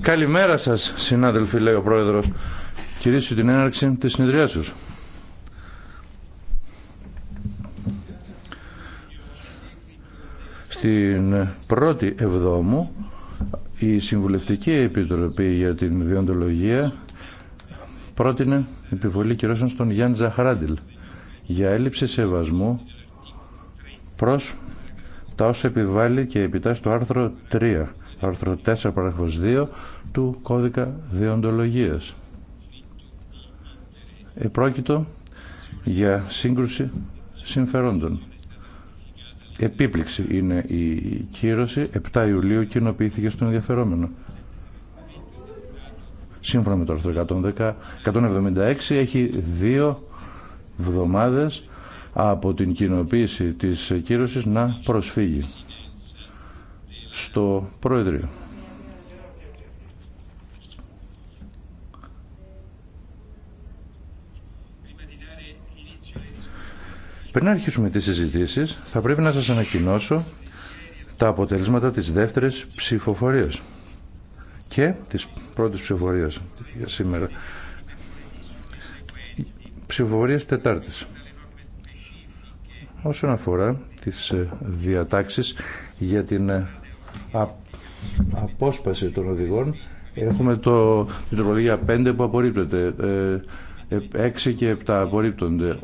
Καλημέρα σα, συνάδελφοι λέει ο Πρόεδρο Κυρίσω την έναρξη της συνεδριάσεως. Στην πρώτη εβδόμου η Συμβουλευτική Επιτροπή για την Διοντολογία πρότεινε επιβολή κυρώσεων στον Γιάννη Ζαχράντιλ για έλλειψη σεβασμού προς τα όσα επιβάλλει και επιτάσσει το άρθρο 3 άρθρο 4 παράγραφος 2 του κώδικα διοντολογίας. Επρόκειτο για σύγκρουση συμφερόντων. Επίπληξη είναι η κύρωση. 7 Ιουλίου κοινοποιήθηκε στον ενδιαφερόμενο. Σύμφωνα με το άρθρο 176 έχει δύο εβδομάδες από την κοινοποίηση της κύρωσης να προσφύγει στο Πρόεδριο. Πριν να αρχίσουμε τις συζητήσεις, θα πρέπει να σας ανακοινώσω τα αποτελέσματα της δεύτερης ψηφοφορίας και της πρώτης ψηφοφορίας για σήμερα. Ψηφοφορίας Τετάρτης. Όσον αφορά τις ε, διατάξεις για την ε, απόσπαση των οδηγών. Έχουμε το, την τροπολογία 5 που απορρίπτεται. 6 ε, ε, και 7 απορρίπτονται.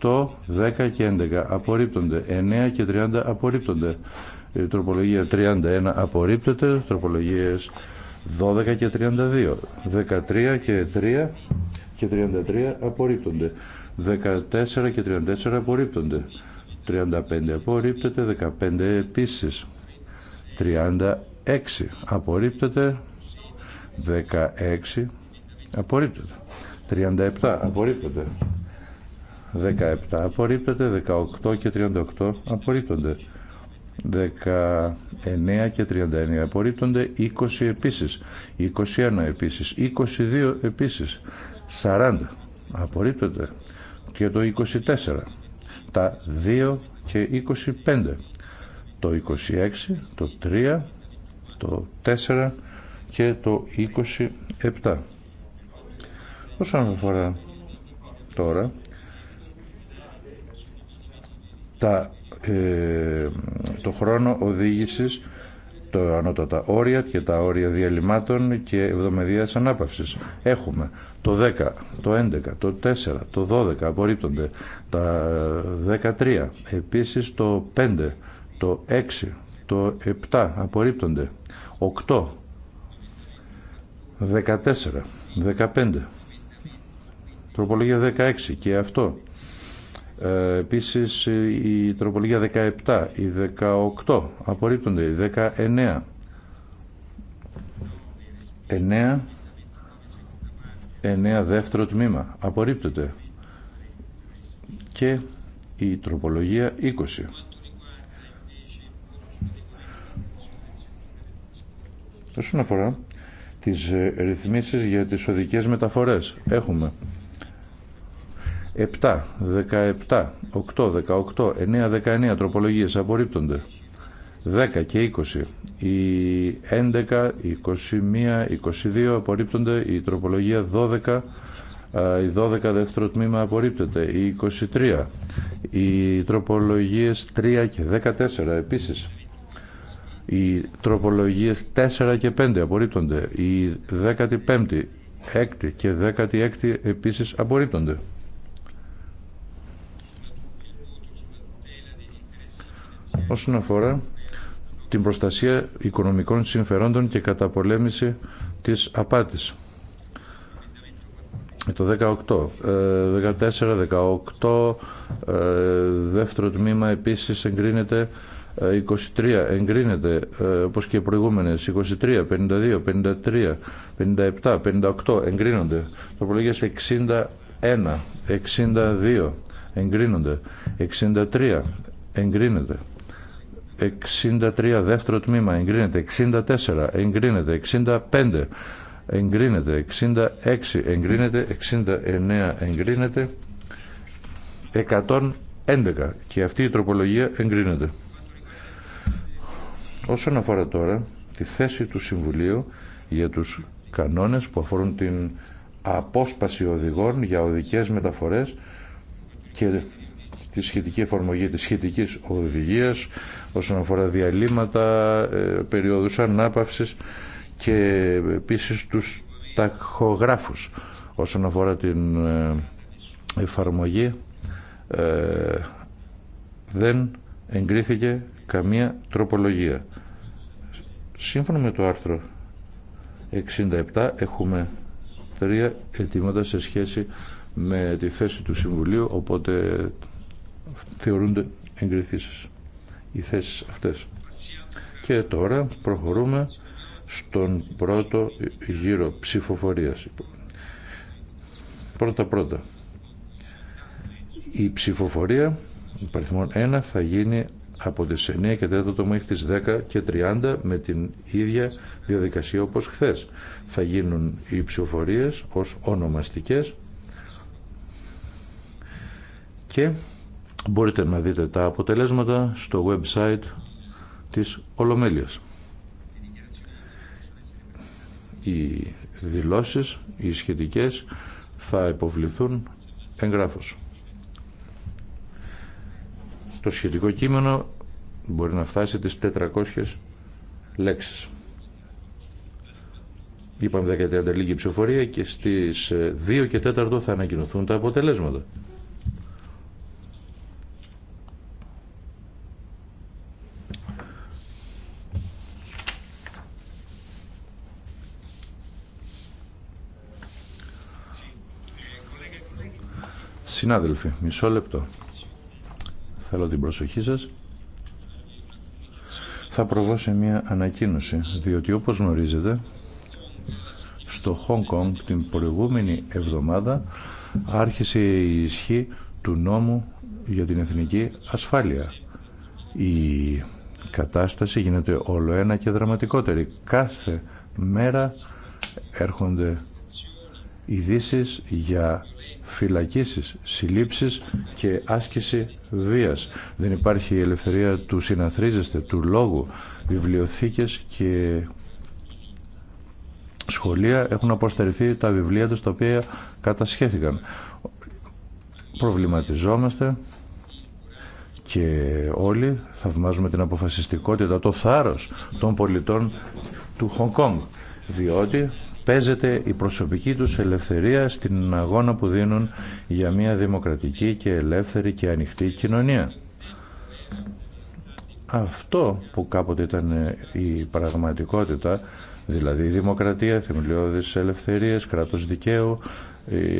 8, 10 και 11 απορρίπτονται. 9 και 30 απορρίπτονται. Η τροπολογία 31 απορρίπτεται. Τροπολογίες 12 και 32. 13 και 3 και 33 απορρίπτονται. 14 και 34 απορρίπτονται. 35 απορρίπτεται. 15 επίσης. 36 απορρίπτεται 16 απορρίπτεται 37 απορρίπτεται 17 απορρίπτεται 18 και 38 απορρίπτονται 19 και 39 απορρίπτονται 20 επίσης 21 επίσης 22 επίσης 40 απορρίπτονται και το 24 τα 2 και 25 το 26, το 3, το 4 και το 27. Όσον αφορά τώρα τα, ε, το χρόνο οδήγησης το ανώτατα όρια και τα όρια διαλυμάτων και εβδομεδίας ανάπαυσης. Έχουμε το 10, το 11, το 4, το 12 απορρίπτονται, τα 13, επίσης το 5, το 6, το 7 απορρίπτονται, 8, 14, 15, τροπολογία 16 και αυτό. Ε, επίσης ε, η τροπολογία 17, η 18 απορρίπτονται, η 19, 9, 9 δεύτερο τμήμα απορρίπτεται και η τροπολογία 20. Όσον αφορά τις ε, ρυθμίσεις για τις οδικές μεταφορές, έχουμε 7, 17, 8, 18, 9, 19 τροπολογίες απορρίπτονται. 10 και 20. Οι 11, 21, 22 απορρίπτονται. Η τροπολογία 12, η 12 δεύτερο τμήμα απορρίπτεται. Η 23, οι τροπολογίες 3 και 14 επίσης οι τροπολογίες 4 και 5 απορρίπτονται. Οι 15η, 6 και 16η επίσης απορρίπτονται. Όσον αφορά την προστασία οικονομικών συμφερόντων και καταπολέμηση της απάτης. Το 18, 14, 18, δεύτερο τμήμα επίσης εγκρίνεται 23 ε, εγκρίνεται ε, όπως και οι προηγούμενες 23, 52, 53, 57, 58 εγκρίνονται Τροπολογίε 61, 62 εγκρίνονται 63 εγκρίνεται 63 δεύτερο τμήμα εγκρίνεται 64 εγκρίνεται 65 εγκρίνεται 66 εγκρίνεται 69 εγκρίνεται 111 και αυτή η τροπολογία εγκρίνεται Όσον αφορά τώρα τη θέση του Συμβουλίου για τους κανόνες που αφορούν την απόσπαση οδηγών για οδικές μεταφορές και τη σχετική εφαρμογή της σχετικής οδηγίας όσον αφορά διαλύματα, ε, περιόδους ανάπαυσης και επίσης τους ταχογράφους όσον αφορά την ε, εφαρμογή ε, δεν εγκρίθηκε καμία τροπολογία. Σύμφωνα με το άρθρο 67 έχουμε τρία αιτήματα σε σχέση με τη θέση του Συμβουλίου, οπότε θεωρούνται εγκριθήσεις οι θέσεις αυτές. Και τώρα προχωρούμε στον πρώτο γύρο ψηφοφορίας. Πρώτα-πρώτα. Η ψηφοφορία υπαριθμών 1 θα γίνει από τις 9 και 4 μέχρι τις 10 και 30 με την ίδια διαδικασία όπως χθες. Θα γίνουν οι ψηφοφορίες ως ονομαστικές και μπορείτε να δείτε τα αποτελέσματα στο website της Ολομέλειας. Οι δηλώσεις, οι σχετικές θα υποβληθούν εγγράφως. Το σχετικό κείμενο μπορεί να φτάσει τις 400 λέξεις. Είπαμε 13 λίγη ψηφοφορία και στις 2 ε, και 4 θα ανακοινωθούν τα αποτελέσματα. Συνάδελφοι, μισό λεπτό θέλω την προσοχή σας θα προβώ σε μια ανακοίνωση διότι όπως γνωρίζετε στο Χονγκ την προηγούμενη εβδομάδα άρχισε η ισχύ του νόμου για την εθνική ασφάλεια η κατάσταση γίνεται όλο ένα και δραματικότερη κάθε μέρα έρχονται ειδήσει για φυλακίσεις, συλλήψεις και άσκηση βίας. Δεν υπάρχει η ελευθερία του συναθρίζεστε, του λόγου. Βιβλιοθήκες και σχολεία έχουν αποστερηθεί τα βιβλία τους τα οποία κατασχέθηκαν. Προβληματιζόμαστε και όλοι θαυμάζουμε την αποφασιστικότητα, το θάρρος των πολιτών του Χονγκ Κόνγκ, διότι παίζεται η προσωπική τους ελευθερία στην αγώνα που δίνουν για μια δημοκρατική και ελεύθερη και ανοιχτή κοινωνία. Αυτό που κάποτε ήταν ε, η πραγματικότητα, δηλαδή η δημοκρατία, θεμελιώδεις ελευθερίες, κράτος δικαίου,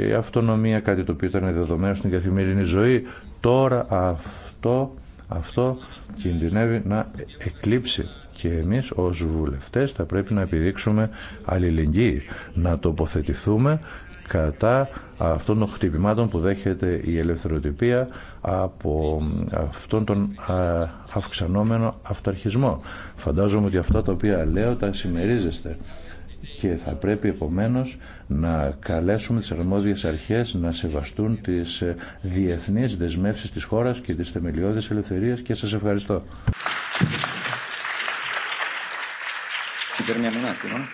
η αυτονομία, κάτι το οποίο ήταν δεδομένο στην καθημερινή ζωή, τώρα αυτό, αυτό κινδυνεύει να εκλείψει και εμείς ως βουλευτές θα πρέπει να επιδείξουμε αλληλεγγύη, να τοποθετηθούμε κατά αυτών των χτυπημάτων που δέχεται η ελευθεροτυπία από αυτόν τον αυξανόμενο αυταρχισμό. Φαντάζομαι ότι αυτά τα οποία λέω τα συμμερίζεστε και θα πρέπει επομένως να καλέσουμε τις αρμόδιες αρχές να σεβαστούν τις ε, διεθνείς δεσμεύσεις της χώρας και τις θεμελιώδεις ελευθερίες και σας ευχαριστώ. Ci fermiamo un attimo, no?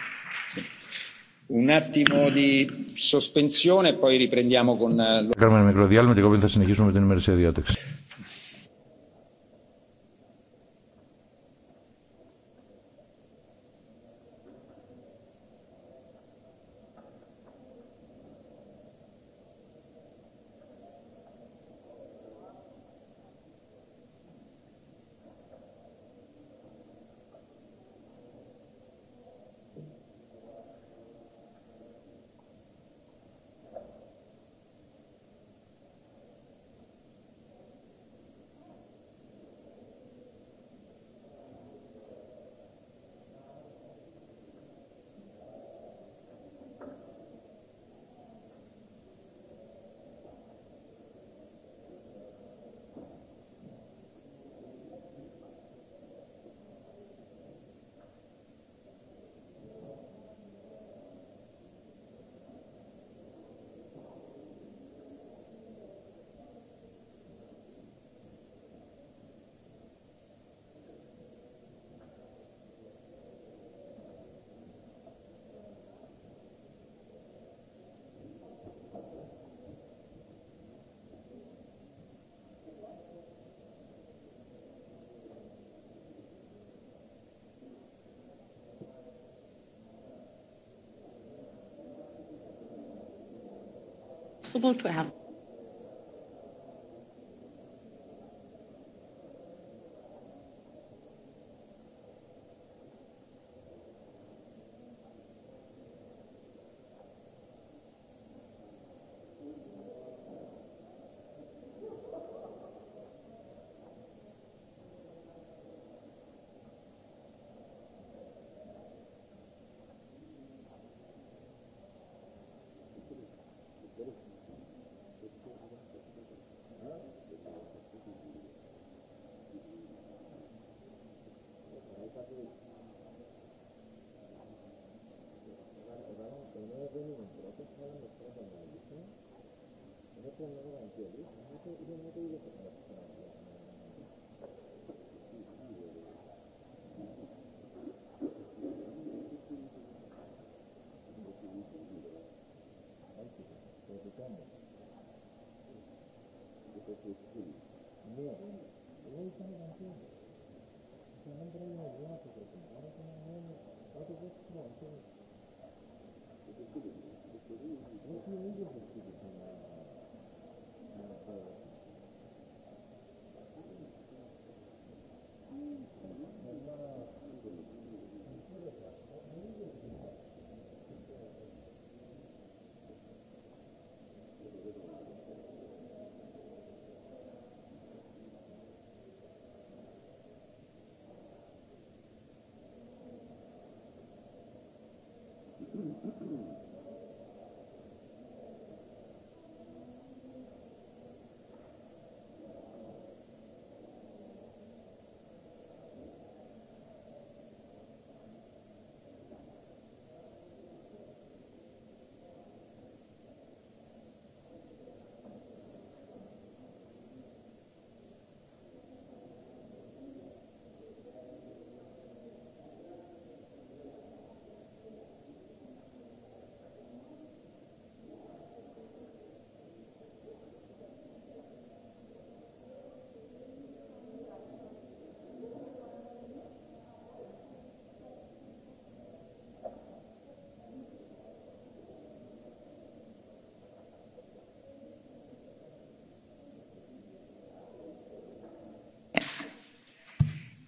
Un attimo di sospensione e poi riprendiamo con... Κάνουμε ένα και εγώ θα συνεχίσουμε με την ημερησία possible to have Είναι το Ευχαριστώ. Ευχαριστώ. Ευχαριστώ. είναι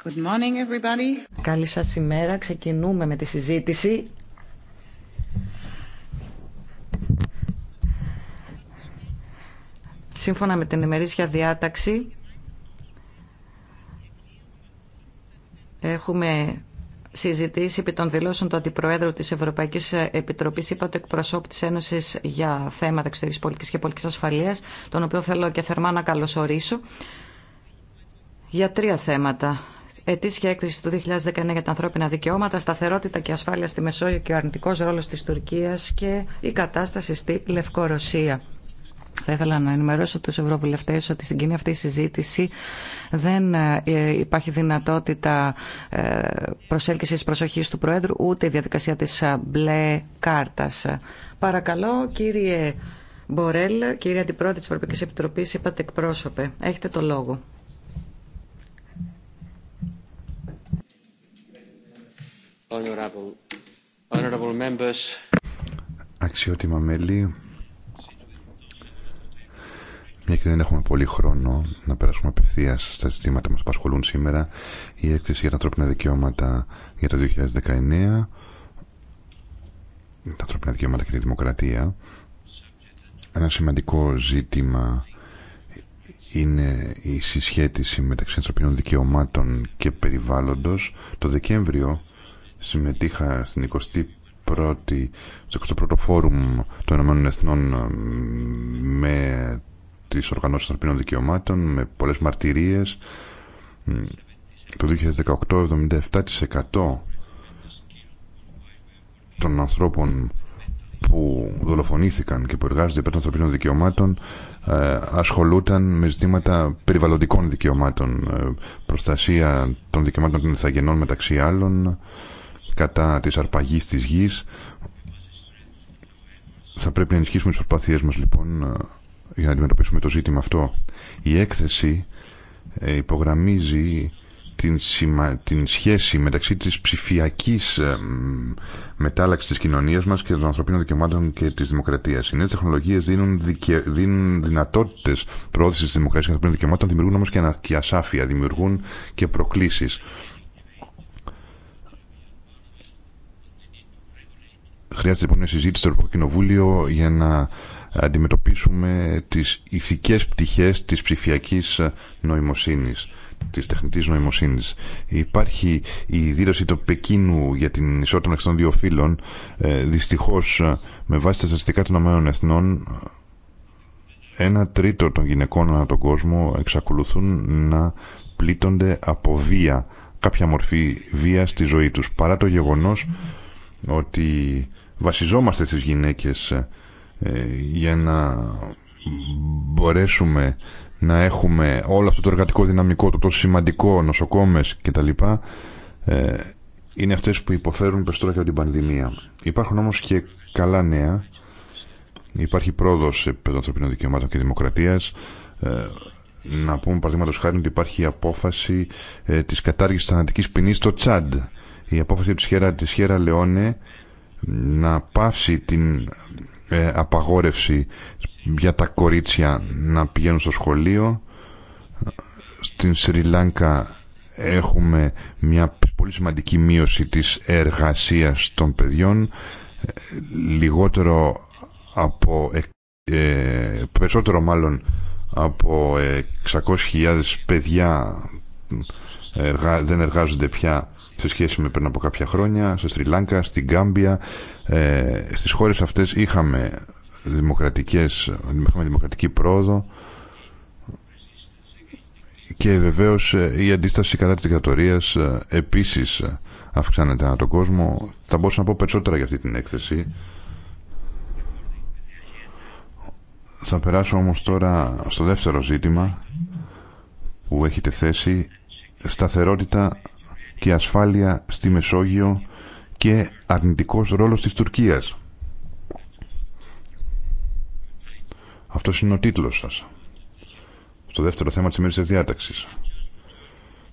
Good morning everybody. Καλή σας ημέρα. Ξεκινούμε με τη συζήτηση. Σύμφωνα με την ημερήσια διάταξη, έχουμε συζητήσει επί των δηλώσεων του Αντιπροέδρου της Ευρωπαϊκής Επιτροπής είπα το εκπροσώπη της Ένωσης για θέματα εξωτερικής πολιτικής και πολιτικής ασφαλείας τον οποίο θέλω και θερμά να καλωσορίσω για τρία θέματα ετήσια έκθεση του 2019 για τα ανθρώπινα δικαιώματα, σταθερότητα και ασφάλεια στη Μεσόγειο και ο αρνητικό ρόλο τη Τουρκία και η κατάσταση στη Λευκορωσία. Θα ήθελα να ενημερώσω τους ευρωβουλευτές ότι στην κοινή αυτή συζήτηση δεν ε, υπάρχει δυνατότητα ε, προσέλκυσης προσοχής του Προέδρου ούτε η διαδικασία της ε, μπλε κάρτας. Παρακαλώ κύριε Μπορέλ, κύριε Αντιπρόεδρε της Ευρωπαϊκής Επιτροπής, είπατε εκπρόσωπε. Έχετε το λόγο. Αξιότιμα μέλη, μια και δεν έχουμε πολύ χρόνο να περάσουμε απευθεία στα ζητήματα που μα απασχολούν σήμερα, η έκθεση για τα ανθρώπινα δικαιώματα για το 2019, τα ανθρώπινα δικαιώματα και τη δημοκρατία. Ένα σημαντικό ζήτημα είναι η συσχέτιση μεταξύ ανθρωπίνων δικαιωμάτων και περιβάλλοντος. Το Δεκέμβριο συμμετείχα στην 21η, στο 21ο Φόρουμ των Ηνωμένων Εθνών ε, με τις οργανώσεις των ανθρωπίνων δικαιωμάτων, με πολλές μαρτυρίες. Ε, το 2018, 77% των ανθρώπων που δολοφονήθηκαν και που εργάζονται υπέρ των ανθρωπίνων δικαιωμάτων ε, ασχολούνταν ασχολούταν με ζητήματα περιβαλλοντικών δικαιωμάτων, προστασία των δικαιωμάτων των ηθαγενών μεταξύ άλλων, κατά της αρπαγής της γης. Θα πρέπει να ενισχύσουμε τις προσπάθειές μας λοιπόν ε, για να αντιμετωπίσουμε το ζήτημα αυτό. Η έκθεση ε, υπογραμμίζει την, την σχέση μεταξύ της ψηφιακής ε, μετάλλαξης της κοινωνίας μας και των ανθρωπίνων δικαιωμάτων και της δημοκρατίας. Οι νέες τεχνολογίες δίνουν, δικαι... δίνουν δυνατότητες προώθησης της δημοκρατίας και των ανθρωπίνων δικαιωμάτων, δημιουργούν όμως και, και ασάφεια, δημιουργούν και προκλήσεις. Χρειάζεται λοιπόν μια συζήτηση στο Ευρωπαϊκό Κοινοβούλιο για να αντιμετωπίσουμε τις ηθικές πτυχές της ψηφιακής νοημοσύνης της τεχνητής νοημοσύνης. Υπάρχει η δήλωση του Πεκίνου για την ισότητα μεταξύ των δύο φύλων. Δυστυχώ, ε, δυστυχώς, με βάση τα στατιστικά των ΟΕΕ, Εθνών, ένα τρίτο των γυναικών ανά τον κόσμο εξακολουθούν να πλήττονται από βία, κάποια μορφή βία στη ζωή τους. Παρά το γεγονός ότι βασιζόμαστε στις γυναίκες ε, για να μπορέσουμε να έχουμε όλο αυτό το εργατικό δυναμικό, το τόσο σημαντικό, νοσοκόμες κτλ. Ε, είναι αυτές που υποφέρουν περισσότερο από την πανδημία. Υπάρχουν όμως και καλά νέα. Υπάρχει πρόοδος σε επίπεδο ανθρωπίνων δικαιωμάτων και δημοκρατίας Ε, να πούμε παραδείγματο χάρη ότι υπάρχει η απόφαση ε, τη κατάργηση τη θανατική ποινή στο Τσάντ. Η απόφαση τη Χέρα, της Χέρα Λεόνε να πάυσει την ε, απαγόρευση για τα κορίτσια να πηγαίνουν στο σχολείο. Στην Σρι έχουμε μια πολύ σημαντική μείωση της εργασίας των παιδιών. Λιγότερο από... Ε, περισσότερο μάλλον από 600.000 παιδιά δεν εργάζονται πια σε σχέση με πριν από κάποια χρόνια, σε Σρι Λάνκα, στην Γκάμπια. Ε, στις χώρες αυτές είχαμε, δημοκρατικές, είχαμε δημοκρατική πρόοδο και βεβαίως ε, η αντίσταση κατά της δικτατορίας ε, επίσης ε, αυξάνεται ανά τον κόσμο. Θα μπορούσα να πω περισσότερα για αυτή την έκθεση. Θα περάσω όμως τώρα στο δεύτερο ζήτημα που έχετε θέσει σταθερότητα και ασφάλεια στη Μεσόγειο και αρνητικός ρόλος της Τουρκίας. Αυτό είναι ο τίτλος σας. Στο δεύτερο θέμα της ημέρας διάταξης.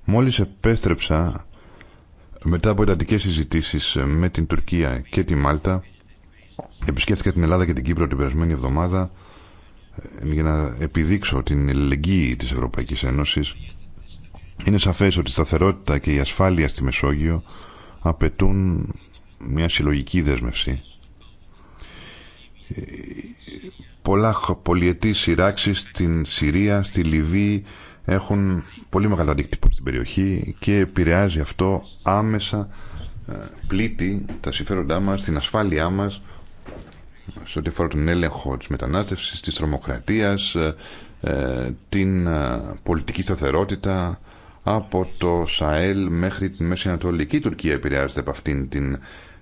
Μόλις επέστρεψα μετά από εντατικές συζητήσεις με την Τουρκία και τη Μάλτα επισκέφθηκα την Ελλάδα και την Κύπρο την περασμένη εβδομάδα ε, για να επιδείξω την ελεγγύη της Ευρωπαϊκής Ένωσης είναι σαφές ότι η σταθερότητα και η ασφάλεια στη Μεσόγειο απαιτούν μια συλλογική δέσμευση. Πολλά πολιετή σειράξει στην Συρία, στη Λιβύη έχουν πολύ μεγάλο αντίκτυπο στην περιοχή και επηρεάζει αυτό άμεσα ε, πλήττει τα συμφέροντά μας, την ασφάλειά μας σε ό,τι αφορά τον έλεγχο της μετανάστευσης, της τρομοκρατίας, ε, ε, την πολιτική σταθερότητα, από το Σαέλ μέχρι τη Μέση Ανατολική Τουρκία επηρεάζεται από αυτήν την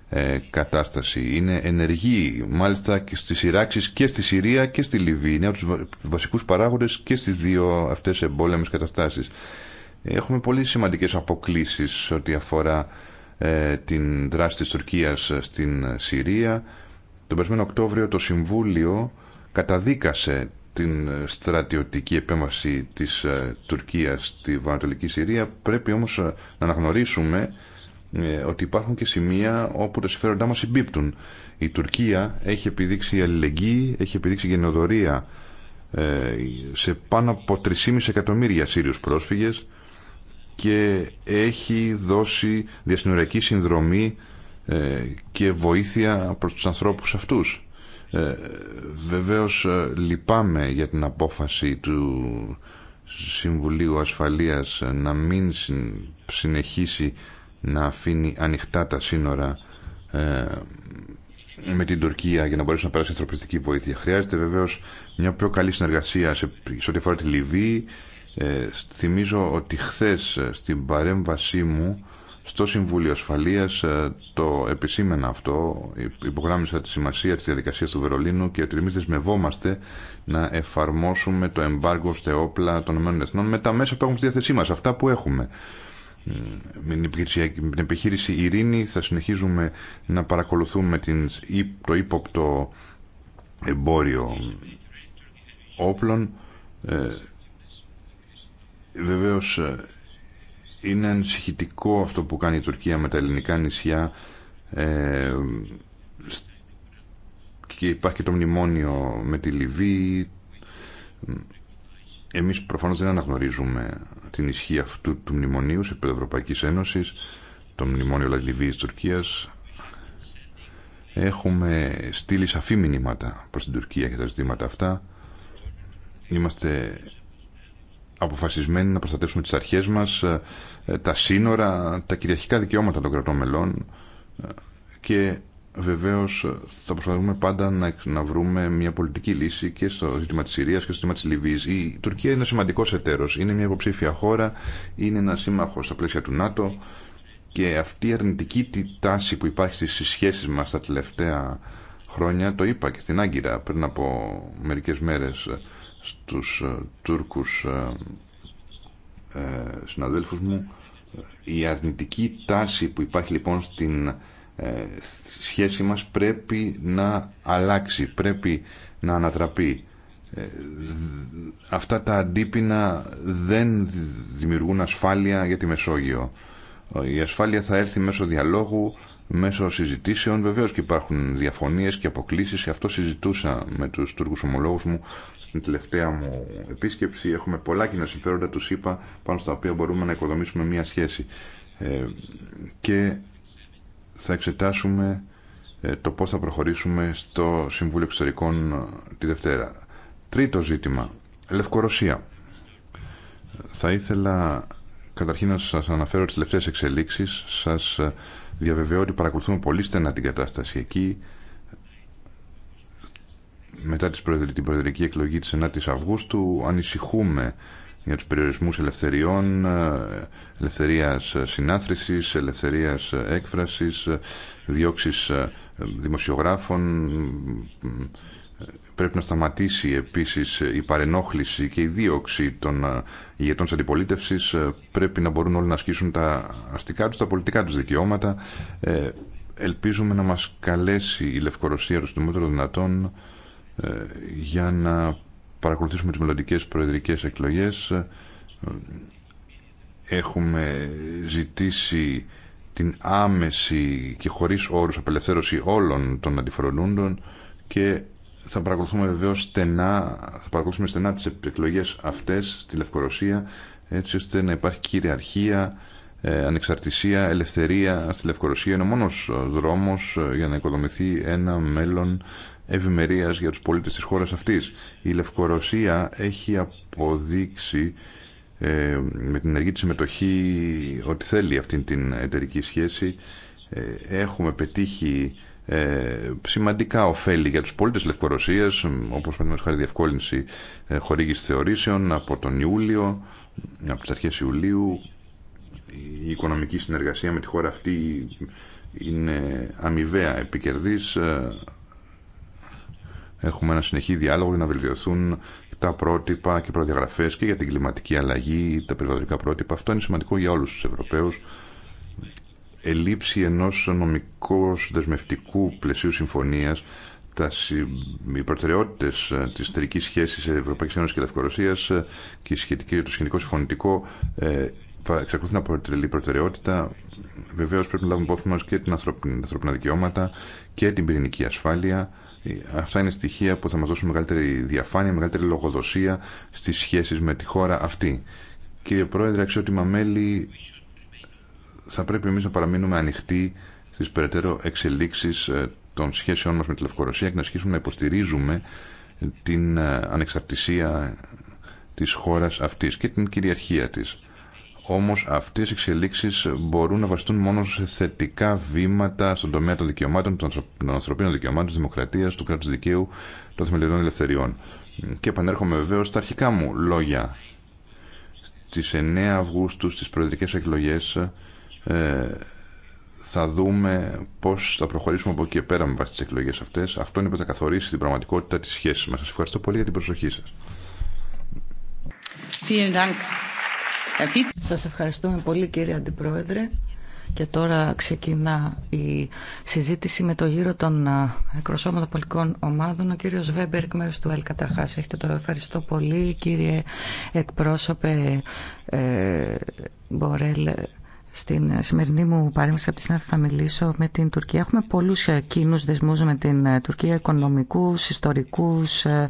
ε, κατάσταση. Είναι ενεργή μάλιστα και στις Ιράξεις και στη Συρία και στη Λιβύη. Είναι από τους βασικούς παράγοντες και στις δύο αυτές εμπόλεμες καταστάσεις. Έχουμε πολύ σημαντικές αποκλίσεις ό,τι αφορά ε, την δράση της Τουρκίας στην Συρία. Τον περσμένο Οκτώβριο το Συμβούλιο καταδίκασε την ε, στρατιωτική επέμβαση της ε, Τουρκίας στη Βανατολική Συρία πρέπει όμως ε, να αναγνωρίσουμε ότι υπάρχουν και σημεία όπου τα συμφέροντά μας συμπίπτουν. Η Τουρκία έχει επιδείξει αλληλεγγύη, έχει επιδείξει γενοδορία σε πάνω από 3,5 εκατομμύρια Σύριους πρόσφυγες και έχει δώσει διασυνοριακή συνδρομή και βοήθεια προς τους ανθρώπους αυτούς. Ε, βεβαίως ε, λυπάμαι για την απόφαση του Συμβουλίου Ασφαλείας να μην συνεχίσει να αφήνει ανοιχτά τα σύνορα ε, με την Τουρκία για να μπορέσει να περάσει ανθρωπιστική βοήθεια. Χρειάζεται βεβαίως μια πιο καλή συνεργασία σε, σε ό,τι αφορά τη Λιβύη. Ε, θυμίζω ότι χθες στην παρέμβασή μου στο Συμβούλιο Ασφαλείας ε, το επισήμενα αυτό, υπογράμμισα τη σημασία της διαδικασίας του Βερολίνου και ότι εμεί δεσμευόμαστε να εφαρμόσουμε το εμπάργκο στα όπλα των ΗΠΑ με τα μέσα που έχουμε στη διάθεσή μας, αυτά που έχουμε. Με την επιχείρηση Ειρήνη θα συνεχίζουμε να παρακολουθούμε την, το ύποπτο εμπόριο όπλων. Ε, βεβαίως ε, είναι ανησυχητικό αυτό που κάνει η Τουρκία με τα ελληνικά νησιά ε, και υπάρχει και το μνημόνιο με τη Λιβύη εμείς προφανώς δεν αναγνωρίζουμε την ισχύ αυτού του μνημονίου σε επίπεδο Ευρωπαϊκής Ένωσης το μνημόνιο Λιβύης Τουρκίας έχουμε στείλει σαφή μηνύματα προς την Τουρκία για τα ζητήματα αυτά είμαστε αποφασισμένοι να προστατεύσουμε τις αρχές μας ε, τα σύνορα, τα κυριαρχικά δικαιώματα των κρατών μελών ε, και βεβαίως ε, θα προσπαθούμε πάντα να, να βρούμε μια πολιτική λύση και στο ζήτημα της Συρίας και στο ζήτημα της Λιβύης. Η Τουρκία είναι σημαντικός εταίρος, είναι μια υποψήφια χώρα, είναι ένα σύμμαχο στα πλαίσια του ΝΑΤΟ και αυτή η αρνητική τάση που υπάρχει στις σχέσεις μας τα τελευταία χρόνια, το είπα και στην Άγκυρα πριν από μερικές μέρες στους Τούρκους ε, συναδέλφους μου ε, η αρνητική τάση που υπάρχει λοιπόν στην ε, σχέση μας πρέπει να αλλάξει, πρέπει να ανατραπεί. Αυτά τα αντίπεινα δεν δημιουργούν ασφάλεια για τη Μεσόγειο. Η ασφάλεια θα έρθει μέσω διαλόγου, μέσω συζητήσεων. Βεβαίως και υπάρχουν διαφωνίες και αποκλήσεις. Αυτό συζητούσα με τους Τούρκους ομολόγους μου στην τελευταία μου επίσκεψη. Έχουμε πολλά κοινά συμφέροντα, του είπα, πάνω στα οποία μπορούμε να οικοδομήσουμε μια σχέση. Ε, και θα εξετάσουμε ε, το πώς θα προχωρήσουμε στο Συμβούλιο Εξωτερικών ε, τη Δευτέρα. Τρίτο ζήτημα, Λευκορωσία. Θα ήθελα καταρχήν να σας αναφέρω τις τελευταίες εξελίξεις. Σας ε, διαβεβαιώ ότι παρακολουθούμε πολύ στενά την κατάσταση εκεί μετά τις την προεδρική εκλογή της 9 η Αυγούστου ανησυχούμε για τους περιορισμούς ελευθεριών, ε, ελευθερίας συνάθρησης, ελευθερίας έκφρασης, διώξεις ε, δημοσιογράφων. Πρέπει να σταματήσει επίσης η παρενόχληση και η δίωξη των ε, ηγετών της αντιπολίτευσης. Πρέπει να μπορούν όλοι να ασκήσουν τα αστικά τους, τα πολιτικά τους δικαιώματα. Ελπίζουμε να μας καλέσει η Λευκορωσία το μέτρο δυνατόν ε, για να παρακολουθήσουμε τις μελλοντικές προεδρικές εκλογές ε, έχουμε ζητήσει την άμεση και χωρίς όρους απελευθέρωση όλων των αντιφρονούντων και θα παρακολουθούμε βεβαίω στενά, θα παρακολουθούμε στενά τις εκλογές αυτές στη Λευκορωσία έτσι ώστε να υπάρχει κυριαρχία, ε, ανεξαρτησία, ελευθερία στη Λευκορωσία. Είναι ο μόνος δρόμος για να οικοδομηθεί ένα μέλλον ευημερία για τους πολίτες της χώρας αυτής. Η Λευκορωσία έχει αποδείξει ε, με την ενεργή τη συμμετοχή ότι θέλει αυτή την εταιρική σχέση. Ε, έχουμε πετύχει ε, σημαντικά ωφέλη για τους πολίτες της Λευκορωσίας, όπως παραδείγματος χάρη διευκόλυνση ε, χορήγηση θεωρήσεων από τον Ιούλιο, από τις αρχές Ιουλίου. Η οικονομική συνεργασία με τη χώρα αυτή είναι αμοιβαία επικερδής ε, Έχουμε ένα συνεχή διάλογο για να βελτιωθούν τα πρότυπα και προδιαγραφέ και για την κλιματική αλλαγή, τα περιβαλλοντικά πρότυπα. Αυτό είναι σημαντικό για όλου του Ευρωπαίου. Ελήψη ενό νομικού δεσμευτικού πλαισίου συμφωνία, οι προτεραιότητε ε, τη εταιρική σχέση Ευρωπαϊκή Ένωση και Λευκορωσία ε, και το σχετικό συμφωνητικό ε, εξακολουθεί να αποτελεί προτεραιότητα. Βεβαίω πρέπει να λάβουμε υπόψη μα και την ανθρωπινά δικαιώματα και την πυρηνική ασφάλεια Αυτά είναι στοιχεία που θα μας δώσουν μεγαλύτερη διαφάνεια, μεγαλύτερη λογοδοσία στις σχέσεις με τη χώρα αυτή. Κύριε Πρόεδρε, αξιότιμα μέλη, θα πρέπει εμείς να παραμείνουμε ανοιχτοί στις περαιτέρω εξελίξεις ε, των σχέσεών μας με τη Λευκορωσία και να ασχίσουμε να υποστηρίζουμε την ε, ανεξαρτησία της χώρας αυτής και την κυριαρχία της όμως αυτές οι εξελίξεις μπορούν να βαστούν μόνο σε θετικά βήματα στον τομέα των δικαιωμάτων, των ανθρωπίνων δικαιωμάτων, της δημοκρατίας, του κράτους δικαίου, των θεμελιωδών ελευθεριών. Και επανέρχομαι βεβαίω στα αρχικά μου λόγια. Στις 9 Αυγούστου, στις προεδρικές εκλογές, ε, θα δούμε πώς θα προχωρήσουμε από εκεί και πέρα με βάση τις εκλογές αυτές. Αυτό είναι που θα καθορίσει την πραγματικότητα της σχέσης μας. Σας ευχαριστώ πολύ για την προσοχή σα. Σας ευχαριστούμε πολύ κύριε Αντιπρόεδρε. Και τώρα ξεκινά η συζήτηση με το γύρο των εκπροσώπων πολιτικών ομάδων. Ο κύριο Βέμπερ, εκ μέρου του ΕΛ, καταρχά. Έχετε τώρα. Ευχαριστώ πολύ, κύριε εκπρόσωπε ε, Μπορέλ. Στην σημερινή μου παρέμβαση από τη συνάδελφη θα μιλήσω με την Τουρκία. Έχουμε πολλούς ε, κοινούς δεσμούς με την ε, Τουρκία, οικονομικούς, ιστορικούς, ε,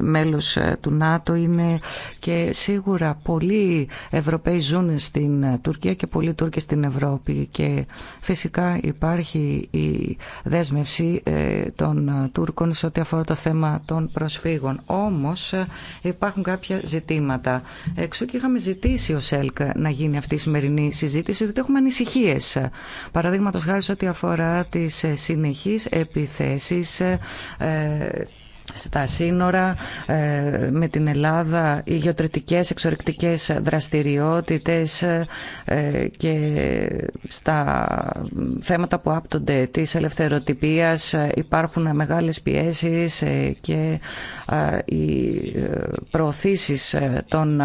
μέλος του ΝΑΤΟ είναι και σίγουρα πολλοί Ευρωπαίοι ζουν στην Τουρκία και πολλοί Τούρκοι στην Ευρώπη και φυσικά υπάρχει η δέσμευση των Τούρκων σε ό,τι αφορά το θέμα των προσφύγων. Όμως υπάρχουν κάποια ζητήματα. Εξού και είχαμε ζητήσει ο να γίνει αυτή η σημερινή συζήτηση ότι έχουμε ανησυχίε. Παραδείγματο χάρη σε ό,τι αφορά τι ε, συνεχεί επιθέσει ε, ε, στα σύνορα ε, με την Ελλάδα, οι γεωτρητικές εξορρυκτικές δραστηριότητες ε, και στα θέματα που άπτονται της ελευθεροτυπίας ε, υπάρχουν μεγάλες πιέσεις και οι προωθήσεις των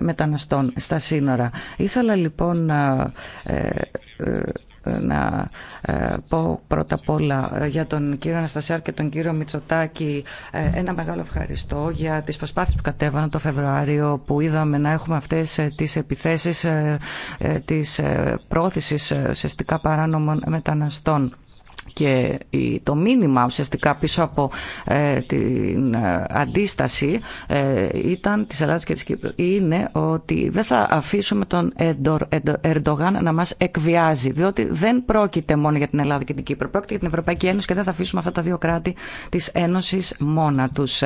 μεταναστών στα σύνορα. Ήθελα λοιπόν να ε, πω πρώτα απ' όλα ε, για τον κύριο Αναστασιάρ και τον κύριο Μητσοτάκη ε, ένα μεγάλο ευχαριστώ για τις προσπάθειες που κατέβαναν το Φεβρουάριο που είδαμε να έχουμε αυτές τις επιθέσεις της πρόθεσης ουσιαστικά παράνομων μεταναστών και το μήνυμα ουσιαστικά πίσω από ε, την ε, αντίσταση ε, ήταν της Ελλάδας και της Κύπρου είναι ότι δεν θα αφήσουμε τον Ερντογάν να μας εκβιάζει διότι δεν πρόκειται μόνο για την Ελλάδα και την Κύπρο πρόκειται για την Ευρωπαϊκή Ένωση και δεν θα αφήσουμε αυτά τα δύο κράτη της Ένωσης μόνα τους.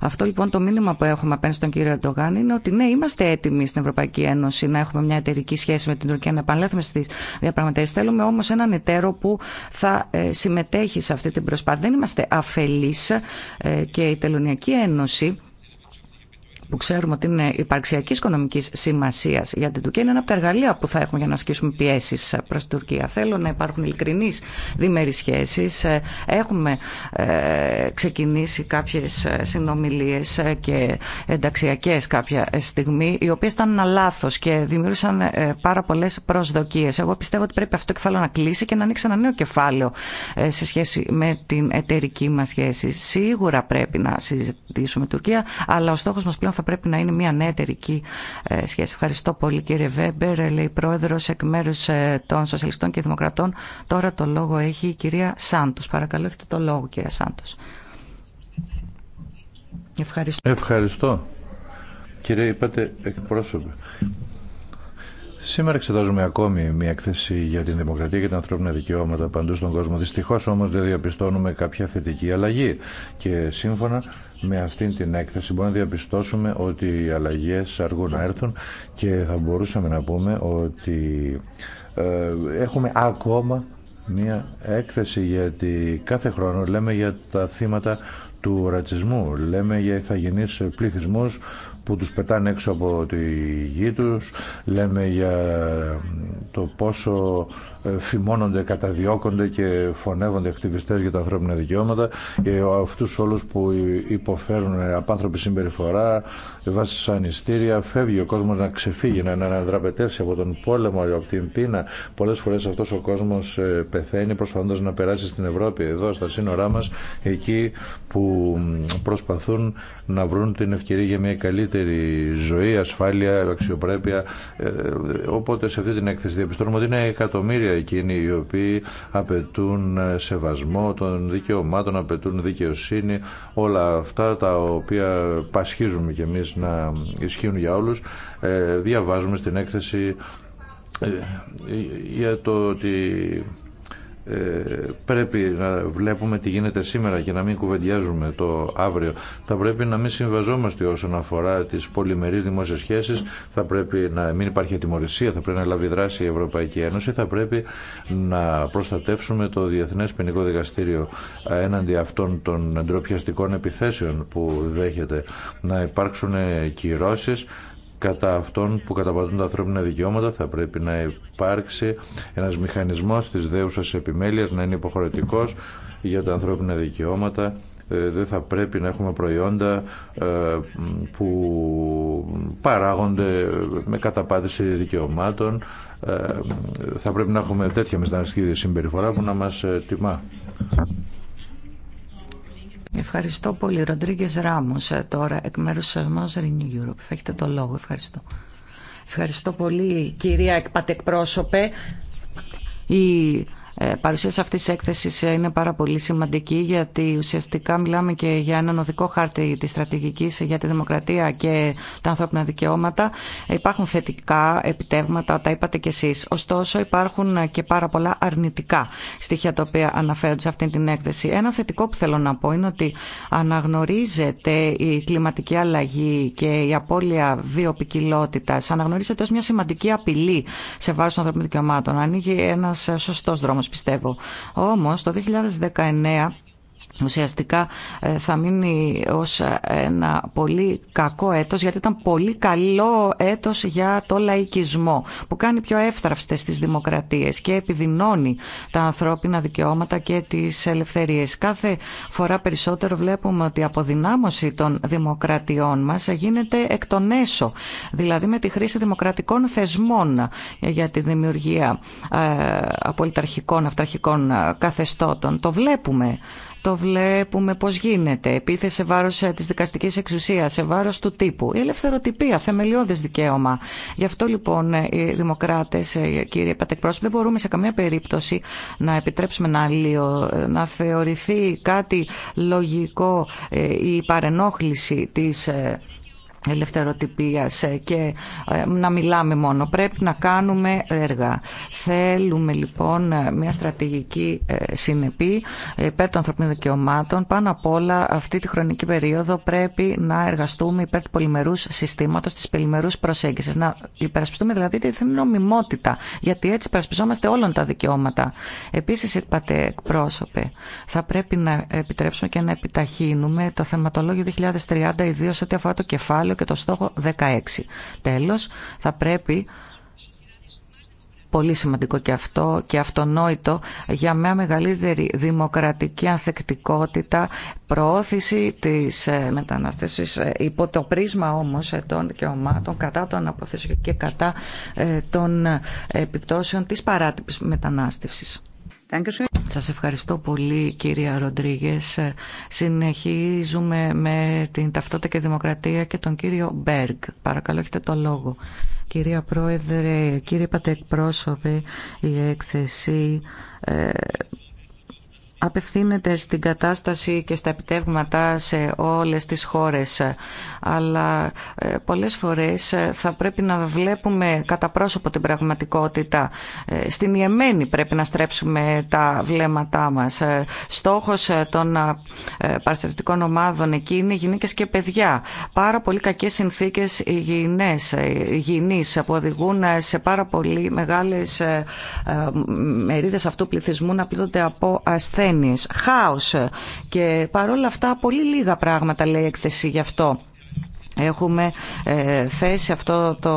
Αυτό λοιπόν το μήνυμα που έχουμε απέναντι στον κύριο Ερντογάν είναι ότι ναι είμαστε έτοιμοι στην Ευρωπαϊκή Ένωση να έχουμε μια εταιρική σχέση με την Τουρκία να επανέλθουμε στις διαπραγματεύσεις θέλουμε όμως έναν εταίρο που θα ε, συμμετέχει σε αυτή την προσπάθεια. Δεν είμαστε αφελείς ε, και η Τελωνιακή Ένωση που ξέρουμε ότι είναι υπαρξιακή οικονομική σημασία για την Τουρκία, είναι ένα από τα εργαλεία που θα έχουμε για να ασκήσουμε πιέσει προ την Τουρκία. Θέλω να υπάρχουν ειλικρινεί διμερεί σχέσει. Έχουμε ε, ξεκινήσει κάποιε συνομιλίε ε, και ενταξιακέ κάποια στιγμή, οι οποίε ήταν ένα λάθο και δημιούργησαν ε, πάρα πολλέ προσδοκίε. Εγώ πιστεύω ότι πρέπει αυτό το κεφάλαιο να κλείσει και να ανοίξει ένα νέο κεφάλαιο σε σχέση με την εταιρική μα σχέση. Σίγουρα πρέπει να συζητήσουμε Τουρκία, αλλά ο στόχο μα πλέον θα πρέπει να είναι μια νέα εταιρική ε, σχέση. Ευχαριστώ πολύ κύριε Βέμπερ, ε, λέει πρόεδρος εκ μέρους ε, των Σοσιαλιστών και Δημοκρατών. Τώρα το λόγο έχει η κυρία Σάντο. Παρακαλώ έχετε το λόγο κυρία Σάντο. Ευχαριστώ. Ευχαριστώ. Κύριε, είπατε εκπρόσωπε. Σήμερα εξετάζουμε ακόμη μια έκθεση για την δημοκρατία και τα ανθρώπινα δικαιώματα παντού στον κόσμο. Δυστυχώ όμω δεν διαπιστώνουμε κάποια θετική αλλαγή. Και σύμφωνα με αυτήν την έκθεση μπορούμε να διαπιστώσουμε ότι οι αλλαγές αργούν να έρθουν και θα μπορούσαμε να πούμε ότι ε, έχουμε ακόμα μία έκθεση γιατί κάθε χρόνο λέμε για τα θύματα του ρατσισμού, λέμε για ηθαγενείς πληθυσμούς που τους πετάνε έξω από τη γη τους, λέμε για το πόσο φημώνονται, καταδιώκονται και φωνεύονται ακτιβιστές για τα ανθρώπινα δικαιώματα και αυτούς όλους που υποφέρουν απάνθρωπη συμπεριφορά, βάσει ιστήρια φεύγει ο κόσμος να ξεφύγει, να αναδραπετεύσει από τον πόλεμο, από την πείνα. Πολλές φορές αυτός ο κόσμος ε, πεθαίνει προσπαθώντας να περάσει στην Ευρώπη, εδώ στα σύνορά μας, εκεί που προσπαθούν να βρουν την ευκαιρία για μια καλύτερη ζωή, ασφάλεια, αξιοπρέπεια. Ε, ε, οπότε σε αυτή την έκθεση διαπιστώνουμε ότι είναι εκατομμύρια εκείνοι οι οποίοι απαιτούν σεβασμό των δικαιωμάτων, απαιτούν δικαιοσύνη, όλα αυτά τα οποία πασχίζουμε κι εμείς να ισχύουν για όλους, ε, διαβάζουμε στην έκθεση ε, για το ότι ε, πρέπει να βλέπουμε τι γίνεται σήμερα και να μην κουβεντιάζουμε το αύριο. Θα πρέπει να μην συμβαζόμαστε όσον αφορά τις πολυμερεί δημόσιε σχέσει. θα πρέπει να μην υπάρχει ατιμορρησία, θα πρέπει να λάβει δράση η Ευρωπαϊκή Ένωση, θα πρέπει να προστατεύσουμε το Διεθνές Ποινικό Δικαστήριο έναντι αυτών των ντροπιαστικών επιθέσεων που δέχεται, να υπάρξουν κυρώσει κατά αυτών που καταπατούν τα ανθρώπινα δικαιώματα θα πρέπει να υπάρξει ένας μηχανισμός της δέουσας επιμέλειας να είναι υποχρεωτικός για τα ανθρώπινα δικαιώματα ε, δεν θα πρέπει να έχουμε προϊόντα ε, που παράγονται με καταπάτηση δικαιωμάτων ε, θα πρέπει να έχουμε τέτοια μεσταναστική συμπεριφορά που να μας τιμά. Ευχαριστώ πολύ. Ροντρίγκε Ράμο, ε, τώρα εκ μέρου τη Renew Europe. Θα έχετε το λόγο. Ευχαριστώ. Ευχαριστώ πολύ, κυρία Εκπατεκπρόσωπε. Η ε, παρουσίαση αυτής της έκθεσης ε, είναι πάρα πολύ σημαντική γιατί ουσιαστικά μιλάμε και για έναν οδικό χάρτη της στρατηγικής για τη δημοκρατία και τα ανθρώπινα δικαιώματα. Υπάρχουν θετικά επιτεύγματα, τα είπατε κι εσείς. Ωστόσο υπάρχουν ε, και πάρα πολλά αρνητικά στοιχεία τα οποία αναφέρονται σε αυτή την έκθεση. Ένα θετικό που θέλω να πω είναι ότι αναγνωρίζεται η κλιματική αλλαγή και η απώλεια βιοπικιλότητας. Αναγνωρίζεται ως μια σημαντική απειλή σε βάρος των ανθρώπινων δικαιωμάτων. Ανοίγει ένας σωστός δρόμος πιστεύω. Όμως το 2019 ουσιαστικά ε, θα μείνει ως ένα πολύ κακό έτος γιατί ήταν πολύ καλό έτος για το λαϊκισμό που κάνει πιο εύθραυστες τις δημοκρατίες και επιδεινώνει τα ανθρώπινα δικαιώματα και τις ελευθερίες. Κάθε φορά περισσότερο βλέπουμε ότι η αποδυνάμωση των δημοκρατιών μας γίνεται εκ των έσω, δηλαδή με τη χρήση δημοκρατικών θεσμών για τη δημιουργία ε, απολυταρχικών, αυταρχικών ε, καθεστώτων. Το βλέπουμε το βλέπουμε πώς γίνεται. Επίθεση σε βάρος ε, της δικαστικής εξουσίας, σε βάρος του τύπου. Η ελευθεροτυπία, θεμελιώδες δικαίωμα. Γι' αυτό λοιπόν ε, οι δημοκράτες, ε, κύριε Πατεκπρόσωπο, δεν μπορούμε σε καμία περίπτωση να επιτρέψουμε να, να θεωρηθεί κάτι λογικό η παρενόχληση της ελευθεροτυπίας ε, και ε, να μιλάμε μόνο. Πρέπει να κάνουμε έργα. Θέλουμε λοιπόν ε, μια στρατηγική συνεπή υπέρ των ανθρωπίνων δικαιωμάτων. Πάνω απ' όλα αυτή τη χρονική περίοδο πρέπει να εργαστούμε υπέρ του πολυμερούς συστήματος, της πολυμερούς προσέγγισης. Να υπερασπιστούμε δηλαδή τη νομιμότητα, γιατί έτσι υπερασπιζόμαστε όλων τα δικαιώματα. Επίσης, είπατε εκπρόσωπε, θα πρέπει να επιτρέψουμε και να επιταχύνουμε το θεματολόγιο 2030, ιδίως ό,τι αφορά το κεφάλαιο και το στόχο 16. Τέλος, θα πρέπει πολύ σημαντικό και αυτό και αυτονόητο για μια μεγαλύτερη δημοκρατική ανθεκτικότητα, προώθηση της ε, μετανάστευσης ε, υπό το πρίσμα όμως ε, των δικαιωμάτων κατά των αποθεσιών και κατά των επιπτώσεων της παράτυπης μετανάστευσης. Σας ευχαριστώ πολύ κυρία Ροντρίγε. Συνεχίζουμε με την ταυτότητα και δημοκρατία και τον κύριο Μπέργκ. Παρακαλώ έχετε το λόγο. Κυρία Πρόεδρε, κύριε Πατεκπρόσωπε, η έκθεση ε, απευθύνεται στην κατάσταση και στα επιτεύγματα σε όλες τις χώρες. Αλλά ε, πολλές φορές ε, θα πρέπει να βλέπουμε κατά πρόσωπο την πραγματικότητα. Ε, στην Ιεμένη πρέπει να στρέψουμε τα βλέμματά μας. Στόχος των παραστατικών ομάδων εκεί είναι γυναίκες και παιδιά. Πάρα πολύ κακές συνθήκες οι υγιεινής που οδηγούν σε πάρα πολύ μεγάλες μερίδες αυτού πληθυσμού να πλήττονται από ασθένειες οικογένειες, χάος και παρόλα αυτά πολύ λίγα πράγματα λέει η έκθεση γι' αυτό. Έχουμε ε, θέσει αυτό το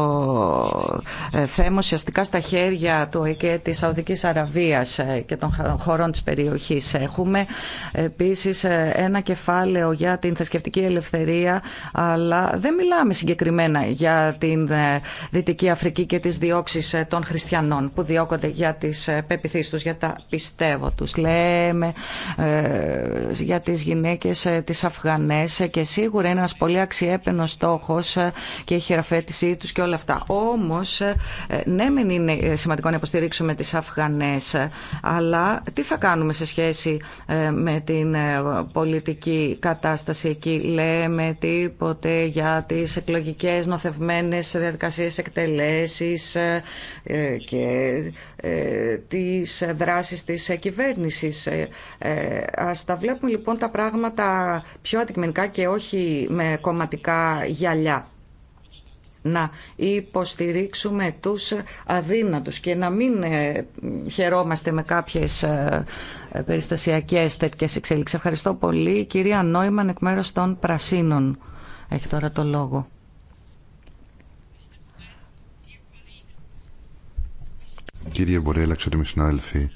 ε, θέμα ουσιαστικά στα χέρια του ΕΚΕ της Σαουδικής Αραβίας ε, και των χωρών της περιοχής. Έχουμε επίσης ένα κεφάλαιο για την θρησκευτική ελευθερία, αλλά δεν μιλάμε συγκεκριμένα για την Δυτική Αφρική και τις διώξεις των χριστιανών που διώκονται για τις πεπιθήσεις τους, για τα πιστεύω τους. Λέμε για τις γυναίκες τις Αφγανές και σίγουρα ένας πολύ αξιέπαινος στόχος και η χειραφέτησή τους και όλα αυτά. Όμως, ε, ναι μην είναι σημαντικό να υποστηρίξουμε τις Αφγανές, αλλά τι θα κάνουμε σε σχέση ε, με την ε, πολιτική κατάσταση εκεί. Λέμε τίποτε για τις εκλογικές νοθευμένες διαδικασίες εκτελέσεις και τις δράσεις της κυβέρνησης. Ας τα βλέπουμε λοιπόν τα πράγματα πιο αντικειμενικά και όχι με κομματικά γυαλιά να υποστηρίξουμε τους αδύνατους και να μην ε, χαιρόμαστε με κάποιες ε, ε, περιστασιακές τέτοιες εξέλιξεις. Ευχαριστώ πολύ. Η κυρία Νόημαν εκ μέρους των Πρασίνων έχει τώρα το λόγο. Κύριε Μπορέλα, ξέρετε συνάδελφοι,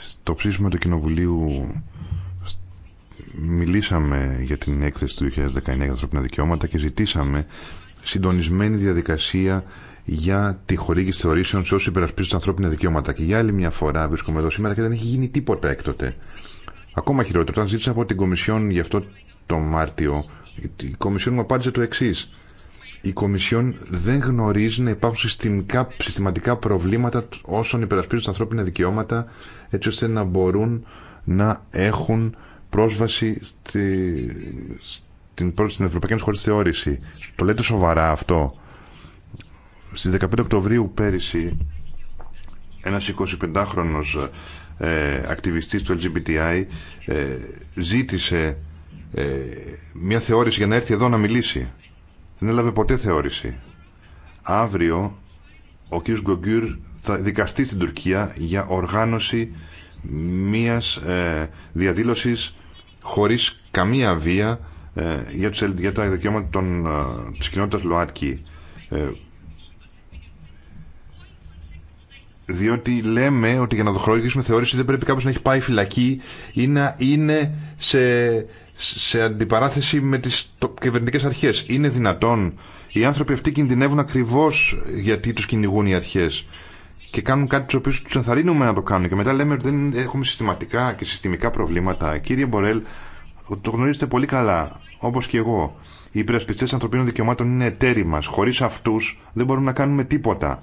στο ψήσιμο του Κοινοβουλίου μιλήσαμε για την έκθεση του 2019 για τα ανθρώπινα δικαιώματα και ζητήσαμε συντονισμένη διαδικασία για τη χορήγηση θεωρήσεων σε όσου υπερασπίζουν τα ανθρώπινα δικαιώματα. Και για άλλη μια φορά βρίσκομαι εδώ σήμερα και δεν έχει γίνει τίποτα έκτοτε. Ακόμα χειρότερο, όταν ζήτησα από την Κομισιόν γι' αυτό το Μάρτιο, η Κομισιόν μου απάντησε το εξή. Η Κομισιόν δεν γνωρίζει να υπάρχουν συστηματικά προβλήματα όσων υπερασπίζουν τα ανθρώπινα δικαιώματα, έτσι ώστε να μπορούν να έχουν πρόσβαση στη, στην, στην Ευρωπαϊκή Ένωση χωρίς θεώρηση. Το λέτε σοβαρά αυτό. Στις 15 Οκτωβρίου πέρυσι ένας 25χρονος ε, ακτιβιστής του LGBTI ε, ζήτησε ε, μια θεώρηση για να έρθει εδώ να μιλήσει. Δεν έλαβε ποτέ θεώρηση. Αύριο ο κ. Γκογκύρ θα δικαστεί στην Τουρκία για οργάνωση μίας ε, διαδήλωσης χωρίς καμία βία ε, για, για τα δικαιώματα των, ε, της κοινότητας ΛΟΑΤΚΙ. Ε, διότι λέμε ότι για να το δοχωρήσουμε θεώρηση δεν πρέπει κάποιος να έχει πάει φυλακή ή να είναι σε, σε αντιπαράθεση με τις το, κυβερνητικές αρχές. Είναι δυνατόν οι άνθρωποι αυτοί κινδυνεύουν ακριβώς γιατί τους κυνηγούν οι αρχές και κάνουν κάτι του οποίου του ενθαρρύνουμε να το κάνουν και μετά λέμε ότι δεν έχουμε συστηματικά και συστημικά προβλήματα. Κύριε Μπορέλ, το γνωρίζετε πολύ καλά, όπω και εγώ. Οι υπερασπιστέ ανθρωπίνων δικαιωμάτων είναι εταίροι μα. Χωρί αυτού δεν μπορούμε να κάνουμε τίποτα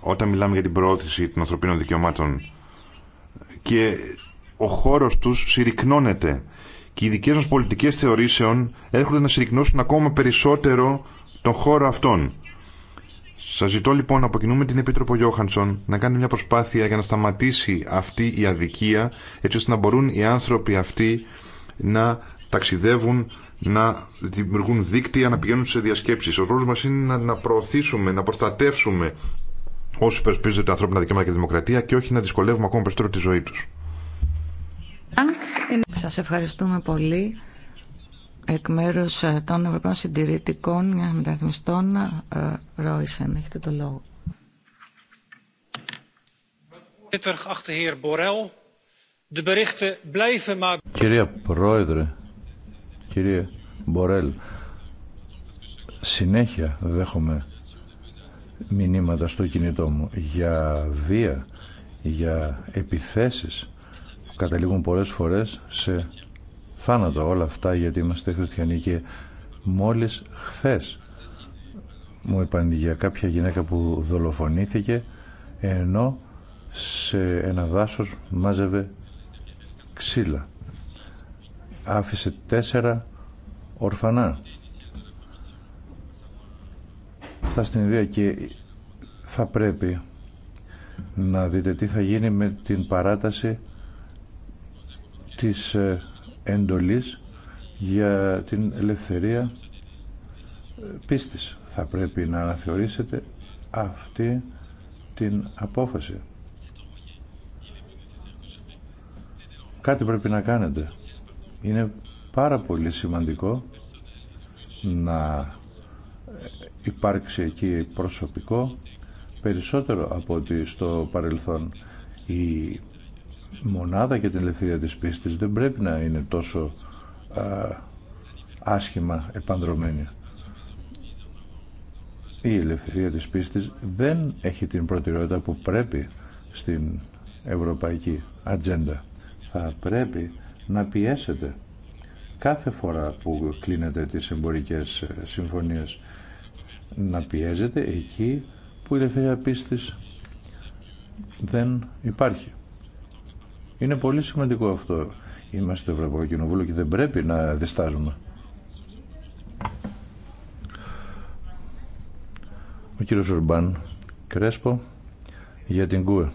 όταν μιλάμε για την προώθηση των ανθρωπίνων δικαιωμάτων. Και ο χώρο του συρρυκνώνεται. Και οι δικέ μα πολιτικέ θεωρήσεων έρχονται να συρρυκνώσουν ακόμα περισσότερο τον χώρο αυτών. Σα ζητώ λοιπόν να αποκοινούμε την Επίτροπο Γιώχανσον να κάνει μια προσπάθεια για να σταματήσει αυτή η αδικία έτσι ώστε να μπορούν οι άνθρωποι αυτοί να ταξιδεύουν, να δημιουργούν δίκτυα, να πηγαίνουν σε διασκέψεις. Ο ρόλος μας είναι να προωθήσουμε, να προστατεύσουμε όσου υπερασπίζονται τα ανθρώπινα δικαιώματα και δημοκρατία και όχι να δυσκολεύουμε ακόμα περισσότερο τη ζωή του. Σα ευχαριστούμε πολύ εκ μέρους ε, των Ευρωπαίων Συντηρητικών Μεταρρυθμιστών ε, Ρόισεν. Έχετε το λόγο. Κυρία Πρόεδρε, κύριε Μπορέλ, συνέχεια δέχομαι μηνύματα στο κινητό μου για βία, για επιθέσεις που καταλήγουν πολλές φορές σε θάνατο όλα αυτά γιατί είμαστε χριστιανοί και μόλις χθες μου είπαν για κάποια γυναίκα που δολοφονήθηκε ενώ σε ένα δάσος μάζευε ξύλα. Άφησε τέσσερα ορφανά. Αυτά στην ιδέα και θα πρέπει να δείτε τι θα γίνει με την παράταση της ε, εντολής για την ελευθερία πίστης. Θα πρέπει να αναθεωρήσετε αυτή την απόφαση. Κάτι πρέπει να κάνετε. Είναι πάρα πολύ σημαντικό να υπάρξει εκεί προσωπικό περισσότερο από ότι στο παρελθόν η μονάδα για την ελευθερία της πίστης δεν πρέπει να είναι τόσο α, άσχημα επανδρομένη. Η ελευθερία της πίστης δεν έχει την προτεραιότητα που πρέπει στην ευρωπαϊκή ατζέντα. Θα πρέπει να πιέσετε κάθε φορά που κλείνετε τις εμπορικές ε, συμφωνίες να πιέζετε εκεί που η ελευθερία πίστης δεν υπάρχει. Είναι πολύ σημαντικό αυτό. Είμαστε το Ευρωπαϊκό Κοινοβούλιο και δεν πρέπει να διστάζουμε. Ο κύριος Ουρμπάν Κρέσπο για την ΚΟΕ.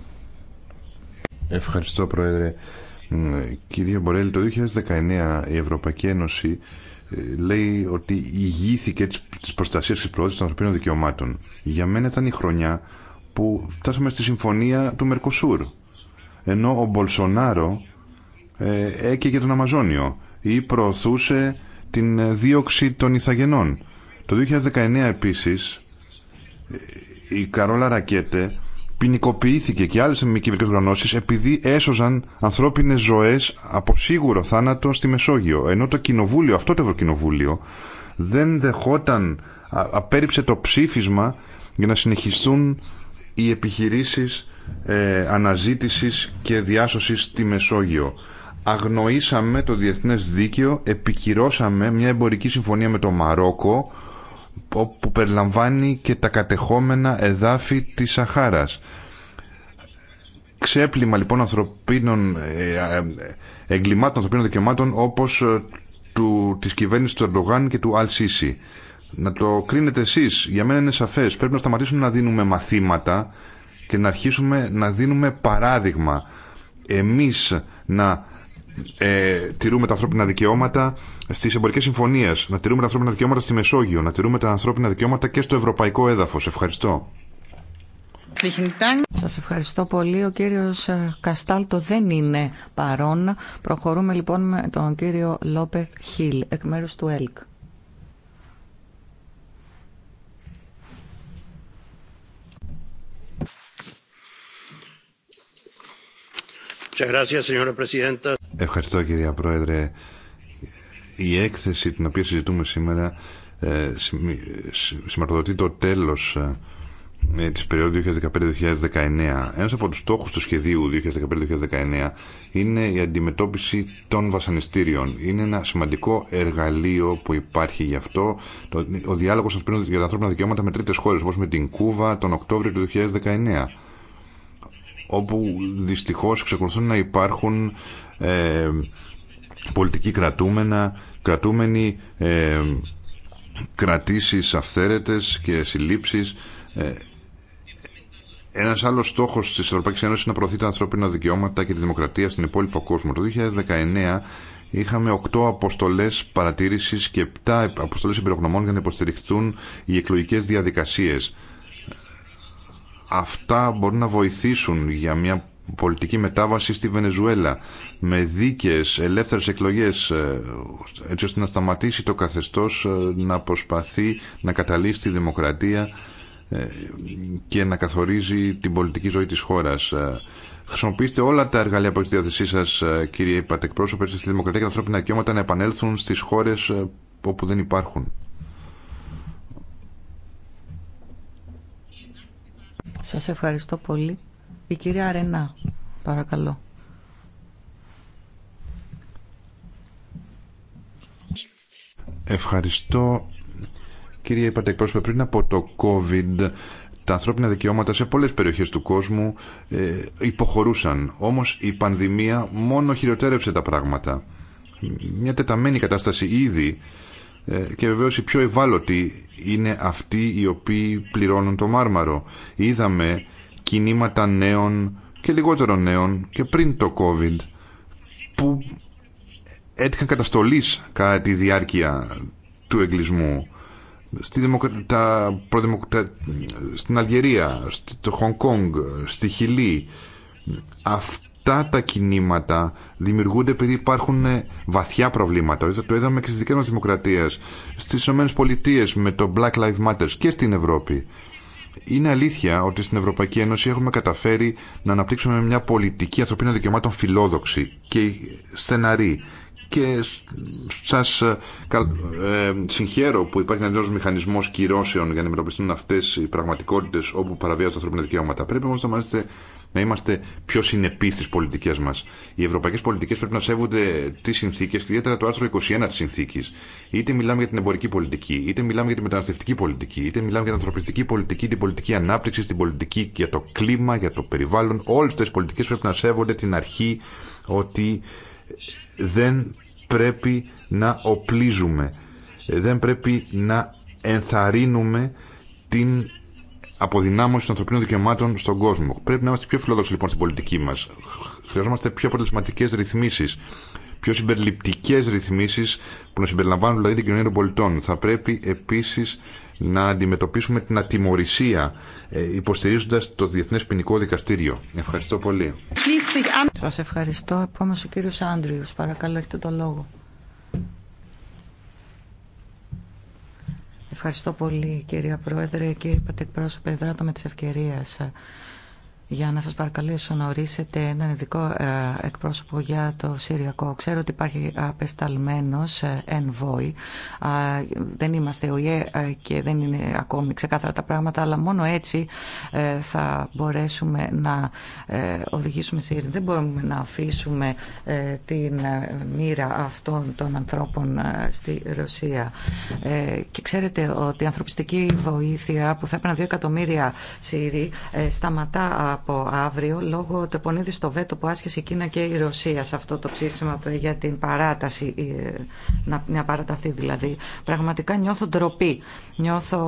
Ευχαριστώ Πρόεδρε. Κύριε Μπορέλη, το 2019 η Ευρωπαϊκή Ένωση ε, λέει ότι ηγήθηκε της προστασίας τη προώθησης των ανθρωπίνων δικαιωμάτων. Για μένα ήταν η χρονιά που φτάσαμε στη συμφωνία του Μερκοσούρ ενώ ο Μπολσονάρο ε, έκαιγε τον Αμαζόνιο ή προωθούσε την ε, δίωξη των Ιθαγενών. Το 2019 επίσης ε, η Καρόλα Ρακέτε ποινικοποιήθηκε και άλλες μη κυβερνικές οργανώσεις επειδή έσωζαν ανθρώπινες ζωές από σίγουρο θάνατο στη Μεσόγειο. Ενώ το κοινοβούλιο, αυτό το Ευρωκοινοβούλιο, δεν δεχόταν, απέρριψε το ψήφισμα για να συνεχιστούν οι επιχειρήσεις ε, αναζήτησης και διάσωσης στη Μεσόγειο. Αγνοήσαμε το διεθνές δίκαιο, επικυρώσαμε μια εμπορική συμφωνία με το Μαρόκο που περιλαμβάνει και τα κατεχόμενα εδάφη της Σαχάρας. Ξέπλυμα λοιπόν ανθρωπίνων, ε, ε, εγκλημάτων ανθρωπίνων δικαιωμάτων όπως ε, του, της κυβέρνησης του Ερντογάν και του Αλ Να το κρίνετε εσείς, για μένα είναι σαφές, πρέπει να σταματήσουμε να δίνουμε μαθήματα και να αρχίσουμε να δίνουμε παράδειγμα. Εμείς να ε, τηρούμε τα ανθρώπινα δικαιώματα στις εμπορικές συμφωνίες, να τηρούμε τα ανθρώπινα δικαιώματα στη Μεσόγειο, να τηρούμε τα ανθρώπινα δικαιώματα και στο ευρωπαϊκό έδαφος. Ευχαριστώ. Σας ευχαριστώ πολύ. Ο κύριος ε, Καστάλτο δεν είναι παρόν. Προχωρούμε λοιπόν με τον κύριο Λόπεθ Χίλ, εκ μέρους του ΕΛΚ. Ευχαριστώ κυρία Πρόεδρε. Η έκθεση την οποία συζητούμε σήμερα ε, σηματοδοτεί το τέλος ε, ε, της περίοδου 2015-2019. Ένας από τους στόχους του σχεδίου 2015-2019 είναι η αντιμετώπιση των βασανιστήριων. Είναι ένα σημαντικό εργαλείο που υπάρχει γι' αυτό. Ο διάλογος για τα ανθρώπινα δικαιώματα με τρίτες χώρες, όπως με την Κούβα τον Οκτώβριο του 2019 όπου δυστυχώς ξεκολουθούν να υπάρχουν ε, πολιτικοί κρατούμενα, κρατούμενοι ε, κρατήσεις αυθαίρετες και συλλήψεις. Ε, ένας άλλος στόχος της Ευρωπαϊκής Ένωσης είναι να προωθεί τα ανθρώπινα δικαιώματα και τη δημοκρατία στην υπόλοιπο κόσμο. Το 2019 είχαμε 8 αποστολές παρατήρησης και 7 αποστολές εμπειρογνωμών για να υποστηριχθούν οι εκλογικές διαδικασίες. Αυτά μπορούν να βοηθήσουν για μια πολιτική μετάβαση στη Βενεζουέλα με δίκες, ελεύθερες εκλογές ε, έτσι ώστε να σταματήσει το καθεστώς ε, να προσπαθεί να καταλύσει τη δημοκρατία ε, και να καθορίζει την πολιτική ζωή της χώρας. Χρησιμοποιήστε όλα τα εργαλεία που έχετε στη διάθεσή σα, κύριε Πατεκπρόσωπε, στη δημοκρατία και τα ανθρώπινα δικαιώματα να επανέλθουν στι χώρε όπου δεν υπάρχουν. Σας ευχαριστώ πολύ. Η κυρία Αρενά, παρακαλώ. Ευχαριστώ. Κύριε είπατε πριν από το COVID τα ανθρώπινα δικαιώματα σε πολλές περιοχές του κόσμου ε, υποχωρούσαν. Όμως η πανδημία μόνο χειροτέρευσε τα πράγματα. Μια τεταμένη κατάσταση ήδη ε, και βεβαίως η πιο ευάλωτη είναι αυτοί οι οποίοι πληρώνουν το μάρμαρο. Είδαμε κινήματα νέων και λιγότερων νέων και πριν το COVID που έτυχαν καταστολής κατά τη διάρκεια του εγκλισμού στην Αλγερία, στο Χονγκ Κόνγκ, στη Χιλή. Αυτό αυτά τα κινήματα δημιουργούνται επειδή υπάρχουν ε, βαθιά προβλήματα. Το είδαμε και στι δικέ μα δημοκρατίε, στι ΗΠΑ με το Black Lives Matter και στην Ευρώπη. Είναι αλήθεια ότι στην Ευρωπαϊκή Ένωση έχουμε καταφέρει να αναπτύξουμε μια πολιτική ανθρωπίνων δικαιωμάτων φιλόδοξη και στεναρή. Και σα ε, ε, συγχαίρω που υπάρχει ένα νέο μηχανισμό κυρώσεων για να αντιμετωπιστούν αυτέ οι πραγματικότητε όπου παραβιάζονται τα ανθρώπινα δικαιώματα. Πρέπει όμω να είμαστε να είμαστε πιο συνεπεί στι πολιτικέ μα. Οι ευρωπαϊκέ πολιτικέ πρέπει να σέβονται τι συνθήκε ιδιαίτερα το άρθρο 21 τη συνθήκη. Είτε μιλάμε για την εμπορική πολιτική, είτε μιλάμε για τη μεταναστευτική πολιτική, είτε μιλάμε για την ανθρωπιστική πολιτική, την πολιτική ανάπτυξη, την πολιτική για το κλίμα, για το περιβάλλον. Όλε αυτέ οι πολιτικέ πρέπει να σέβονται την αρχή ότι δεν πρέπει να οπλίζουμε, δεν πρέπει να ενθαρρύνουμε την αποδυνάμωση των ανθρωπίνων δικαιωμάτων στον κόσμο. Πρέπει να είμαστε πιο φιλόδοξοι λοιπόν στην πολιτική μα. Χρειαζόμαστε πιο αποτελεσματικέ ρυθμίσει, πιο συμπεριληπτικέ ρυθμίσει που να συμπεριλαμβάνουν δηλαδή την κοινωνία των πολιτών. Θα πρέπει επίση να αντιμετωπίσουμε την ατιμορρησία ε, υποστηρίζοντα το Διεθνέ Ποινικό Δικαστήριο. Ευχαριστώ πολύ. Σα ευχαριστώ. Επόμενο ο κύριο Άντριου. Παρακαλώ, έχετε τον λόγο. Ευχαριστώ πολύ κυρία Πρόεδρε, κύριε Πατεκπρόσωπε, δράτω με της ευκαιρίας ε, για να σας παρακαλέσω να ορίσετε έναν ειδικό ε, εκπρόσωπο για το Συριακό. Ξέρω ότι υπάρχει απεσταλμένος ενβόη. Δεν είμαστε ΟΗΕ ε, και δεν είναι ακόμη ξεκάθαρα τα πράγματα, αλλά μόνο έτσι ε, θα μπορέσουμε να οδηγήσουμε σε Δεν μπορούμε να αφήσουμε την μοίρα αυτών των ανθρώπων στη Ρωσία. Και ξέρετε ότι η ανθρωπιστική βοήθεια που θα έπαιρναν δύο εκατομμύρια Σύριοι σταματά από αύριο λόγω του στο βέτο που άσχεσε η Κίνα και η Ρωσία σε αυτό το ψήφισμα ε, για την παράταση, ε, να, να παραταθεί δηλαδή. Πραγματικά νιώθω ντροπή. Νιώθω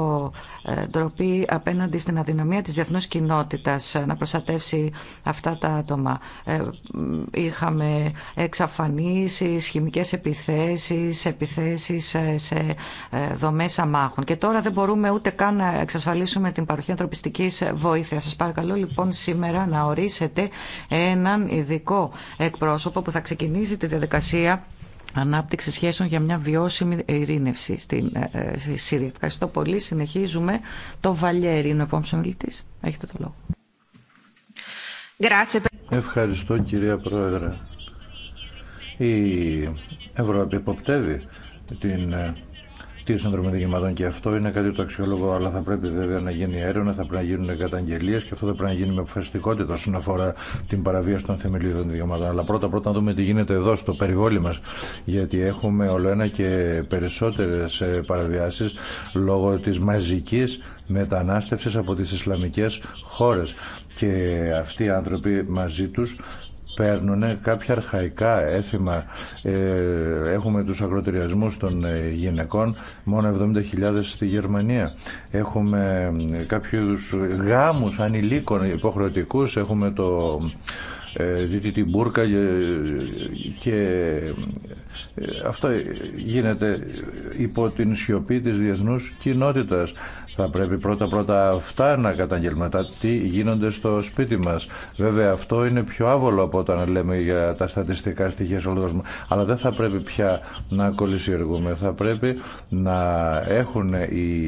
ε, ντροπή απέναντι στην αδυναμία της διεθνούς κοινότητας να προστατεύσει αυτά τα άτομα. Είχαμε εξαφανίσεις, χημικές επιθέσεις, επιθέσεις σε δομές αμάχων. Και τώρα δεν μπορούμε ούτε καν να εξασφαλίσουμε την παροχή ανθρωπιστική βοήθειας. Σας παρακαλώ λοιπόν σήμερα να ορίσετε έναν ειδικό εκπρόσωπο που θα ξεκινήσει τη διαδικασία ανάπτυξη σχέσεων για μια βιώσιμη ειρήνευση ε, ε, στη Συρία. Ευχαριστώ πολύ. Συνεχίζουμε. Το Βαλιέρι είναι ο επόμενος ομιλητής. Έχετε το λόγο. Ευχαριστώ κυρία Πρόεδρε. Η Ευρώπη υποπτεύει την ε, τη συνδρομή δικαιωμάτων και αυτό είναι κάτι το αξιόλογο, αλλά θα πρέπει βέβαια να γίνει έρευνα, θα πρέπει να γίνουν καταγγελίε και αυτό θα πρέπει να γίνει με αποφασιστικότητα όσον αφορά την παραβίαση των θεμελιωδών δικαιωμάτων. Αλλά πρώτα πρώτα να δούμε τι γίνεται εδώ στο περιβόλι μα, γιατί έχουμε όλο ένα και περισσότερε παραβιάσει λόγω τη μαζική μετανάστευση από τι Ισλαμικέ χώρε. Και αυτοί οι άνθρωποι μαζί του παίρνουν κάποια αρχαϊκά έθιμα. Ε, έχουμε τους ακροτηριασμούς των ε, γυναικών, μόνο 70.000 στη Γερμανία. Έχουμε ε, κάποιους γάμους ανηλίκων υποχρεωτικούς, έχουμε το ε, την μπουρκα και ε, αυτό γίνεται υπό την σιωπή της διεθνούς κοινότητας. Θα πρέπει πρώτα-πρώτα αυτά να καταγγελματά τι γίνονται στο σπίτι μας. Βέβαια αυτό είναι πιο άβολο από όταν λέμε για τα στατιστικά στοιχεία σε όλο κόσμο. Αλλά δεν θα πρέπει πια να κολλησιεργούμε. Θα πρέπει να έχουν οι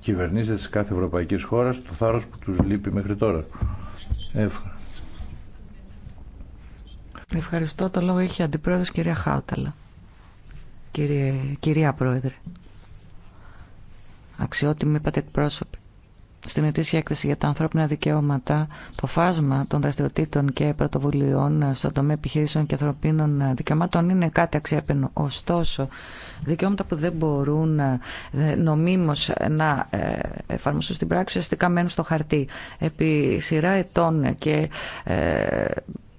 κυβερνήσεις της κάθε ευρωπαϊκής χώρας το θάρρος που τους λείπει μέχρι τώρα. Ευχαριστώ. Το λόγο έχει αντιπρόεδρος κυρία Χάουταλα. Κύριε, κυρία Πρόεδρε. αξιότιμη είπατε εκπρόσωποι. Στην ετήσια έκθεση για τα ανθρώπινα δικαιώματα, το φάσμα των δραστηριοτήτων και πρωτοβουλειών στον τομέα επιχειρήσεων και ανθρωπίνων δικαιωμάτων είναι κάτι αξιέπαινο. Ωστόσο, δικαιώματα που δεν μπορούν ε, νομίμως να ε, εφαρμοστούν στην πράξη, ουσιαστικά μένουν στο χαρτί. Επί σειρά ετών και ε,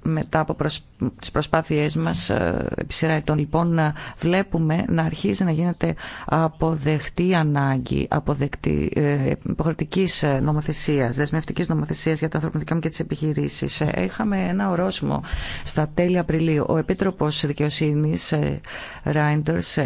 μετά από προσ... τις προσπάθειές μας ε, επί σειρά ετών λοιπόν να βλέπουμε να αρχίζει να γίνεται αποδεκτή ανάγκη αποδεκτή, ε, υποχρεωτικής ε, νομοθεσίας, δεσμευτικής νομοθεσίας για τα ανθρώπινα δικαιώματα και τις επιχειρήσεις. Ε, είχαμε ένα ορόσημο στα τέλη Απριλίου. Ο Επίτροπος Δικαιοσύνης Ράιντερς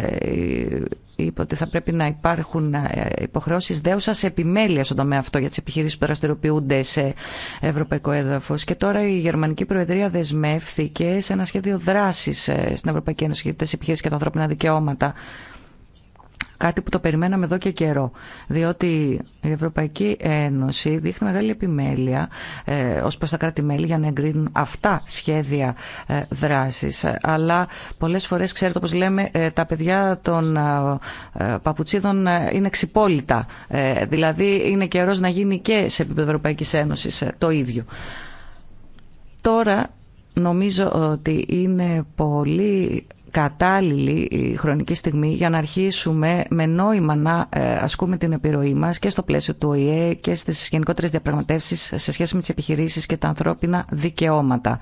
είπε ότι θα πρέπει να υπάρχουν ε, υποχρεώσεις δεούσα επιμέλεια στον τομέα αυτό για τις επιχειρήσεις που δραστηριοποιούνται σε ευρωπαϊκό έδαφος. Και τώρα η Γερμανική Προεδρία δεσμεύθηκε σε ένα σχέδιο δράσης ε, στην Ευρωπαϊκή Ένωση για τις επιχειρήσεις και τα ανθρώπινα δικαιώματα. Κάτι που το περιμέναμε εδώ και καιρό. Διότι η Ευρωπαϊκή Ένωση δείχνει μεγάλη επιμέλεια ε, ως προς τα κράτη-μέλη για να εγκρίνουν αυτά σχέδια ε, δράσης. Αλλά πολλές φορές, ξέρετε όπω λέμε, ε, τα παιδιά των ε, ε παπουτσίδων ε, είναι ξυπόλυτα. δηλαδή είναι καιρός να γίνει και σε επίπεδο Ευρωπαϊκής Ένωσης το ίδιο. Τώρα νομίζω ότι είναι πολύ κατάλληλη η χρονική στιγμή για να αρχίσουμε με νόημα να ε, ασκούμε την επιρροή μας και στο πλαίσιο του ΟΗΕ και στις γενικότερε διαπραγματεύσεις σε σχέση με τις επιχειρήσεις και τα ανθρώπινα δικαιώματα.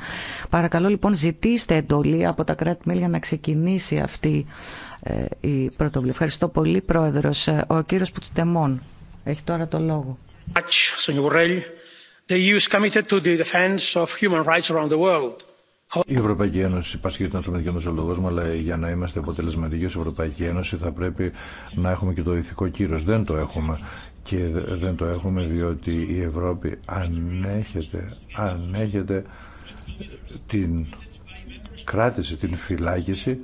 Παρακαλώ λοιπόν ζητήστε εντολή από τα κράτη-μέλη για να ξεκινήσει αυτή ε, η πρωτοβουλία. Ευχαριστώ πολύ πρόεδρο. Ε, ο κύριο Πουτσιτεμών έχει τώρα το λόγο. E committed to the defense of human rights around the world η Ευρωπαϊκή Ένωση πασχίζει την ανθρώπινη δικαιώματα σε όλο τον αλλά για να είμαστε αποτελεσματικοί ω Ευρωπαϊκή Ένωση θα πρέπει να έχουμε και το ηθικό κύρο. Δεν το έχουμε. Και δεν το έχουμε διότι η Ευρώπη ανέχεται, ανέχεται την κράτηση, την φυλάκηση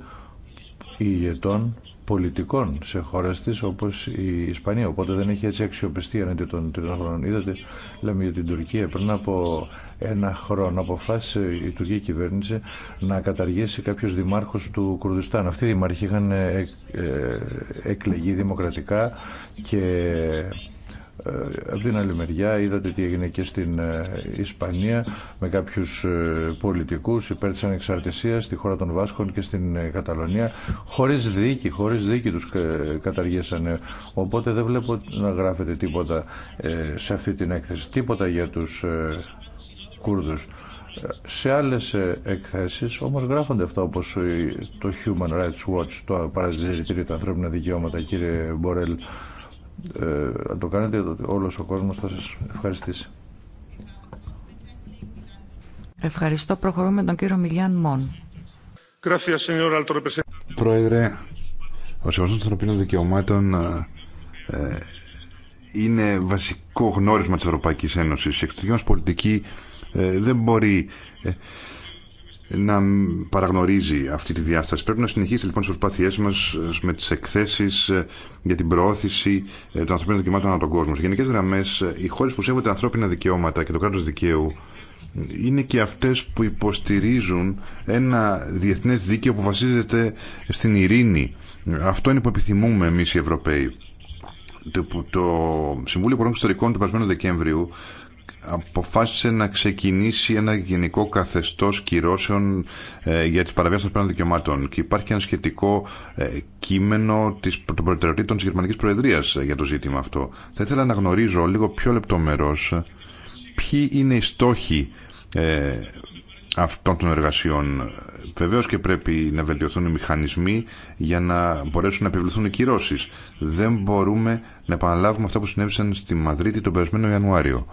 ηγετών πολιτικών σε χώρε τη όπω η Ισπανία. Οπότε δεν έχει έτσι αξιοπιστεί εναντίον των τριών χρόνων. Είδατε, λέμε για την Τουρκία πριν από ένα χρόνο αποφάσισε η τουρκική κυβέρνηση να καταργήσει κάποιους δημάρχους του Κουρδιστάν. Αυτοί οι δημάρχοι είχαν ε, ε, εκλεγεί δημοκρατικά και ε, από την άλλη μεριά είδατε τι έγινε και στην Ισπανία με κάποιους πολιτικούς υπέρ της ανεξαρτησίας στη χώρα των Βάσκων και στην Καταλωνία χωρίς δίκη, χωρίς δίκη τους καταργήσανε οπότε δεν βλέπω να γράφετε τίποτα σε αυτή την έκθεση τίποτα για τους Κούρδους. Σε άλλες ε, εκθέσεις όμως γράφονται αυτά όπως ε, το Human Rights Watch, το παρατηρητήριο των ανθρώπινων δικαιώματα, κύριε Μπορέλ. Ε, το κάνετε, όλος ο κόσμος θα σας ευχαριστήσει. Ευχαριστώ. Προχωρούμε τον κύριο Μιλιάν Μον. Πρόεδρε, ο σεβασμός των ανθρωπίνων δικαιωμάτων ε, είναι βασικό γνώρισμα της Ευρωπαϊκής Ένωσης. Η εξωτερική πολιτική ε, δεν μπορεί ε, να παραγνωρίζει αυτή τη διάσταση. Πρέπει να συνεχίσει λοιπόν τι προσπάθειέ μα ε, με τι εκθέσει για την προώθηση των ανθρωπίνων δικαιωμάτων ανά τον κόσμο. Σε γενικέ γραμμέ, οι χώρε που σέβονται ανθρώπινα δικαιώματα και το κράτο δικαίου είναι και αυτέ που υποστηρίζουν ένα διεθνέ δίκαιο που βασίζεται στην ειρήνη. Αυτό είναι που επιθυμούμε εμεί οι Ευρωπαίοι. Το Συμβούλιο Υπουργών Εξωτερικών του περασμένου Δεκέμβριου αποφάσισε να ξεκινήσει ένα γενικό καθεστώς κυρώσεων ε, για τις παραβιάσεις των δικαιωμάτων και υπάρχει ένα σχετικό ε, κείμενο της, των προτεραιοτήτων της Γερμανικής Προεδρίας ε, για το ζήτημα αυτό. Θα ήθελα να γνωρίζω λίγο πιο λεπτομερώς ποιοι είναι οι στόχοι ε, αυτών των εργασιών. Βεβαίω και πρέπει να βελτιωθούν οι μηχανισμοί για να μπορέσουν να επιβληθούν οι κυρώσεις. Δεν μπορούμε να επαναλάβουμε αυτά που συνέβησαν στη Μαδρίτη τον περασμένο Ιανουάριο.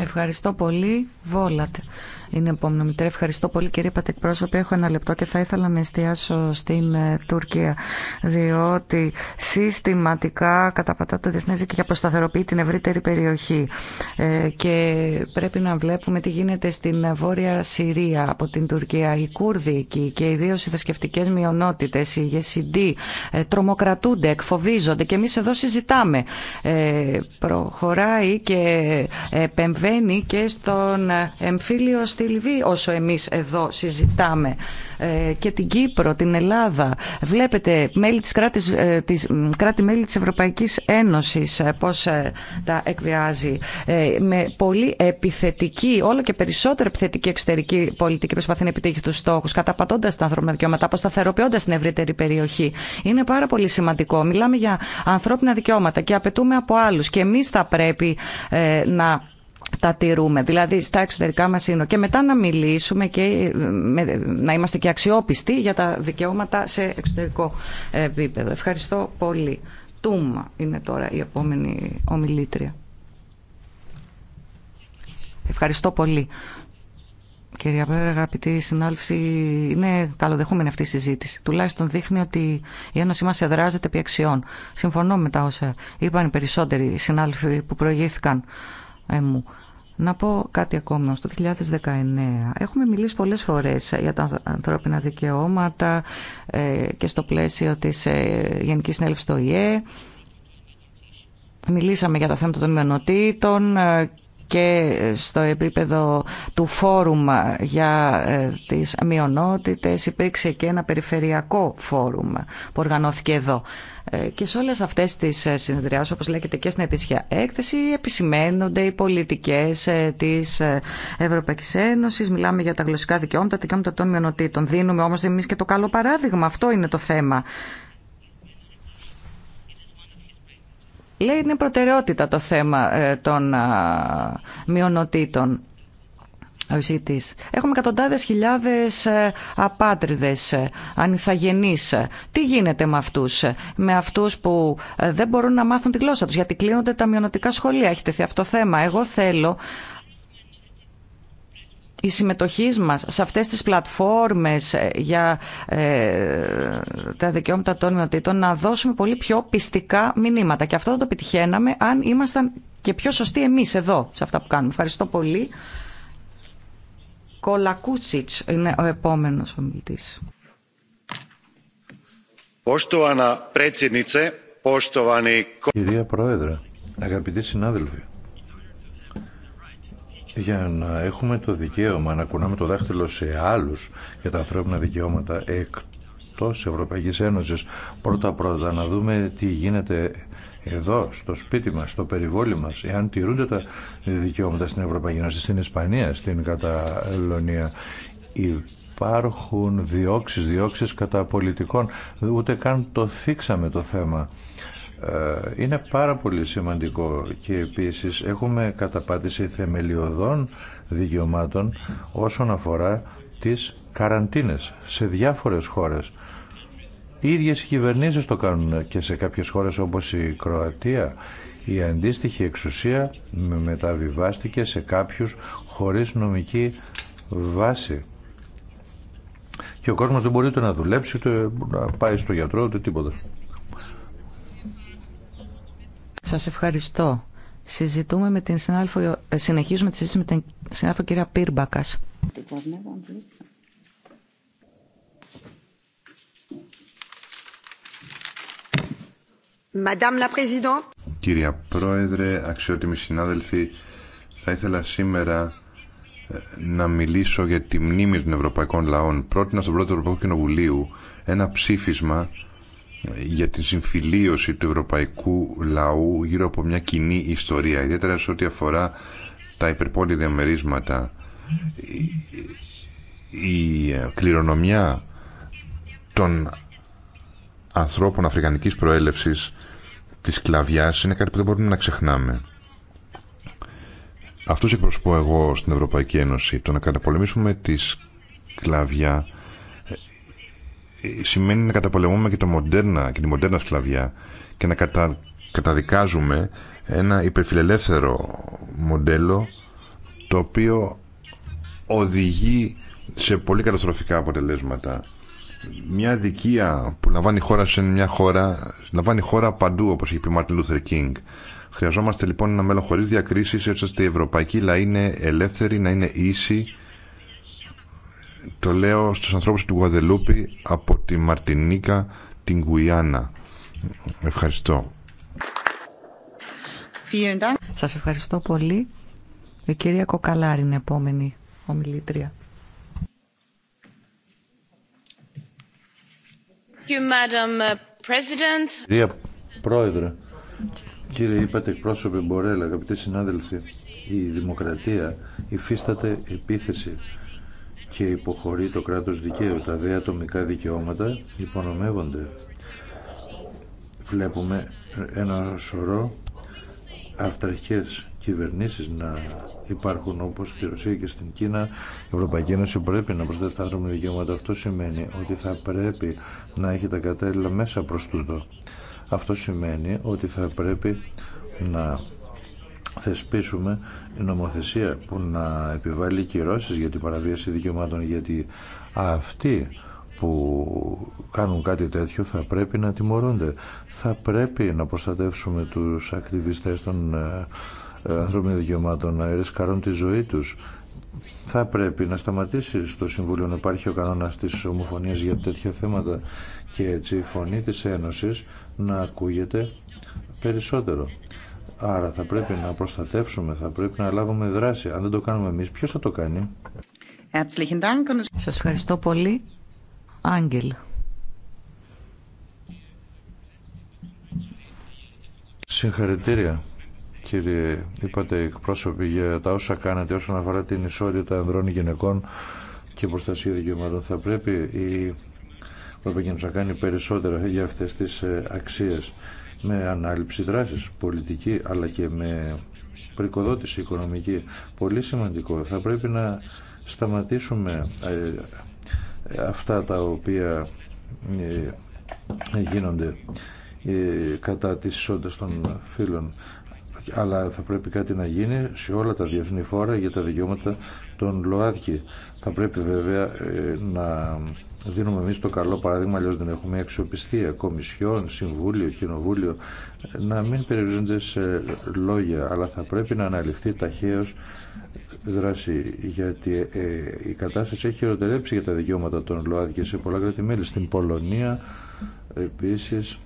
Ευχαριστώ πολύ. Βόλατ είναι επόμενο μητέρα. Ευχαριστώ πολύ κύριε Πατεκπρόσωπε. Έχω ένα λεπτό και θα ήθελα να εστιάσω στην ε, Τουρκία διότι συστηματικά καταπατά το διεθνέ δίκαιο και αποσταθεροποιεί την ευρύτερη περιοχή ε, και πρέπει να βλέπουμε τι γίνεται στην Βόρεια Συρία από την Τουρκία. Οι Κούρδοι εκεί και ιδίω οι θρησκευτικέ μειονότητε, οι γεσιντοί ε, τρομοκρατούνται, εκφοβίζονται και εμεί εδώ συζητάμε. Προχωράει και επεμβαίνει και στον εμφύλιο στη Λιβύη όσο εμείς εδώ συζητάμε ε, και την Κύπρο, την Ελλάδα. Βλέπετε μέλη της κράτης, ε, της, κράτη μέλη της Ευρωπαϊκής Ένωσης ε, πώς τα εκβιάζει με πολύ επιθετική, όλο και περισσότερο επιθετική εξωτερική πολιτική προσπαθεί να επιτύχει τους στόχους, καταπατώντας τα ανθρώπινα δικαιώματα, αποσταθεροποιώντας την ευρύτερη περιοχή. Είναι πάρα πολύ σημαντικό. Μιλάμε για ανθρώπινα δικαιώματα και απαιτούμε από άλλους και εμείς θα πρέπει να τα τηρούμε, δηλαδή στα εξωτερικά μας σύνορα. Και μετά να μιλήσουμε και ε, να είμαστε και αξιόπιστοι για τα δικαιώματα σε εξωτερικό επίπεδο. Ευχαριστώ πολύ. Τούμα είναι τώρα η επόμενη ομιλήτρια. Ευχαριστώ πολύ. Κυρία Πέρα, αγαπητή συνάλφη, είναι καλοδεχούμενη αυτή η συζήτηση. Τουλάχιστον δείχνει ότι η Ένωση μα εδράζεται επί αξιών. Συμφωνώ με τα όσα είπαν οι περισσότεροι συνάλυφοι που προηγήθηκαν. Ε, Να πω κάτι ακόμα. Στο 2019 έχουμε μιλήσει πολλές φορές για τα ανθρώπινα δικαιώματα ε, και στο πλαίσιο της ε, Γενικής Συνέλευσης στο ΙΕ. Μιλήσαμε για τα θέματα των μειονοτήτων και στο επίπεδο του φόρουμ για ε, τις μειονότητες υπήρξε και ένα περιφερειακό φόρουμ που οργανώθηκε εδώ. Ε, και σε όλες αυτές τις ε, συνεδριάσεις, όπως λέγεται και στην ετήσια έκθεση, επισημαίνονται οι πολιτικές της Ευρωπαϊκής Ένωσης. Μιλάμε για τα γλωσσικά δικαιώματα, τα δικαιώματα των μειονοτήτων. Δίνουμε όμως εμείς και το καλό παράδειγμα. Αυτό είναι το θέμα. Λέει είναι προτεραιότητα το θέμα ε, των μειονοτήτων. Έχουμε εκατοντάδες χιλιάδες ε, απάτριδες, ε, ανιθαγενείς. Τι γίνεται με αυτούς, με αυτούς που δεν μπορούν να μάθουν τη γλώσσα τους, γιατί κλείνονται τα μειονοτικά σχολεία. Έχετε τεθεί αυτό το θέμα. Εγώ θέλω η συμμετοχή μας σε αυτές τις πλατφόρμες ε, για ε, τα δικαιώματα των μειονοτήτων να δώσουμε πολύ πιο πιστικά μηνύματα. Και αυτό θα το επιτυχαίναμε αν ήμασταν και πιο σωστοί εμείς εδώ σε αυτά που κάνουμε. Ευχαριστώ πολύ. Κολακούτσιτς είναι ο επόμενος ομιλητής. Κυρία Πρόεδρε, αγαπητοί συνάδελφοι, για να έχουμε το δικαίωμα να κουνάμε το δάχτυλο σε άλλους για τα ανθρώπινα δικαιώματα εκτός Ευρωπαϊκής Ένωσης. Πρώτα-πρώτα να δούμε τι γίνεται εδώ, στο σπίτι μας, στο περιβόλι μας, εάν τηρούνται τα δικαιώματα στην Ευρωπαϊκή Ένωση, στην Ισπανία, στην Καταλωνία, υπάρχουν διώξεις, διώξεις κατά πολιτικών. Ούτε καν το θίξαμε το θέμα. Ε, είναι πάρα πολύ σημαντικό και επίσης έχουμε καταπάτηση θεμελιωδών δικαιωμάτων όσον αφορά τις καραντίνες σε διάφορες χώρες. Οι ίδιες οι το κάνουν και σε κάποιες χώρες όπως η Κροατία. Η αντίστοιχη εξουσία μεταβιβάστηκε σε κάποιους χωρίς νομική βάση. Και ο κόσμος δεν μπορεί ούτε να δουλέψει, ούτε να πάει στο γιατρό, ούτε τίποτα. Σας ευχαριστώ. Συζητούμε με την ε, συνεχίζουμε τη συζήτηση με την Συνάδελφο κυρία Πύρμπακας. Κυρία Πρόεδρε, αξιότιμοι συνάδελφοι, θα ήθελα σήμερα ε, να μιλήσω για τη μνήμη των Ευρωπαϊκών Λαών. Πρότεινα στον πρώτο Ευρωπαϊκό Κοινοβουλίου ένα ψήφισμα για την συμφιλίωση του ευρωπαϊκού λαού γύρω από μια κοινή ιστορία, ιδιαίτερα σε ό,τι αφορά τα υπερπόλη διαμερίσματα. Η ε, κληρονομιά των ανθρώπων αφρικανικής προέλευσης της κλαβιάς είναι κάτι που δεν μπορούμε να ξεχνάμε. Αυτούς εκπροσωπώ εγώ στην Ευρωπαϊκή Ένωση. Το να καταπολεμήσουμε τη σκλαβιά σημαίνει να καταπολεμούμε και, το μοντέρνα, και τη μοντέρνα σκλαβιά και να κατα, καταδικάζουμε ένα υπερφιλελεύθερο μοντέλο το οποίο οδηγεί σε πολύ καταστροφικά αποτελέσματα. Μια δικία που λαμβάνει χώρα σε μια χώρα, λαμβάνει χώρα παντού, όπως είπε πει ο Μάρτιν Λούθερ Κίνγκ. Χρειαζόμαστε λοιπόν ένα μέλλον χωρί διακρίσει, έτσι ώστε οι ευρωπαϊκοί λαοί είναι ελεύθεροι, να είναι ίσοι το λέω στους ανθρώπους του Γουαδελούπη από τη Μαρτινίκα, την Γουιάννα. Ευχαριστώ. Σας ευχαριστώ πολύ. Η κυρία Κοκαλάρη είναι επόμενη ομιλήτρια. Κυρία Πρόεδρε, κύριε είπατε εκπρόσωπε Μπορέλα, αγαπητοί συνάδελφοι, η δημοκρατία υφίσταται επίθεση και υποχωρεί το κράτος δικαίου. Τα δε ατομικά δικαιώματα υπονομεύονται. Βλέπουμε ένα σωρό αυταρχές κυβερνήσεις να υπάρχουν όπως στη Ρωσία και στην Κίνα. Η Ευρωπαϊκή Ένωση πρέπει να προστατεύει τα άτομα δικαιώματα. Αυτό σημαίνει ότι θα πρέπει να έχει τα κατάλληλα μέσα προς τούτο. Αυτό σημαίνει ότι θα πρέπει να θεσπίσουμε νομοθεσία που να επιβάλλει κυρώσεις για την παραβίαση δικαιωμάτων γιατί αυτοί που κάνουν κάτι τέτοιο θα πρέπει να τιμωρούνται. Θα πρέπει να προστατεύσουμε τους ακτιβιστές των ε, ε, ανθρώπινων δικαιωμάτων να ρισκαρούν τη ζωή τους. Θα πρέπει να σταματήσει στο Συμβούλιο να υπάρχει ο κανόνας της ομοφωνίας για τέτοια θέματα και έτσι η φωνή της Ένωσης να ακούγεται περισσότερο. Άρα θα πρέπει να προστατεύσουμε, θα πρέπει να λάβουμε δράση. Αν δεν το κάνουμε εμείς, ποιος θα το κάνει. Σας ευχαριστώ πολύ. Άγγελ. Συγχαρητήρια κύριε, είπατε εκπρόσωποι για τα όσα κάνετε όσον αφορά την ισότητα ανδρών γυναικών και προστασία δικαιωμάτων. Θα πρέπει η Ευρωπαϊκή να κάνει περισσότερα για αυτές τις ε, αξίες με ανάληψη δράσης πολιτική αλλά και με πρικοδότηση οικονομική. Πολύ σημαντικό. Θα πρέπει να σταματήσουμε ε, αυτά τα οποία ε, γίνονται ε, κατά της ισότητες των φίλων αλλά θα πρέπει κάτι να γίνει σε όλα τα διεθνή φόρα για τα δικαιώματα των ΛΟΑΔΚΙ. Θα πρέπει βέβαια να δίνουμε εμεί το καλό παράδειγμα, αλλιώ δεν έχουμε αξιοπιστία. Κομισιόν, Συμβούλιο, Κοινοβούλιο, να μην περιορίζονται σε λόγια, αλλά θα πρέπει να αναλυφθεί ταχαίω δράση, γιατί ε, η κατάσταση έχει χειροτερέψει για τα δικαιώματα των ΛΟΑΔ και σε πολλά κράτη-μέλη. Στην Πολωνία, επίση,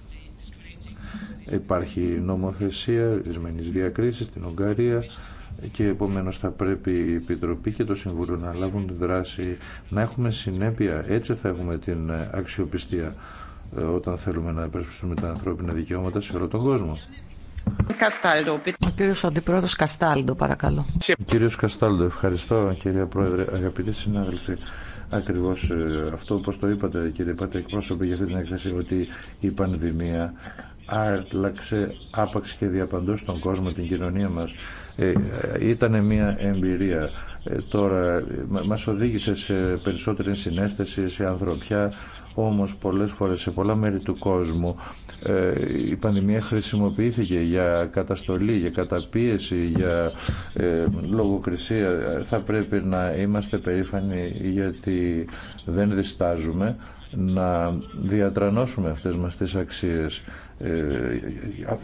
υπάρχει νομοθεσία, διακρίση στην Ουγγαρία και επομένως θα πρέπει η Επιτροπή και το Συμβούλιο να λάβουν τη δράση, να έχουμε συνέπεια, έτσι θα έχουμε την αξιοπιστία ε, όταν θέλουμε να υπερασπιστούμε τα ανθρώπινα δικαιώματα σε όλο τον κόσμο. Ο κύριος Αντιπρόεδρος Καστάλντο, παρακαλώ. Κύριος Καστάλντο, ευχαριστώ κυρία Πρόεδρε, αγαπητοί συνάδελφοι. Ακριβώ ε, αυτό, όπω το είπατε, κύριε Πάτε, για αυτή την έκθεση, ότι η πανδημία άλλαξε άπαξ και διαπαντό στον κόσμο, την κοινωνία μας ε, ήταν μια εμπειρία. Ε, τώρα μας οδήγησε σε περισσότερη συνέστηση, σε ανθρωπιά, όμως πολλές φορές σε πολλά μέρη του κόσμου ε, η πανδημία χρησιμοποιήθηκε για καταστολή, για καταπίεση, για λογοκρισία. Θα πρέπει να είμαστε περήφανοι γιατί δεν διστάζουμε να διατρανώσουμε αυτές μας τις αξίες ε,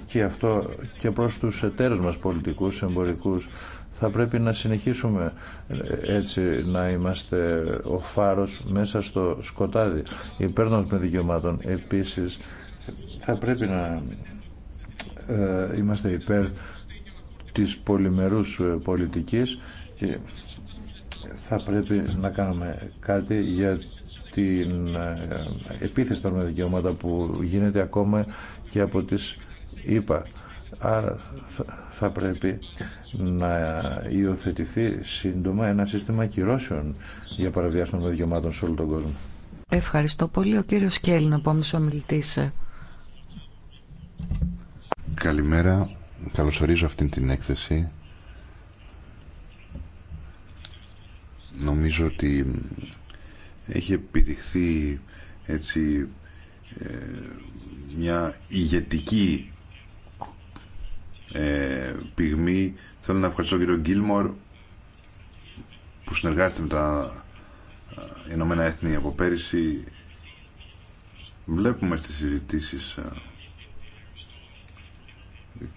και αυτό και προς τους εταίρους μας πολιτικούς, εμπορικούς θα πρέπει να συνεχίσουμε ε, έτσι να είμαστε ο φάρος μέσα στο σκοτάδι υπέρ των δικαιωμάτων επίσης θα πρέπει να ε, είμαστε υπέρ της πολυμερούς πολιτικής και θα πρέπει να κάνουμε κάτι για την επίθεση των δικαιώματα που γίνεται ακόμα και από τις είπα. Άρα θα πρέπει να υιοθετηθεί σύντομα ένα σύστημα κυρώσεων για παραβιάσματα των δικαιωμάτων σε όλο τον κόσμο. Ευχαριστώ πολύ. Ο κύριος Κέλλην, επόμενος ομιλητής. Καλημέρα. Καλωσορίζω αυτήν την έκθεση. Νομίζω ότι έχει επιτυχθεί έτσι ε, μια ηγετική ε, πυγμή. Θέλω να ευχαριστώ τον κύριο Γκίλμορ που συνεργάζεται με τα ε, Ηνωμένα Έθνη από πέρυσι. Βλέπουμε στις συζητήσεις ε,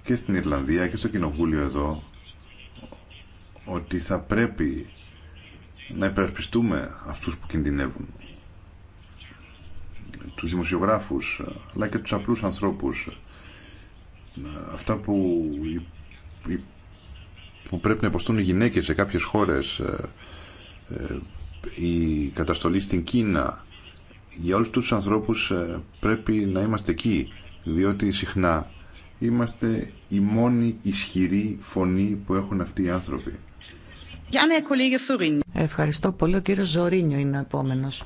και στην Ιρλανδία και στο Κοινοβούλιο εδώ ότι θα πρέπει να υπερασπιστούμε αυτούς που κινδυνεύουν τους δημοσιογράφους ε, αλλά και τους απλούς ανθρώπους ε, αυτά που, που πρέπει να υποστούν οι γυναίκες σε κάποιες χώρες ε, η καταστολή στην Κίνα για όλους τους ανθρώπους πρέπει να είμαστε εκεί διότι συχνά είμαστε η μόνη ισχυρή φωνή που έχουν αυτοί οι άνθρωποι. Ευχαριστώ πολύ. Ο κύριος Ζωρίνιο είναι ο επόμενος.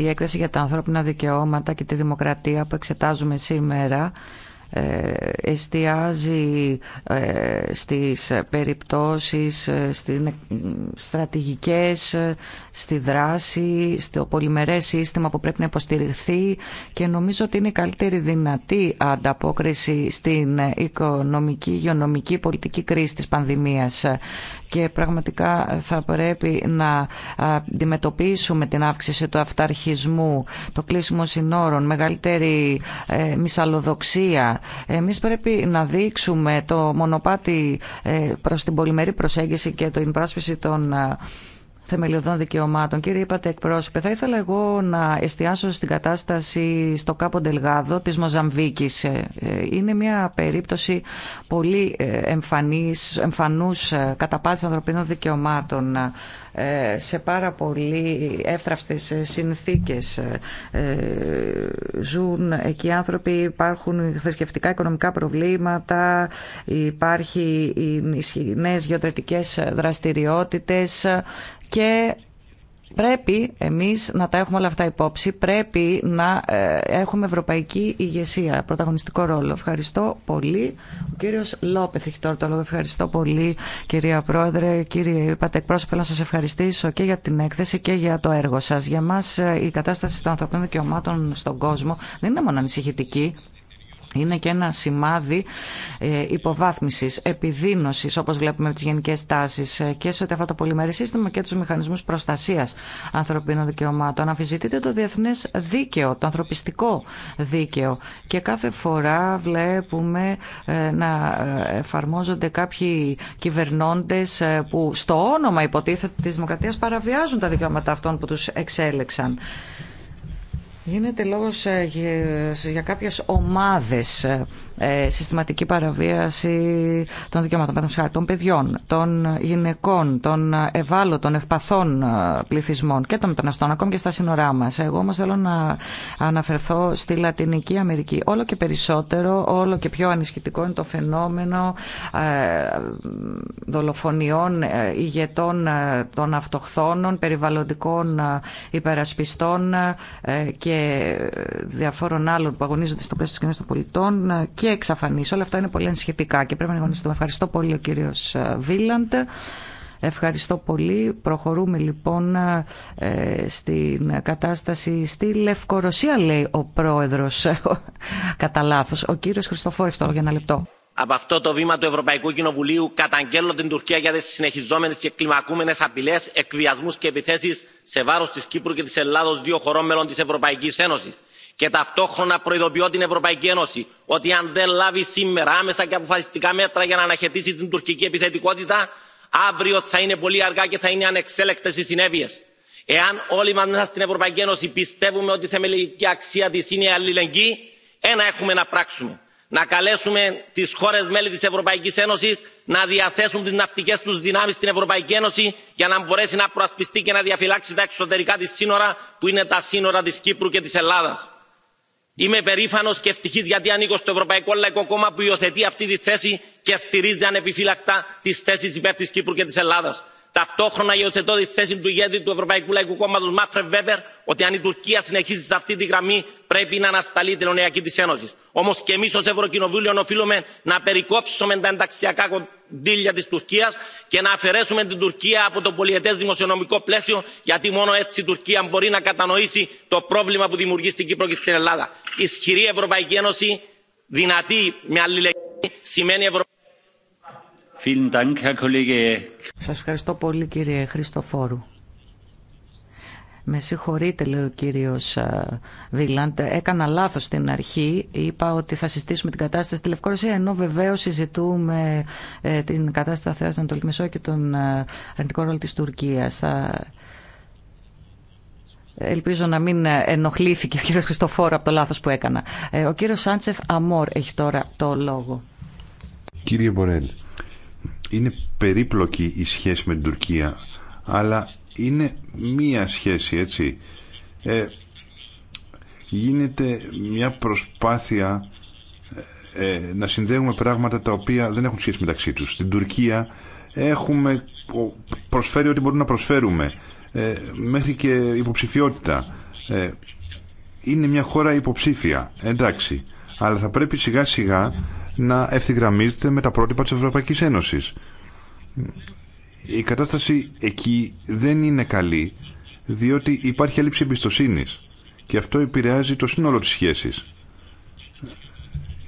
Η έκθεση για τα ανθρώπινα δικαιώματα και τη δημοκρατία που εξετάζουμε σήμερα ε, εστιάζει ε, στις περιπτώσεις, ε, στις στρατηγικές, στη δράση, στο πολυμερές σύστημα που πρέπει να υποστηριχθεί και νομίζω ότι είναι η καλύτερη δυνατή ανταπόκριση στην οικονομική, υγειονομική, πολιτική κρίση της πανδημίας και πραγματικά θα πρέπει να αντιμετωπίσουμε την αύξηση του αυταρχισμού, το κλείσιμο συνόρων, μεγαλύτερη ε, μυσαλλοδοξία. Εμείς πρέπει να δείξουμε το μονοπάτι ε, προς την πολυμερή προσέγγιση και την πράσπιση των ε, θεμελιωδών δικαιωμάτων. Κύριε, είπατε εκπρόσωπε, θα ήθελα εγώ να εστιάσω στην κατάσταση στο Κάπο Ντελγάδο της Μοζαμβίκης. Ε, ε, είναι μια περίπτωση πολύ ε, εμφανής, εμφανούς καταπάτησης ανθρωπίνων δικαιωμάτων. Ε, σε πάρα πολύ εύθραυστες συνθήκες ε, ε, ζουν εκεί άνθρωποι, υπάρχουν θρησκευτικά οικονομικά προβλήματα, υπάρχει οι νέες γεωτρετικές δραστηριότητες και Πρέπει εμείς να τα έχουμε όλα αυτά υπόψη, πρέπει να ε, έχουμε ευρωπαϊκή ηγεσία, πρωταγωνιστικό ρόλο. Ευχαριστώ πολύ. Ο κύριος Λόπεθ έχει τώρα το λόγο. Ευχαριστώ πολύ κυρία Πρόεδρε, κύριε είπατε εκπρόσωπο, θέλω να σας ευχαριστήσω και για την έκθεση και για το έργο σας. Για μας ε, η κατάσταση των ανθρωπίνων δικαιωμάτων στον κόσμο δεν είναι μόνο ανησυχητική, είναι και ένα σημάδι ε, υποβάθμισης, επιδίνωσης όπως βλέπουμε από τις γενικές τάσεις ε, και σε ό,τι αφορά το πολυμερή σύστημα και τους μηχανισμούς προστασίας ανθρωπίνων δικαιωμάτων. Αμφισβητείται το διεθνές δίκαιο, το ανθρωπιστικό δίκαιο και κάθε φορά βλέπουμε ε, να εφαρμόζονται κάποιοι κυβερνώντες που στο όνομα υποτίθεται της δημοκρατίας παραβιάζουν τα δικαιώματα αυτών που τους εξέλεξαν. Γίνεται λόγος ε, για κάποιες ομάδες ε, ε, συστηματική παραβίαση των δικαιωμάτων των παιδιών, των γυναικών, των ευάλωτων, ευπαθών ε, πληθυσμών και των μεταναστών, ακόμη και στα σύνορά μα. Εγώ όμω θέλω να αναφερθώ στη Λατινική Αμερική. Όλο και περισσότερο, όλο και πιο ανισχυτικό είναι το φαινόμενο ε, δολοφονιών ηγετών των αυτοχθόνων, περιβαλλοντικών υπερασπιστών και διαφόρων άλλων που αγωνίζονται στο πλαίσιο τη κοινωνία των πολιτών και εξαφανίσει. Όλα αυτά είναι πολύ ενσχετικά και πρέπει να γνωριστούμε. Ευχαριστώ πολύ ο κύριο ε, Βίλαντ. Ευχαριστώ πολύ. Προχωρούμε λοιπόν ε, στην κατάσταση στη Λευκορωσία, λέει ο πρόεδρο κατά λάθο. ο κύριο Χριστοφόρης, τώρα για ένα λεπτό. Από αυτό το βήμα του Ευρωπαϊκού Κοινοβουλίου καταγγέλλω την Τουρκία για τι συνεχιζόμενε και κλιμακούμενε απειλέ, εκβιασμού και επιθέσει σε βάρο τη Κύπρου και τη Ελλάδο, δύο χωρών μέλων τη Ευρωπαϊκή Ένωση και ταυτόχρονα προειδοποιώ την ευρωπαϊκή ένωση ότι αν δεν λάβει σήμερα άμεσα και αποφασιστικά μέτρα για να αναχαιτήσει την τουρκική επιθετικότητα αύριο θα είναι πολύ αργά και θα είναι ανεξέλεκτες οι συνέπειες. εάν όλοι μας μέσα στην ευρωπαϊκή ένωση πιστεύουμε ότι η θεμελιωδική αξία της είναι η αλληλεγγύη ένα έχουμε να πράξουμε να καλέσουμε τις χώρες μέλη της ευρωπαϊκής ένωσης να διαθέσουν τις ναυτικές τους δυνάμεις στην ευρωπαϊκή ένωση για να μπορέσει να προασπιστεί και να διαφυλάξει τα εξωτερικά της σύνορα που είναι τα σύνορα της κύπρου και της ελλάδας είμαι περήφανος και ευτυχής γιατί ανήκω στο ευρωπαϊκό λαϊκό κόμμα που υιοθετεί αυτή τη θέση και στηρίζει ανεπιφύλακτα τις θέσεις υπέρ της κύπρου και της ελλάδας ταυτόχρονα υιοθετώ τη θέση του ηγέτη του ευρωπαϊκού λαϊκού κόμματο Μάφρε Βέμπερ ότι αν η Τουρκία συνεχίσει σε αυτή τη γραμμή πρέπει να ανασταλεί την τελωνιακή τη Ένωση. Όμω και εμεί ω Ευρωκοινοβούλιο οφείλουμε να περικόψουμε τα ενταξιακά κονδύλια τη Τουρκία και να αφαιρέσουμε την Τουρκία από το πολιετέ δημοσιονομικό πλαίσιο γιατί μόνο έτσι η Τουρκία μπορεί να κατανοήσει το πρόβλημα που δημιουργεί στην Κύπρο και στην Ελλάδα. Ισχυρή Ευρωπαϊκή Ένωση, δυνατή με αλληλεγγύη, σημαίνει Ευρωπαϊκή σας ευχαριστώ πολύ κύριε Χριστοφόρου. Με συγχωρείτε, λέει ο κύριος ε, Βίλαντ, έκανα λάθος στην αρχή. Είπα ότι θα συστήσουμε την κατάσταση στη Λευκορωσία, ενώ βεβαίως συζητούμε ε, την κατάσταση της στην Ανατολική και τον ε, αρνητικό ρόλο της Τουρκίας. Θα... Ελπίζω να μην ενοχλήθηκε ο κύριος Χριστοφόρο από το λάθος που έκανα. Ο κύριος Σάντσεφ Αμόρ έχει τώρα το λόγο. Κύριε Μπορέλ, είναι περίπλοκη η σχέση με την Τουρκία αλλά είναι μία σχέση έτσι ε, γίνεται μια προσπάθεια ε, ε, να συνδέουμε πράγματα τα οποία δεν έχουν σχέση μεταξύ τους στην Τουρκία έχουμε προσφέρει ό,τι μπορούμε να προσφέρουμε ε, μέχρι και υποψηφιότητα είναι μια χώρα υποψήφια εντάξει αλλά θα πρέπει σιγά σιγά να ευθυγραμμίζεται με τα πρότυπα της Ευρωπαϊκής Ένωσης. Η κατάσταση εκεί δεν είναι καλή, διότι υπάρχει έλλειψη εμπιστοσύνη. και αυτό επηρεάζει το σύνολο της σχέσης.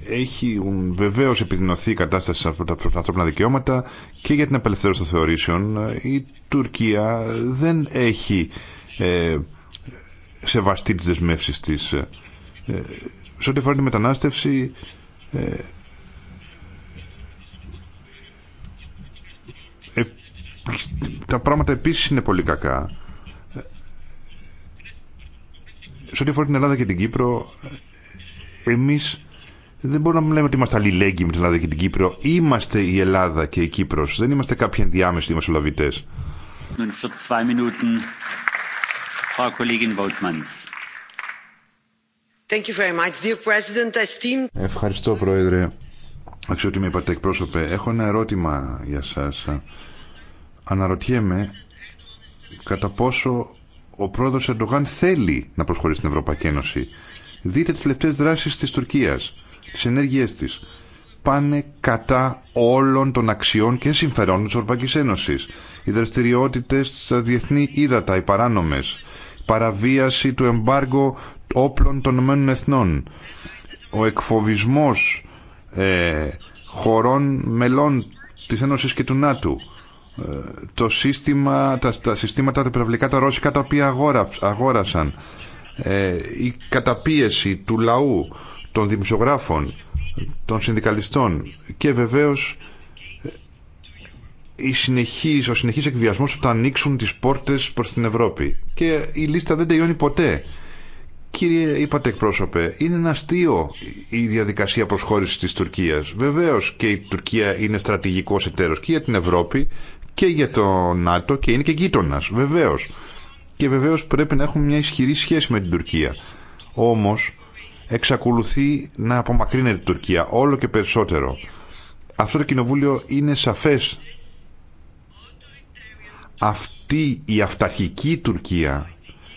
Έχει βεβαίως επιδεινωθεί η κατάσταση από τα ανθρώπινα δικαιώματα και για την απελευθέρωση των θεωρήσεων. Η Τουρκία δεν έχει ε, σεβαστεί τις δεσμεύσεις της. Ε, σε ό,τι αφορά τη μετανάστευση, ε, τα πράγματα επίσης είναι πολύ κακά. Σε ό,τι αφορά την Ελλάδα και την Κύπρο, εμείς δεν μπορούμε να λέμε ότι είμαστε αλληλέγγυοι με την Ελλάδα και την Κύπρο. Είμαστε η Ελλάδα και η Κύπρος. Δεν είμαστε κάποιοι ενδιάμεσοι δημοσιολογητέ. Ευχαριστώ, Πρόεδρε. Αξιότιμη είπατε εκπρόσωπε, έχω ένα ερώτημα για σας αναρωτιέμαι κατά πόσο ο πρόεδρος Ερντογάν θέλει να προσχωρήσει στην Ευρωπαϊκή Ένωση. Δείτε τις τελευταίες δράσεις της Τουρκίας, τις ενέργειές της. Πάνε κατά όλων των αξιών και συμφερόντων της Ευρωπαϊκής Ένωσης. Οι δραστηριότητε στα διεθνή ύδατα, οι παράνομες, παραβίαση του εμπάργου όπλων των Ηνωμένων Εθνών, ο εκφοβισμός ε, χωρών μελών της Ένωσης και του ΝΑΤΟΥ, ε, το σύστημα, τα, τα συστήματα τα πυραυλικά τα ρώσικα τα οποία αγόρασαν ε, η καταπίεση του λαού των δημοσιογράφων των συνδικαλιστών και βεβαίως ε, η συνεχής, ο συνεχής εκβιασμός που θα ανοίξουν τις πόρτες προς την Ευρώπη και η λίστα δεν τελειώνει ποτέ Κύριε είπατε εκπρόσωπε, είναι ένα αστείο η διαδικασία προσχώρησης της Τουρκίας. Βεβαίως και η Τουρκία είναι στρατηγικός εταίρος και για την Ευρώπη και για το ΝΑΤΟ και είναι και γείτονα, βεβαίω. Και βεβαίω πρέπει να έχουμε μια ισχυρή σχέση με την Τουρκία. Όμω εξακολουθεί να απομακρύνεται η Τουρκία όλο και περισσότερο. Αυτό το κοινοβούλιο είναι σαφές. Αυτή η αυταρχική Τουρκία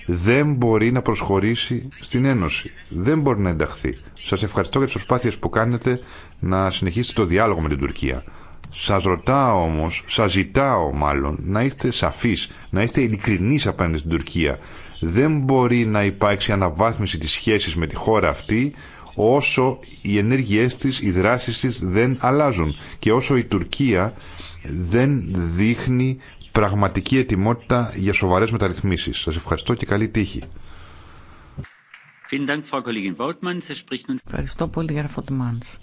δεν μπορεί να προσχωρήσει στην Ένωση. Δεν μπορεί να ενταχθεί. Σας ευχαριστώ για τις προσπάθειες που κάνετε να συνεχίσετε το διάλογο με την Τουρκία. Σας ρωτάω όμως, σας ζητάω μάλλον, να είστε σαφείς, να είστε ειλικρινείς απέναντι στην Τουρκία. Δεν μπορεί να υπάρξει αναβάθμιση της σχέσης με τη χώρα αυτή όσο οι ενέργειές της, οι δράσεις της δεν αλλάζουν και όσο η Τουρκία δεν δείχνει πραγματική ετοιμότητα για σοβαρές μεταρρυθμίσεις. Σας ευχαριστώ και καλή τύχη. Ευχαριστώ πολύ, κύριε Φωτμάνς.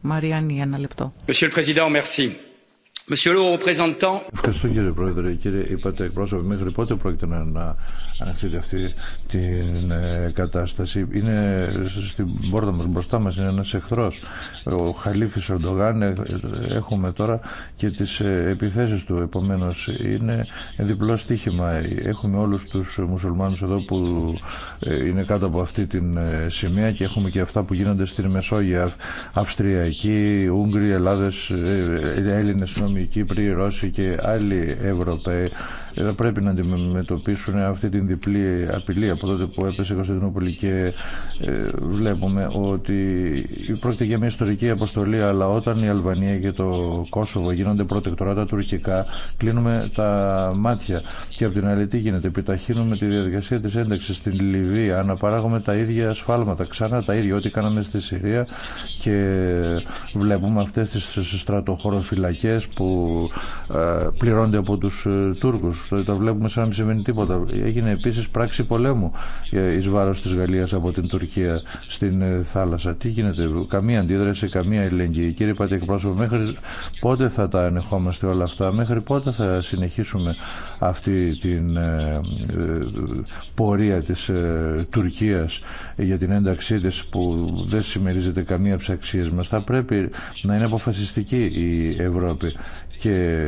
Μαριάννη, ένα λεπτό. Monsieur le Président, merci. Ευχαριστώ κύριε Πρόεδρε. Κύριε, είπατε εκπρόσωπε, μέχρι πότε πρόκειται να, αναχθείτε αυτή την ε, κατάσταση. Είναι στην πόρτα μας, μπροστά μας, είναι ένας εχθρός. Ο Χαλίφης Ορντογάν, ε, έχουμε τώρα και τις ε, επιθέσεις του. Επομένως, είναι διπλό στοίχημα. Έχουμε όλους τους μουσουλμάνους εδώ που ε, είναι κάτω από αυτή την σημεία και έχουμε και αυτά που γίνονται στην Μεσόγεια. Αυστριακοί, Ούγγροι, Ελλάδες, Έλληνες, νόμοι Κύπροι, Ρώσοι και άλλοι Ευρωπαίοι ε, θα πρέπει να αντιμετωπίσουν αυτή την διπλή απειλή από τότε που έπεσε η Κωνσταντινούπολη και ε, βλέπουμε ότι πρόκειται για μια ιστορική αποστολή αλλά όταν η Αλβανία και το Κόσοβο γίνονται προτεκτοράτα τουρκικά κλείνουμε τα μάτια και από την άλλη τι γίνεται επιταχύνουμε τη διαδικασία της ένταξης στην Λιβύη αναπαράγουμε τα ίδια ασφάλματα ξανά τα ίδια ό,τι κάναμε στη Συρία και βλέπουμε αυτές τις στρατοχωροφυλακές που ε, πληρώνται από τους Τούρκους το, το βλέπουμε σαν να μην σημαίνει τίποτα. Έγινε επίση πράξη πολέμου ει βάρο της Γαλλίας από την Τουρκία στην ε, θάλασσα. Τι γίνεται, καμία αντίδραση, καμία ελεγγύη. Κύριε Πατή εκπρόσωπο, μέχρι πότε θα τα ανεχόμαστε όλα αυτά, μέχρι πότε θα συνεχίσουμε αυτή την ε, ε, πορεία τη Τουρκία Τουρκίας για την ένταξή τη που δεν συμμερίζεται καμία από τι αξίε μα. Θα πρέπει να είναι αποφασιστική η Ευρώπη και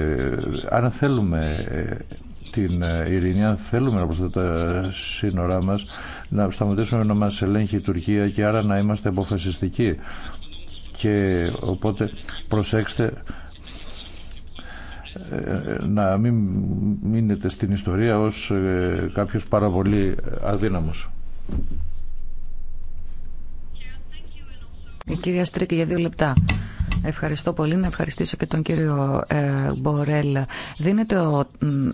αν θέλουμε την ε, ειρήνη, θέλουμε να προσθέτουμε τα σύνορά μας, να σταματήσουμε να μας ελέγχει η Τουρκία και άρα να είμαστε αποφασιστικοί. Και οπότε προσέξτε ε, να μην μείνετε στην ιστορία ως ε, κάποιος πάρα πολύ αδύναμος. Η κυρία Στρίκη για δύο λεπτά. Ευχαριστώ πολύ. Να ευχαριστήσω και τον κύριο ε, Μπορέλ. Δίνεται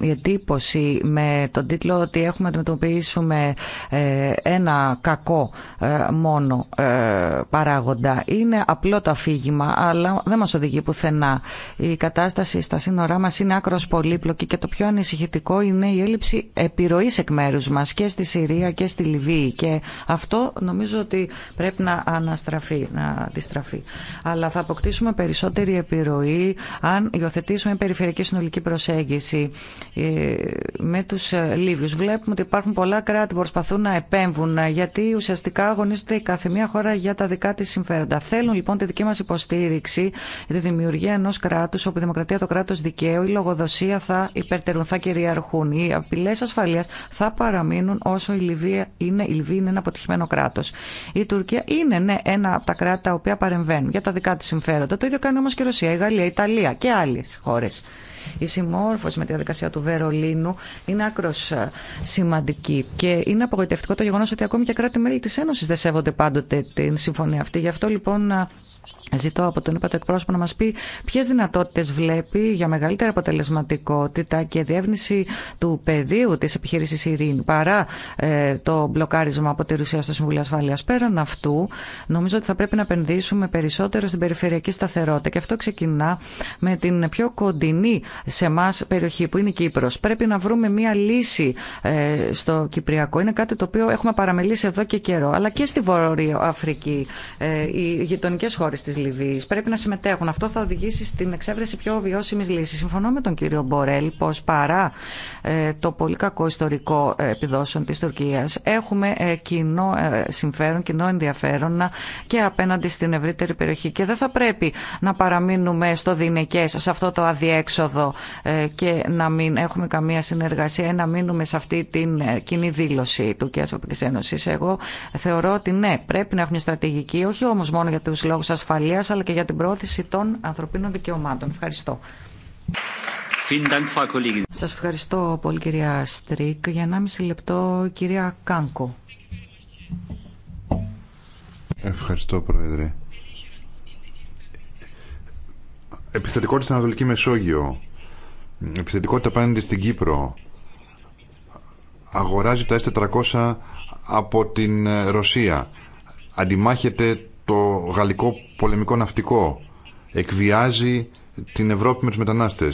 η εντύπωση με τον τίτλο ότι έχουμε να αντιμετωπίσουμε ε, ένα κακό ε, μόνο παράγοντα. Είναι απλό το αφήγημα, αλλά δεν μας οδηγεί πουθενά. Η κατάσταση στα σύνορά μας είναι άκρος πολύπλοκη και το πιο ανησυχητικό είναι η έλλειψη επιρροής εκ μέρου μας και στη Συρία και στη Λιβύη. Και αυτό νομίζω ότι πρέπει να αναστραφεί, στραφή. Αλλά θα αποκτήσουμε περισσότερη επιρροή αν υιοθετήσουμε περιφερειακή συνολική προσέγγιση ε, με του ε, Λίβιου. Βλέπουμε ότι υπάρχουν πολλά κράτη που προσπαθούν να επέμβουν ε, γιατί ουσιαστικά αγωνίζονται η μία χώρα για τα δικά τη συμφέροντα. Θέλουν λοιπόν τη δική μα υποστήριξη για τη δημιουργία ενό κράτου όπου η δημοκρατία, το κράτο δικαίου, η λογοδοσία θα υπερτερούν, θα κυριαρχούν. Οι απειλέ ασφαλεία θα παραμείνουν όσο η Λιβύη είναι, είναι ένα αποτυχημένο κράτο. Η Τουρκία είναι ναι, ένα από τα κράτη τα οποία παρεμβαίνουν για τα δικά τη συμφέροντα. Το ίδιο κάνει όμω και η Ρωσία, η Γαλλία, η Ιταλία και άλλε χώρε. Η συμμόρφωση με τη διαδικασία του Βερολίνου είναι άκρο ε, σημαντική και είναι απογοητευτικό το γεγονό ότι ακόμη και κράτη-μέλη τη Ένωση δεν σέβονται πάντοτε την συμφωνία αυτή. Γι' αυτό λοιπόν ε, Ζητώ από τον είπα το εκπρόσωπο να μας πει ποιες δυνατότητες βλέπει για μεγαλύτερη αποτελεσματικότητα και διεύνηση του πεδίου της επιχείρησης Ειρήνη παρά ε, το μπλοκάρισμα από τη Ρουσία στο Συμβουλίο Ασφαλείας. Πέραν αυτού, νομίζω ότι θα πρέπει να επενδύσουμε περισσότερο στην περιφερειακή σταθερότητα και αυτό ξεκινά με την πιο κοντινή σε εμά περιοχή που είναι η Κύπρος. Πρέπει να βρούμε μια λύση ε, στο Κυπριακό. Είναι κάτι το οποίο έχουμε παραμελήσει εδώ και καιρό, αλλά και στη Βορειοαφρική, ε, οι γειτονικέ χώρε Λιβύης πρέπει να συμμετέχουν. Αυτό θα οδηγήσει στην εξέβρεση πιο βιώσιμης λύσης. Συμφωνώ με τον κύριο Μπορέλ πως παρά ε, το πολύ κακό ιστορικό ε, επιδόσεων της Τουρκίας έχουμε ε, κοινό συμφέρον, κοινό ενδιαφέρον και απέναντι στην ευρύτερη περιοχή και δεν θα πρέπει να παραμείνουμε στο δινεκές, σε αυτό το αδιέξοδο και να μην έχουμε καμία συνεργασία ή να μείνουμε σε αυτή την κοινή δήλωση του ΚΕΑΣΟΠΗΚΙΣ Εγώ θεωρώ ότι ναι, πρέπει να έχουμε στρατηγική, όχι όμως μόνο για τους λόγους ασφαλείας Σομαλίας αλλά και για την προώθηση των ανθρωπίνων δικαιωμάτων. Ευχαριστώ. Σας ευχαριστώ πολύ κυρία Στρίκ. Για 1,5 λεπτό κυρία Κάνκο. Ευχαριστώ Πρόεδρε. Επιθετικότητα στην Ανατολική Μεσόγειο. Επιθετικότητα απέναντι στην Κύπρο. Αγοράζει τα S400 από την Ρωσία. Αντιμάχεται το γαλλικό πολεμικό ναυτικό. Εκβιάζει την Ευρώπη με του μετανάστε.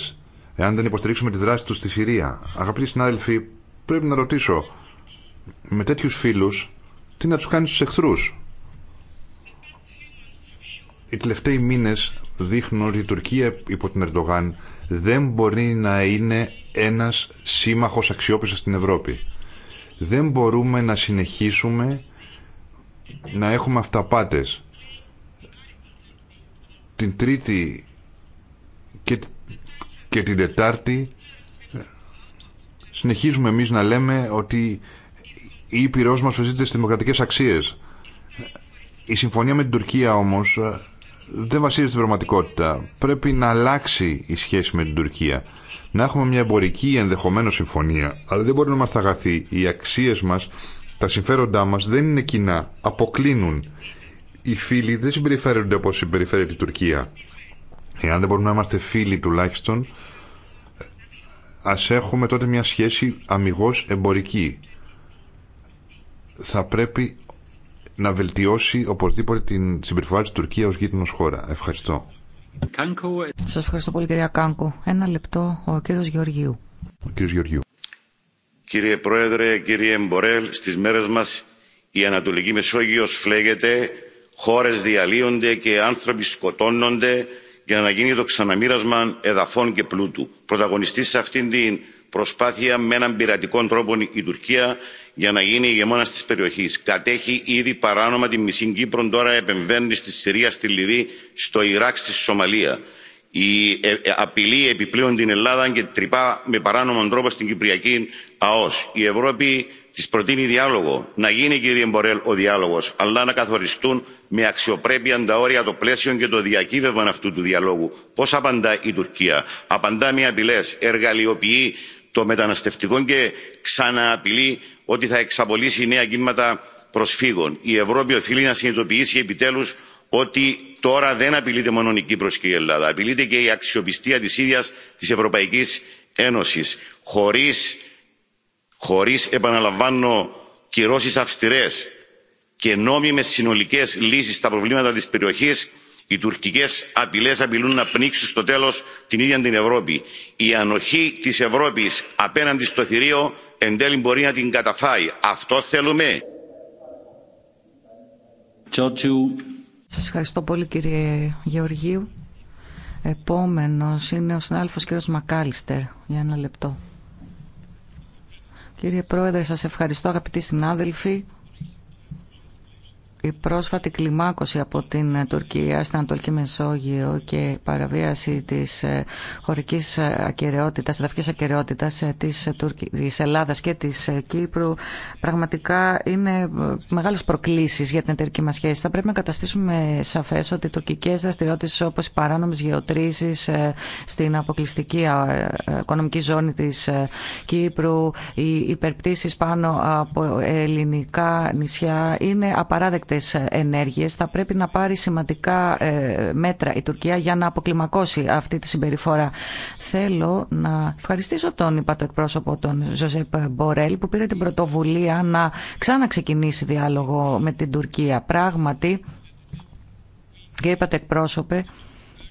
Εάν δεν υποστηρίξουμε τη δράση του στη Συρία. Αγαπητοί συνάδελφοι, πρέπει να ρωτήσω, με τέτοιου φίλου, τι να του κάνει στου εχθρού. Οι τελευταίοι μήνε δείχνουν ότι η Τουρκία υπό την Ερντογάν δεν μπορεί να είναι ένας σύμμαχος αξιόπιστος στην Ευρώπη. Δεν μπορούμε να συνεχίσουμε να έχουμε αυταπάτες την Τρίτη και, και την Τετάρτη συνεχίζουμε εμείς να λέμε ότι η Ήπειρός μας βασίζεται στις δημοκρατικές αξίες. Η συμφωνία με την Τουρκία όμως δεν βασίζεται στην πραγματικότητα. Πρέπει να αλλάξει η σχέση με την Τουρκία. Να έχουμε μια εμπορική ενδεχομένω συμφωνία, αλλά δεν μπορεί να μας ταγαθεί. Οι αξίες μας, τα συμφέροντά μας δεν είναι κοινά, αποκλίνουν οι φίλοι δεν συμπεριφέρονται όπως συμπεριφέρεται η Τουρκία. Εάν δεν μπορούμε να είμαστε φίλοι τουλάχιστον, ας έχουμε τότε μια σχέση αμυγός εμπορική. Θα πρέπει να βελτιώσει οπωσδήποτε την συμπεριφορά της Τουρκία ως γείτονος χώρα. Ευχαριστώ. Ε- Σας ευχαριστώ πολύ κυρία Κάνκο. Ένα λεπτό ο κύριος Γεωργίου. Ο κύριος Γεωργίου. Κύριε Πρόεδρε, κύριε Μπορέλ, στις μέρες μας η Ανατολική Μεσόγειος φλέγεται χώρες διαλύονται και άνθρωποι σκοτώνονται για να γίνει το ξαναμοίρασμα εδαφών και πλούτου. Πρωταγωνιστή σε αυτήν την προσπάθεια με έναν πειρατικό τρόπο η Τουρκία για να γίνει ηγεμόνα τη περιοχή. Κατέχει ήδη παράνομα τη μισή Κύπρο, τώρα επεμβαίνει στη Συρία, στη Λιβύη, στο Ιράκ, στη Σομαλία. Η ε, ε, απειλή επιπλέον την Ελλάδα και τρυπά με παράνομο τρόπο στην Κυπριακή ΑΟΣ. Η Ευρώπη τη προτείνει διάλογο. Να γίνει, κύριε Μπορέλ, ο διάλογο, αλλά να καθοριστούν με αξιοπρέπεια τα όρια το πλαίσιο και το διακύβευμα αυτού του διαλόγου. πώ απαντά η τουρκία; απαντά με απειλέ εργαλειοποιεί το μεταναστευτικό και ξανααπειλεί ότι θα εξαπολύσει νέα κύματα προσφύγων. η ευρώπη οφείλει να συνειδητοποιήσει επιτέλου ότι τώρα δεν απειλείται μόνο η κύπρος και η ελλάδα απειλείται και η αξιοπιστία της ίδιας της ευρωπαϊκής ένωσης. χωρίς χωρίς επαναλαμβάνω κυρώσεις αυστηρές και νόμιμες συνολικές λύσεις στα προβλήματα της περιοχής οι τουρκικές απειλές απειλούν να πνίξουν στο τέλος την ίδια την Ευρώπη. Η ανοχή της Ευρώπης απέναντι στο θηρίο εν τέλει μπορεί να την καταφάει. Αυτό θέλουμε. Σας ευχαριστώ πολύ κύριε Γεωργίου. Επόμενος είναι ο συνάδελφος κύριος Μακάλιστερ. Κύριε Πρόεδρε, σας ευχαριστώ αγαπητοί συνάδελφοι η πρόσφατη κλιμάκωση από την Τουρκία στην Ανατολική Μεσόγειο και η παραβίαση της ε, χωρικής ε, ακεραιότητας τη ακεραιότητας ε, της, της Ελλάδας και της Κύπρου πραγματικά είναι μεγάλες προκλήσεις για την εταιρική μας σχέση. Θα πρέπει να καταστήσουμε σαφές ότι οι τουρκικές δραστηριότητες όπως οι παράνομες γεωτρήσεις στην αποκλειστική οικονομική ζώνη της Κύπρου, οι υπερπτήσεις πάνω από ελληνικά νησιά είναι απαράδεκτε τις ενέργειες. Θα πρέπει να πάρει σημαντικά ε, μέτρα η Τουρκία για να αποκλιμακώσει αυτή τη συμπεριφορά. Θέλω να ευχαριστήσω τον είπα το εκπρόσωπο τον Ζωζέπ Μπορέλ που πήρε την πρωτοβουλία να ξαναξεκινήσει διάλογο με την Τουρκία. Πράγματι, και είπατε εκπρόσωπε,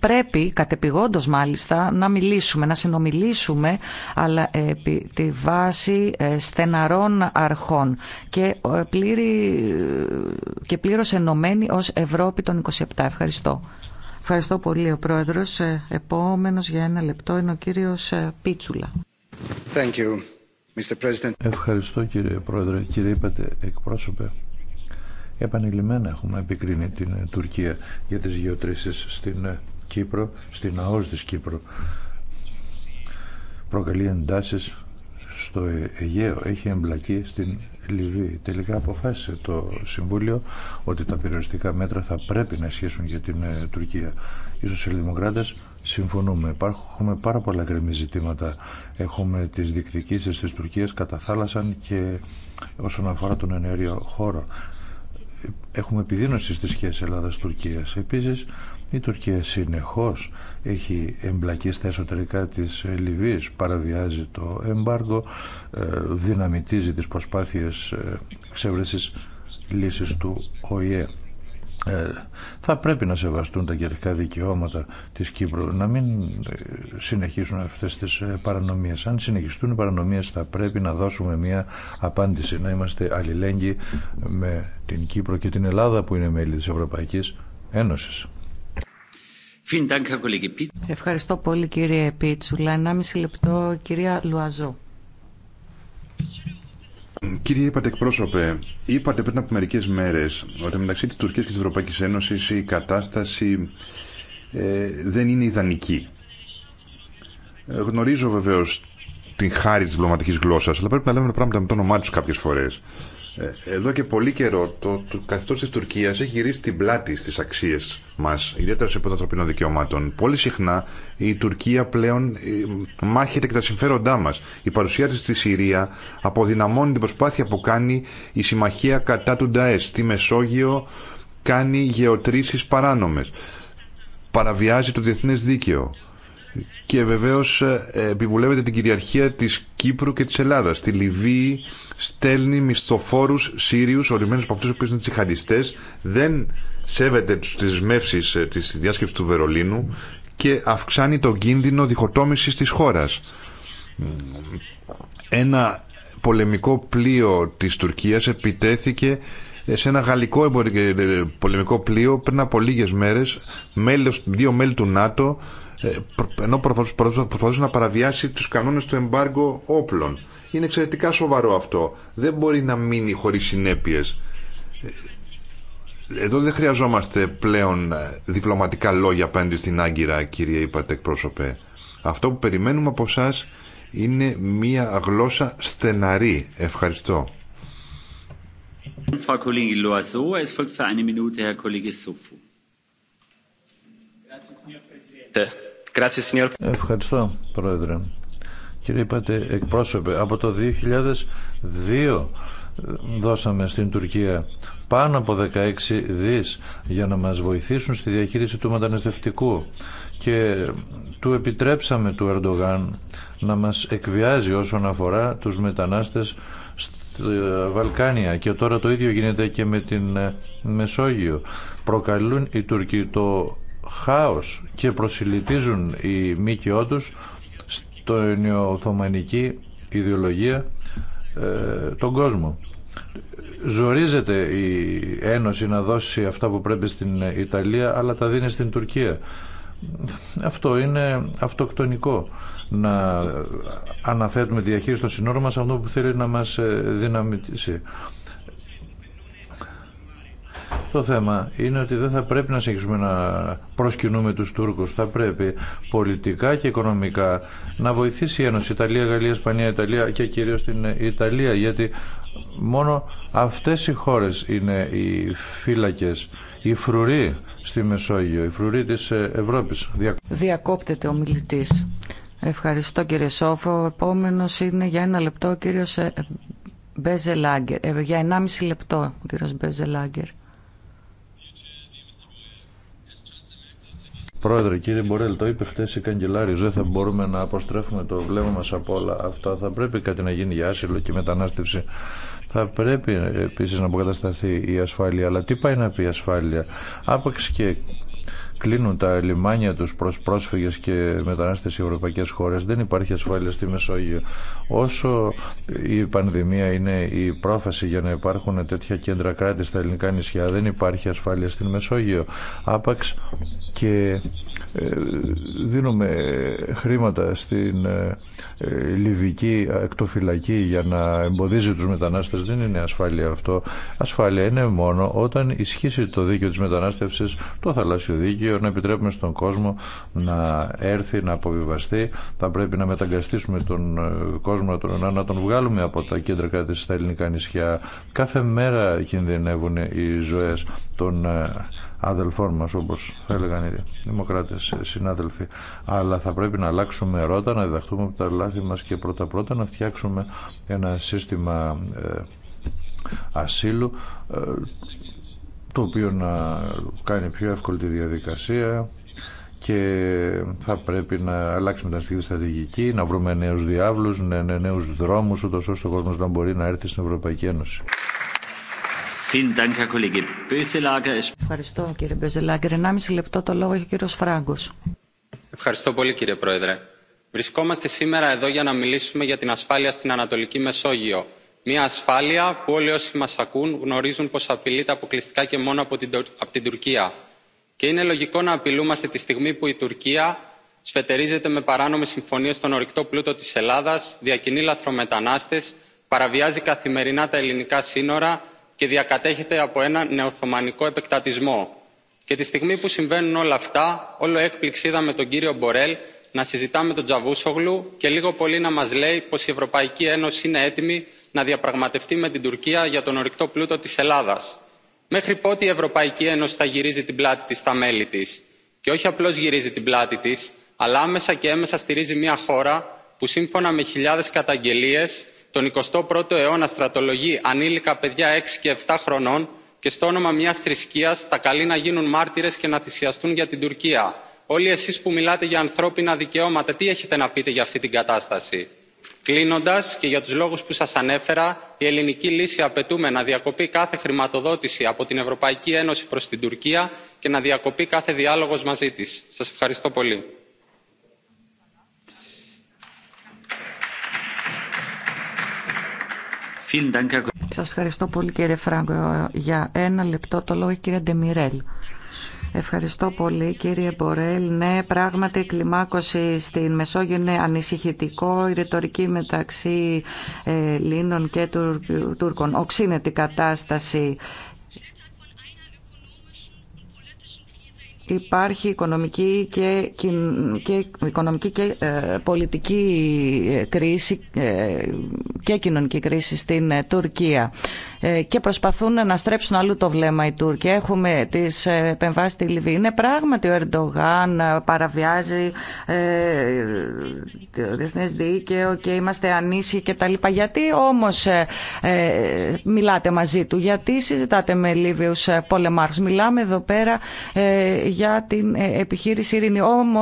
πρέπει κατεπηγόντως μάλιστα να μιλήσουμε, να συνομιλήσουμε αλλά επί τη βάση ε, στεναρών αρχών και, ε, πλήρη, και πλήρως ενωμένη ως Ευρώπη των 27. Ευχαριστώ. Ευχαριστώ πολύ ο Πρόεδρος. Ε, επόμενος για ένα λεπτό είναι ο κύριος Πίτσουλα. Thank you, Mr. President. Ευχαριστώ κύριε Πρόεδρε. Κύριε είπατε εκπρόσωπε. Επανειλημμένα έχουμε επικρίνει την Τουρκία για τις γεωτρήσεις στην Κύπρο, στην ΑΟΣ της Κύπρου. Προκαλεί εντάσεις στο Αιγαίο, έχει εμπλακεί στην Λιβύη. Τελικά αποφάσισε το Συμβούλιο ότι τα περιοριστικά μέτρα θα πρέπει να ισχύσουν για την ε, Τουρκία. Οι σοσιαλδημοκράτες συμφωνούμε. Υπάρχουν πάρα πολλά γκρεμή ζητήματα. Έχουμε τις διεκδικήσεις της Τουρκίας κατά θάλασσα και όσον αφορά τον ενέργειο χώρο. Έχουμε επιδείνωση στη σχέση Ελλάδας-Τουρκίας. Επίσης, η Τουρκία συνεχώς έχει εμπλακεί στα εσωτερικά της Λιβύης, παραβιάζει το εμπάργο, ε, δυναμητίζει τις προσπάθειες ε, ξεύρεσης λύσης του ΟΗΕ. Ε, θα πρέπει να σεβαστούν τα κερδικά δικαιώματα της Κύπρου, να μην συνεχίσουν αυτές τις παρανομίες. Αν συνεχιστούν οι παρανομίες θα πρέπει να δώσουμε μια απάντηση, να είμαστε αλληλέγγυοι με την Κύπρο και την Ελλάδα που είναι μέλη της Ευρωπαϊκής Ένωσης. Ευχαριστώ πολύ κύριε Πίτσουλα. 1,5 λεπτό κυρία Λουαζό. Κύριε είπατε εκπρόσωπε, είπατε πριν από μερικές μέρες ότι μεταξύ της Τουρκία και της Ευρωπαϊκής Ένωσης η κατάσταση ε, δεν είναι ιδανική. Γνωρίζω βεβαίως την χάρη της διπλωματικής γλώσσας, αλλά πρέπει να λέμε πράγματα με το όνομά τους κάποιες φορές. Ε, εδώ και πολύ καιρό το, το καθεστώ τη Τουρκία έχει γυρίσει την πλάτη στι αξίε μα, ιδιαίτερα σε επίπεδο ανθρωπίνων δικαιωμάτων. Πολύ συχνά η Τουρκία πλέον ε, μάχεται και τα συμφέροντά μα. Η παρουσία τη στη Συρία αποδυναμώνει την προσπάθεια που κάνει η συμμαχία κατά του Νταέ. στη Μεσόγειο κάνει γεωτρήσει παράνομες παραβιάζει το διεθνέ δίκαιο και βεβαίως ε, επιβουλεύεται την κυριαρχία της Κύπρου και της Ελλάδας. Στη Λιβύη στέλνει μισθοφόρους Σύριους, ορισμένου από αυτούς που είναι δεν σέβεται τις δεσμεύσεις ε, της διάσκεψης του Βερολίνου και αυξάνει τον κίνδυνο διχοτόμησης της χώρας. Ένα πολεμικό πλοίο της Τουρκίας επιτέθηκε ε, σε ένα γαλλικό πολεμικό πλοίο πριν από λίγες μέρες, δύο μέλη του ΝΑΤΟ ε, ενώ προσπαθούσε να παραβιάσει τους κανόνες του εμπάργου όπλων. Είναι εξαιρετικά σοβαρό αυτό. Δεν μπορεί να μείνει χωρίς συνέπειες. Ε, εδώ δεν χρειαζόμαστε πλέον ε, διπλωματικά λόγια απέναντι στην Άγκυρα, κύριε είπατε εκπρόσωπε. Αυτό που περιμένουμε από εσά είναι μία γλώσσα στεναρή. Ευχαριστώ. Ευχαριστώ, Πρόεδρε. Κύριε είπατε εκπρόσωπε, από το 2002 δώσαμε στην Τουρκία πάνω από 16 δις για να μας βοηθήσουν στη διαχείριση του μεταναστευτικού και του επιτρέψαμε του Ερντογάν να μας εκβιάζει όσον αφορά τους μετανάστες στη Βαλκάνια και τώρα το ίδιο γίνεται και με την ε, Μεσόγειο. Προκαλούν οι Τούρκοι το χάος και προσιλητίζουν οι μήκυό τους στο Οθωμανική ιδεολογία ε, τον κόσμο. Ζορίζεται η Ένωση να δώσει αυτά που πρέπει στην Ιταλία αλλά τα δίνει στην Τουρκία. Αυτό είναι αυτοκτονικό να αναθέτουμε διαχείριση των συνόρων μας αυτό που θέλει να μας ε, δυναμητήσει. Το θέμα είναι ότι δεν θα πρέπει να συνεχίσουμε να προσκυνούμε τους Τούρκους. Θα πρέπει πολιτικά και οικονομικά να βοηθήσει η Ένωση Ιταλία, Γαλλία, Ισπανία, Ιταλία και κυρίως την Ιταλία γιατί μόνο αυτές οι χώρες είναι οι φύλακες, οι φρουροί στη Μεσόγειο, οι φρουροί της ε, Ευρώπης. Διακόπτεται ο μιλητής. Ευχαριστώ κύριε Σόφο. Ο επόμενος είναι για ένα λεπτό ο κύριος ε, Μπέζελάγκερ. Ε, για 1,5 λεπτό ο κύριος Μπέζελάγκερ. Πρόεδρε, κύριε Μπορέλ, το είπε χθε η Καγκελάριο. Δεν θα μπορούμε να αποστρέφουμε το βλέμμα μα από όλα αυτά. Θα πρέπει κάτι να γίνει για άσυλο και μετανάστευση. Θα πρέπει επίση να αποκατασταθεί η ασφάλεια. Αλλά τι πάει να πει η ασφάλεια. Άπαξ και κλείνουν τα λιμάνια τους προς πρόσφυγες και μετανάστες οι ευρωπαϊκές χώρες. Δεν υπάρχει ασφάλεια στη Μεσόγειο. Όσο η πανδημία είναι η πρόφαση για να υπάρχουν τέτοια κέντρα κράτη στα ελληνικά νησιά, δεν υπάρχει ασφάλεια στη Μεσόγειο. Άπαξ και ε, δίνουμε χρήματα στην ε, ε, Λιβική εκτοφυλακή για να εμποδίζει τους μετανάστες δεν είναι ασφάλεια αυτό. Ασφάλεια είναι μόνο όταν ισχύσει το δίκαιο της μετανάστευσης, το θαλάσσιο δίκαιο, να επιτρέπουμε στον κόσμο να έρθει, να αποβιβαστεί. Θα πρέπει να μεταγκαστήσουμε τον κόσμο τον, να τον βγάλουμε από τα κέντρα κράτη στα ελληνικά νησιά. Κάθε μέρα κινδυνεύουν οι ζωές των αδελφών μας όπως θα έλεγαν οι δημοκράτες ε, συνάδελφοι αλλά θα πρέπει να αλλάξουμε ρότα να διδαχτούμε από τα λάθη μας και πρώτα πρώτα να φτιάξουμε ένα σύστημα ε, ασύλου ε, το οποίο να κάνει πιο εύκολη τη διαδικασία και θα πρέπει να αλλάξουμε τα στιγμή στρατηγική, να βρούμε νέους διάβλους, ναι, ναι, νέους δρόμους, ούτως ώστε ο κόσμος να μπορεί να έρθει στην Ευρωπαϊκή Ένωση. Ευχαριστώ κύριε Μπεζελάγκερ. 1,5 λεπτό το λόγο έχει ο κύριος Φράγκος. Ευχαριστώ πολύ κύριε Πρόεδρε. Βρισκόμαστε σήμερα εδώ για να μιλήσουμε για την ασφάλεια στην Ανατολική Μεσόγειο. Μια ασφάλεια που όλοι όσοι μας ακούν γνωρίζουν πως απειλείται αποκλειστικά και μόνο από την, από την Τουρκία. Και είναι λογικό να απειλούμαστε τη στιγμή που η Τουρκία σφετερίζεται με παράνομες συμφωνίες στον ορυκτό πλούτο της Ελλάδας, διακινεί λαθρομετανάστες, παραβιάζει καθημερινά τα ελληνικά σύνορα και διακατέχεται από ένα νεοοθωμανικό επεκτατισμό και τη στιγμή που συμβαίνουν όλα αυτά όλο έκπληξη είδαμε τον κύριο μπορέλ να συζητά με τον τσαβούσογλου και λίγο πολύ να μας λέει πως η ευρωπαϊκή ένωση είναι έτοιμη να διαπραγματευτεί με την τουρκία για τον ορυκτό πλούτο της ελλάδας. μέχρι πότε η ευρωπαϊκή ένωση θα γυρίζει την πλάτη της στα μέλη της και όχι απλώς γυρίζει την πλάτη της αλλά άμεσα και έμεσα στηρίζει μια χώρα που σύμφωνα με χιλιάδες καταγγελίες τον 21ο αιώνα στρατολογεί ανήλικα παιδιά 6 και 7 χρονών και στο όνομα μιας θρησκείας τα καλεί να γίνουν μάρτυρες και να θυσιαστούν για την τουρκία. όλοι εσείς που μιλάτε για ανθρώπινα δικαιώματα τι έχετε να πείτε για αυτή την κατάσταση. κλείνοντας και για τους λόγους που σας ανέφερα η ελληνική λύση απαιτούμε να διακοπεί κάθε χρηματοδότηση από την ευρωπαϊκή ένωση προς την τουρκία και να διακοπεί κάθε διάλογος μαζί της. σας ευχαριστώ πολύ. Σας ευχαριστώ πολύ κύριε Φράγκο. Για ένα λεπτό το λόγο η κυρία Ντεμιρέλ. Ευχαριστώ πολύ κύριε Μπορέλ. Ναι, πράγματι η κλιμάκωση στην Μεσόγειο είναι ανησυχητικό. Η ρητορική μεταξύ Ελλήνων και Τούρκων οξύνεται η κατάσταση. υπάρχει οικονομική και, και, οικονομική και ε, πολιτική ε, κρίση ε, και κοινωνική κρίση στην Τουρκία. Ε, και προσπαθούν να στρέψουν αλλού το βλέμμα οι Τούρκοι. Έχουμε τι ε, επεμβάσει στη Λιβύη. Είναι πράγματι ο Ερντογάν ε, παραβιάζει το διεθνέ δίκαιο και είμαστε ανήσυχοι κτλ. Γιατί όμω μιλάτε μαζί του, γιατί συζητάτε με Λίβιου πολεμάρχου. Μιλάμε εδώ πέρα για την επιχείρηση ειρήνη. Όμω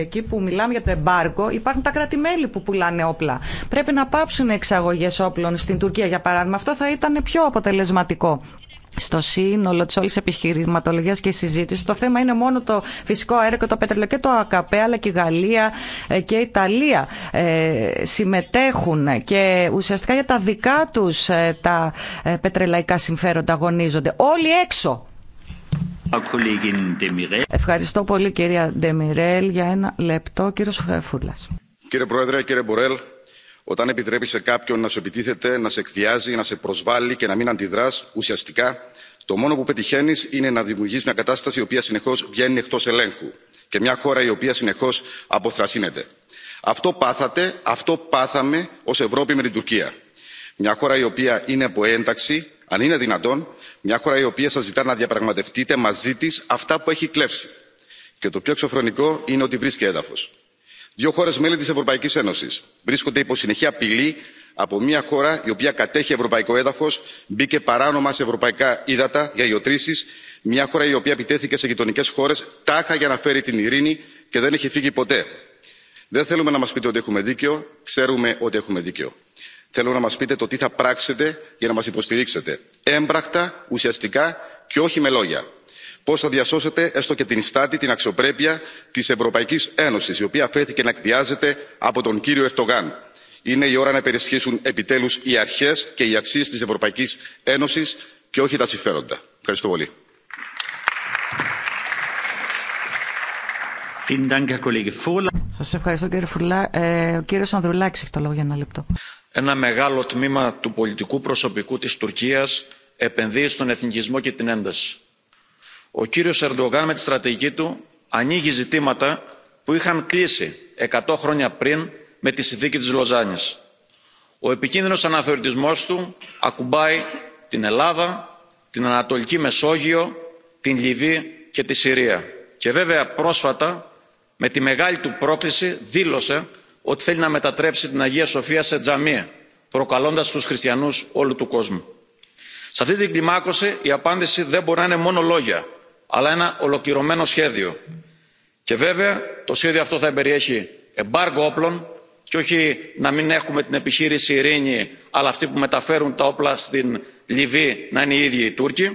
εκεί που μιλάμε για το εμπάργκο υπάρχουν τα κρατημέλη που πουλάνε όπλα. Πρέπει να πάψουν εξαγωγέ όπλων στην Τουρκία για παράδειγμα. Αυτό θα ήταν είναι πιο αποτελεσματικό στο σύνολο τη όλη επιχειρηματολογία και συζήτηση. Το θέμα είναι μόνο το φυσικό αέριο και το πετρελαίο και το ΑΚΑΠΕ, αλλά και η Γαλλία ε, και η Ιταλία ε, συμμετέχουν και ουσιαστικά για τα δικά του ε, τα πετρελαϊκά συμφέροντα αγωνίζονται. Όλοι έξω. Ευχαριστώ πολύ κυρία Ντεμιρέλ για ένα λεπτό. Κύριο Φούρλα. Κύριε Πρόεδρε, κύριε Μπορέλ, όταν επιτρέπει σε κάποιον να σου επιτίθεται να σε εκβιάζει να σε προσβάλλει και να μην αντιδρά ουσιαστικά το μόνο που πετυχαίνει είναι να δημιουργεί μια κατάσταση η οποία συνεχώ βγαίνει εκτό ελέγχου και μια χώρα η οποία συνεχώ αποθρασύνεται. αυτό πάθατε αυτό πάθαμε ω ευρώπη με την τουρκία. μια χώρα η οποία είναι από ένταξη αν είναι δυνατόν μια χώρα η οποία σα ζητά να διαπραγματευτείτε μαζί τη αυτά που έχει κλέψει. και το πιο εξωφρενικό είναι ότι βρίσκει έδαφο δύο χώρε μέλη τη ευρωπαϊκή ένωση βρίσκονται υπό συνεχή απειλή από μια χώρα η οποία κατέχει ευρωπαϊκό έδαφο μπήκε παράνομα σε ευρωπαϊκά ύδατα για γεωτρήσει μια χώρα η οποία επιτέθηκε σε γειτονικέ χώρε τάχα για να φέρει την ειρήνη και δεν έχει φύγει ποτέ. δεν θέλουμε να μα πείτε ότι έχουμε δίκιο ξέρουμε ότι έχουμε δίκιο. θέλουμε να μα πείτε το τι θα πράξετε για να μα υποστηρίξετε έμπρακτα ουσιαστικά και όχι με λόγια πώς θα διασώσετε έστω και την στάτη την αξιοπρέπεια της ευρωπαϊκής ένωσης η οποία φέρθηκε να εκβιάζεται από τον κύριο ερντογάν. είναι η ώρα να υπερισχύσουν επιτέλους οι αρχές και οι αξίες της ευρωπαϊκής ένωσης και όχι τα συμφέροντα. ευχαριστώ πολύ. Σας ευχαριστώ κύριε Ε, ο κύριος Ανδρουλάκης έχει το λόγο για ένα λεπτό. Ένα μεγάλο τμήμα του πολιτικού προσωπικού της Τουρκίας επενδύει στον εθνικισμό και την ένταση ο κύριος ερντογάν με τη στρατηγική του ανοίγει ζητήματα που είχαν κλείσει 100 χρόνια πριν με τη συνθήκη της λοζάνης. ο επικίνδυνος αναθεωρητισμός του ακουμπάει την ελλάδα την ανατολική μεσόγειο την λιβύη και τη συρία και βέβαια πρόσφατα με τη μεγάλη του πρόκληση δήλωσε ότι θέλει να μετατρέψει την αγία σοφία σε τζαμί προκαλώντας τους χριστιανούς όλου του κόσμου. σε αυτή την κλιμάκωση η απάντηση δεν μπορεί να είναι μόνο λόγια αλλά ένα ολοκληρωμένο σχέδιο. Και βέβαια το σχέδιο αυτό θα περιέχει εμπάργκο όπλων και όχι να μην έχουμε την επιχείρηση Ειρήνη, αλλά αυτοί που μεταφέρουν τα όπλα στην Λιβύη να είναι οι ίδιοι οι Τούρκοι.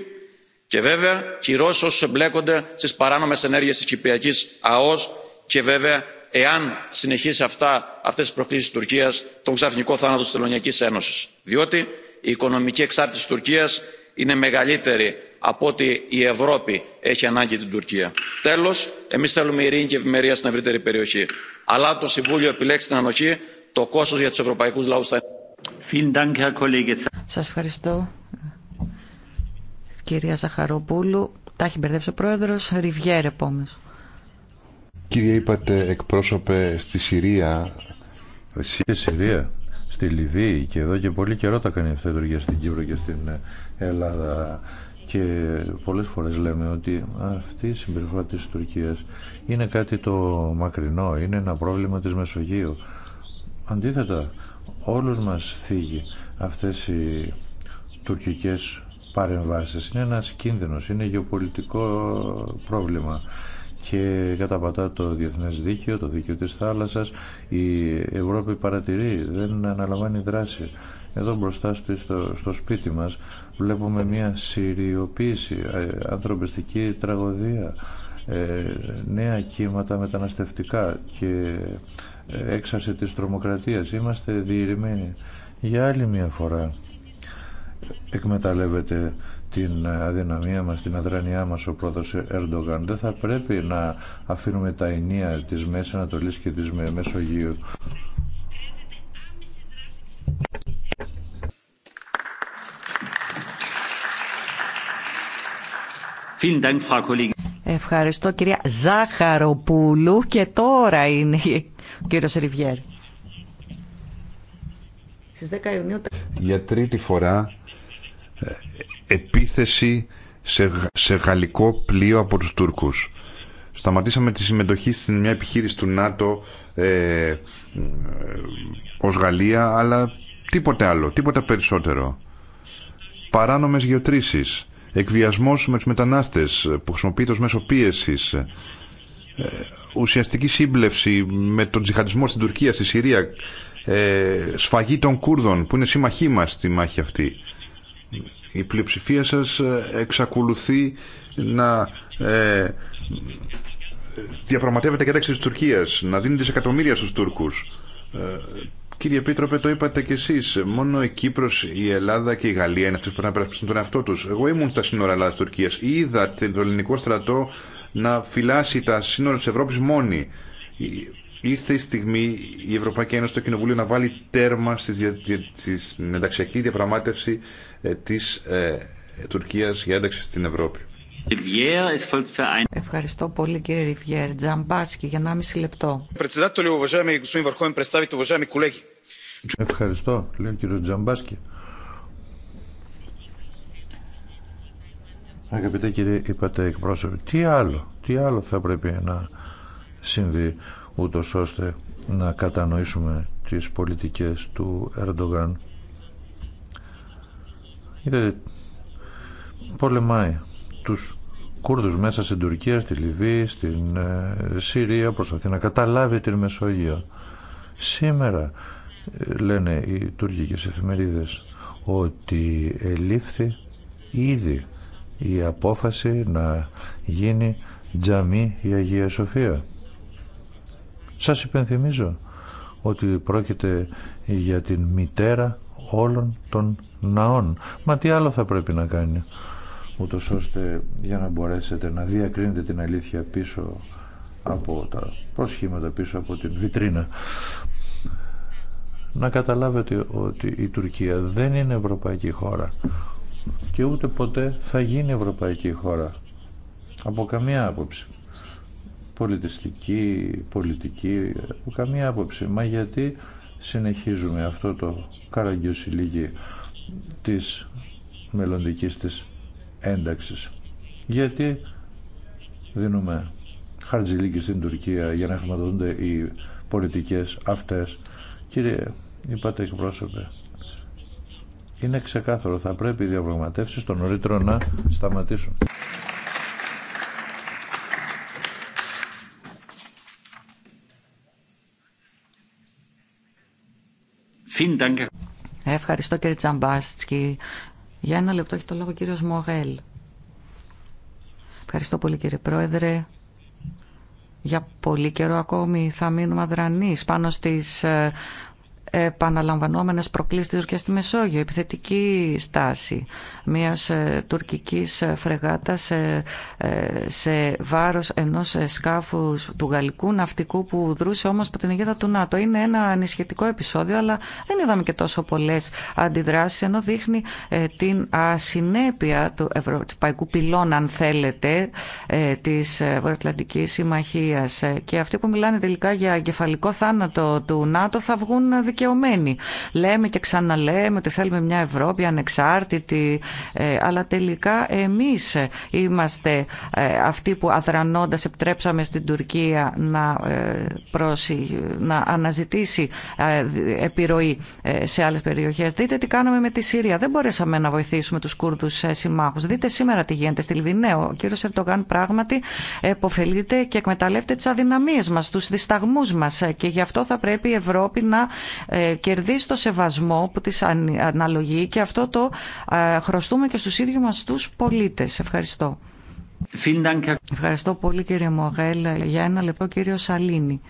Και βέβαια κυρώσει όσου εμπλέκονται στι παράνομε ενέργειε τη Κυπριακή ΑΟΣ και βέβαια εάν συνεχίσει αυτά, αυτές τις προκλήσεις της Τουρκίας τον ξαφνικό θάνατο της Τελωνιακής Ένωσης. Διότι η οικονομική εξάρτηση της Τουρκίας είναι μεγαλύτερη από ότι η Ευρώπη έχει ανάγκη την Τουρκία. Τέλο, εμεί θέλουμε ειρήνη και ευημερία στην ευρύτερη περιοχή. Αλλά το Συμβούλιο επιλέξει την ανοχή, το κόστος για του Ευρωπαϊκού λαούς θα είναι. Σας ευχαριστώ. Κυρία Ζαχαροπούλου, τα έχει μπερδέψει ο Πρόεδρο Ριβιέρ επόμενο. Κύριε, είπατε εκπρόσωπε στη Συρία. Στη Συρία, στη Λιβύη και εδώ και πολύ καιρό τα κάνει αυτά η Τουρκία στην Κύπρο και στην Ελλάδα και πολλές φορές λέμε ότι αυτή η συμπεριφορά της Τουρκίας είναι κάτι το μακρινό, είναι ένα πρόβλημα της Μεσογείου. Αντίθετα, όλους μας θίγει αυτές οι τουρκικές παρεμβάσεις. Είναι ένας κίνδυνος, είναι γεωπολιτικό πρόβλημα και καταπατά το διεθνές δίκαιο, το δίκαιο της θάλασσας. Η Ευρώπη παρατηρεί, δεν αναλαμβάνει δράση. Εδώ μπροστά στο, στο σπίτι μας βλέπουμε μια συριοποίηση, ε, ανθρωπιστική τραγωδία, ε, νέα κύματα μεταναστευτικά και ε, έξαρση της τρομοκρατίας. Είμαστε διηρημένοι. Για άλλη μια φορά εκμεταλλεύεται την αδυναμία μας, την αδρανιά μας ο πρόεδρος Ερντογάν. Δεν θα πρέπει να αφήνουμε τα ενία της Μέσης Ανατολής και της Μεσογείου. Ευχαριστώ κυρία Ζάχαροπούλου και τώρα είναι ο κύριος Ριβιέρ. Για τρίτη φορά ε, επίθεση σε, γαλλικό πλοίο από τους Τούρκους. Σταματήσαμε τη συμμετοχή στην μια επιχείρηση του ΝΑΤΟ ε, ε ως Γαλλία, αλλά τίποτε άλλο, τίποτα περισσότερο. Παράνομες γεωτρήσεις, Εκβιασμό με του μετανάστες που χρησιμοποιείται ω μέσο πίεσης, ε, ουσιαστική σύμπλευση με τον τζιχαντισμό στην Τουρκία, στη Συρία, ε, σφαγή των Κούρδων που είναι σύμμαχοί μα στη μάχη αυτή. Η πλειοψηφία σα ε, εξακολουθεί να ε, διαπραγματεύεται κατάξει της Τουρκίας, να δίνει δισεκατομμύρια στους Τούρκους. Κύριε Πίτροπε, το είπατε κι εσεί. Μόνο η Κύπρο, η Ελλάδα και η Γαλλία είναι αυτέ που να περάσουν τον εαυτό του. Εγώ ήμουν στα σύνορα Ελλάδα-Τουρκία. Είδα τον ελληνικό στρατό να φυλάσει τα σύνορα τη Ευρώπη μόνη. Ήρθε η στιγμή η Ευρωπαϊκή Ένωση, στο Κοινοβούλιο, να βάλει τέρμα στην ενταξιακή διαπραγμάτευση τη ε, ε Τουρκία για ένταξη στην Ευρώπη. Ευχαριστώ πολύ κύριε Ριβιέρ. Τζαμπάσκι για μισή λεπτό. Ευχαριστώ, λέει ο κύριο Τζαμπάσκι. Αγαπητέ κύριε, είπατε εκπρόσωποι, τι άλλο, τι άλλο θα πρέπει να συμβεί ούτω ώστε να κατανοήσουμε τις πολιτικές του Ερντογάν. Είδατε, πολεμάει τους Κούρδους μέσα στην Τουρκία, στη Λιβύη, στην ε, Συρία, προσπαθεί να καταλάβει την Μεσόγειο. Σήμερα ε, λένε οι τουρκικές εφημερίδες ότι ελήφθη ήδη η απόφαση να γίνει τζαμί η Αγία Σοφία. Σας υπενθυμίζω ότι πρόκειται για την μητέρα όλων των ναών. Μα τι άλλο θα πρέπει να κάνει ούτως ώστε για να μπορέσετε να διακρίνετε την αλήθεια πίσω από τα προσχήματα, πίσω από την βιτρίνα. Να καταλάβετε ότι η Τουρκία δεν είναι ευρωπαϊκή χώρα και ούτε ποτέ θα γίνει ευρωπαϊκή χώρα από καμία άποψη πολιτιστική, πολιτική από καμία άποψη μα γιατί συνεχίζουμε αυτό το καραγκιοσιλίκι της μελλοντικής της ένταξης. Γιατί δίνουμε χαρτζηλίκη στην Τουρκία για να χρηματοδοτούνται οι πολιτικές αυτές. Κύριε, είπατε εκπρόσωπε, είναι ξεκάθαρο, θα πρέπει οι διαπραγματεύσεις των νωρίτερο να σταματήσουν. Ευχαριστώ κύριε Τσαμπάσκι. Για ένα λεπτό έχει το λόγο ο κύριος Μογέλ. Ευχαριστώ πολύ κύριε Πρόεδρε. Για πολύ καιρό ακόμη θα μείνουμε αδρανείς πάνω στις ε, επαναλαμβανόμενες προκλήσεις της και στη Μεσόγειο, επιθετική στάση μιας ε, τουρκικής ε, φρεγάτας ε, σε βάρος ενός σκάφους του γαλλικού ναυτικού που δρούσε όμως από την αιγίδα του ΝΑΤΟ. Είναι ένα ανησυχητικό επεισόδιο αλλά δεν είδαμε και τόσο πολλές αντιδράσεις ενώ δείχνει την ασυνέπεια του ευρωπαϊκού πυλών αν θέλετε της Βορειοατλαντικής Συμμαχίας και αυτοί που μιλάνε τελικά για εγκεφαλικό θάνατο του ΝΑΤΟ θα βγουν δικαιωμένοι. Λέμε και ξαναλέμε ότι θέλουμε μια Ευρώπη ανεξάρτητη ε, αλλά τελικά εμείς είμαστε ε, αυτοί που αδρανώντας επιτρέψαμε στην Τουρκία να, ε, να αναζητήσει επιρροή σε άλλες περιοχές. Δείτε τι κάναμε με τη Συρία. Δεν μπορέσαμε να βοηθήσουμε τους Κούρδους συμμάχους. Δείτε σήμερα τι γίνεται στη Λιβύη. Ναι, ο κύριος Ερτογάν πράγματι εποφελείται και εκμεταλλεύεται τις αδυναμίες μας, τους δισταγμούς μας και γι' αυτό θα πρέπει η Ευρώπη να κερδίσει το σεβασμό που της αναλογεί και αυτό το χρωστό ευχαριστούμε και στους ίδιους μας τους πολίτες. Ευχαριστώ. Ευχαριστώ πολύ κύριε Μογέλ. Για ένα λεπτό κύριο Σαλίνη.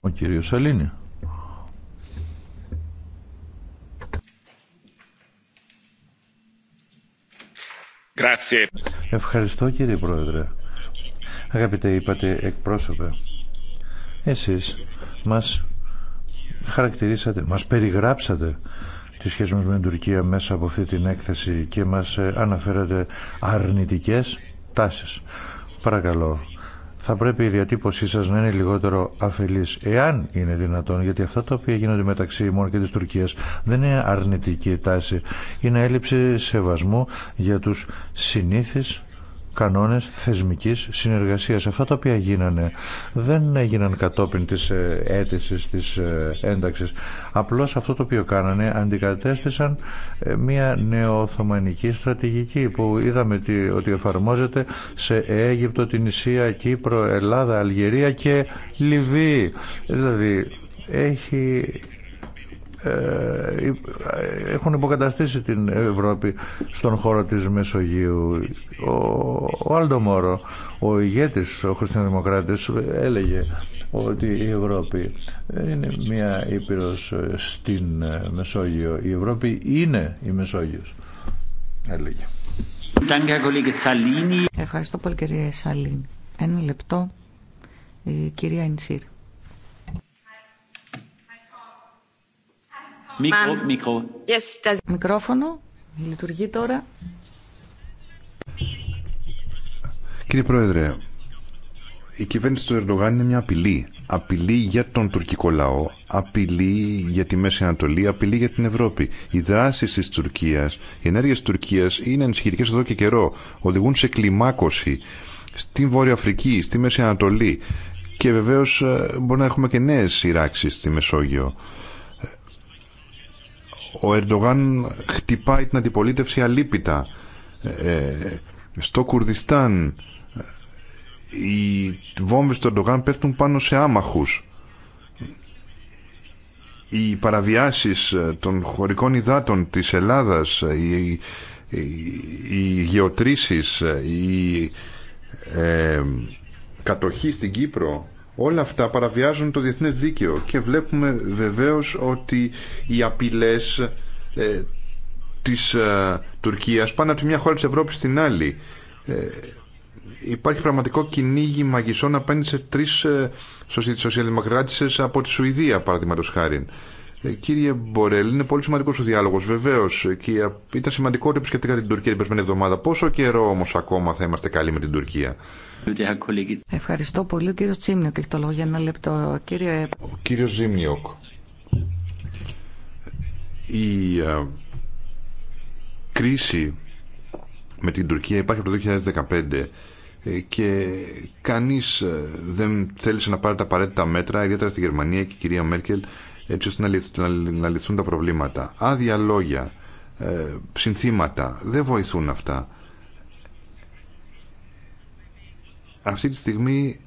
Ο κύριος Σαλίνη. Ευχαριστώ κύριε Πρόεδρε. Αγαπητέ είπατε εκπρόσωπε. Εσείς μας χαρακτηρίσατε, μας περιγράψατε τη σχέση μας με την Τουρκία μέσα από αυτή την έκθεση και μας ε, αναφέρατε αρνητικές τάσεις. Παρακαλώ, θα πρέπει η διατύπωσή σας να είναι λιγότερο αφελής, εάν είναι δυνατόν, γιατί αυτά τα οποία γίνονται μεταξύ μόνο και της Τουρκίας δεν είναι αρνητική τάση, είναι έλλειψη σεβασμού για τους συνήθεις κανόνες θεσμικής συνεργασίας. Αυτά τα οποία γίνανε δεν έγιναν κατόπιν της ε, αίτησης, της ε, ένταξης. Απλώς αυτό το οποίο κάνανε αντικατέστησαν ε, μια νεοοθωμανική στρατηγική που είδαμε ότι εφαρμόζεται σε Αίγυπτο, την Ισία, Κύπρο, Ελλάδα, Αλγερία και Λιβύη. Δηλαδή έχει ε, έχουν υποκαταστήσει την Ευρώπη στον χώρο της Μεσογείου. Ο, ο Άλντο Μόρο, ο ηγέτης, ο χριστιανοδημοκράτης, έλεγε ότι η Ευρώπη είναι μία ήπειρος στην Μεσόγειο. Η Ευρώπη είναι η Μεσόγειος, έλεγε. Ευχαριστώ πολύ κύριε Σαλίνη. Ένα λεπτό, η κυρία Ινσύρ. Μικρόφωνο. Λειτουργεί τώρα. Κύριε Πρόεδρε, η κυβέρνηση του Ερντογάν είναι μια απειλή. Απειλή για τον τουρκικό λαό, απειλή για τη Μέση Ανατολή, απειλή για την Ευρώπη. Οι δράσει τη Τουρκία, οι ενέργειε τη Τουρκία είναι ανησυχητικέ εδώ και καιρό. Οδηγούν σε κλιμάκωση στην Βόρεια Αφρική, στη Μέση Ανατολή. Και βεβαίω ε, μπορεί να έχουμε και νέε σειράξει στη Μεσόγειο. Ο Ερντογάν χτυπάει την αντιπολίτευση αλίπητα. Ε, ε, στο Κουρδιστάν οι βόμβες του Ερντογάν πέφτουν πάνω σε άμαχους. Οι παραβιάσεις ε, των χωρικών υδάτων της Ελλάδας, οι, οι γεωτρήσεις, η ε, κατοχή στην Κύπρο Όλα αυτά παραβιάζουν το διεθνές δίκαιο και βλέπουμε βεβαίως ότι οι απειλές ε, της ε, Τουρκίας πάνε από τη μια χώρα της Ευρώπης στην άλλη. Ε, υπάρχει πραγματικό κυνήγι μαγισσών απέναντι σε τρεις ε, σοσιαλδημοκράτησες από τη Σουηδία παραδείγματος χάρη. Ε, κύριε Μπορέλ, είναι πολύ σημαντικό ο διάλογο, βεβαίω. Και ήταν σημαντικό ότι επισκεφτήκατε την Τουρκία την περσμένη εβδομάδα. Πόσο καιρό όμω ακόμα θα είμαστε καλοί με την Τουρκία. Ευχαριστώ πολύ. Ο κύριο Τσίμνιοκ έχει το λόγο για ένα λεπτό. Κύριε... Ο κύριο Τσίμνιοκ. Η ε, κρίση με την Τουρκία υπάρχει από το 2015 ε, και κανείς δεν θέλησε να πάρει τα απαραίτητα μέτρα, ιδιαίτερα στη Γερμανία και η κυρία Μέρκελ έτσι ώστε να λυθούν τα προβλήματα. Άδεια λόγια, ε, συνθήματα, δεν βοηθούν αυτά. Αυτή τη στιγμή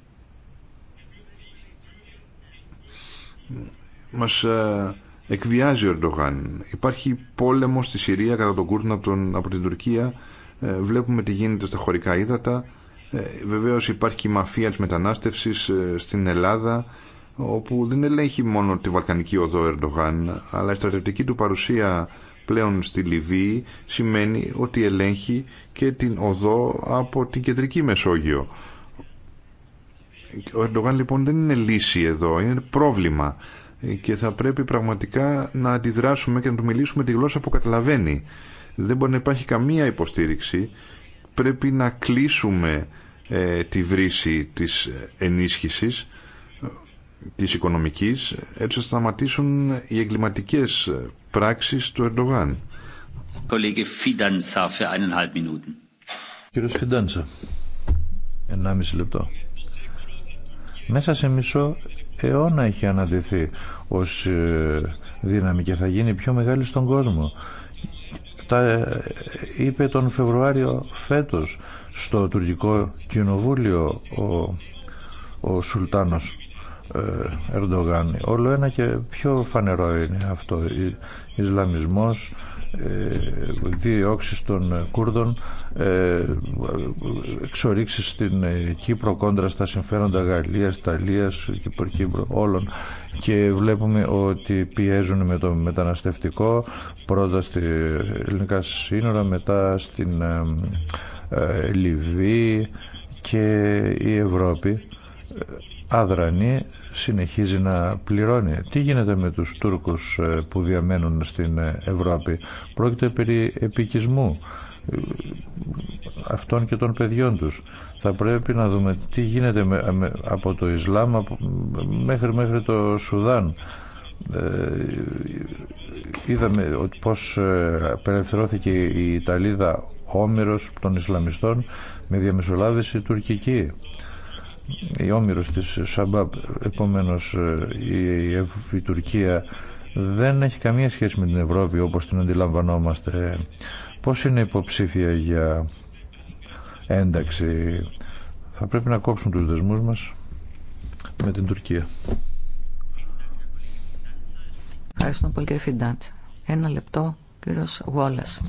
μας ε, εκβιάζει ο Ερντογάν. Υπάρχει πόλεμο στη Συρία κατά τον Κούρτον από, από την Τουρκία. Ε, βλέπουμε τι γίνεται στα χωρικά ύδατα. Βεβαίως υπάρχει η μαφία της μετανάστευσης στην Ελλάδα όπου δεν ελέγχει μόνο τη Βαλκανική οδό Ερντογάν, αλλά η στρατιωτική του παρουσία πλέον στη Λιβύη σημαίνει ότι ελέγχει και την οδό από την κεντρική Μεσόγειο. Ο Ερντογάν λοιπόν δεν είναι λύση εδώ, είναι πρόβλημα και θα πρέπει πραγματικά να αντιδράσουμε και να του μιλήσουμε τη γλώσσα που καταλαβαίνει. Δεν μπορεί να υπάρχει καμία υποστήριξη. Πρέπει να κλείσουμε ε, τη βρύση της ενίσχυσης της οικονομικής έτσι ώστε να σταματήσουν οι εγκληματικές πράξεις του Ερντογάν. Κύριος Φιντάντσα, 1,5 λεπτό. Μέσα σε μισό αιώνα έχει αναδειθεί ως ε, δύναμη και θα γίνει πιο μεγάλη στον κόσμο. Τα ε, είπε τον Φεβρουάριο φέτος στο τουρκικό κοινοβούλιο ο, ο Σουλτάνος ε, Ερντογάν. Όλο ένα και πιο φανερό είναι αυτό. Ισλαμισμός, ε, διώξεις των Κούρδων, ε, εξορίξεις στην Κύπρο κόντρα στα συμφέροντα Γαλλίας, Γαλλίας, Κύπρο, Κύπρο, όλων και βλέπουμε ότι πιέζουν με το μεταναστευτικό πρώτα στη ελληνικά σύνορα, μετά στην Λιβύη και η Ευρώπη αδρανή συνεχίζει να πληρώνει. Τι γίνεται με τους Τούρκους ε, που διαμένουν στην ε, Ευρώπη. Πρόκειται περί επικισμού ε, αυτών και των παιδιών τους. Θα πρέπει να δούμε τι γίνεται από το Ισλάμ μέχρι, μέχρι το Σουδάν. είδαμε ότι πώς απελευθερώθηκε η Ιταλίδα Όμηρος των Ισλαμιστών με διαμεσολάβηση τουρκική η όμοιρος της Σαμπάμπ επομένως ε, η, Τουρκία δεν έχει καμία σχέση με την Ευρώπη όπως την αντιλαμβανόμαστε πώς είναι υποψήφια για ένταξη θα πρέπει να κόψουν τους δεσμούς μας με την Τουρκία Ευχαριστώ πολύ κύριε ένα λεπτό κύριος Γουόλας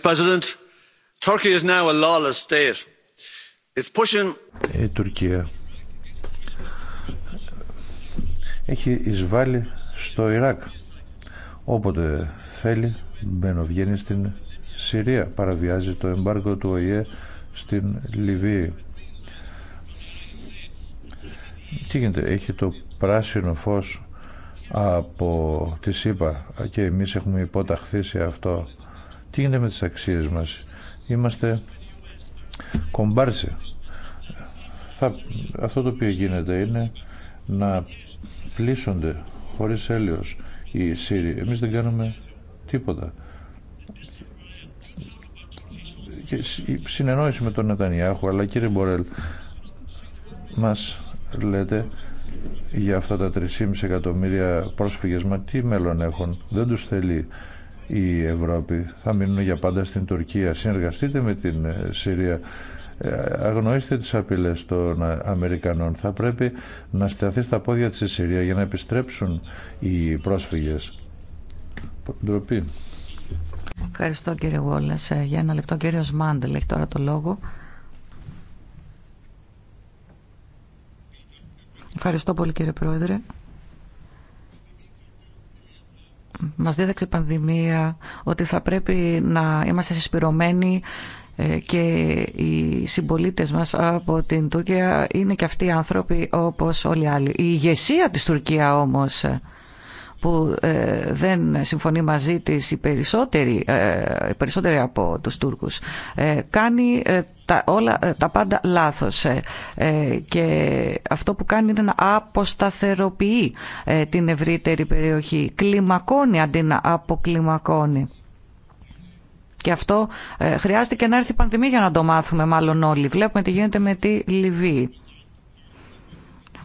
Η Τουρκία έχει εισβάλει στο Ιράκ. Όποτε θέλει βγαίνει στην Συρία. Παραβιάζει το εμπάργκο του ΟΗΕ στην Λιβύη. Τι γίνεται, έχει το πράσινο φως από τη ΣΥΠΑ και εμείς έχουμε υποταχθεί σε αυτό. Τι γίνεται με τις αξίες μας. Είμαστε κομπάρσι. Θα, αυτό το οποίο γίνεται είναι να πλήσονται χωρίς έλεος οι Σύριοι. Εμείς δεν κάνουμε τίποτα. Και συνεννόηση με τον Νετανιάχου, αλλά κύριε Μπορέλ, μας λέτε για αυτά τα 3,5 εκατομμύρια πρόσφυγες, μα τι μέλλον έχουν, δεν τους θέλει η Ευρώπη, θα μείνουν για πάντα στην Τουρκία. Συνεργαστείτε με την ε, Συρία αγνοήστε τις απειλές των Αμερικανών. Θα πρέπει να σταθεί στα πόδια της Συρία για να επιστρέψουν οι πρόσφυγες. Ντροπή. Ευχαριστώ κύριε Για ένα λεπτό κύριος Μάντελ έχει τώρα το λόγο. Ευχαριστώ πολύ κύριε Πρόεδρε. Μας δίδαξε η πανδημία ότι θα πρέπει να είμαστε συσπηρωμένοι ε, και οι συμπολίτες μας από την Τουρκία είναι και αυτοί οι άνθρωποι όπως όλοι οι άλλοι. Η ηγεσία της Τουρκία όμως που ε, δεν συμφωνεί μαζί της οι περισσότεροι, ε, από τους Τούρκους κάνει τα, όλα, τα πάντα λάθος και αυτό που κάνει είναι να αποσταθεροποιεί την ευρύτερη περιοχή κλιμακώνει αντί να αποκλιμακώνει και αυτό ε, χρειάστηκε να έρθει η πανδημία για να το μάθουμε μάλλον όλοι. Βλέπουμε τι γίνεται με τη Λιβύη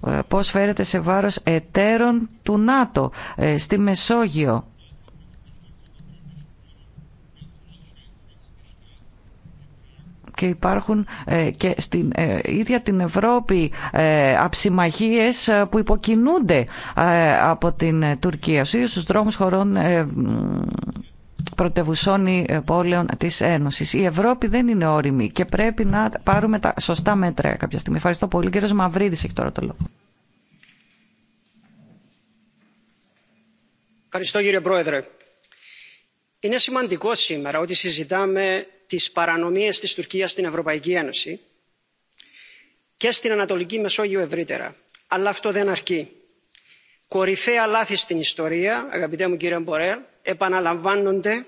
ε, πώς φέρεται σε βάρος εταίρων του ΝΑΤΟ ε, στη Μεσόγειο. Και υπάρχουν και στην ίδια την Ευρώπη αψιμαχίες που υποκινούνται από την Τουρκία. Στους ίδιους δρόμους χωρών πρωτευουσών ή πόλεων της Ένωσης. Ευρώπη δεν είναι όριμη και πρέπει να πάρουμε τα σωστά μέτρα κάποια στιγμή. Ευχαριστώ πολύ. Κύριος Μαυρίδης έχει τώρα το λόγο. Ευχαριστώ κύριε Πρόεδρε. Είναι σημαντικό σήμερα ότι συζητάμε τις παρανομίες τη Ένωση. η ευρωπη δεν ειναι οριμη και πρεπει να παρουμε τα σωστα μετρα καποια στιγμη ευχαριστω πολυ Κύριο Μαυρίδη εχει τωρα το λογο ευχαριστω κυριε προεδρε ειναι σημαντικο σημερα οτι συζηταμε τις παρανομιες της τουρκιας στην Ευρωπαϊκή Ένωση και στην Ανατολική Μεσόγειο ευρύτερα. Αλλά αυτό δεν αρκεί. Κορυφαία λάθη στην ιστορία, αγαπητέ μου κύριε Μπορέλ, επαναλαμβάνονται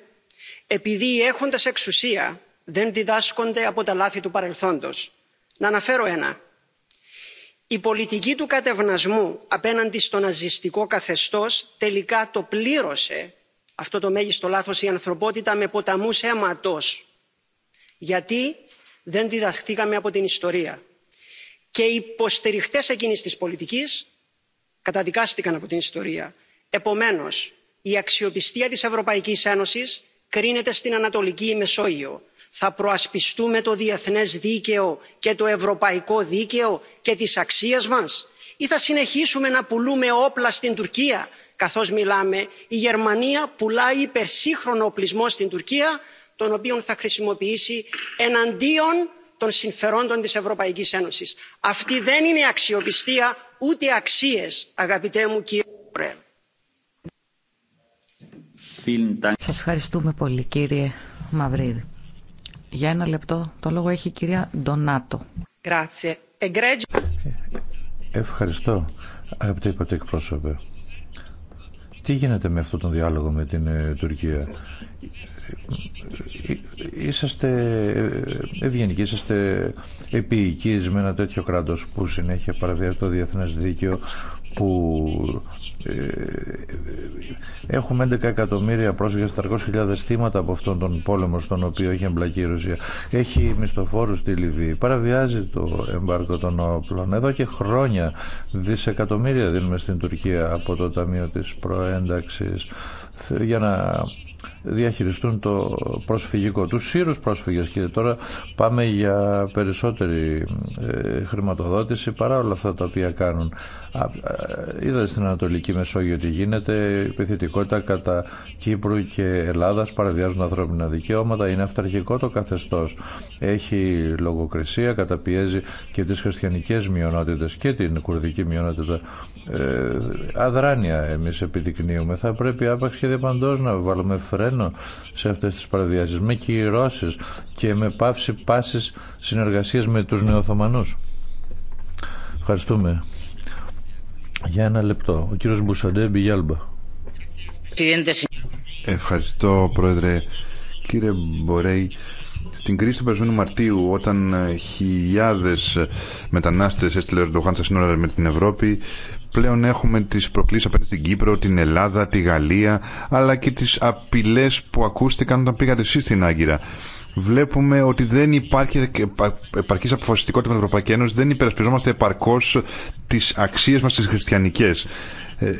επειδή οι έχοντες εξουσία δεν διδάσκονται από τα λάθη του παρελθόντος. να αναφέρω ένα η πολιτική του κατευνασμού απέναντι στο ναζιστικό καθεστώς τελικά το πλήρωσε αυτό το μέγιστο λάθος η ανθρωπότητα με ποταμούς αίματος γιατί δεν διδαχθήκαμε από την ιστορία και οι υποστηριχτές εκείνης της πολιτικής καταδικάστηκαν από την ιστορία. επομένως η αξιοπιστία της ευρωπαϊκής ένωσης κρίνεται στην ανατολική μεσόγειο. θα προασπιστούμε το διεθνές δίκαιο και το ευρωπαϊκό δίκαιο και τις αξίες μας ή θα συνεχίσουμε να πουλούμε όπλα στην τουρκία; καθώς μιλάμε η γερμανία πουλάει υπερσύγχρονο οπλισμό στην τουρκία τον οποίο θα χρησιμοποιήσει εναντίον των συμφερόντων της ευρωπαϊκής ένωσης. αυτή δεν είναι αξιοπιστία ούτε αξίες αγαπητέ μου κύριε borrell. Σας ευχαριστούμε πολύ κύριε Μαυρίδη. Για ένα λεπτό το λόγο έχει η κυρία Ντονάτο. Ευχαριστώ αγαπητέ υπατή εκπρόσωπε. Τι γίνεται με αυτόν τον διάλογο με την ε, Τουρκία. Ε, ε, είσαστε ευγενικοί, είσαστε επίοικείς με ένα τέτοιο κράτος που συνέχεια παραβιάζει το διεθνές δίκαιο που ε, έχουμε 11 εκατομμύρια πρόσφυγες, 400.000 θύματα από αυτόν τον πόλεμο στον οποίο έχει εμπλακεί η Ρωσία. Έχει μισθοφόρους στη Λιβύη, παραβιάζει το εμπάρκο των όπλων. Εδώ και χρόνια δισεκατομμύρια δίνουμε στην Τουρκία από το Ταμείο της Προένταξης για να διαχειριστούν το προσφυγικό του σύρους πρόσφυγες και τώρα πάμε για περισσότερη ε, χρηματοδότηση παρά όλα αυτά τα οποία κάνουν ε, είδατε στην Ανατολική Μεσόγειο ότι γίνεται, επιθετικότητα κατά Κύπρου και Ελλάδας παραβιάζουν ανθρώπινα δικαιώματα, είναι αυταρχικό το καθεστώς, έχει λογοκρισία, καταπιέζει και τις χριστιανικές μειονότητες και την κουρδική μειονότητα ε, αδράνεια εμείς επιδεικνύουμε θα πρέπει άπαξ πρέπει να βάλουμε φρένο σε αυτές τις παραβιάσει με κυρώσεις και με πάυση πάση συνεργασία με τους νεοθωμανούς. Ευχαριστούμε. Για ένα λεπτό. Ο κύριος Μπουσαντέ Μπιγιάλμπα. Ευχαριστώ πρόεδρε. Κύριε Μπορέη, στην κρίση του περσμένου Μαρτίου, όταν χιλιάδε μετανάστε έστειλε ο Ερντογάν σύνορα με την Ευρώπη, πλέον έχουμε τις προκλήσεις απέναντι στην Κύπρο, την Ελλάδα, τη Γαλλία, αλλά και τις απειλές που ακούστηκαν όταν πήγατε εσείς στην Άγκυρα. Βλέπουμε ότι δεν υπάρχει επαρκή αποφασιστικότητα με την Ευρωπαϊκή Ένωση, δεν υπερασπιζόμαστε επαρκώ τι αξίε μα τι χριστιανικέ. Ε,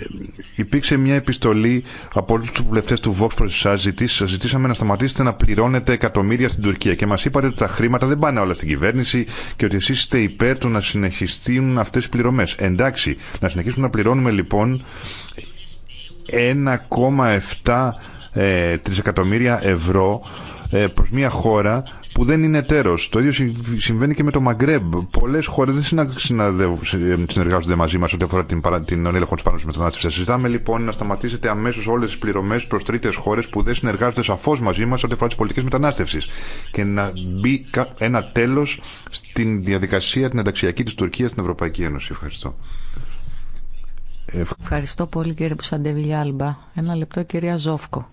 υπήρξε μια επιστολή από όλου του βουλευτέ του Vox εσά. σα ζητήσαμε, να σταματήσετε να πληρώνετε εκατομμύρια στην Τουρκία και μα είπατε ότι τα χρήματα δεν πάνε όλα στην κυβέρνηση και ότι εσεί είστε υπέρ του να συνεχιστούν αυτέ οι πληρωμέ. Εντάξει, να συνεχίσουμε να πληρώνουμε λοιπόν 1,7 ε, τρισεκατομμύρια ευρώ ε, προς μια χώρα που δεν είναι εταίρο. Το ίδιο συμβαίνει και με το Μαγκρέμπ. Πολλέ χώρε δεν ε, συνεργάζονται μαζί μα ό,τι αφορά την, την έλεγχο τη παράνομη μετανάστευση. Συζητάμε λοιπόν να σταματήσετε αμέσω όλε τι πληρωμέ προ τρίτε χώρε που δεν συνεργάζονται σαφώ μαζί μα ό,τι αφορά τι πολιτικέ μετανάστευση. Και να μπει ένα τέλο στην διαδικασία την ενταξιακή τη Τουρκία στην Ευρωπαϊκή Ένωση. Ευχαριστώ. Ε, Ευχαριστώ πολύ κύριε Πουσαντεβιλιάλμπα. Ένα λεπτό κυρία Ζόφκο.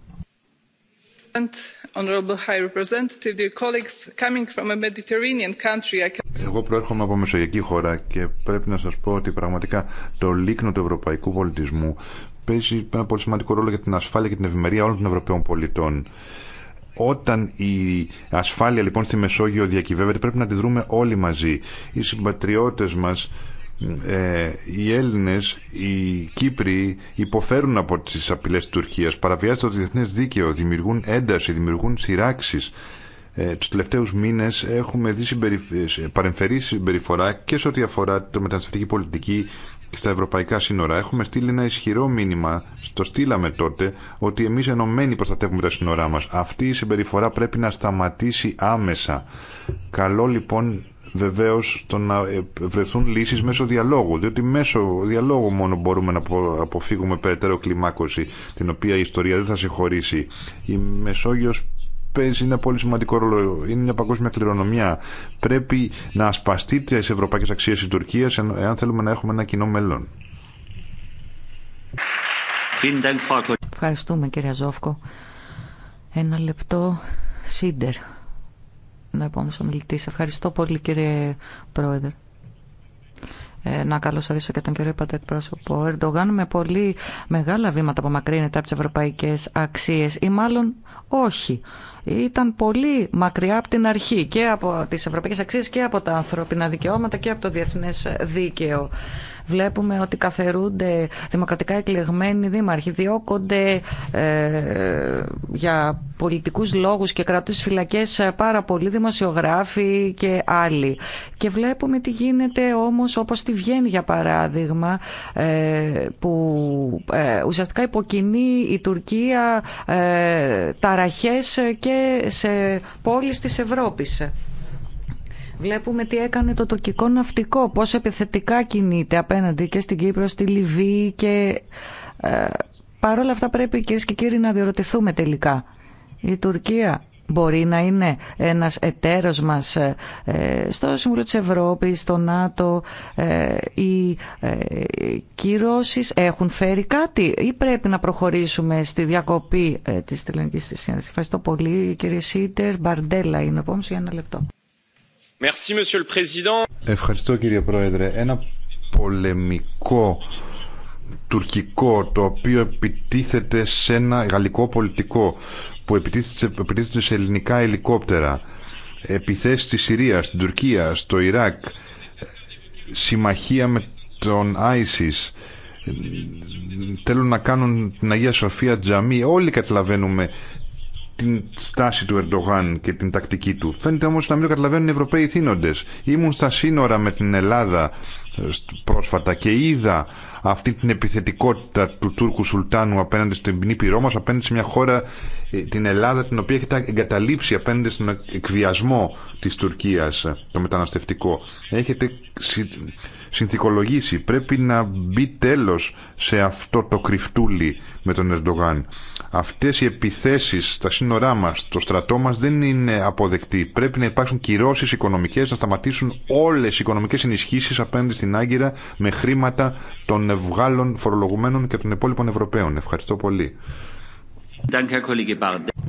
Εγώ προέρχομαι από μεσογειακή χώρα και πρέπει να σας πω ότι πραγματικά το λίκνο του ευρωπαϊκού πολιτισμού παίζει ένα πολύ σημαντικό ρόλο για την ασφάλεια και την ευημερία όλων των Ευρωπαίων πολιτών. Όταν η ασφάλεια λοιπόν στη Μεσόγειο διακυβεύεται πρέπει να τη δρούμε όλοι μαζί. Οι συμπατριώτες μας ε, οι Έλληνες, οι Κύπροι υποφέρουν από τις απειλές της Τουρκίας. Παραβιάζεται το διεθνέ δίκαιο, δημιουργούν ένταση, δημιουργούν σειράξεις. Ε, τους τελευταίους μήνες έχουμε δει συμπεριφ... Ε, παρεμφερή συμπεριφορά και σε ό,τι αφορά τη μεταναστευτική πολιτική στα ευρωπαϊκά σύνορα. Έχουμε στείλει ένα ισχυρό μήνυμα, το στείλαμε τότε, ότι εμείς ενωμένοι προστατεύουμε τα σύνορά μας. Αυτή η συμπεριφορά πρέπει να σταματήσει άμεσα. Καλό λοιπόν Βεβαίω το να ε, βρεθούν λύσεις μέσω διαλόγου διότι μέσω διαλόγου μόνο μπορούμε να αποφύγουμε περαιτέρω κλιμάκωση την οποία η ιστορία δεν θα συγχωρήσει η Μεσόγειος παίζει ένα πολύ σημαντικό ρόλο. Είναι μια παγκόσμια κληρονομιά. Πρέπει να ασπαστεί τι ευρωπαϊκέ αξίε τη Τουρκία εάν θέλουμε να έχουμε ένα κοινό μέλλον. Ευχαριστούμε κύριε Ζόφκο. Ένα λεπτό σύντερ να επόμενος ομιλητής. Ευχαριστώ πολύ κύριε Πρόεδρε. Ε, να καλωσορίσω και τον κύριο είπατε εκπρόσωπο Ερντογάν με πολύ μεγάλα βήματα που μακρύνεται από τις ευρωπαϊκές αξίες ή μάλλον όχι ήταν πολύ μακριά από την αρχή και από τις ευρωπαϊκές αξίες και από τα ανθρώπινα δικαιώματα και από το διεθνές δίκαιο. Βλέπουμε ότι καθερούνται δημοκρατικά εκλεγμένοι δήμαρχοι, διώκονται ε, για πολιτικούς λόγους και κρατούν φυλακές πάρα πολλοί δημοσιογράφοι και άλλοι. Και βλέπουμε τι γίνεται όμως όπως τη Βιέννη για παράδειγμα ε, που ε, ουσιαστικά υποκινεί η Τουρκία ταραχές και και σε πόλεις της Ευρώπης. Βλέπουμε τι έκανε το τοκικό ναυτικό, πώς επιθετικά κινείται απέναντι και στην Κύπρο, στη Λιβύη και ε, παρόλα αυτά πρέπει κυρίες και κύριοι να διερωτηθούμε τελικά. Η Τουρκία μπορεί να είναι ένας εταίρος μας ε, ε, στο Συμβουλίο της Ευρώπης, στο ΝΑΤΟ. Ε, οι κυρώσεις έχουν φέρει κάτι ή πρέπει να προχωρήσουμε στη διακοπή της τελευταίας της Σύνδεσης. Ευχαριστώ πολύ κύριε Σίτερ. Μπαρντέλα είναι επόμενος για ένα λεπτό. Ευχαριστώ κύριε Πρόεδρε. Ένα πολεμικό τουρκικό το οποίο επιτίθεται σε ένα γαλλικό πολιτικό που επιτίθεται, σε ελληνικά ελικόπτερα επιθέσεις στη Συρία, στην Τουρκία, στο Ιράκ συμμαχία με τον Άισις θέλουν να κάνουν την Αγία Σοφία τζαμί όλοι καταλαβαίνουμε την στάση του Ερντογάν και την τακτική του. Φαίνεται όμως να μην το καταλαβαίνουν οι Ευρωπαίοι θύνοντες. Ήμουν στα σύνορα με την Ελλάδα ε, πρόσφατα και είδα αυτή την επιθετικότητα του Τούρκου Σουλτάνου απέναντι στην πυρό μα, απέναντι σε μια χώρα, ε, την Ελλάδα, την οποία έχετε εγκαταλείψει απέναντι στον εκβιασμό τη Τουρκία, ε, το μεταναστευτικό. Έχετε συνθηκολογήσει. Πρέπει να μπει τέλος σε αυτό το κρυφτούλι με τον Ερντογάν. Αυτές οι επιθέσεις στα σύνορά μας, στο στρατό μας δεν είναι αποδεκτοί. Πρέπει να υπάρξουν κυρώσεις οικονομικές, να σταματήσουν όλες οι οικονομικές ενισχύσεις απέναντι στην Άγκυρα με χρήματα των Ευγάλων φορολογουμένων και των υπόλοιπων Ευρωπαίων. Ευχαριστώ πολύ.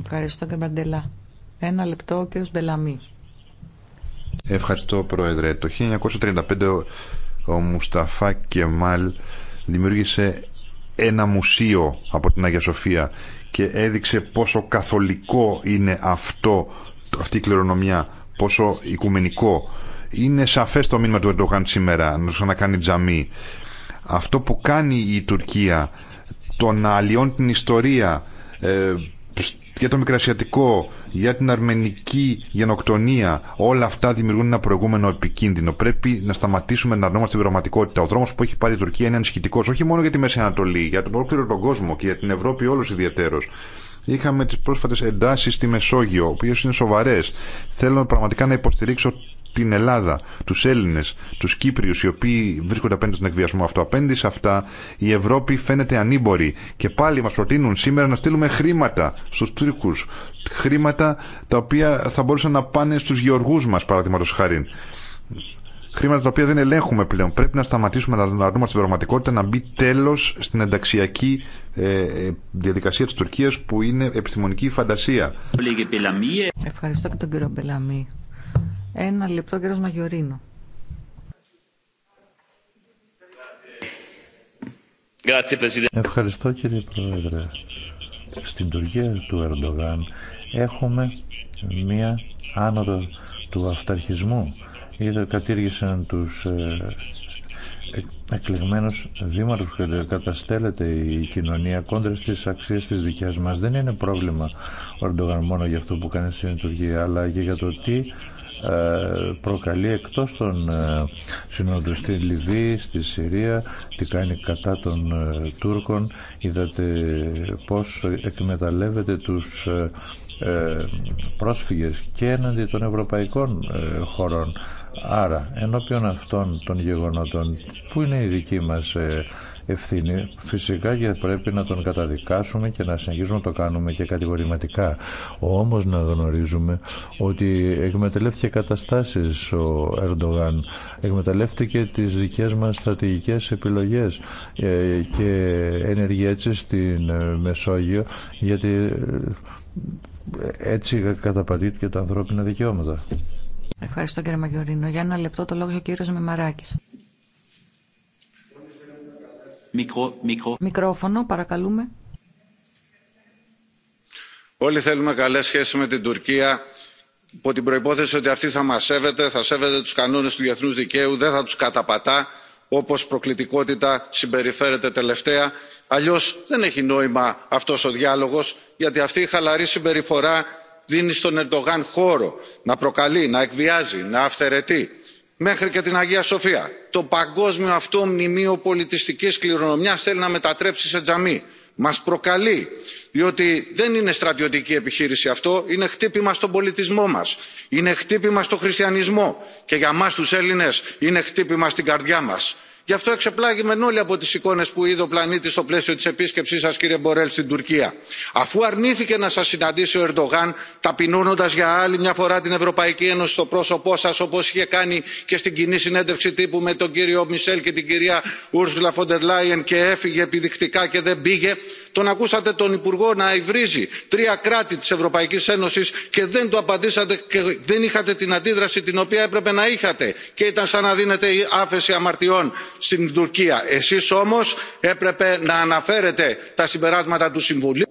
Ευχαριστώ και Μπαντελά. Ένα λεπτό ο κ. Μπελαμή. Ευχαριστώ Πρόεδρε. Το 1935 ο Μουσταφά Κεμάλ δημιούργησε ένα μουσείο από την Αγία Σοφία και έδειξε πόσο καθολικό είναι αυτό, αυτή η κληρονομιά, πόσο οικουμενικό. Είναι σαφές το μήνυμα του Ερντογάν σήμερα, να να ανακάνει τζαμί. Αυτό που κάνει η Τουρκία, το να αλλοιώνει την ιστορία, ε, για το μικρασιατικό, για την αρμενική γενοκτονία, όλα αυτά δημιουργούν ένα προηγούμενο επικίνδυνο. Πρέπει να σταματήσουμε να αρνούμαστε την πραγματικότητα. Ο δρόμο που έχει πάρει η Τουρκία είναι ενισχυτικό, όχι μόνο για τη Μέση Ανατολή, για τον ολόκληρο τον κόσμο και για την Ευρώπη όλο ιδιαίτερο. Είχαμε τι πρόσφατε εντάσει στη Μεσόγειο, οι οποίε είναι σοβαρέ. Θέλω πραγματικά να υποστηρίξω την Ελλάδα, του Έλληνε, του Κύπριου, οι οποίοι βρίσκονται απέναντι στον εκβιασμό αυτό. Απέναντι σε αυτά, η Ευρώπη φαίνεται ανήμπορη. Και πάλι μα προτείνουν σήμερα να στείλουμε χρήματα στου Τούρκου. Χρήματα τα οποία θα μπορούσαν να πάνε στου γεωργού μα, παραδείγματο χάρη. Χρήματα τα οποία δεν ελέγχουμε πλέον. Πρέπει να σταματήσουμε να δούμε στην πραγματικότητα, να μπει τέλο στην ενταξιακή ε, διαδικασία τη Τουρκία που είναι επιστημονική φαντασία. Ευχαριστώ και τον κύριο Μπελαμή. Ένα λεπτό, κύριο Μαγιορίνο. Ευχαριστώ κύριε Πρόεδρε. Στην Τουρκία του Ερντογάν έχουμε μία άνοδο του αυταρχισμού Είδα κατήργησαν τους ε, ε, εκλεγμένους δήμαρχους και καταστέλλεται η κοινωνία κόντρα στις αξίες της δικιάς μας. Δεν είναι πρόβλημα ο Ερντογάν μόνο για αυτό που κάνει στην Τουρκία αλλά και για το τι ε, προκαλεί εκτός των ε, συνόντων στη Λιβύη, στη Συρία, τι κάνει κατά των ε, Τούρκων. Είδατε πώς εκμεταλλεύεται τους πρόσφυγες και έναντι των ευρωπαϊκών χωρών. Άρα, ενώπιον αυτών των γεγονότων, πού είναι η δική μας ευθύνη. Φυσικά και πρέπει να τον καταδικάσουμε και να συνεχίζουμε να το κάνουμε και κατηγορηματικά. Όμως να γνωρίζουμε ότι εκμεταλλεύτηκε καταστάσεις ο Ερντογάν, εκμεταλλεύτηκε τις δικέ μας στρατηγικές επιλογές ε, και ενεργεί έτσι στην ε, Μεσόγειο γιατί ε, έτσι καταπατήθηκε τα ανθρώπινα δικαιώματα. Ευχαριστώ κύριε Μαγιορίνο. Για ένα λεπτό το λόγο ο κύριος Μημαράκης. Μικρό, Μικρόφωνο, παρακαλούμε. Όλοι θέλουμε καλέ σχέσει με την Τουρκία υπό την προϋπόθεση ότι αυτή θα μας σέβεται, θα σέβεται τους κανόνες του διεθνού δικαίου, δεν θα τους καταπατά όπως προκλητικότητα συμπεριφέρεται τελευταία. Αλλιώς δεν έχει νόημα αυτός ο διάλογος γιατί αυτή η χαλαρή συμπεριφορά δίνει στον Ερντογάν χώρο να προκαλεί, να εκβιάζει, να αυθαιρετεί μέχρι και την αγία σοφία. το παγκόσμιο αυτό μνημείο πολιτιστικής κληρονομιάς θέλει να μετατρέψει σε τζαμί. μας προκαλεί διότι δεν είναι στρατιωτική επιχείρηση αυτό είναι χτύπημα στον πολιτισμό μας είναι χτύπημα στον χριστιανισμό και για μας τους έλληνες είναι χτύπημα στην καρδιά μας γι' αυτό εξεπλάγημεν όλοι από τις εικόνες που είδε ο πλανήτης στο πλαίσιο της επίσκεψής σας κύριε μπορέλ στην τουρκία αφού αρνήθηκε να σας συναντήσει ο ερντογάν ταπεινώνοντας για άλλη μια φορά την ευρωπαϊκή ένωση στο πρόσωπό σας όπως είχε κάνει και στην κοινή συνέντευξη τύπου με τον κύριο μισελ και την κυρία ούρσουλα φον λάιεν και έφυγε επιδεικτικά και δεν πήγε τον ακούσατε τον υπουργό να υβρίζει τρία κράτη της ευρωπαϊκής ένωσης και δεν του απαντήσατε και δεν είχατε την αντίδραση την οποία έπρεπε να είχατε και ήταν σαν να δίνετε άφεση αμαρτιών στην τουρκία. εσείς όμως έπρεπε να αναφέρετε τα συμπεράσματα του συμβουλίου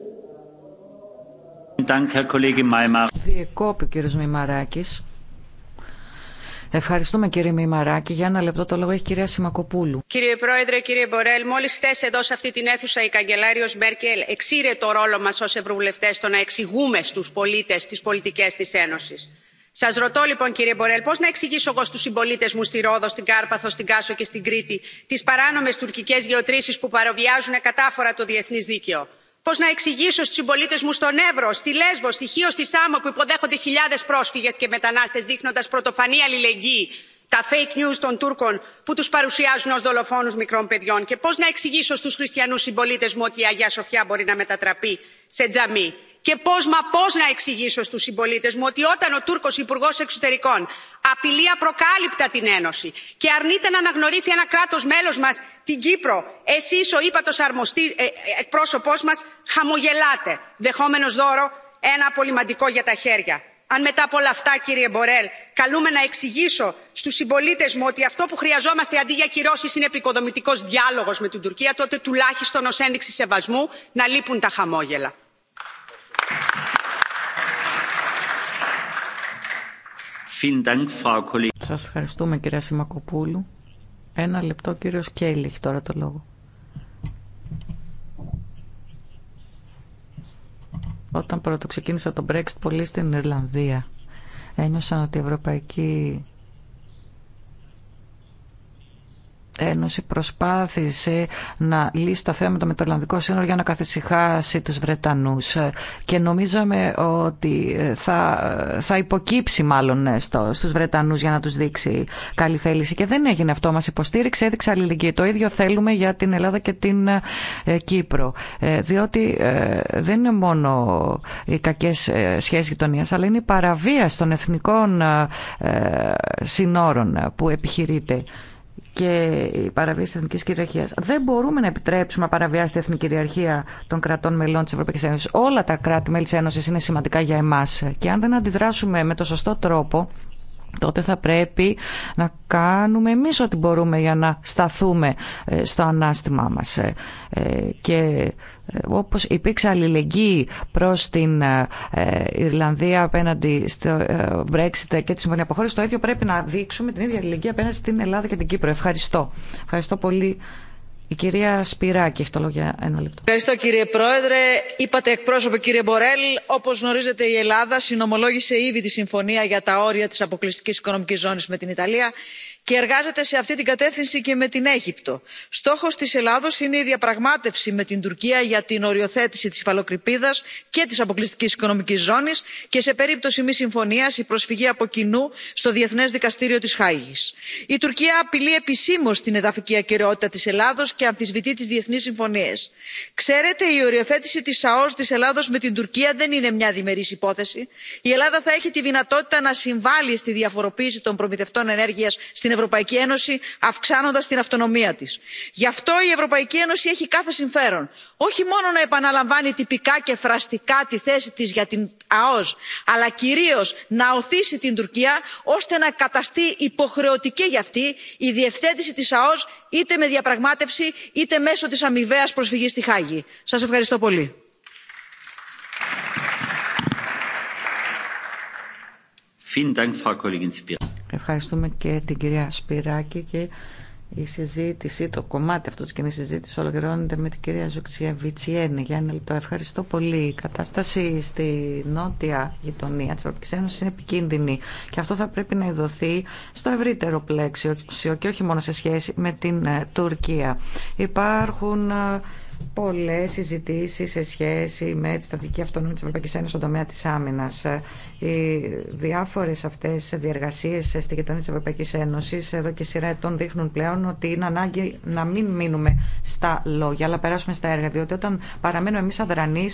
Ευχαριστούμε κύριε Μημαράκη. Για ένα λεπτό το λόγο έχει κυρία Σιμακοπούλου. Κύριε Πρόεδρε, κύριε Μπορέλ, μόλι χθε εδώ σε αυτή την αίθουσα η καγκελάριο Μέρκελ εξήρε το ρόλο μα ω ευρωβουλευτέ στο να εξηγούμε στου πολίτε τι πολιτικέ τη Ένωση. Σα ρωτώ λοιπόν κύριε Μπορέλ, πώ να εξηγήσω εγώ στου συμπολίτε μου στη Ρόδο, στην Κάρπαθο, στην Κάσο και στην Κρήτη τι παράνομε τουρκικέ γεωτρήσει που παροβιάζουν κατάφορα το διεθνέ δίκαιο πώς να εξηγήσω στους συμπολίτες μου στον εύρο στη λέσβο στη χίο στη σάμο που υποδέχονται χιλιάδες πρόσφυγες και μετανάστες δείχνοντας πρωτοφανή αλληλεγγύη τα fake news των τούρκων που τους παρουσιάζουν ως δολοφόνους μικρών παιδιών και πώς να εξηγήσω στους χριστιανούς συμπολίτες μου ότι η αγία σοφιά μπορεί να μετατραπεί σε τζαμί και πώς μα πώς να εξηγήσω στους συμπολίτες μου ότι όταν ο Τούρκος Υπουργός Εξωτερικών απειλεί απροκάλυπτα την Ένωση και αρνείται να αναγνωρίσει ένα κράτος μέλος μας την Κύπρο εσείς ο ύπατος ε, ε, μας χαμογελάτε δεχόμενος δώρο ένα απολυμαντικό για τα χέρια. Αν μετά από όλα αυτά, κύριε Μπορέλ, καλούμε να εξηγήσω στους συμπολίτε μου ότι αυτό που χρειαζόμαστε αντί για κυρώσεις είναι επικοδομητικός διάλογος με την Τουρκία, τότε τουλάχιστον ως ένδειξη σεβασμού να λείπουν τα χαμόγελα. Σας ευχαριστούμε κυρία Σιμακοπούλου. Ένα λεπτό κύριος Κέλλη έχει τώρα το λόγο. Όταν πρώτο ξεκίνησα το Brexit πολύ στην Ιρλανδία ένιωσαν ότι η Ευρωπαϊκή Ένωση προσπάθησε να λύσει τα θέματα με το Ολλανδικό σύνορο για να καθησυχάσει τους Βρετανούς και νομίζαμε ότι θα, θα υποκύψει μάλλον στο, στους Βρετανούς για να τους δείξει καλή θέληση και δεν έγινε αυτό, μας υποστήριξε, έδειξε αλληλεγγύη. Το ίδιο θέλουμε για την Ελλάδα και την ε, Κύπρο, ε, διότι ε, δεν είναι μόνο οι κακές σχέσεις γειτονίας, αλλά είναι η παραβίαση των εθνικών συνόρων που επιχειρείται και η παραβίαση τη εθνική κυριαρχία. Δεν μπορούμε να επιτρέψουμε να παραβιάσει την εθνική κυριαρχία των κρατών μελών τη Ευρωπαϊκή Ένωση. Όλα τα κράτη-μέλη τη Ένωση είναι σημαντικά για εμά. Και αν δεν αντιδράσουμε με το σωστό τρόπο, τότε θα πρέπει να κάνουμε εμείς ό,τι μπορούμε για να σταθούμε ε, στο ανάστημά μας. Ε, ε, και όπως υπήρξε αλληλεγγύη προς την Ιρλανδία απέναντι στο Brexit και τη Συμφωνία Αποχώρησης, το ίδιο πρέπει να δείξουμε την ίδια αλληλεγγύη απέναντι στην Ελλάδα και την Κύπρο. Ευχαριστώ. Ευχαριστώ πολύ η κυρία Σπυράκη έχει το λόγο για ένα λεπτό. Ευχαριστώ κύριε Πρόεδρε. Είπατε εκπρόσωπο κύριε Μπορέλ, όπως γνωρίζετε η Ελλάδα συνομολόγησε ήδη τη συμφωνία για τα όρια της αποκλειστικής οικονομικής ζώνης με την Ιταλία και εργάζεται σε αυτή την κατεύθυνση και με την αίγυπτο. στόχος της ελλάδος είναι η διαπραγμάτευση με την τουρκία για την οριοθέτηση της υφαλοκρηπίδας και της αποκλειστικής οικονομικής ζώνης και σε περίπτωση μη συμφωνίας η προσφυγή από κοινού στο διεθνές δικαστήριο της χάιγης. η τουρκία απειλεί επισήμως την εδαφική ακεραιότητα της ελλάδος και αμφισβητεί τις διεθνείς συμφωνίες. ξέρετε η οριοθέτηση τη σαός της ελλάδος με την τουρκία δεν είναι μια διμερής υπόθεση. η ελλάδα θα έχει τη δυνατότητα να συμβάλει στη διαφοροποίηση των προμηθευτών ενέργειας στην ευρωπαϊκή ένωση αυξάνοντας την αυτονομία της. γι' αυτό η ευρωπαϊκή ένωση έχει κάθε συμφέρον όχι μόνο να επαναλαμβάνει τυπικά και φραστικά τη θέση της για την ΑΟΣ αλλά κυρίως να οθήσει την τουρκία ώστε να καταστεί υποχρεωτική για αυτή η διευθέτηση της ΑΟΣ είτε με διαπραγμάτευση είτε μέσω της αμοιβαίας προσφυγής στη χάγη. σας ευχαριστώ πολύ. Ευχαριστούμε και την κυρία Σπυράκη και η συζήτηση, το κομμάτι αυτό τη κοινή συζήτηση ολοκληρώνεται με την κυρία Ζωξία Βιτσιένη. Για ένα λεπτό ευχαριστώ πολύ. Η κατάσταση στη νότια γειτονία τη Ευρωπαϊκή Ένωση είναι επικίνδυνη και αυτό θα πρέπει να ειδωθεί στο ευρύτερο πλέξιο και όχι μόνο σε σχέση με την ε, Τουρκία. Υπάρχουν ε, πολλέ συζητήσει σε σχέση με τη στρατηγική αυτονομία τη Ευρωπαϊκή Ένωση στον τομέα τη άμυνα. Οι διάφορε αυτέ διεργασίε στη γειτονία τη Ευρωπαϊκή Ένωση εδώ και σειρά ετών δείχνουν πλέον ότι είναι ανάγκη να μην μείνουμε στα λόγια, αλλά περάσουμε στα έργα. Διότι όταν παραμένουμε εμεί αδρανεί,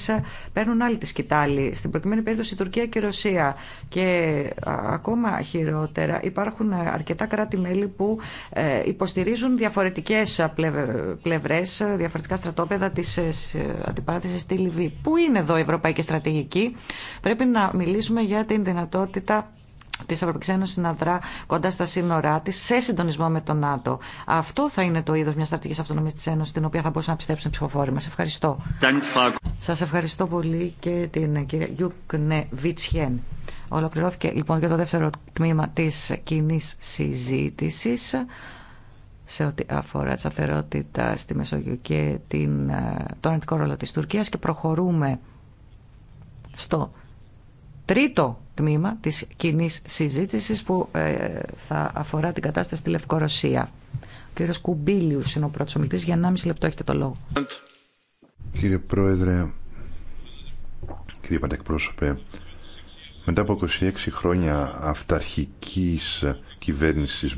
παίρνουν άλλη τη σκητάλη. Στην προκειμένη περίπτωση η Τουρκία και η Ρωσία. Και ακόμα χειρότερα, υπάρχουν αρκετά κράτη-μέλη που ε, υποστηρίζουν διαφορετικέ πλευρέ, διαφορετικά στρατόπεδα επίπεδα τη ε, ε, αντιπαράθεση στη Λιβύη. Πού είναι εδώ η ευρωπαϊκή στρατηγική. Πρέπει να μιλήσουμε για την δυνατότητα τη Ευρωπαϊκή Ένωση να δρά κοντά στα σύνορά τη σε συντονισμό με τον ΝΑΤΟ. Αυτό θα είναι το είδο μια στρατηγική αυτονομία τη Ένωση, την οποία θα μπορούσαν να πιστέψουν οι ψηφοφόροι μα. Ευχαριστώ. Σα ευχαριστώ πολύ και την ε, κυρία Γιουκνε Βιτσιέν. Ολοκληρώθηκε λοιπόν για το δεύτερο τμήμα τη κοινή συζήτηση σε ό,τι αφορά τη σταθερότητα στη Μεσόγειο και την, ε, τον αρνητικό ρόλο της Τουρκίας και προχωρούμε στο τρίτο τμήμα της κοινή συζήτησης που ε, θα αφορά την κατάσταση στη Λευκορωσία. Ο κύριος Κουμπίλιους είναι ο πρώτος ομιλητής. Για 1,5 λεπτό έχετε το λόγο. Κύριε Πρόεδρε, κύριε Παντεκπρόσωπε, μετά από 26 χρόνια αυταρχικής κυβέρνησης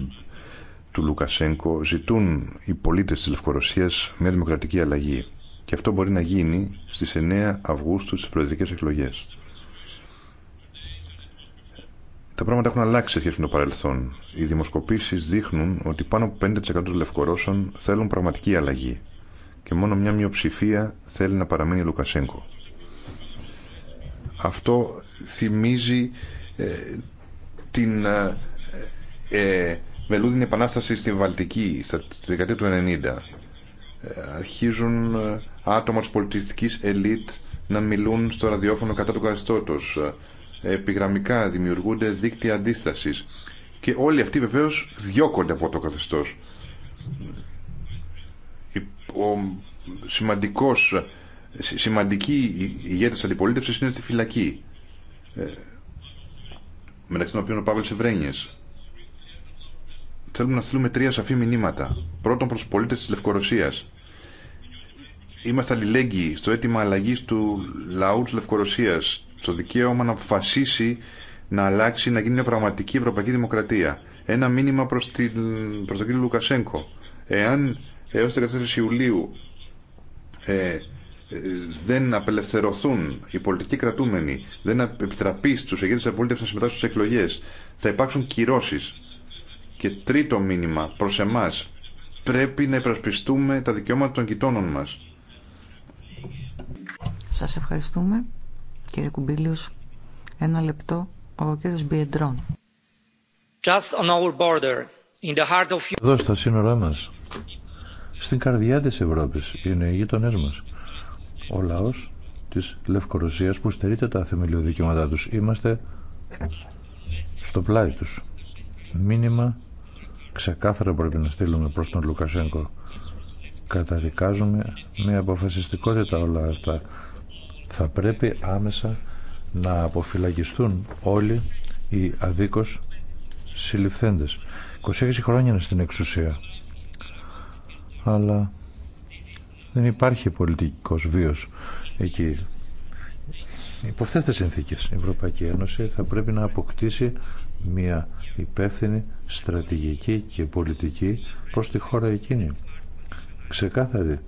του Λουκασένκο ζητούν οι πολίτες της Λευκορωσίας μια δημοκρατική αλλαγή και αυτό μπορεί να γίνει στις 9 Αυγούστου στις προεδρικές εκλογές. Τα πράγματα έχουν αλλάξει σε σχέση με το παρελθόν. Οι δημοσκοπήσεις δείχνουν ότι πάνω από 5% των Λευκορώσων θέλουν πραγματική αλλαγή και μόνο μια μειοψηφία θέλει να παραμείνει Λουκασένκο. Αυτό θυμίζει ε, την ε, ε βελούδινη επανάσταση στη Βαλτική στη δεκαετία του 90 ε, αρχίζουν ε, άτομα της πολιτιστικής ελίτ να μιλούν στο ραδιόφωνο κατά του καθεστώτος ε, επιγραμμικά δημιουργούνται δίκτυα αντίστασης και όλοι αυτοί βεβαίως διώκονται από το καθεστώς ο σημαντικός σημαντική της αντιπολίτευσης είναι στη φυλακή μεταξύ των οποίων ο Παύλος Ευρένιες θέλουμε να στείλουμε τρία σαφή μηνύματα. Πρώτον, προ του πολίτε τη Λευκορωσία. Είμαστε αλληλέγγυοι στο αίτημα αλλαγή του λαού τη Λευκορωσία, στο δικαίωμα να αποφασίσει να αλλάξει, να γίνει μια πραγματική ευρωπαϊκή δημοκρατία. Ένα μήνυμα προ προς τον κύριο Λουκασέγκο. Εάν έω 14 Ιουλίου ε, ε, δεν απελευθερωθούν οι πολιτικοί κρατούμενοι, δεν επιτραπεί στου ηγέτε τη να συμμετάσχουν στι εκλογέ, θα υπάρξουν κυρώσει και τρίτο μήνυμα προς εμάς. Πρέπει να υπερασπιστούμε τα δικαιώματα των γειτόνων μας. Σας ευχαριστούμε κύριε Κουμπίλιος. Ένα λεπτό ο κύριος Μπιεντρών. Just on our border, in the heart of... Εδώ στα σύνορά μας, στην καρδιά της Ευρώπης, είναι οι γείτονές μας. Ο λαός της Λευκορωσίας που στερείται τα θεμελιώδη τους. Είμαστε στο πλάι τους. Μήνυμα ξεκάθαρα πρέπει να στείλουμε προς τον Λουκασέγκο. Καταδικάζουμε με αποφασιστικότητα όλα αυτά. Θα πρέπει άμεσα να αποφυλακιστούν όλοι οι αδίκως συλληφθέντες. 26 χρόνια είναι στην εξουσία. Αλλά δεν υπάρχει πολιτικός βίος εκεί. Υπό αυτές τις συνθήκες η Ευρωπαϊκή Ένωση θα πρέπει να αποκτήσει μια υπεύθυνη στρατηγική και πολιτική προς τη χώρα εκείνη. Ξεκάθαρη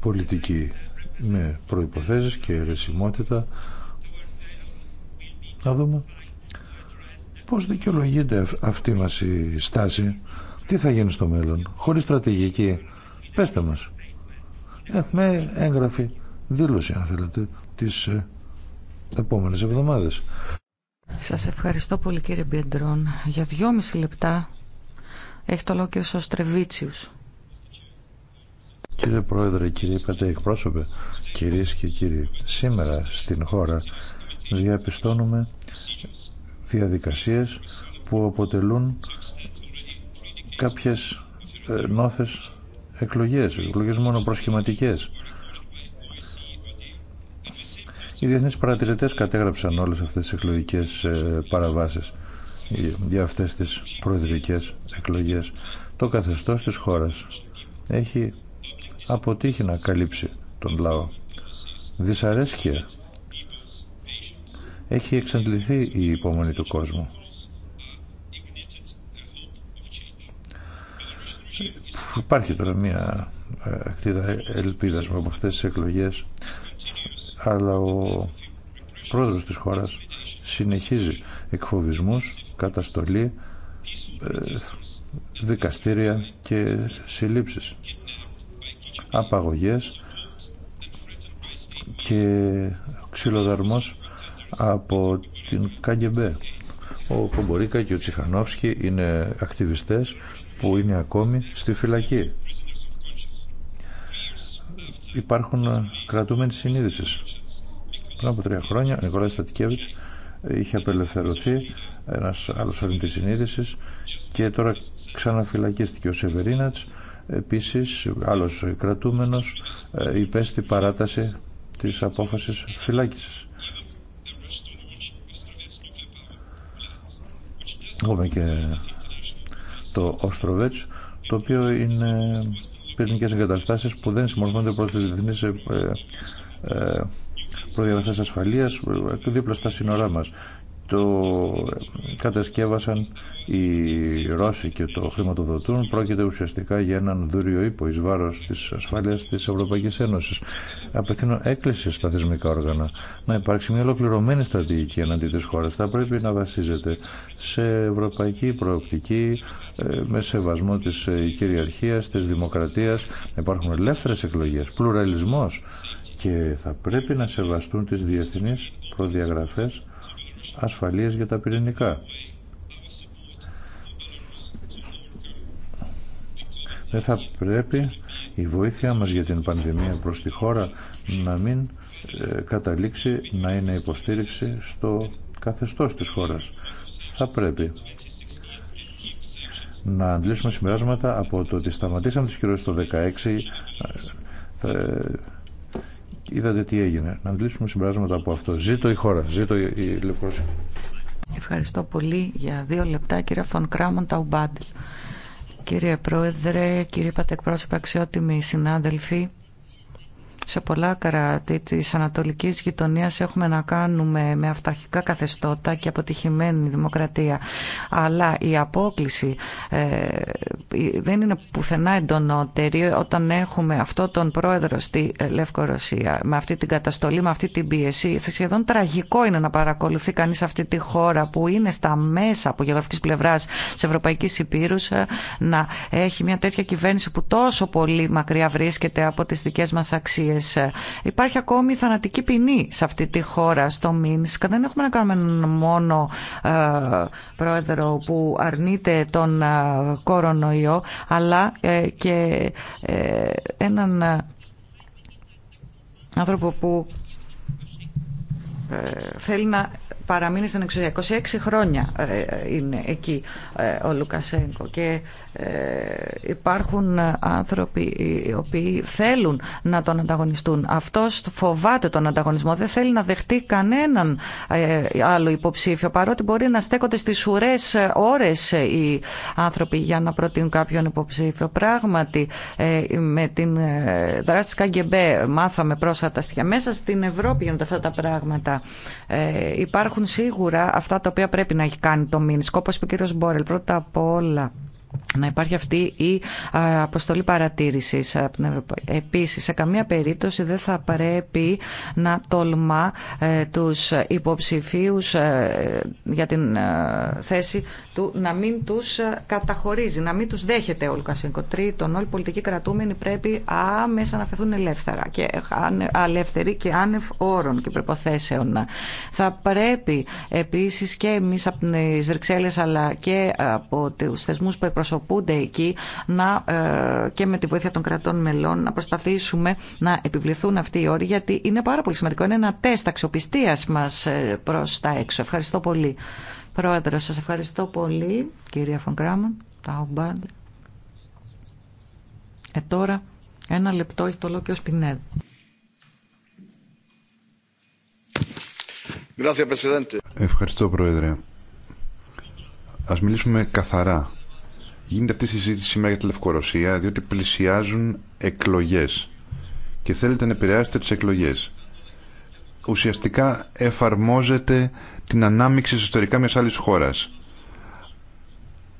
πολιτική με προϋποθέσεις και αιρεσιμότητα. Να δούμε πώς δικαιολογείται αυτή μας η στάση. Τι θα γίνει στο μέλλον, χωρίς στρατηγική. Πέστε μας. με έγγραφη δήλωση, αν θέλετε, τις ε, επόμενες εβδομάδες. Σας ευχαριστώ πολύ κύριε Μπιεντρών. Για δυόμιση λεπτά έχει το λόγο και ο Στρεβίτσιους. Κύριε Πρόεδρε, κύριε Πέντε εκπρόσωπε, κυρίες και κύριοι, σήμερα στην χώρα διαπιστώνουμε διαδικασίες που αποτελούν κάποιες ε, νόθες εκλογές, εκλογές μόνο προσχηματικές. Οι διεθνεί παρατηρητές κατέγραψαν όλες αυτές τις εκλογικές ε, παραβάσεις ε, για αυτές τι προεδρικές εκλογές. Το καθεστώ της χώρας έχει αποτύχει να καλύψει τον λαό. Δυσαρέσκεια. Έχει εξαντληθεί η υπομονή του κόσμου. Υπάρχει τώρα μια ε, ακτίδα ελπίδας από αυτές τις εκλογές αλλά ο πρόεδρος της χώρας συνεχίζει εκφοβισμούς, καταστολή, ε, δικαστήρια και συλλήψεις, απαγωγές και ξυλοδαρμός από την Καγκεμπέ. Ο Κομπορίκα και ο Τσιχανόφσκι είναι ακτιβιστές που είναι ακόμη στη φυλακή. Υπάρχουν κρατούμενοι συνείδησης πριν από τρία χρόνια ο Νικόλαη Στατικέβιτ είχε απελευθερωθεί ένα άλλο αρνητή συνείδηση και τώρα ξαναφυλακίστηκε ο Σεβερίνατ. Επίση, άλλο κρατούμενο ε, υπέστη παράταση τη απόφαση φυλάκιση. Έχουμε και το Οστροβέτς, το οποίο είναι πυρηνικές εγκαταστάσεις που δεν συμμορφώνται προς τις διεθνείς ε, ε, προδιαγραφές ασφαλεία, δίπλα στα σύνορά μα. Το κατασκεύασαν οι Ρώσοι και το χρηματοδοτούν. Πρόκειται ουσιαστικά για έναν δούριο ύπο ει βάρο τη ασφάλεια τη Ευρωπαϊκή Ένωση. Απευθύνω έκκληση στα θεσμικά όργανα να υπάρξει μια ολοκληρωμένη στρατηγική εναντί τη χώρα. Θα πρέπει να βασίζεται σε ευρωπαϊκή προοπτική, ε, με σεβασμό τη ε, κυριαρχία, τη δημοκρατία. να υπάρχουν ελεύθερε εκλογέ, πλουραλισμό και θα πρέπει να σεβαστούν τις διεθνείς προδιαγραφές ασφαλείας για τα πυρηνικά. Δεν θα πρέπει η βοήθεια μας για την πανδημία προς τη χώρα να μην ε, καταλήξει να είναι υποστήριξη στο καθεστώς της χώρας. Θα πρέπει να αντλήσουμε συμπεράσματα από το ότι σταματήσαμε τις κυρώσεις το 2016 είδατε τι έγινε. Να αντλήσουμε συμπεράσματα από αυτό. Ζήτω η χώρα, ζήτω η Λευκορωσία. Ευχαριστώ πολύ για δύο λεπτά κύριε Φων Κράμον Ταουμπάντλ. Κύριε Πρόεδρε, κύριε Πατεκπρόσωπε, αξιότιμοι συνάδελφοι, σε πολλά κράτη της ανατολικής γειτονίας έχουμε να κάνουμε με αυταρχικά καθεστώτα και αποτυχημένη δημοκρατία. Αλλά η απόκληση ε, δεν είναι πουθενά εντονότερη όταν έχουμε αυτό τον πρόεδρο στη ε, Λευκορωσία με αυτή την καταστολή, με αυτή την πίεση. Σχεδόν τραγικό είναι να παρακολουθεί κανείς αυτή τη χώρα που είναι στα μέσα από γεωγραφικής πλευράς της Ευρωπαϊκή Υπήρους ε, να έχει μια τέτοια κυβέρνηση που τόσο πολύ μακριά βρίσκεται από τις δικές μας αξίες Υπάρχει ακόμη θανατική ποινή σε αυτή τη χώρα, στο Μίνσκ. Δεν έχουμε να κάνουμε μόνο ε, πρόεδρο που αρνείται τον ε, κορονοϊό, αλλά ε, και έναν άνθρωπο που θέλει να παραμείνει στην εξουσία. 26 χρόνια είναι εκεί ο Λουκασέγκο και ε, υπάρχουν άνθρωποι οι οποίοι θέλουν να τον ανταγωνιστούν. Αυτός φοβάται τον ανταγωνισμό, δεν θέλει να δεχτεί κανέναν ε, άλλο υποψήφιο, παρότι μπορεί να στέκονται στις ουρές ε, ώρες οι άνθρωποι για να προτείνουν κάποιον υποψήφιο. Πράγματι, με την δράση της μάθαμε πρόσφατα στοιχεία. Μέσα στην Ευρώπη γίνονται αυτά τα πράγματα. υπάρχουν σίγουρα αυτά τα οποία πρέπει να έχει κάνει το μήνυμα, όπως ο κ. Μπόρελ. Πρώτα απ' όλα, να υπάρχει αυτή η αποστολή παρατήρησης. Επίσης, σε καμία περίπτωση δεν θα πρέπει να τολμά ε, τους υποψηφίους ε, για την ε, θέση του να μην τους καταχωρίζει, να μην τους δέχεται ο Λουκασίνκο. Τρίτον, όλοι οι πολιτικοί κρατούμενοι πρέπει άμεσα να φεθούν ελεύθερα και αλεύθεροι και άνευ όρων και προποθέσεων. Θα πρέπει επίσης και εμείς από τις Βρυξέλλες αλλά και από τους θεσμούς που εκπροσωπούνται εκεί να, ε, και με τη βοήθεια των κρατών μελών να προσπαθήσουμε να επιβληθούν αυτοί οι όροι γιατί είναι πάρα πολύ σημαντικό. Είναι ένα τεστ αξιοπιστία μας ε, προ τα έξω. Ευχαριστώ πολύ. Πρόεδρο, σα ευχαριστώ πολύ κυρία Φονκράμον. Ε, τώρα ένα λεπτό έχει το λόγο και ο Σπινέδ. Ευχαριστώ, Πρόεδρε. Ας μιλήσουμε καθαρά Γίνεται αυτή η συζήτηση σήμερα για τη Λευκορωσία διότι πλησιάζουν εκλογές και θέλετε να επηρεάσετε τις εκλογές. Ουσιαστικά εφαρμόζεται την ανάμειξη ιστορικά μιας άλλης χώρας.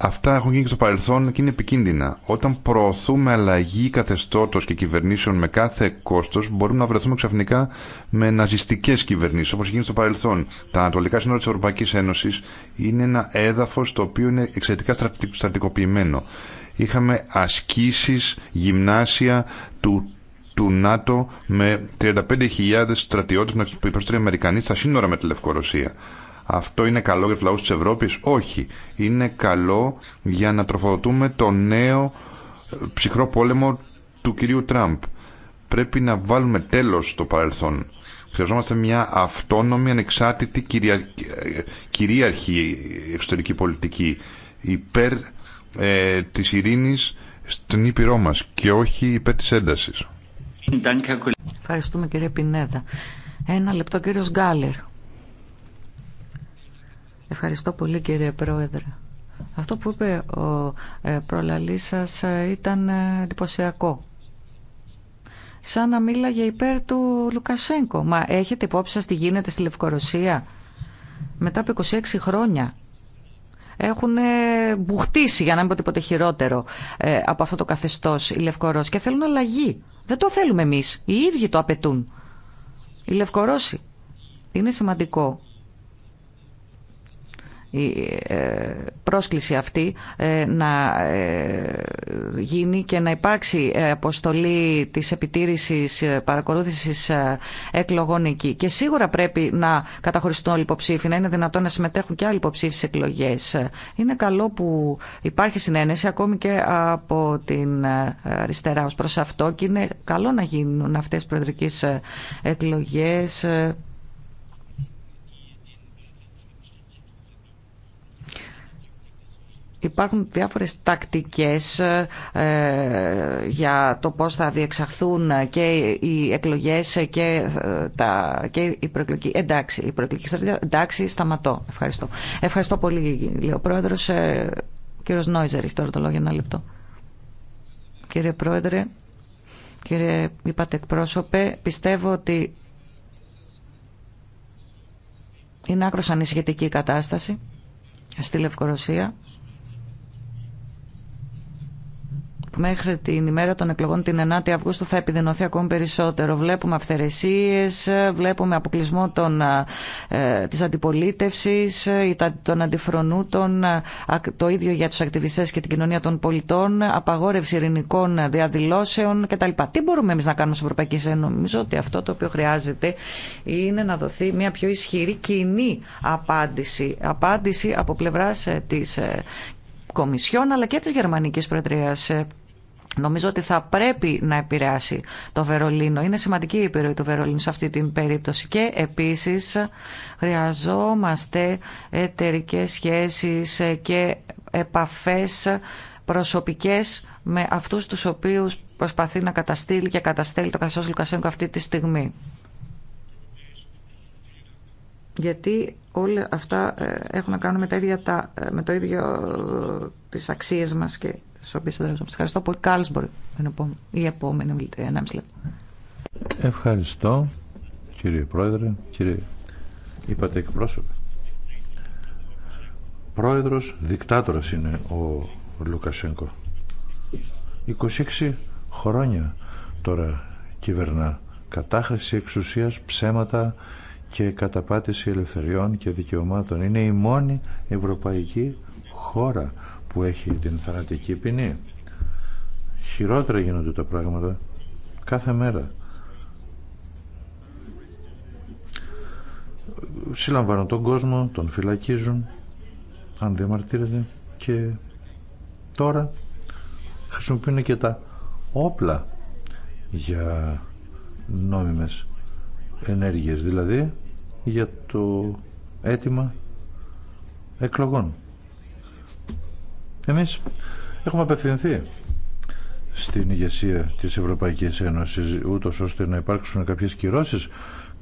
Αυτά έχουν γίνει και στο παρελθόν και είναι επικίνδυνα. Όταν προωθούμε αλλαγή καθεστώτος και κυβερνήσεων με κάθε κόστος, μπορούμε να βρεθούμε ξαφνικά με ναζιστικές κυβερνήσεις, όπως γίνει στο παρελθόν. Τα ανατολικά σύνορα της Ευρωπαϊκής Ένωσης είναι ένα έδαφος το οποίο είναι εξαιρετικά στρατικοποιημένο. Είχαμε ασκήσεις, γυμνάσια του του ΝΑΤΟ με 35.000 στρατιώτες που υποστηρίζουν Αμερικανοί στα σύνορα με τη Λευκορωσία. Αυτό είναι καλό για τους λαούς της Ευρώπης. Όχι. Είναι καλό για να τροφοδοτούμε το νέο ε, ψυχρό πόλεμο του κυρίου Τραμπ. Πρέπει να βάλουμε τέλος στο παρελθόν. Χρειαζόμαστε μια αυτόνομη, ανεξάρτητη, κυρια... Ε, κυρίαρχη εξωτερική πολιτική υπέρ ε, της ειρήνης στην Ήπειρό μα και όχι υπέρ της έντασης. Ευχαριστούμε κύριε Πινέδα. Ένα λεπτό κύριος Γκάλερ. Ευχαριστώ πολύ κύριε Πρόεδρε. Αυτό που είπε ο ε, προλαλής σας ε, ήταν ε, εντυπωσιακό. Σαν να μίλαγε υπέρ του Λουκασέγκο. Μα έχετε υπόψη σας τι γίνεται στη Λευκορωσία. Μετά από 26 χρόνια έχουν μπουχτίσει, για να μην πω τίποτε χειρότερο, από αυτό το καθεστώς οι Λευκορώσοι και θέλουν αλλαγή. Δεν το θέλουμε εμείς. Οι ίδιοι το απαιτούν. Οι Λευκορώσοι. Είναι σημαντικό η ε, πρόσκληση αυτή ε, να ε, γίνει και να υπάρξει αποστολή της επιτήρησης παρακολούθησης εκλογών εκεί. Και σίγουρα πρέπει να καταχωριστούν όλοι οι υποψήφοι, να είναι δυνατόν να συμμετέχουν και άλλοι υποψήφοι σε εκλογές. Είναι καλό που υπάρχει συνένεση ακόμη και από την αριστερά ως προς αυτό και είναι καλό να γίνουν αυτές οι προεδρικές εκλογές Υπάρχουν διάφορες τακτικές ε, για το πώς θα διεξαχθούν και οι εκλογές και, ε, τα, και η προεκλογική. Εντάξει, η προεκλογική Εντάξει, σταματώ. Ευχαριστώ. Ευχαριστώ πολύ, λέει ο Πρόεδρος. Ε, κύριος Νόιζερ έχει τώρα το λόγο για ένα λεπτό. Κύριε Πρόεδρε, κύριε είπατε εκπρόσωπε, πιστεύω ότι είναι άκρος ανησυχητική η κατάσταση στη Λευκορωσία μέχρι την ημέρα των εκλογών την 9η Αυγούστου θα επιδεινωθεί ακόμη περισσότερο. Βλέπουμε αυθαιρεσίε, βλέπουμε αποκλεισμό ε, της αντιπολίτευσης, των αντιφρονούτων, ε, το ίδιο για του ακτιβιστέ και την κοινωνία των πολιτών, απαγόρευση ειρηνικών διαδηλώσεων κτλ. Τι μπορούμε εμεί να κάνουμε στην Ευρωπαϊκή Ένωση. Νομίζω ότι αυτό το οποίο χρειάζεται είναι να δοθεί μια πιο ισχυρή κοινή απάντηση. Απάντηση από πλευρά ε, τη ε, Κομισιόν αλλά και της Γερμανικής Προεδρίας Νομίζω ότι θα πρέπει να επηρεάσει το Βερολίνο. Είναι σημαντική η επιρροή του Βερολίνου σε αυτή την περίπτωση. Και επίσης χρειαζόμαστε εταιρικέ σχέσεις και επαφές προσωπικές με αυτούς τους οποίους προσπαθεί να καταστήλει και καταστέλει το καθεστώ Λουκασέγκο αυτή τη στιγμή. Γιατί όλα αυτά ε, έχουν να κάνουν με, ε, με το ίδιο ε, τις αξίες μας και στις οποίες σα Ευχαριστώ πολύ. Κάλλος μπορεί η επόμενη μιλητρία. Ευχαριστώ κύριε Πρόεδρε, κύριε είπατε εκπρόσωπε. Πρόεδρος, δικτάτορας είναι ο Λουκασέγκο. 26 χρόνια τώρα κυβερνά. Κατάχρηση εξουσίας, ψέματα και καταπάτηση ελευθεριών και δικαιωμάτων. Είναι η μόνη ευρωπαϊκή χώρα που έχει την θανατική ποινή. Χειρότερα γίνονται τα πράγματα κάθε μέρα. Συλλαμβάνουν τον κόσμο, τον φυλακίζουν, αν διαμαρτύρεται και τώρα χρησιμοποιούν και τα όπλα για νόμιμες ενέργειες, δηλαδή για το αίτημα εκλογών. Εμείς έχουμε απευθυνθεί στην ηγεσία της Ευρωπαϊκής Ένωσης ούτως ώστε να υπάρξουν κάποιες κυρώσεις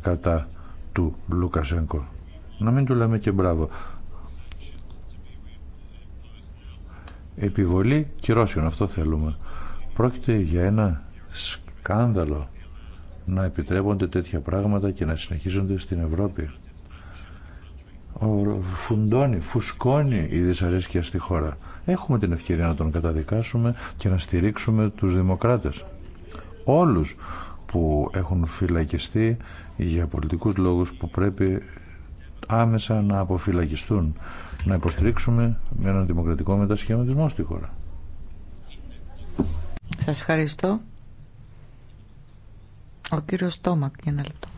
κατά του Λουκασέγκο. Να μην του λέμε και μπράβο. Επιβολή κυρώσεων, αυτό θέλουμε. Πρόκειται για ένα σκάνδαλο να επιτρέπονται τέτοια πράγματα και να συνεχίζονται στην Ευρώπη. Ο φουντώνει, φουσκώνει η δυσαρέσκεια στη χώρα έχουμε την ευκαιρία να τον καταδικάσουμε και να στηρίξουμε τους δημοκράτες. Όλους που έχουν φυλακιστεί για πολιτικούς λόγους που πρέπει άμεσα να αποφυλακιστούν, να υποστηρίξουμε με έναν δημοκρατικό μετασχηματισμό στη χώρα. Σας ευχαριστώ. Ο κύριος Τόμακ για ένα λεπτό.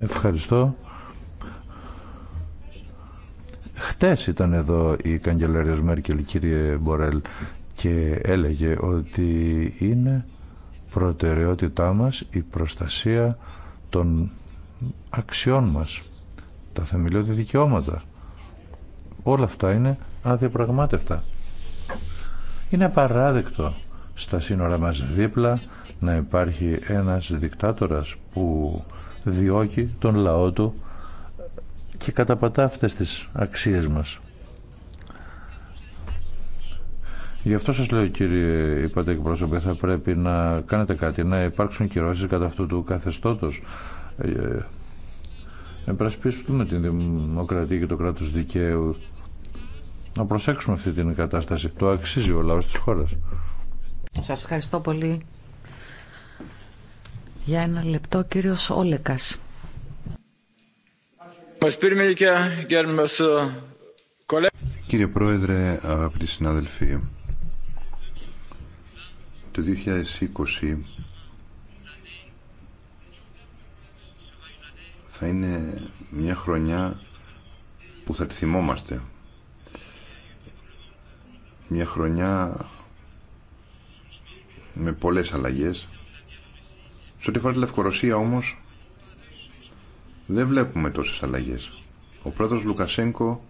Ευχαριστώ. Χτες ήταν εδώ η καγκελαρία Μέρκελ, κύριε Μπορέλ, και έλεγε ότι είναι προτεραιότητά μα η προστασία των αξιών μα τα θεμελιώδη δικαιώματα. Όλα αυτά είναι αδιαπραγμάτευτα. Είναι απαράδεκτο στα σύνορα μας δίπλα να υπάρχει ένας δικτάτορας που διώκει τον λαό του και καταπατά αυτές τις αξίες μας. Γι' αυτό σας λέω κύριε είπατε εκπρόσωπε θα πρέπει να κάνετε κάτι, να υπάρξουν κυρώσεις κατά αυτού του καθεστώτος. Να ε, υπερασπιστούμε ε, την δημοκρατία και το κράτος δικαίου. Να προσέξουμε αυτή την κατάσταση. Το αξίζει ο λαός της χώρας. Σας ευχαριστώ πολύ. Για ένα λεπτό, κύριος Όλεκας. Κύριε Πρόεδρε, αγαπητοί συνάδελφοι, το 2020 θα είναι μια χρονιά που θα τη θυμόμαστε. Μια χρονιά με πολλές αλλαγές. Σε ό,τι τη Λευκορωσία όμως δεν βλέπουμε τόσες αλλαγές. Ο πρόεδρος Λουκασένκο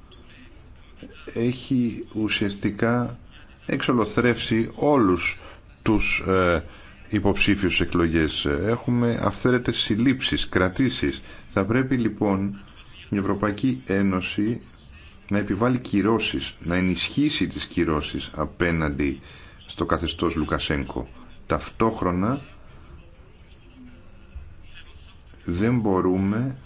έχει ουσιαστικά εξολοθρεύσει όλους τους ε, υποψήφιους εκλογές. Έχουμε αυθαίρετες συλλήψεις, κρατήσεις. Θα πρέπει λοιπόν η Ευρωπαϊκή Ένωση να επιβάλλει κυρώσεις, να ενισχύσει τις κυρώσεις απέναντι στο καθεστώς Λουκασένκο. Ταυτόχρονα δεν μπορούμε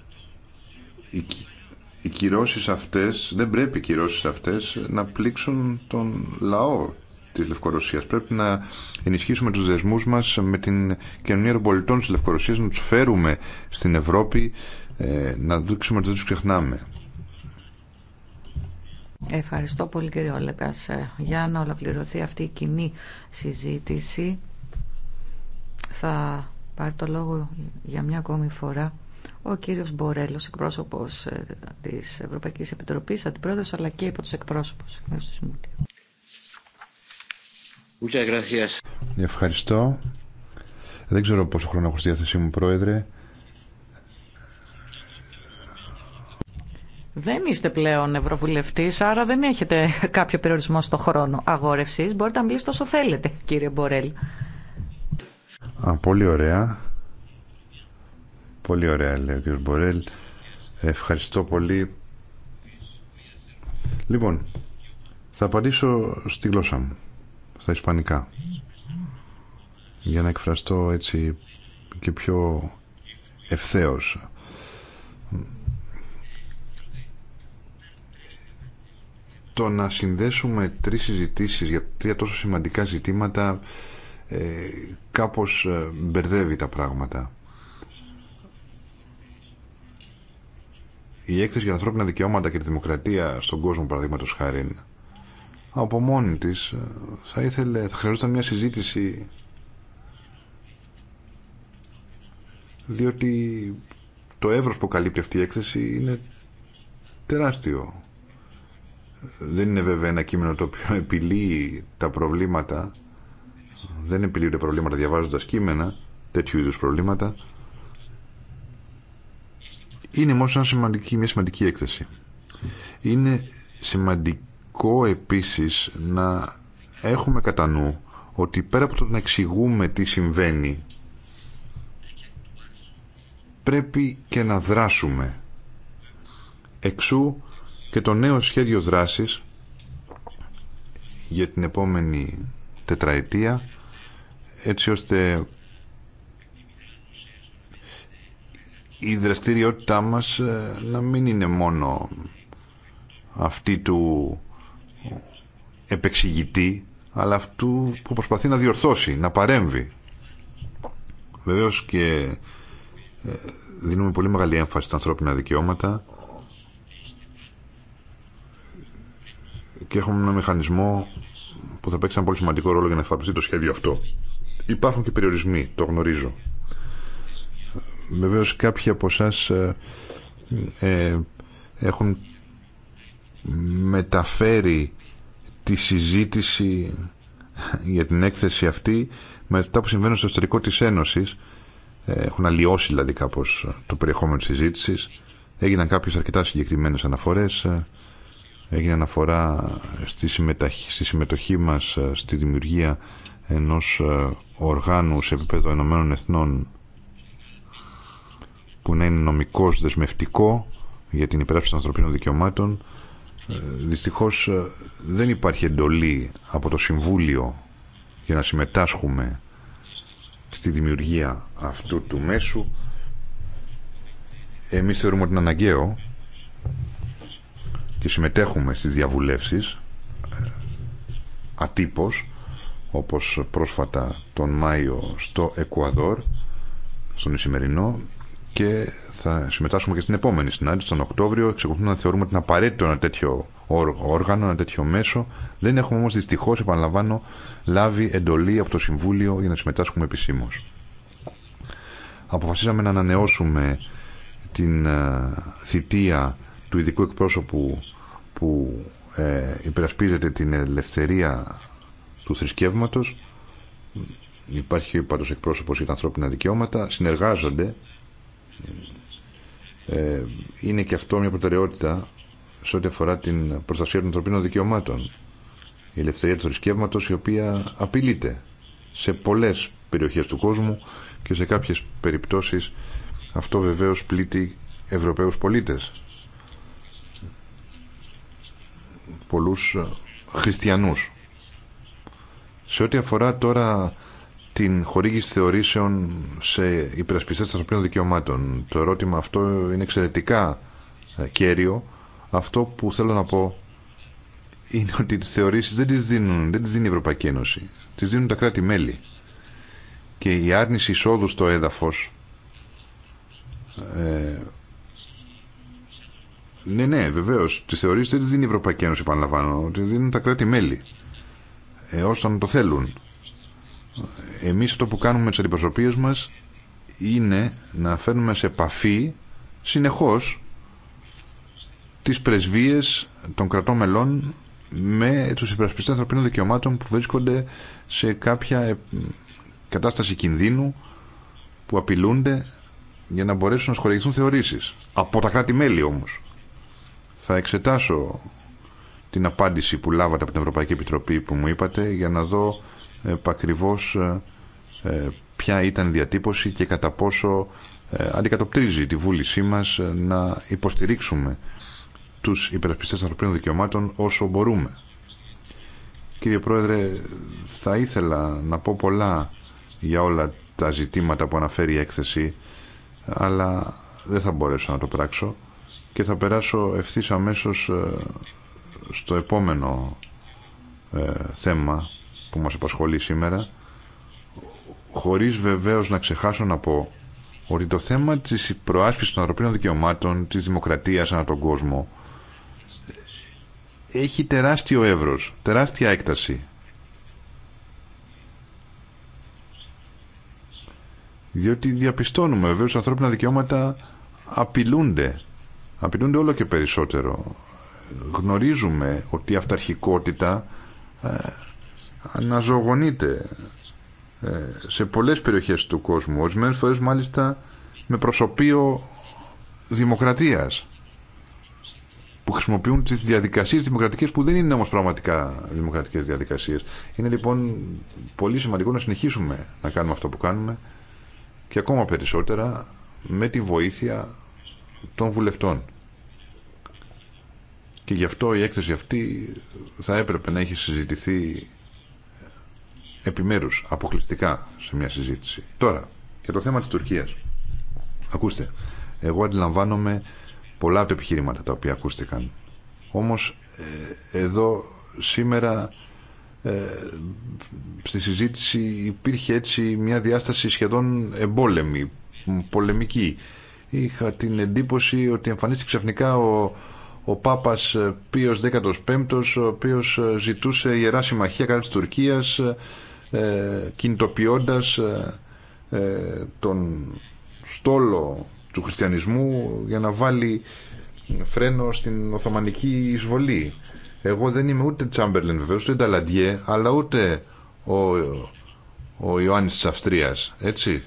οι κυρώσεις αυτές, δεν πρέπει οι κυρώσεις αυτές να πλήξουν τον λαό της Λευκορωσίας. Πρέπει να ενισχύσουμε τους δεσμούς μας με την κοινωνία των πολιτών της Λευκορωσίας, να τους φέρουμε στην Ευρώπη, ε, να δείξουμε ότι δεν τους ξεχνάμε. Ευχαριστώ πολύ κύριε Όλεκας. Ε, για να ολοκληρωθεί αυτή η κοινή συζήτηση θα πάρει το λόγο για μια ακόμη φορά ο κύριος Μπορέλος, εκπρόσωπος ε, της Ευρωπαϊκής Επιτροπής, αντιπρόεδρος αλλά και από τους εκπρόσωπους του Ευχαριστώ. Δεν ξέρω πόσο χρόνο έχω στη διάθεσή μου, Πρόεδρε. Δεν είστε πλέον Ευρωβουλευτή, άρα δεν έχετε κάποιο περιορισμό στο χρόνο αγόρευση. Μπορείτε να μιλήσετε όσο θέλετε, κύριε Μπορέλ. Α, πολύ ωραία. Πολύ ωραία, λέει ο κ. Μπορέλ. Ευχαριστώ πολύ. Λοιπόν, θα απαντήσω στη γλώσσα μου, στα ισπανικά, για να εκφραστώ έτσι και πιο ευθέως. Το να συνδέσουμε τρεις συζητήσεις για τρία τόσο σημαντικά ζητήματα ε, κάπως ε, μπερδεύει τα πράγματα. Η έκθεση για ανθρώπινα δικαιώματα και τη δημοκρατία στον κόσμο, παραδείγματο χάρη, από μόνη τη ε, θα ήθελε, θα χρειαζόταν μια συζήτηση. Διότι το εύρος που καλύπτει αυτή η έκθεση είναι τεράστιο. Δεν είναι βέβαια ένα κείμενο το οποίο επιλύει τα προβλήματα δεν επιλύονται προβλήματα διαβάζοντα κείμενα, τέτοιου είδου προβλήματα. Είναι μόνο σημαντική, μια σημαντική έκθεση. Είναι σημαντικό επίσης να έχουμε κατά νου ότι πέρα από το να εξηγούμε τι συμβαίνει πρέπει και να δράσουμε. Εξού και το νέο σχέδιο δράσης για την επόμενη τετραετία έτσι ώστε η δραστηριότητά μας ε, να μην είναι μόνο αυτή του επεξηγητή αλλά αυτού που προσπαθεί να διορθώσει, να παρέμβει. Βεβαίως και ε, δίνουμε πολύ μεγάλη έμφαση στα ανθρώπινα δικαιώματα και έχουμε ένα μηχανισμό που θα παίξει ένα πολύ σημαντικό ρόλο για να εφαρμοστεί το σχέδιο αυτό. Υπάρχουν και περιορισμοί, το γνωρίζω. Βεβαίω κάποιοι από εσά ε, ε, έχουν μεταφέρει τη συζήτηση για την έκθεση αυτή με τα που συμβαίνουν στο εσωτερικό της Ένωσης ε, έχουν αλλοιώσει δηλαδή κάπως το περιεχόμενο της συζήτησης έγιναν κάποιες αρκετά συγκεκριμένες αναφορές ε, έγινε αναφορά στη συμμετοχή, στη μας ε, στη δημιουργία ενός ε, οργάνου σε επίπεδο ενωμένων Εθνών που να είναι νομικός δεσμευτικό για την υπεράσπιση των ανθρωπίνων δικαιωμάτων ε, δυστυχώς δεν υπάρχει εντολή από το Συμβούλιο για να συμμετάσχουμε στη δημιουργία αυτού του μέσου εμείς θεωρούμε ότι είναι αναγκαίο και συμμετέχουμε στις διαβουλεύσεις ε, ατύπως όπως πρόσφατα τον Μάιο στο Εκουαδόρ στον Ισημερινό και θα συμμετάσχουμε και στην επόμενη συνάντηση τον Οκτώβριο εξεκολουθούν να θεωρούμε την απαραίτητο ένα τέτοιο όργανο, ένα τέτοιο μέσο δεν έχουμε όμως δυστυχώς επαναλαμβάνω λάβει εντολή από το Συμβούλιο για να συμμετάσχουμε επισήμω. αποφασίσαμε να ανανεώσουμε την ε, θητεία του ειδικού εκπρόσωπου που ε, υπερασπίζεται την ελευθερία του θρησκεύματος υπάρχει και πάντως εκπρόσωπος για τα ανθρώπινα δικαιώματα συνεργάζονται ε, είναι και αυτό μια προτεραιότητα σε ό,τι αφορά την προστασία των ανθρωπίνων δικαιωμάτων η ελευθερία του θρησκεύματος η οποία απειλείται σε πολλές περιοχές του κόσμου και σε κάποιες περιπτώσεις αυτό βεβαίως πλήττει Ευρωπαίους πολίτες πολλούς ε, χριστιανούς. Σε ό,τι αφορά τώρα την χορήγηση θεωρήσεων σε υπερασπιστές των ανθρωπίνων δικαιωμάτων, το ερώτημα αυτό είναι εξαιρετικά ε, κέριο. Αυτό που θέλω να πω είναι ότι τις θεωρήσεις δεν τις, δίνουν, δεν τις δίνει η Ευρωπαϊκή Ένωση. Τις δίνουν τα κράτη-μέλη. Και η άρνηση εισόδου στο έδαφος ε, ναι, ναι, βεβαίω. Τι θεωρίε δεν τι δίνει η Ευρωπαϊκή Ένωση, επαναλαμβάνω. Τι δίνουν τα κράτη-μέλη. Ε, να το θέλουν. Εμεί αυτό που κάνουμε με τι αντιπροσωπείε μα είναι να φέρνουμε σε επαφή συνεχώ τις πρεσβείες των κρατών μελών με τους υπερασπιστές ανθρωπίνων δικαιωμάτων που βρίσκονται σε κάποια ε, κατάσταση κινδύνου που απειλούνται για να μπορέσουν να σχολιαστούν θεωρήσεις. Από τα κράτη-μέλη όμως. Θα εξετάσω την απάντηση που λάβατε από την Ευρωπαϊκή Επιτροπή που μου είπατε για να δω επακριβώς ε, ε, ποια ήταν η διατύπωση και κατά πόσο ε, αντικατοπτρίζει τη βούλησή μας να υποστηρίξουμε τους υπερασπιστές ανθρωπίνων δικαιωμάτων όσο μπορούμε. Κύριε Πρόεδρε, θα ήθελα να πω πολλά για όλα τα ζητήματα που αναφέρει η έκθεση, αλλά δεν θα μπορέσω να το πράξω και θα περάσω ευθύς αμέσως ε, στο επόμενο ε, θέμα που μας απασχολεί σήμερα χωρίς βεβαίως να ξεχάσω να πω ότι το θέμα της προάσπισης των ανθρωπίνων δικαιωμάτων, της δημοκρατίας ανά τον κόσμο έχει τεράστιο εύρος, τεράστια έκταση. Διότι διαπιστώνουμε βεβαίως ανθρώπινα δικαιώματα απειλούνται απειλούνται όλο και περισσότερο. Γνωρίζουμε ότι η αυταρχικότητα ε, αναζωογονείται ε, σε πολλές περιοχές του κόσμου, ορισμένες φορές μάλιστα με προσωπείο δημοκρατίας που χρησιμοποιούν τις διαδικασίες δημοκρατικές που δεν είναι όμως πραγματικά δημοκρατικές διαδικασίες. Είναι λοιπόν πολύ σημαντικό να συνεχίσουμε να κάνουμε αυτό που κάνουμε και ακόμα περισσότερα με τη βοήθεια των βουλευτών και γι' αυτό η έκθεση αυτή θα έπρεπε να έχει συζητηθεί επιμέρους, αποκλειστικά σε μια συζήτηση. Τώρα, για το θέμα της Τουρκίας. Ακούστε, εγώ αντιλαμβάνομαι πολλά από τα επιχειρήματα τα οποία ακούστηκαν. Όμως, ε, εδώ σήμερα ε, στη συζήτηση υπήρχε έτσι μια διάσταση σχεδόν εμπόλεμη, πολεμική. Είχα την εντύπωση ότι εμφανίστηκε ξαφνικά ο ο Πάπας ε, Πίος 15ος, ο οποίος ε, ζητούσε ιερά συμμαχία κατά της Τουρκίας, ε, κινητοποιώντας ε, τον στόλο του χριστιανισμού για να βάλει φρένο στην Οθωμανική εισβολή. Εγώ δεν είμαι ούτε Τσάμπερλεν βεβαίω, ούτε Νταλαντιέ, αλλά ούτε ο, ο Ιωάννης της έτσι.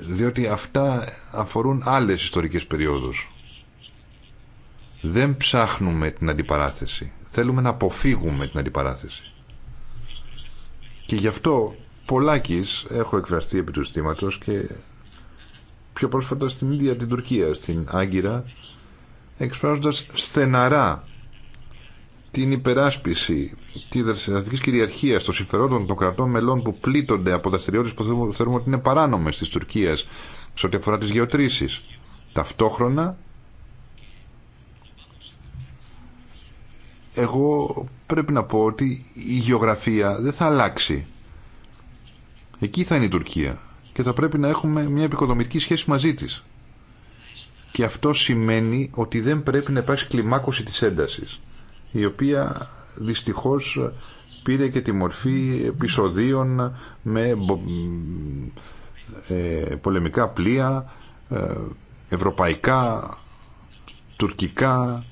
Διότι αυτά αφορούν άλλες ιστορικές περιόδους δεν ψάχνουμε την αντιπαράθεση. Θέλουμε να αποφύγουμε την αντιπαράθεση. Και γι' αυτό πολλάκις έχω εκφραστεί επί του στήματος και πιο πρόσφατα στην ίδια την Τουρκία, στην Άγκυρα, εκφράζοντας στεναρά την υπεράσπιση τη δραστηριοτική κυριαρχία των συμφερόντων των κρατών μελών που πλήττονται από δραστηριότητε που θεωρούμε ότι είναι παράνομε τη Τουρκία σε ό,τι αφορά τι γεωτρήσει. Ταυτόχρονα εγώ πρέπει να πω ότι η γεωγραφία δεν θα αλλάξει. Εκεί θα είναι η Τουρκία και θα πρέπει να έχουμε μια επικοδομητική σχέση μαζί της. Και αυτό σημαίνει ότι δεν πρέπει να υπάρξει κλιμάκωση της έντασης, η οποία δυστυχώς πήρε και τη μορφή επεισοδίων με ε, πολεμικά πλοία, ε, ευρωπαϊκά, τουρκικά,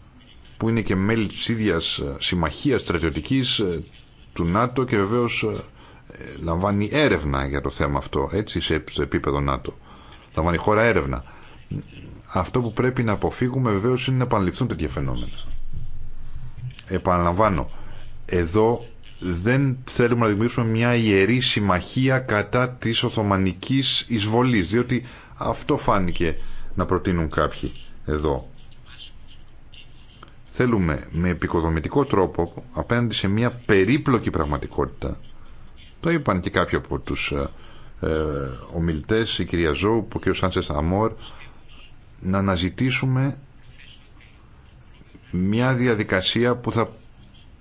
που είναι και μέλη της ίδιας ε, συμμαχίας στρατιωτικής ε, του ΝΑΤΟ και βεβαίως ε, λαμβάνει έρευνα για το θέμα αυτό, έτσι, σε επίπεδο ΝΑΤΟ. Λαμβάνει χώρα έρευνα. Αυτό που πρέπει να αποφύγουμε βεβαίως είναι να επαναληφθούν τέτοια φαινόμενα. Επαναλαμβάνω, εδώ δεν θέλουμε να δημιουργήσουμε μια ιερή συμμαχία κατά της Οθωμανικής εισβολής, διότι αυτό φάνηκε να προτείνουν κάποιοι εδώ θέλουμε με επικοδομητικό τρόπο απέναντι σε μια περίπλοκη πραγματικότητα το είπαν και κάποιοι από τους ε, ε ομιλητές η κυρία Ζώου, ο Σάντσες Αμόρ να αναζητήσουμε μια διαδικασία που θα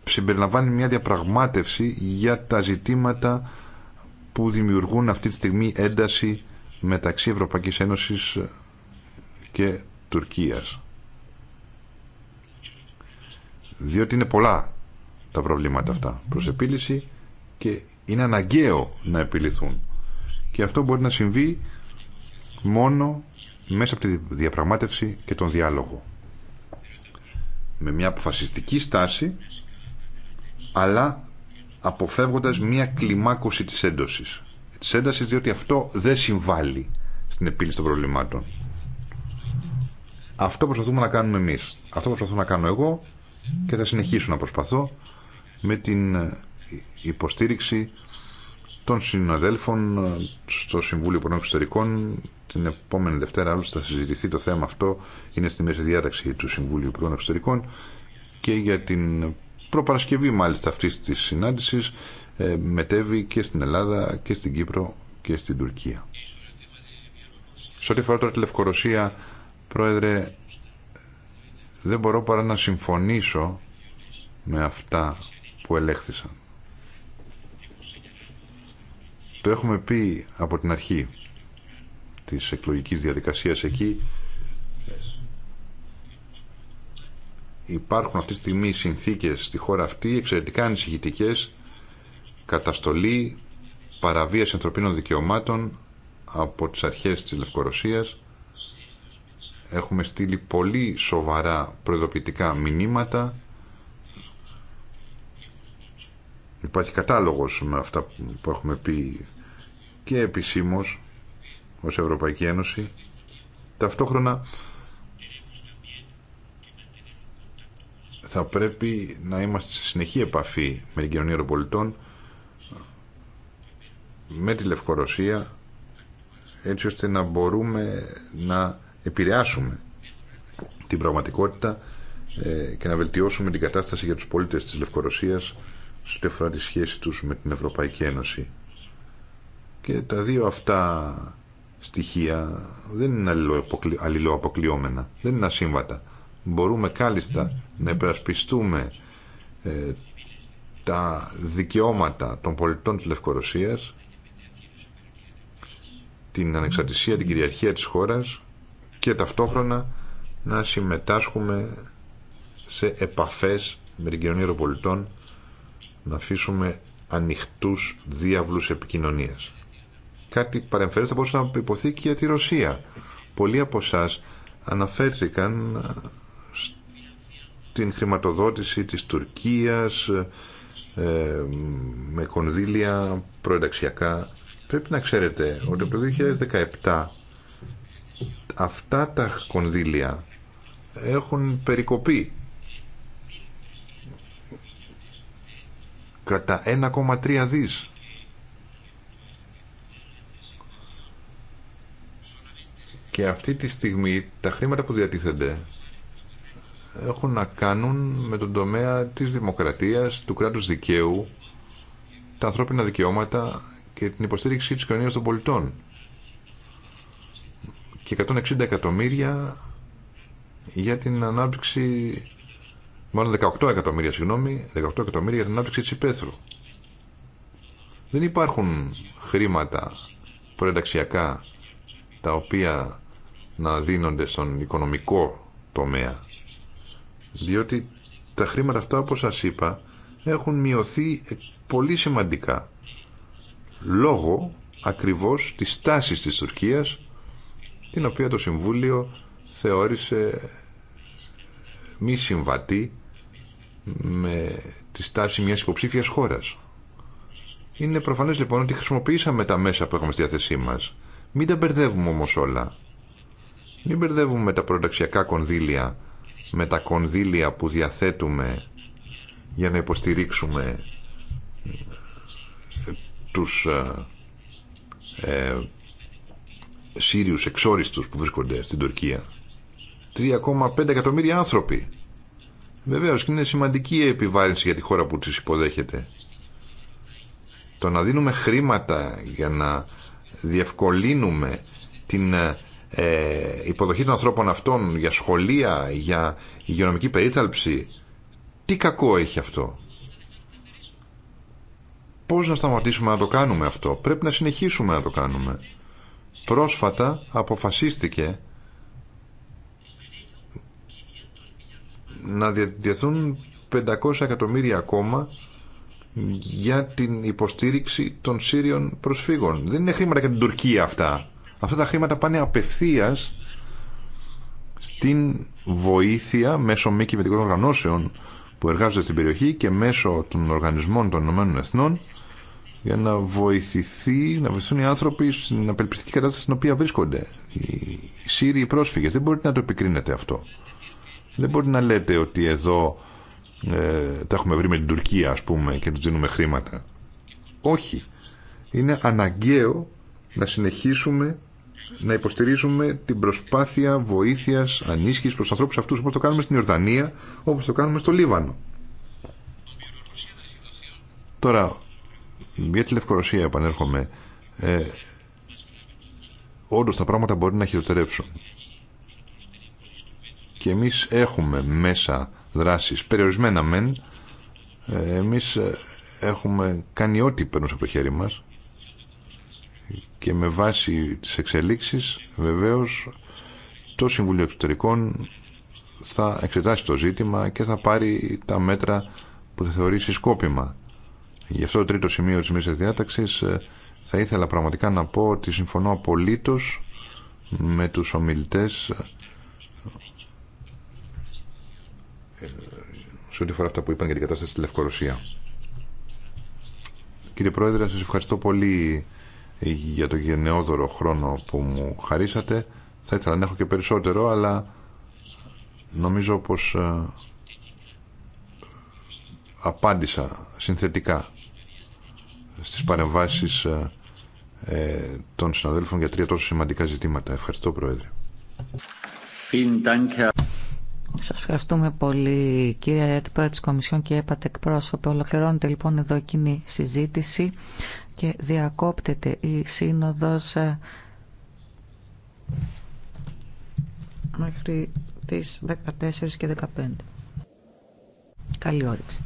συμπεριλαμβάνει μια διαπραγμάτευση για τα ζητήματα που δημιουργούν αυτή τη στιγμή ένταση μεταξύ Ευρωπαϊκής Ένωσης και Τουρκίας διότι είναι πολλά τα προβλήματα αυτά προς επίλυση και είναι αναγκαίο να επιληθούν. Και αυτό μπορεί να συμβεί μόνο μέσα από τη διαπραγμάτευση και τον διάλογο. Με μια αποφασιστική στάση, αλλά αποφεύγοντας μια κλιμάκωση της έντοσης. Της έντασης διότι αυτό δεν συμβάλλει στην επίλυση των προβλημάτων. Αυτό προσπαθούμε να κάνουμε εμείς. Αυτό προσπαθώ να κάνω εγώ και θα συνεχίσω να προσπαθώ με την υποστήριξη των συναδέλφων ε, στο Συμβούλιο Πονών Εξωτερικών. Την επόμενη Δευτέρα, άλλωστε, θα συζητηθεί το θέμα αυτό. Είναι στη μέση διάταξη του Συμβούλιου Υπουργών Εξωτερικών και για την προπαρασκευή μάλιστα αυτής της συνάντησης ε, μετέβη και στην Ελλάδα και στην Κύπρο και στην Τουρκία. Σε ό,τι αφορά τώρα τη Λευκορωσία, Πρόεδρε, δεν μπορώ παρά να συμφωνήσω με αυτά που ελέγχθησαν. Το έχουμε πει από την αρχή της εκλογικής διαδικασίας εκεί. Υπάρχουν αυτή τη στιγμή συνθήκες στη χώρα αυτή εξαιρετικά ανησυχητικέ καταστολή, παραβίαση ανθρωπίνων δικαιωμάτων από τις αρχές της Λευκορωσίας Έχουμε στείλει πολύ σοβαρά προειδοποιητικά μηνύματα. Υπάρχει κατάλογος με αυτά που έχουμε πει και επισήμως ως Ευρωπαϊκή Ένωση. Ταυτόχρονα θα πρέπει να είμαστε σε συνεχή επαφή με την κοινωνία των πολιτών, με τη Λευκορωσία, έτσι ώστε να μπορούμε να επηρεάσουμε την πραγματικότητα ε, και να βελτιώσουμε την κατάσταση για τους πολίτες της Λευκορωσίας σε αφορά τη σχέση τους με την Ευρωπαϊκή Ένωση. Και τα δύο αυτά στοιχεία δεν είναι αλληλοαποκλειόμενα, δεν είναι ασύμβατα. Μπορούμε κάλλιστα να υπερασπιστούμε ε, τα δικαιώματα των πολιτών της Λευκορωσίας, την ανεξαρτησία, την κυριαρχία της χώρας και ταυτόχρονα να συμμετάσχουμε σε επαφές με την κοινωνία των πολιτών να αφήσουμε ανοιχτούς διάβλους επικοινωνίας. Κάτι παρεμφερές θα μπορούσε να υποθεί και για τη Ρωσία. Πολλοί από εσά αναφέρθηκαν στην χρηματοδότηση της Τουρκίας ε, με κονδύλια προενταξιακά. Πρέπει να ξέρετε ότι από το 2017 αυτά τα κονδύλια έχουν περικοπεί κατά 1,3 δις. Και αυτή τη στιγμή τα χρήματα που διατίθενται έχουν να κάνουν με τον τομέα της δημοκρατίας, του κράτους δικαίου, τα ανθρώπινα δικαιώματα και την υποστήριξη της κοινωνίας των πολιτών και 160 εκατομμύρια για την ανάπτυξη μάλλον 18 εκατομμύρια συγγνώμη 18 εκατομμύρια για την ανάπτυξη της υπαίθρου δεν υπάρχουν χρήματα προενταξιακά τα οποία να δίνονται στον οικονομικό τομέα διότι τα χρήματα αυτά όπως σας είπα έχουν μειωθεί πολύ σημαντικά λόγω ακριβώς της τάσης της Τουρκίας την οποία το Συμβούλιο θεώρησε μη συμβατή με τη στάση μιας υποψήφιας χώρας. Είναι προφανές λοιπόν ότι χρησιμοποιήσαμε τα μέσα που έχουμε στη διάθεσή μας. Μην τα μπερδεύουμε όμως όλα. Μην μπερδεύουμε τα προταξιακά κονδύλια με τα κονδύλια που διαθέτουμε για να υποστηρίξουμε ε, τους ε, ε, Σύριους εξόριστους που βρίσκονται στην Τουρκία. 3,5 εκατομμύρια άνθρωποι. Βεβαίως και είναι σημαντική η επιβάρυνση για τη χώρα που τις υποδέχεται. Το να δίνουμε χρήματα για να διευκολύνουμε την ε, υποδοχή των ανθρώπων αυτών για σχολεία, για υγειονομική περίθαλψη, τι κακό έχει αυτό. Πώς να σταματήσουμε να το κάνουμε αυτό. Πρέπει να συνεχίσουμε να το κάνουμε. Πρόσφατα αποφασίστηκε να διατηρηθούν 500 εκατομμύρια ακόμα για την υποστήριξη των Σύριων προσφύγων. Δεν είναι χρήματα για την Τουρκία αυτά. Αυτά τα χρήματα πάνε απευθείας στην βοήθεια μέσω μη κυβερνητικών οργανώσεων που εργάζονται στην περιοχή και μέσω των οργανισμών των ΗΕ Εθνών για να βοηθηθεί, να βοηθούν οι άνθρωποι στην απελπιστική κατάσταση στην οποία βρίσκονται. Οι Σύριοι πρόσφυγες. Δεν μπορείτε να το επικρίνετε αυτό. Δεν μπορείτε να λέτε ότι εδώ ε, τα έχουμε βρει με την Τουρκία ας πούμε και τους δίνουμε χρήματα. Όχι. Είναι αναγκαίο να συνεχίσουμε να υποστηρίζουμε την προσπάθεια βοήθειας, ανίσχυσης προς ανθρώπους αυτούς όπως το κάνουμε στην Ιορδανία, όπως το κάνουμε στο Λίβανο. Τώρα, για τη Λευκορωσία επανέρχομαι. Ε, Όντω τα πράγματα μπορεί να χειροτερέψουν. Και εμείς έχουμε μέσα δράσεις περιορισμένα μεν. Ε, εμείς ε, έχουμε κάνει ό,τι παίρνουμε από το χέρι μας και με βάση τις εξελίξεις βεβαίως το Συμβουλίο Εξωτερικών θα εξετάσει το ζήτημα και θα πάρει τα μέτρα που θα θεωρήσει σκόπιμα. Γι' αυτό το τρίτο σημείο της μέσης διάταξης ε, θα ήθελα πραγματικά να πω ότι συμφωνώ απολύτως με τους ομιλητές ε, σε ό,τι φορά αυτά που είπαν για την κατάσταση στη Λευκορωσία. Κύριε Πρόεδρε, σας ευχαριστώ πολύ για το γενναιόδωρο χρόνο που μου χαρίσατε. Θα ήθελα να έχω και περισσότερο, αλλά νομίζω πως ε, απάντησα συνθετικά στις παρεμβάσεις ε, ε, των συναδέλφων για τρία τόσο σημαντικά ζητήματα. Ευχαριστώ, Πρόεδρε. Σας ευχαριστούμε πολύ κύριε Αντιπρόεδρε της Κομισιόν και έπατε εκπρόσωπε. Ολοκληρώνεται λοιπόν εδώ εκείνη συζήτηση και διακόπτεται η σύνοδος ε, μέχρι τις 14 και 15. Καλή όρεξη.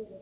Υπότιτλοι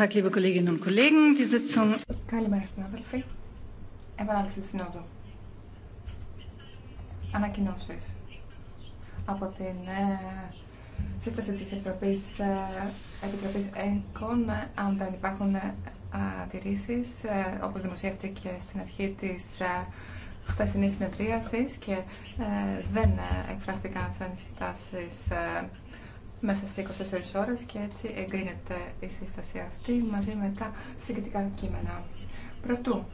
Tag, liebe Kolleginnen und Kollegen. Επανάληψη τη Συνόδου. Ανακοινώσει από την ε, σύσταση τη Επιτροπή ε, Επιτροπής ΕΚΟΝ. Ε, αν δεν υπάρχουν αντιρρήσει, ε, ε όπω δημοσιεύτηκε στην αρχή τη ε, χθεσινή συνεδρίαση και ε, δεν ε, εκφράστηκαν σαν συστάσει. Ε, μέσα στι 24 ώρε και έτσι εγκρίνεται η σύσταση αυτή μαζί με τα συγκριτικά κείμενα. Πρωτού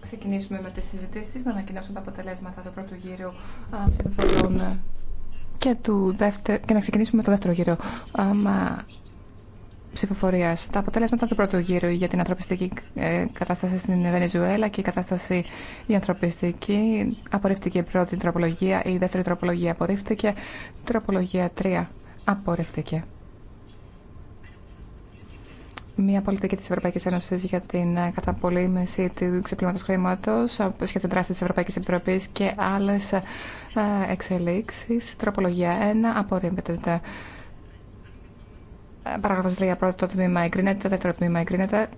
ξεκινήσουμε με τι συζητήσει να ανακοινώσω τα αποτελέσματα του πρώτου γύρου ψηφοφοριών ε, και, του και να ξεκινήσουμε με το δεύτερο γύρο ψηφοφορία. Τα αποτέλεσματα του πρώτου γύρου για την ανθρωπιστική ε, κατάσταση στην Βενεζουέλα και η κατάσταση η ανθρωπιστική. Απορρίφθηκε η πρώτη τροπολογία, η δεύτερη τροπολογία απορρίφθηκε, τροπολογία 3 Απορρίφθηκε. Μια πολιτική τη Ευρωπαϊκή Ένωση για την ε, καταπολέμηση του ξεπλήματο χρήματο, σχετικά δράση τη Ευρωπαϊκή Επιτροπή και άλλε εξελίξει. Τροπολογία 1. Απορρίπτεται. Ε, Παράγραφο 3, πρώτο τμήμα εγκρίνεται, δεύτερο τμήμα εγκρίνεται,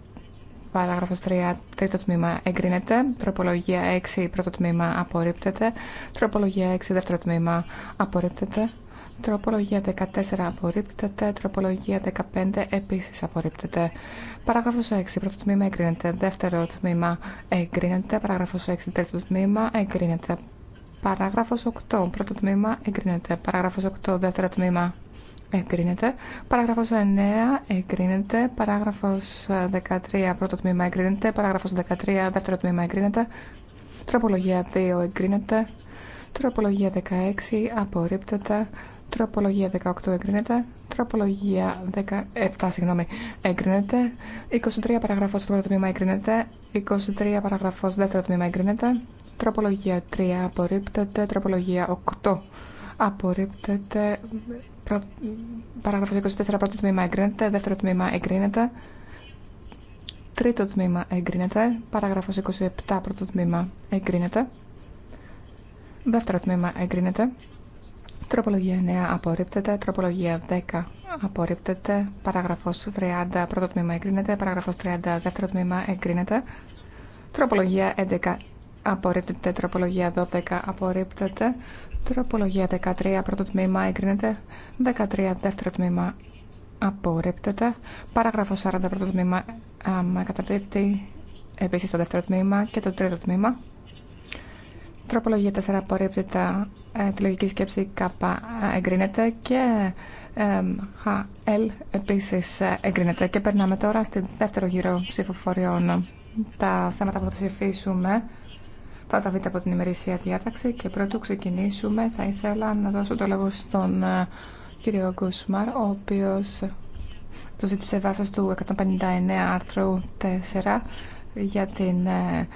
Παράγραφο 3, τρίτο τμήμα εγκρίνεται. Τροπολογία 6, πρώτο τμήμα απορρίπτεται. Τροπολογία 6, δεύτερο τμήμα απορρίπτεται. Τροπολογία 14 απορρίπτεται. Τροπολογία 15 επίση απορρίπτεται. Παράγραφος 6. Πρώτο τμήμα εγκρίνεται. Δεύτερο τμήμα εγκρίνεται. Παράγραφος 6. Τρίτο τμήμα εγκρίνεται. Παράγραφος 8. Πρώτο τμήμα εγκρίνεται. Παράγραφος 8. Δεύτερο τμήμα εγκρίνεται. Παράγραφο 9 εγκρίνεται. Παράγραφο 13 πρώτο τμήμα εγκρίνεται. Παράγραφο 13 δεύτερο τμήμα εγκρίνεται. Τροπολογία 2 εγκρίνεται. Τροπολογία 16 απορρίπτεται. Τροπολογία 18 εγκρίνεται. Τροπολογία 17, συγγνώμη, εγκρίνεται. 23 παραγραφός πρώτο τμήμα εγκρίνεται. 23 παραγραφός δεύτερο τμήμα εγκρίνεται. Τροπολογία 3 απορρίπτεται. Τροπολογία 8 απορρίπτεται. Παραγραφός 24 πρώτο τμήμα εγκρίνεται. Δεύτερο τμήμα εγκρίνεται. Τρίτο τμήμα εγκρίνεται. Παραγραφός 27 πρώτο τμήμα εγκρίνεται. Δεύτερο τμήμα εγκρίνεται. Τροπολογία 9 απορρίπτεται. Τροπολογία 10 απορρίπτεται. Παραγραφός 30 πρώτο τμήμα εγκρίνεται. Παραγραφός 30 δεύτερο τμήμα εγκρίνεται. Τροπολογία 11 απορρίπτεται. Τροπολογία 12 απορρίπτεται. Τροπολογία 13 πρώτο τμήμα εγκρίνεται. 13 δεύτερο τμήμα απορρίπτεται. Παράγραφος 40 πρώτο τμήμα καταπίπτει. Επίσης το δεύτερο τμήμα και το τρίτο τμήμα. Τροπολογία 4 απορρίπτεται ε, τη λογική σκέψη ΚΑΠΑ εγκρίνεται και ε, ΧΑ, ε, εγκρίνεται. Και περνάμε τώρα στη δεύτερο γύρο ψηφοφοριών. Τα θέματα που θα ψηφίσουμε θα τα δείτε από την ημερήσια διάταξη και πρώτου ξεκινήσουμε θα ήθελα να δώσω το λόγο στον ε, κύριο Κουσμάρ, ο οποίος το ζήτησε βάσει του 159 άρθρου 4 για την ε,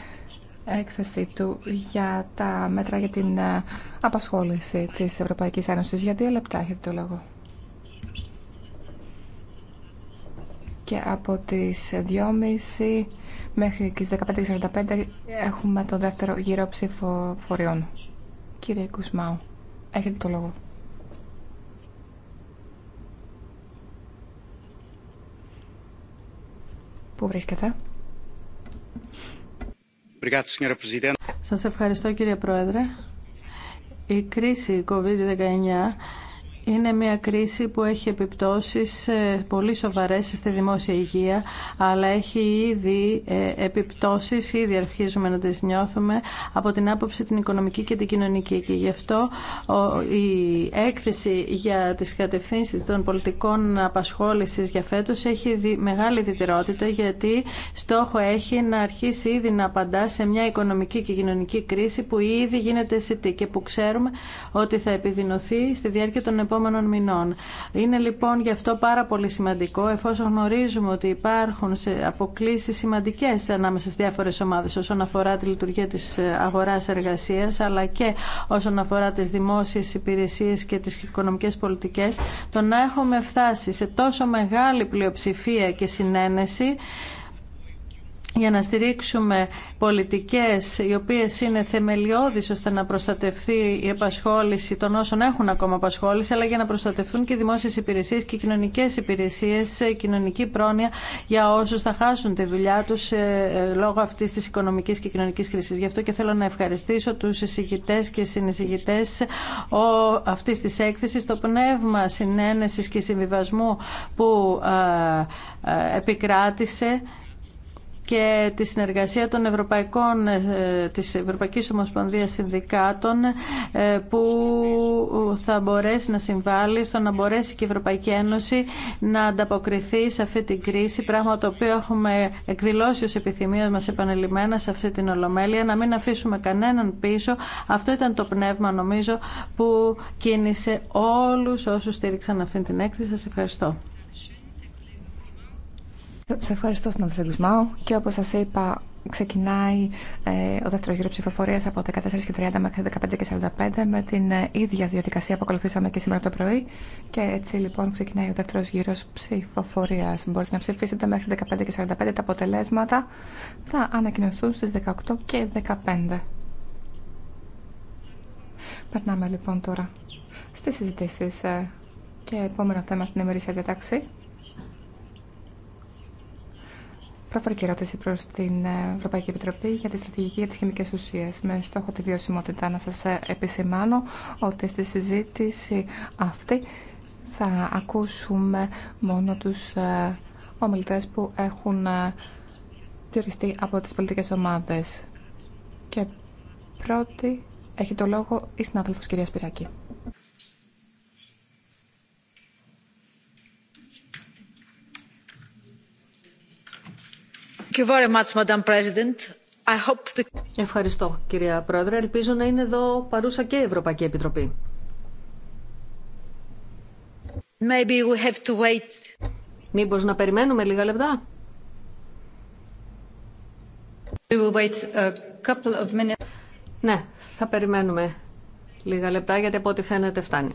έκθεση του για τα μέτρα για την ε, απασχόληση της Ευρωπαϊκής Ένωσης. Για δύο λεπτά έχετε το λόγο. Και από τις 2.30 μέχρι τις 15.45 έχουμε το δεύτερο γύρο ψηφοφοριών. Κύριε Κουσμάου, έχετε το λόγο. Πού βρίσκεται? Σας ευχαριστώ κύριε Πρόεδρε. Η κρίση COVID-19 είναι μια κρίση που έχει επιπτώσεις πολύ σοβαρές στη δημόσια υγεία, αλλά έχει ήδη ε, επιπτώσεις, ήδη αρχίζουμε να τις νιώθουμε, από την άποψη την οικονομική και την κοινωνική. Και γι' αυτό η έκθεση για τις κατευθύνσεις των πολιτικών απασχόλησης για φέτος έχει μεγάλη διτηρότητα, γιατί στόχο έχει να αρχίσει ήδη να απαντά σε μια οικονομική και κοινωνική κρίση που ήδη γίνεται αισθητή και που ξέρουμε ότι θα επιδεινωθεί στη διάρκεια των επόμενων είναι λοιπόν γι' αυτό πάρα πολύ σημαντικό, εφόσον γνωρίζουμε ότι υπάρχουν αποκλήσει σημαντικέ ανάμεσα στι διάφορε ομάδε όσον αφορά τη λειτουργία τη αγορά-εργασία, αλλά και όσον αφορά τι δημόσιε υπηρεσίε και τι οικονομικέ πολιτικέ, το να έχουμε φτάσει σε τόσο μεγάλη πλειοψηφία και συνένεση για να στηρίξουμε πολιτικές οι οποίες είναι θεμελιώδεις ώστε να προστατευτεί η επασχόληση των όσων έχουν ακόμα απασχόληση αλλά για να προστατευτούν και δημόσιες υπηρεσίες και κοινωνικές υπηρεσίες, κοινωνική πρόνοια για όσους θα χάσουν τη δουλειά τους ε, ε, λόγω αυτής της οικονομικής και κοινωνικής κρίσης. Γι' αυτό και θέλω να ευχαριστήσω τους συζητητές και συνεισηγητές αυτής της έκθεσης το πνεύμα συνένεσης και συμβιβασμού που επικράτησε και τη συνεργασία των Ευρωπαϊκών, ε, της Ευρωπαϊκής Ομοσπονδίας Συνδικάτων ε, που θα μπορέσει να συμβάλλει στο να μπορέσει και η Ευρωπαϊκή Ένωση να ανταποκριθεί σε αυτή την κρίση, πράγμα το οποίο έχουμε εκδηλώσει ως επιθυμία μας επανελειμμένα σε αυτή την Ολομέλεια, να μην αφήσουμε κανέναν πίσω. Αυτό ήταν το πνεύμα νομίζω που κίνησε όλους όσους στήριξαν αυτή την έκθεση. Σας ευχαριστώ. Σε ευχαριστώ, συνάδελφε Μάου Και όπω σα είπα, ξεκινάει ε, ο δεύτερο γύρο ψηφοφορία από 14.30 μέχρι 15.45 με την ε, ίδια διαδικασία που ακολουθήσαμε και σήμερα το πρωί. Και έτσι λοιπόν ξεκινάει ο δεύτερο γύρο ψηφοφορία. Μπορείτε να ψηφίσετε μέχρι 15.45. Τα αποτελέσματα θα ανακοινωθούν στι 18 και 15. Περνάμε λοιπόν τώρα στις συζητήσεις ε, και επόμενο θέμα στην ημερήσια διατάξη. και ερώτηση προ την ε, Ευρωπαϊκή Επιτροπή για τη στρατηγική για τι χημικέ ουσίε. Με στόχο τη βιωσιμότητα, να σα ε, επισημάνω ότι στη συζήτηση αυτή θα ακούσουμε μόνο του ε, ομιλητέ που έχουν διοριστεί από τι πολιτικέ ομάδε. Και πρώτη έχει το λόγο η συνάδελφο κυρία Σπυράκη. Ευχαριστώ κυρία Πρόεδρε. Ελπίζω να είναι εδώ παρούσα και η Ευρωπαϊκή Επιτροπή. Μήπως να περιμένουμε λίγα λεπτά. Ναι, θα περιμένουμε λίγα λεπτά γιατί από ό,τι φαίνεται φτάνει.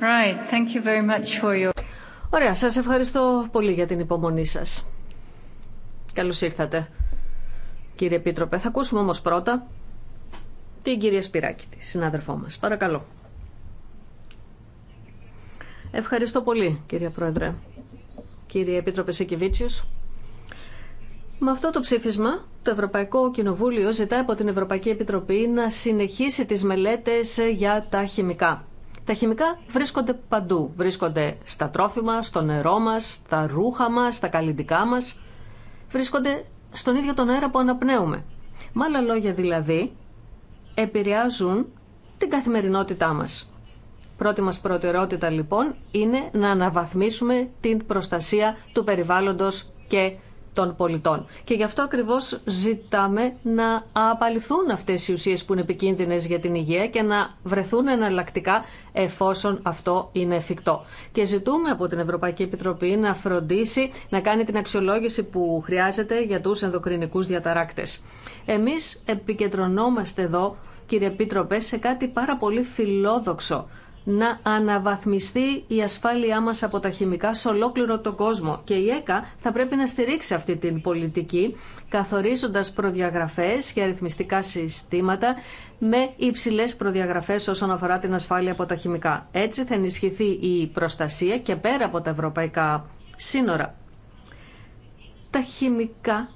Right. Thank Ωραία, σας ευχαριστώ πολύ για την υπομονή σας. Καλώς ήρθατε, κύριε Επίτροπε. Θα ακούσουμε όμως πρώτα την κυρία Σπυράκη, τη συνάδελφό μας. Παρακαλώ. Ευχαριστώ πολύ, κυρία Πρόεδρε. Κύριε Επίτροπε Σεκεβίτσιος, με αυτό το ψήφισμα, το Ευρωπαϊκό Κοινοβούλιο ζητάει από την Ευρωπαϊκή Επιτροπή να συνεχίσει τις μελέτες για τα χημικά. Τα χημικά βρίσκονται παντού. Βρίσκονται στα τρόφιμα, στο νερό μας, στα ρούχα μας, στα καλλιντικά μας. Βρίσκονται στον ίδιο τον αέρα που αναπνέουμε. Με άλλα λόγια δηλαδή, επηρεάζουν την καθημερινότητά μας. Πρώτη μας προτεραιότητα λοιπόν είναι να αναβαθμίσουμε την προστασία του περιβάλλοντος και των πολιτών. Και γι' αυτό ακριβώς ζητάμε να απαλληφθούν αυτές οι ουσίες που είναι επικίνδυνες για την υγεία και να βρεθούν εναλλακτικά εφόσον αυτό είναι εφικτό. Και ζητούμε από την Ευρωπαϊκή Επιτροπή να φροντίσει να κάνει την αξιολόγηση που χρειάζεται για τους ενδοκρινικούς διαταράκτες. Εμείς επικεντρωνόμαστε εδώ, κύριε Επίτροπε, σε κάτι πάρα πολύ φιλόδοξο να αναβαθμιστεί η ασφάλειά μας από τα χημικά σε ολόκληρο τον κόσμο. Και η ΕΚΑ θα πρέπει να στηρίξει αυτή την πολιτική, καθορίζοντας προδιαγραφές και αριθμιστικά συστήματα με υψηλές προδιαγραφές όσον αφορά την ασφάλεια από τα χημικά. Έτσι θα ενισχυθεί η προστασία και πέρα από τα ευρωπαϊκά σύνορα. Τα χημικά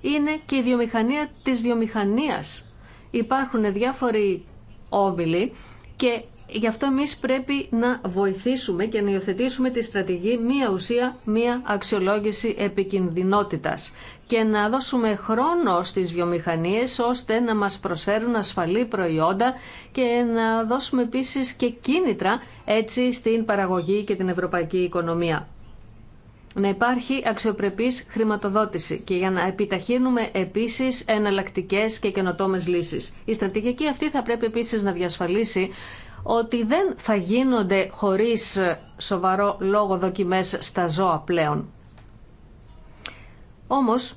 είναι και η βιομηχανία της βιομηχανίας. Υπάρχουν διάφοροι όμιλοι και Γι' αυτό εμείς πρέπει να βοηθήσουμε και να υιοθετήσουμε τη στρατηγική μία ουσία, μία αξιολόγηση επικινδυνότητας και να δώσουμε χρόνο στις βιομηχανίες ώστε να μας προσφέρουν ασφαλή προϊόντα και να δώσουμε επίσης και κίνητρα έτσι στην παραγωγή και την ευρωπαϊκή οικονομία. Να υπάρχει αξιοπρεπής χρηματοδότηση και για να επιταχύνουμε επίσης εναλλακτικές και καινοτόμες λύσεις. Η στρατηγική αυτή θα πρέπει επίσης να διασφαλίσει ότι δεν θα γίνονται χωρίς σοβαρό λόγο δοκιμές στα ζώα πλέον. Όμως,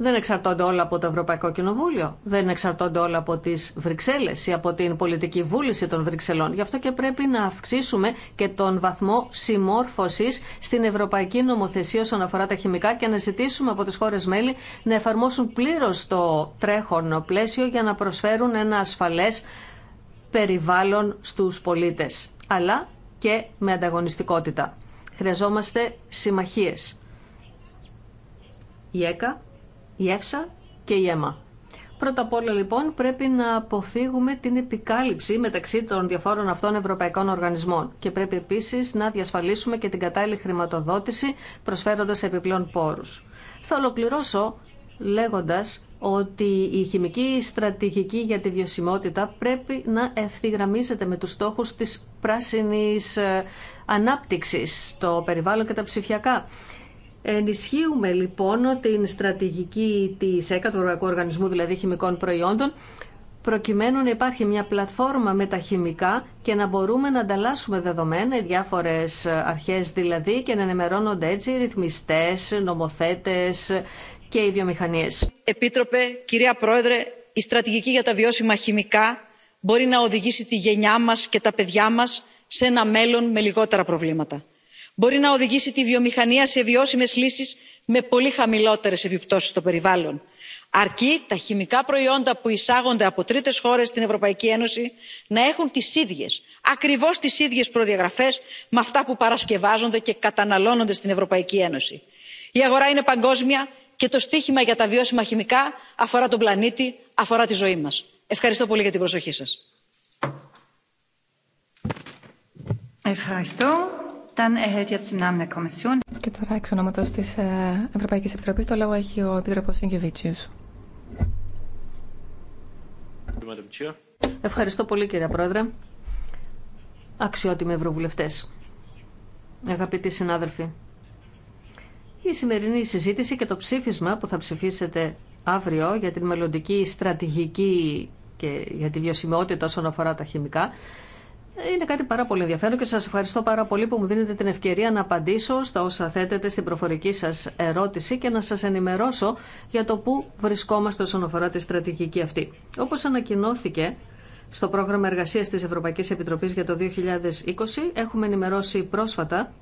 δεν εξαρτώνται όλα από το Ευρωπαϊκό Κοινοβούλιο, δεν εξαρτώνται όλα από τις Βρυξέλλες ή από την πολιτική βούληση των Βρυξελών. Γι' αυτό και πρέπει να αυξήσουμε και τον βαθμό συμμόρφωσης στην Ευρωπαϊκή Νομοθεσία όσον αφορά τα χημικά και να ζητήσουμε από τις χώρες μέλη να εφαρμόσουν πλήρως το τρέχον πλαίσιο για να προσφέρουν ένα ασφαλές περιβάλλον στους πολίτες, αλλά και με ανταγωνιστικότητα. Χρειαζόμαστε συμμαχίες. Η ΕΚΑ, η ΕΦΣΑ και η ΕΜΑ. Πρώτα απ' όλα λοιπόν πρέπει να αποφύγουμε την επικάλυψη μεταξύ των διαφόρων αυτών ευρωπαϊκών οργανισμών και πρέπει επίσης να διασφαλίσουμε και την κατάλληλη χρηματοδότηση προσφέροντας επιπλέον πόρους. Θα ολοκληρώσω λέγοντας ότι η χημική στρατηγική για τη βιωσιμότητα πρέπει να ευθυγραμμίζεται με τους στόχους της πράσινης ε, ανάπτυξης, το περιβάλλον και τα ψηφιακά. Ενισχύουμε λοιπόν την στρατηγική της ΕΚΑ, του Ευρωπαϊκού Οργανισμού δηλαδή Χημικών Προϊόντων, προκειμένου να υπάρχει μια πλατφόρμα με τα χημικά και να μπορούμε να ανταλλάσσουμε δεδομένα, οι διάφορες αρχές δηλαδή, και να ενημερώνονται έτσι οι ρυθμιστές, νομοθέτες και οι Επίτροπε, κυρία Πρόεδρε, η στρατηγική για τα βιώσιμα χημικά μπορεί να οδηγήσει τη γενιά μας και τα παιδιά μας σε ένα μέλλον με λιγότερα προβλήματα. Μπορεί να οδηγήσει τη βιομηχανία σε βιώσιμες λύσεις με πολύ χαμηλότερες επιπτώσεις στο περιβάλλον αρκεί τα χημικά προϊόντα που εισάγονται από τρίτε χώρε στην ευρωπαϊκή ένωση να έχουν τι ίδιε. Ακριβώ τι ίδιε προδιαγραφέ με αυτά που παρασκευάζονται και καταναλώνονται στην ευρωπαϊκή ένωση. η αγορά είναι παγκόσμια και το στίχημα για τα βιώσιμα χημικά αφορά τον πλανήτη αφορά τη ζωή μας. ευχαριστώ πολύ για την προσοχή σας. Ευχαριστώ. Ε, και τώρα εξ ονόματος της ε, Ευρωπαϊκή Επιτροπής το λόγο έχει ο Επίτροπος Σιγκεβίτσιος. Ευχαριστώ πολύ κύριε Πρόεδρε. Αξιότιμοι Ευρωβουλευτές. Αγαπητοί συνάδελφοι, η σημερινή συζήτηση και το ψήφισμα που θα ψηφίσετε αύριο για την μελλοντική στρατηγική και για τη βιωσιμότητα όσον αφορά τα χημικά είναι κάτι πάρα πολύ ενδιαφέρον και σας ευχαριστώ πάρα πολύ που μου δίνετε την ευκαιρία να απαντήσω στα όσα θέτετε στην προφορική σας ερώτηση και να σας ενημερώσω για το πού βρισκόμαστε όσον αφορά τη στρατηγική αυτή. Όπως ανακοινώθηκε στο πρόγραμμα εργασίας της Ευρωπαϊκής Επιτροπής για το 2020, έχουμε ενημερώσει πρόσφατα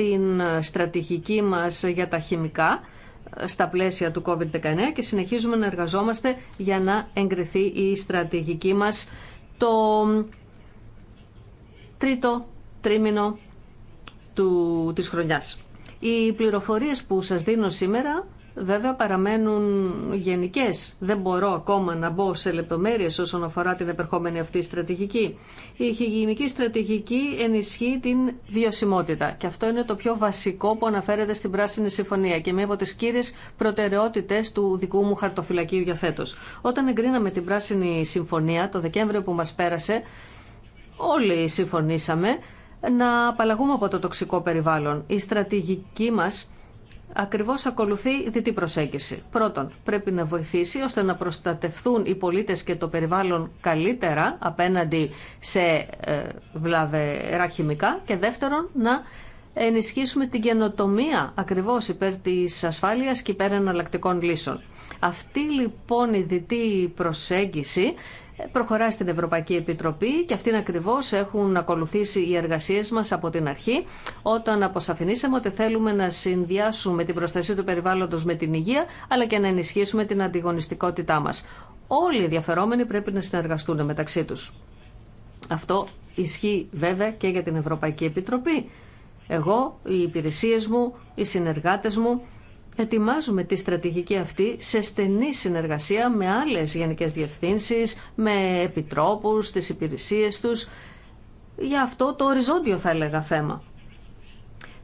την στρατηγική μας για τα χημικά στα πλαίσια του COVID-19 και συνεχίζουμε να εργαζόμαστε για να εγκριθεί η στρατηγική μας το τρίτο τρίμηνο του, της χρονιάς. Οι πληροφορίες που σας δίνω σήμερα Βέβαια παραμένουν γενικές. Δεν μπορώ ακόμα να μπω σε λεπτομέρειες όσον αφορά την επερχόμενη αυτή στρατηγική. Η χηγημική στρατηγική ενισχύει την βιωσιμότητα και αυτό είναι το πιο βασικό που αναφέρεται στην Πράσινη Συμφωνία και μία από τις κύριες προτεραιότητες του δικού μου χαρτοφυλακίου για φέτος. Όταν εγκρίναμε την Πράσινη Συμφωνία το Δεκέμβριο που μας πέρασε, όλοι συμφωνήσαμε να απαλλαγούμε από το τοξικό περιβάλλον. Η στρατηγική μας ακριβώς ακολουθεί διτή προσέγγιση. Πρώτον, πρέπει να βοηθήσει ώστε να προστατευθούν οι πολίτες και το περιβάλλον καλύτερα απέναντι σε ε, βλαβερά χημικά και δεύτερον, να ενισχύσουμε την καινοτομία ακριβώς υπέρ της ασφάλειας και υπέρ εναλλακτικών λύσεων. Αυτή λοιπόν η διτή προσέγγιση ε, προχωρά στην Ευρωπαϊκή Επιτροπή και αυτήν ακριβώς έχουν ακολουθήσει οι εργασίες μας από την αρχή όταν αποσαφηνίσαμε ότι θέλουμε να συνδυάσουμε την προστασία του περιβάλλοντος με την υγεία αλλά και να ενισχύσουμε την αντιγωνιστικότητά μας. Όλοι οι ενδιαφερόμενοι πρέπει να συνεργαστούν μεταξύ τους. Αυτό ισχύει βέβαια και για την Ευρωπαϊκή Επιτροπή εγώ, οι υπηρεσίες μου, οι συνεργάτες μου ετοιμάζουμε τη στρατηγική αυτή σε στενή συνεργασία με άλλες γενικές διευθύνσεις, με επιτρόπους, τις υπηρεσίες τους, για αυτό το οριζόντιο θα έλεγα θέμα.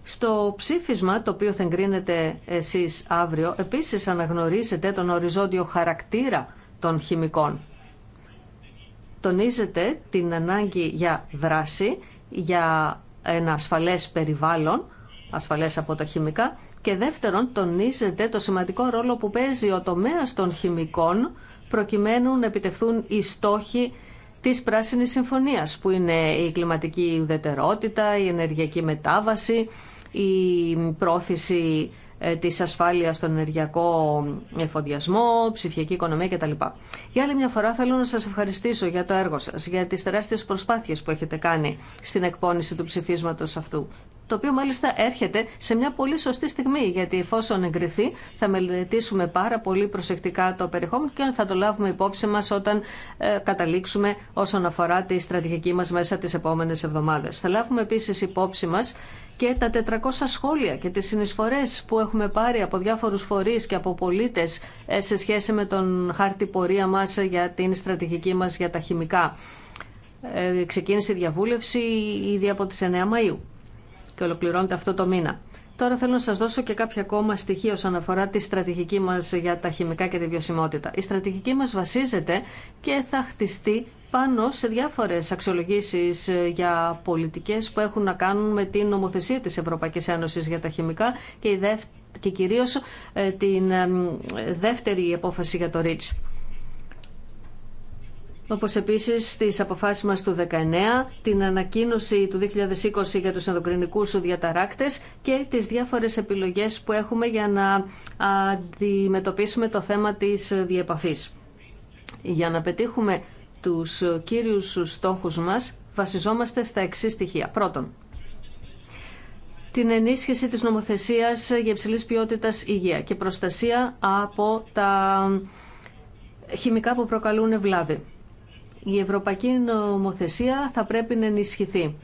Στο ψήφισμα το οποίο θα εγκρίνετε εσείς αύριο, επίσης αναγνωρίσετε τον οριζόντιο χαρακτήρα των χημικών. Τονίζετε την ανάγκη για δράση, για ένα ασφαλές περιβάλλον, ασφαλές από τα χημικά, και δεύτερον τονίζεται το σημαντικό ρόλο που παίζει ο τομέας των χημικών προκειμένου να επιτευθούν οι στόχοι της Πράσινης Συμφωνίας, που είναι η κλιματική ουδετερότητα, η ενεργειακή μετάβαση, η πρόθεση ε, της ασφάλειας στον ενεργειακό ε, εφοδιασμό, ψηφιακή οικονομία κτλ. Για άλλη μια φορά θέλω να σας ευχαριστήσω για το έργο σας, για τις τεράστιες προσπάθειες που έχετε κάνει στην εκπόνηση του ψηφίσματος αυτού το οποίο μάλιστα έρχεται σε μια πολύ σωστή στιγμή, γιατί εφόσον εγκριθεί θα μελετήσουμε πάρα πολύ προσεκτικά το περιεχόμενο και θα το λάβουμε υπόψη μας όταν ε, καταλήξουμε όσον αφορά τη στρατηγική μας μέσα τις επόμενες εβδομάδες. Θα λάβουμε επίσης υπόψη μας και τα 400 σχόλια και τις συνεισφορές που έχουμε πάρει από διάφορους φορείς και από πολίτες ε, σε σχέση με τον χάρτη πορεία μας για την στρατηγική μας για τα χημικά. Ε, ξεκίνησε η διαβούλευση ήδη από τις 9 Μαΐου και ολοκληρώνεται αυτό το μήνα. Τώρα θέλω να σα δώσω και κάποια ακόμα στοιχεία όσον αφορά τη στρατηγική μα για τα χημικά και τη βιωσιμότητα. Η στρατηγική μα βασίζεται και θα χτιστεί πάνω σε διάφορε αξιολογήσει ε, για πολιτικέ που έχουν να κάνουν με την νομοθεσία τη Ευρωπαϊκή Ένωση για τα χημικά και, η και κυρίως ε, την ε, δεύτερη απόφαση για το REACH όπως επίσης τις αποφάσεις μας του 19, την ανακοίνωση του 2020 για τους ενδοκρινικούς σου διαταράκτες και τις διάφορες επιλογές που έχουμε για να αντιμετωπίσουμε το θέμα της διεπαφής. Για να πετύχουμε τους κύριους στόχους μας βασιζόμαστε στα εξής στοιχεία. Πρώτον, την ενίσχυση της νομοθεσίας για υψηλής ποιότητας υγεία και προστασία από τα χημικά που προκαλούν βλάβη η ευρωπαϊκή νομοθεσία θα πρέπει να ενισχυθεί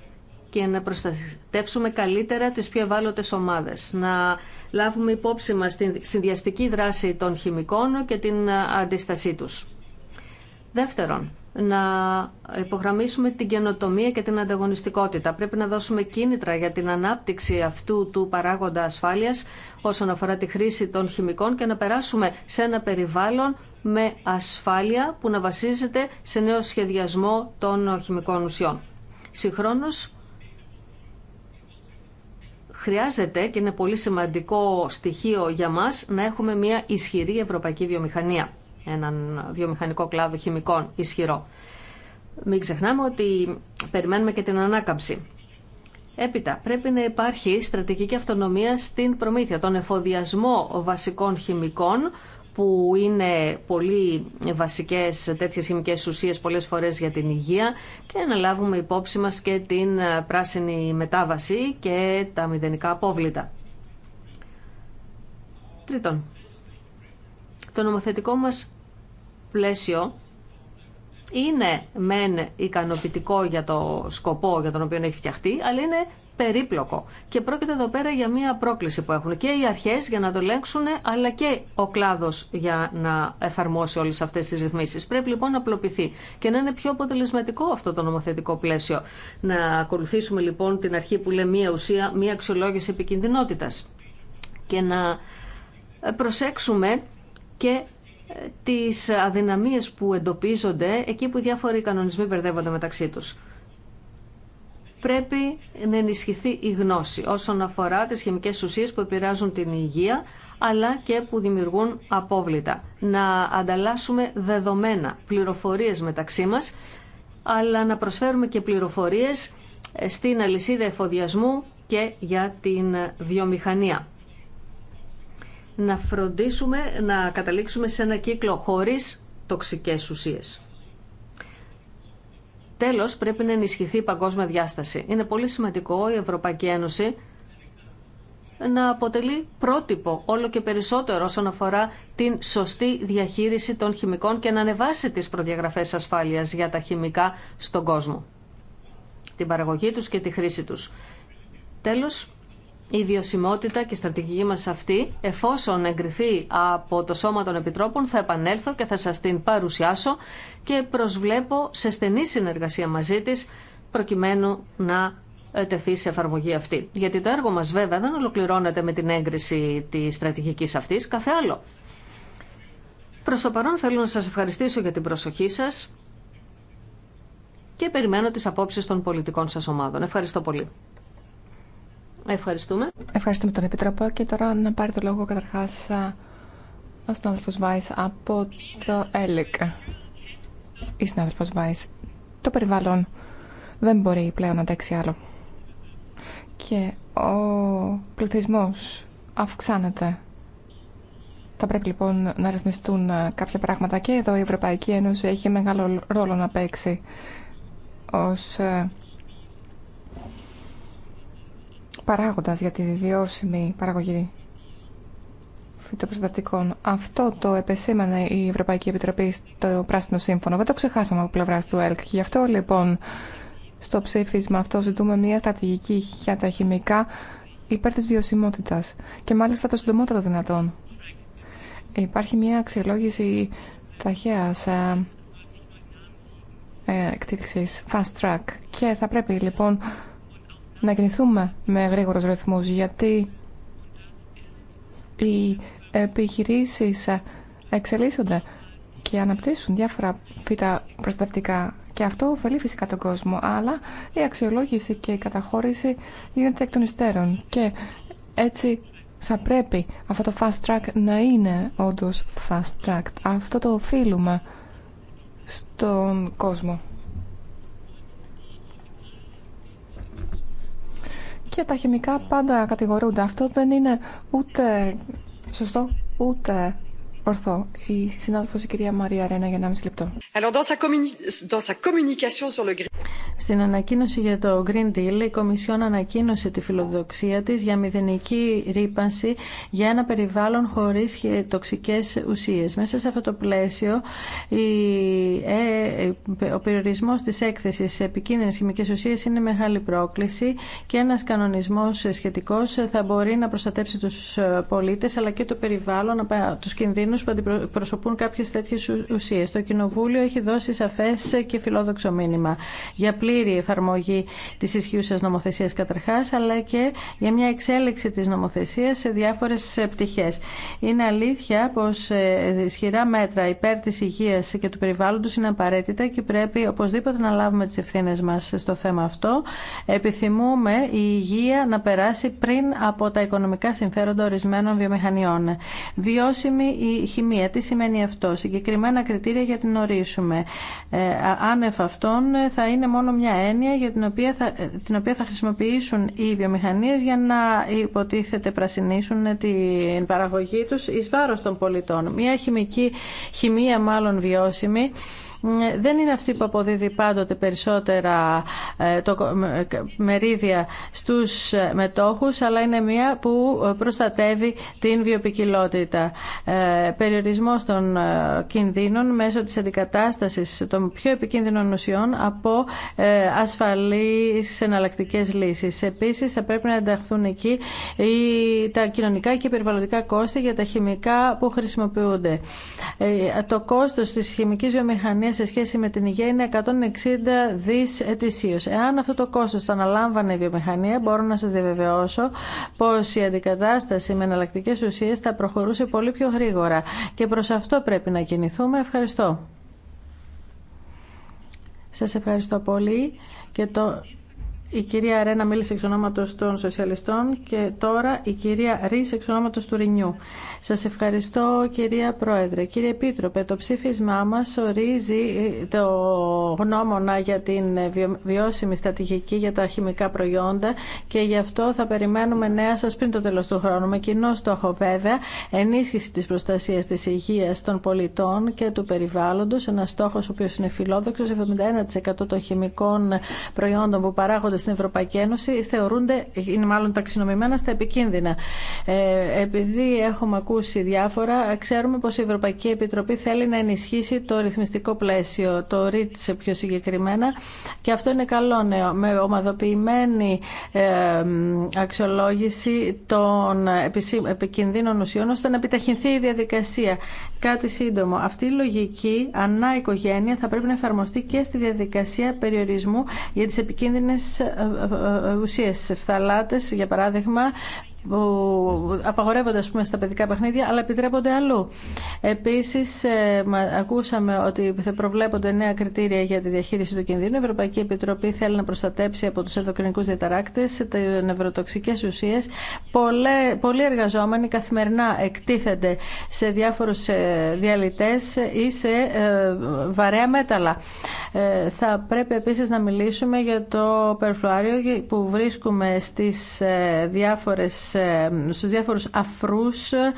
και να προστατεύσουμε καλύτερα τις πιο ευάλωτες ομάδες. Να λάβουμε υπόψη μας την συνδυαστική δράση των χημικών και την αντίστασή τους. Δεύτερον, να υπογραμμίσουμε την καινοτομία και την ανταγωνιστικότητα. Πρέπει να δώσουμε κίνητρα για την ανάπτυξη αυτού του παράγοντα ασφάλειας όσον αφορά τη χρήση των χημικών και να περάσουμε σε ένα περιβάλλον με ασφάλεια που να βασίζεται σε νέο σχεδιασμό των χημικών ουσιών. Συγχρόνως, χρειάζεται και είναι πολύ σημαντικό στοιχείο για μας να έχουμε μια ισχυρή ευρωπαϊκή βιομηχανία, έναν βιομηχανικό κλάδο χημικών ισχυρό. Μην ξεχνάμε ότι περιμένουμε και την ανάκαμψη. Έπειτα, πρέπει να υπάρχει στρατηγική αυτονομία στην προμήθεια, τον εφοδιασμό βασικών χημικών που είναι πολύ βασικές τέτοιες χημικές ουσίες πολλές φορές για την υγεία και να λάβουμε υπόψη μας και την ε, πράσινη μετάβαση και τα μηδενικά απόβλητα. Τρίτον, το νομοθετικό μας πλαίσιο είναι μεν ικανοποιητικό για το σκοπό για τον οποίο έχει φτιαχτεί, αλλά είναι περίπλοκο. Και πρόκειται εδώ πέρα για μια πρόκληση που έχουν και οι αρχέ για να το ελέγξουν, αλλά και ο κλάδο για να εφαρμόσει όλε αυτέ τι ρυθμίσει. Πρέπει λοιπόν να απλοποιηθεί και να είναι πιο αποτελεσματικό αυτό το νομοθετικό πλαίσιο. Να ακολουθήσουμε λοιπόν την αρχή που λέει μία ουσία, μία αξιολόγηση επικινδυνότητας και να προσέξουμε και ε, τις αδυναμίες που εντοπίζονται εκεί που διάφοροι κανονισμοί μπερδεύονται μεταξύ τους πρέπει να ενισχυθεί η γνώση όσον αφορά τις χημικές ουσίες που επηρεάζουν την υγεία αλλά και που δημιουργούν απόβλητα. Να ανταλλάσσουμε δεδομένα, πληροφορίες μεταξύ μας αλλά να προσφέρουμε και πληροφορίες ε, στην αλυσίδα εφοδιασμού και για την βιομηχανία. Να φροντίσουμε να καταλήξουμε σε ένα κύκλο χωρίς τοξικές ουσίες. Τέλος, πρέπει να ενισχυθεί η παγκόσμια διάσταση. Είναι πολύ σημαντικό η Ευρωπαϊκή Ένωση να αποτελεί πρότυπο όλο και περισσότερο όσον αφορά την σωστή διαχείριση των χημικών και να ανεβάσει τις προδιαγραφές ασφάλειας για τα χημικά στον κόσμο, την παραγωγή τους και τη χρήση τους. Τέλος, η βιωσιμότητα και η στρατηγική μας αυτή, εφόσον εγκριθεί από το Σώμα των Επιτρόπων, θα επανέλθω και θα σας την παρουσιάσω και προσβλέπω σε στενή συνεργασία μαζί της, προκειμένου να ε, τεθεί σε εφαρμογή αυτή. Γιατί το έργο μας βέβαια δεν ολοκληρώνεται με την έγκριση της στρατηγικής αυτής, Κάθε άλλο. Προς το παρόν θέλω να σας ευχαριστήσω για την προσοχή σας και περιμένω τις απόψεις των πολιτικών σας ομάδων. Ευχαριστώ πολύ. Ευχαριστούμε. Ευχαριστούμε τον Επιτροπό και τώρα να πάρει το λόγο καταρχάς ο συνάδελφος Βάης από το ΕΛΕΚ. Η συνάδελφος Βάης. Το περιβάλλον δεν μπορεί πλέον να αντέξει άλλο. Και ο πληθυσμός αυξάνεται. Θα πρέπει λοιπόν να ρυθμιστούν κάποια πράγματα και εδώ η Ευρωπαϊκή Ένωση έχει μεγάλο ρόλο να παίξει ως παράγοντας για τη βιώσιμη παραγωγή φυτοπροστατευτικών. Αυτό το επεσήμανε η Ευρωπαϊκή Επιτροπή στο Πράσινο Σύμφωνο. Δεν το ξεχάσαμε από πλευρά του ΕΛΚ. Γι' αυτό λοιπόν στο ψήφισμα αυτό ζητούμε μια στρατηγική για τα χημικά υπέρ της βιωσιμότητας και μάλιστα το συντομότερο δυνατόν. Υπάρχει μια αξιολόγηση ταχαίας ε, ε, εκτήρηξης fast track και θα πρέπει λοιπόν να κινηθούμε με γρήγορους ρυθμούς γιατί οι επιχειρήσεις εξελίσσονται και αναπτύσσουν διάφορα φύτα προστατευτικά και αυτό ωφελεί φυσικά τον κόσμο αλλά η αξιολόγηση και η καταχώρηση γίνεται εκ των υστέρων και έτσι θα πρέπει αυτό το fast track να είναι όντως fast track αυτό το οφείλουμε στον κόσμο Και τα χημικά πάντα κατηγορούνται. Αυτό δεν είναι ούτε σωστό ούτε Ορθό. Η συνάδελφο η κυρία Μαρία Ρένα για 1,5 λεπτό. Στην ανακοίνωση για το Green Deal, η Κομισιόν ανακοίνωσε τη φιλοδοξία τη για μηδενική ρήπανση για ένα περιβάλλον χωρί τοξικέ ουσίε. Μέσα σε αυτό το πλαίσιο, ε, ο περιορισμό τη έκθεση σε επικίνδυνε χημικέ ουσίε είναι μεγάλη πρόκληση και ένα κανονισμό σχετικό θα μπορεί να προστατέψει του ε, πολίτε αλλά και το περιβάλλον του κινδύνου που αντιπροσωπούν κάποιε τέτοιε ουσίε. Το Κοινοβούλιο έχει δώσει σαφέ και φιλόδοξο μήνυμα για πλήρη εφαρμογή τη ισχύουσα νομοθεσία καταρχά, αλλά και για μια εξέλιξη τη νομοθεσία σε διάφορε πτυχέ. Είναι αλήθεια πω ε, ισχυρά μέτρα υπέρ τη υγεία και του περιβάλλοντο είναι απαραίτητα και πρέπει οπωσδήποτε να λάβουμε τι ευθύνε μα στο θέμα αυτό. Επιθυμούμε η υγεία να περάσει πριν από τα οικονομικά συμφέροντα ορισμένων βιομηχανιών. Βιώσιμη η η χημεία. Τι σημαίνει αυτό. Συγκεκριμένα κριτήρια για την ορίσουμε. Ε, Αν άνευ αυτών θα είναι μόνο μια έννοια για την οποία θα, την οποία θα χρησιμοποιήσουν οι βιομηχανίε για να υποτίθεται πρασινίσουν την παραγωγή τους εις βάρος των πολιτών. Μια χημική χημεία μάλλον βιώσιμη δεν είναι αυτή που αποδίδει πάντοτε περισσότερα ε, το, ε, μερίδια στους ε, μετόχους, αλλά είναι μια που προστατεύει την βιοπικιλότητα. Περιορισμός των κινδύνων μέσω της αντικατάστασης των πιο επικίνδυνων ουσιών από ασφαλείς εναλλακτικέ λύσεις. Επίσης, θα πρέπει να ενταχθούν εκεί τα κοινωνικά και περιβαλλοντικά κόστη για τα χημικά που χρησιμοποιούνται. Το κόστος της χημικής βιομηχανίας σε σχέση με την Υγεία είναι 160 δι ετησίω. Εάν αυτό το κόστος το αναλάμβανε η βιομηχανία, μπορώ να σα διαβεβαιώσω πως η αντικατάσταση με εναλλακτικέ ουσίες θα προχωρούσε πολύ πιο γρήγορα. Και προς αυτό πρέπει να κινηθούμε. Ευχαριστώ. Σας ευχαριστώ πολύ και το... Η κυρία Ρένα μίλησε εξ ονόματο των Σοσιαλιστών και τώρα η κυρία Ρή εξ ονόματο του Ρινιού. Σα ευχαριστώ κυρία Πρόεδρε. Κύριε Επίτροπε, το ψήφισμά μα ορίζει ε, το γνώμονα για την ε, βιώσιμη στρατηγική για τα χημικά προϊόντα και γι' αυτό θα περιμένουμε νέα σα πριν το τέλο του χρόνου. Με κοινό στόχο βέβαια, ενίσχυση τη προστασία τη υγεία των πολιτών και του περιβάλλοντο, ένα στόχο ο οποίο είναι φιλόδοξο 71% των χημικών προϊόντων που παράγονται στην Ευρωπαϊκή Ένωση θεωρούνται, είναι μάλλον ταξινομημένα στα επικίνδυνα. Ε, επειδή έχουμε ακούσει διάφορα, ξέρουμε πως η Ευρωπαϊκή Επιτροπή θέλει να ενισχύσει το ρυθμιστικό πλαίσιο, το σε πιο συγκεκριμένα και αυτό είναι καλό νέο. Με ομαδοποιημένη ε, αξιολόγηση των επικινδύνων ουσιών ώστε να επιταχυνθεί η διαδικασία. Κάτι σύντομο. Αυτή η λογική ανά οικογένεια θα πρέπει να εφαρμοστεί και στη διαδικασία περιορισμού για τις επικίνδυνες ουσίες φθαλάτες για παράδειγμα που απαγορεύονται ας πούμε στα παιδικά παιχνίδια αλλά επιτρέπονται αλλού. Επίσης ε, ακούσαμε ότι θα προβλέπονται νέα κριτήρια για τη διαχείριση του κινδύνου. Η Ευρωπαϊκή Επιτροπή θέλει να προστατέψει από του ενδοκρινικού διαταράκτε τα νευροτοξικέ ουσίε, πολλοί εργαζόμενοι καθημερινά εκτίθενται σε διάφορους ε, διαλυτέ ή σε ε, βαρέα μέταλλα. Θα πρέπει επίση να μιλήσουμε για το περφλουάριο που βρίσκουμε στι Ε, ε, στους διάφορους αφρούς ε,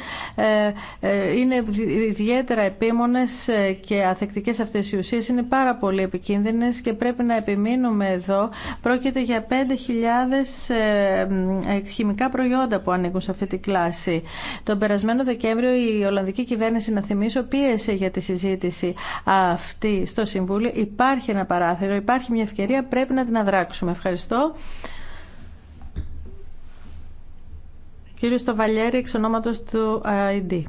ε, είναι ιδιαίτερα επίμονες και αθεκτικές αυτές οι ουσίες είναι πάρα πολύ επικίνδυνες και πρέπει να επιμείνουμε εδώ. Πρόκειται για 5.000 χημικά προϊόντα που ανήκουν σε αυτή τη κλάση. Τον περασμένο Δεκέμβριο η Ολλανδική κυβέρνηση, να θυμίσω, πίεσε για τη συζήτηση αυτή στο Συμβούλιο. Υπάρχει ένα παράθυρο, υπάρχει μια ευκαιρία, πρέπει να την αδράξουμε. Ευχαριστώ. Κύριο Στοβαλιέρη, εξ ονόματος του ε, ID.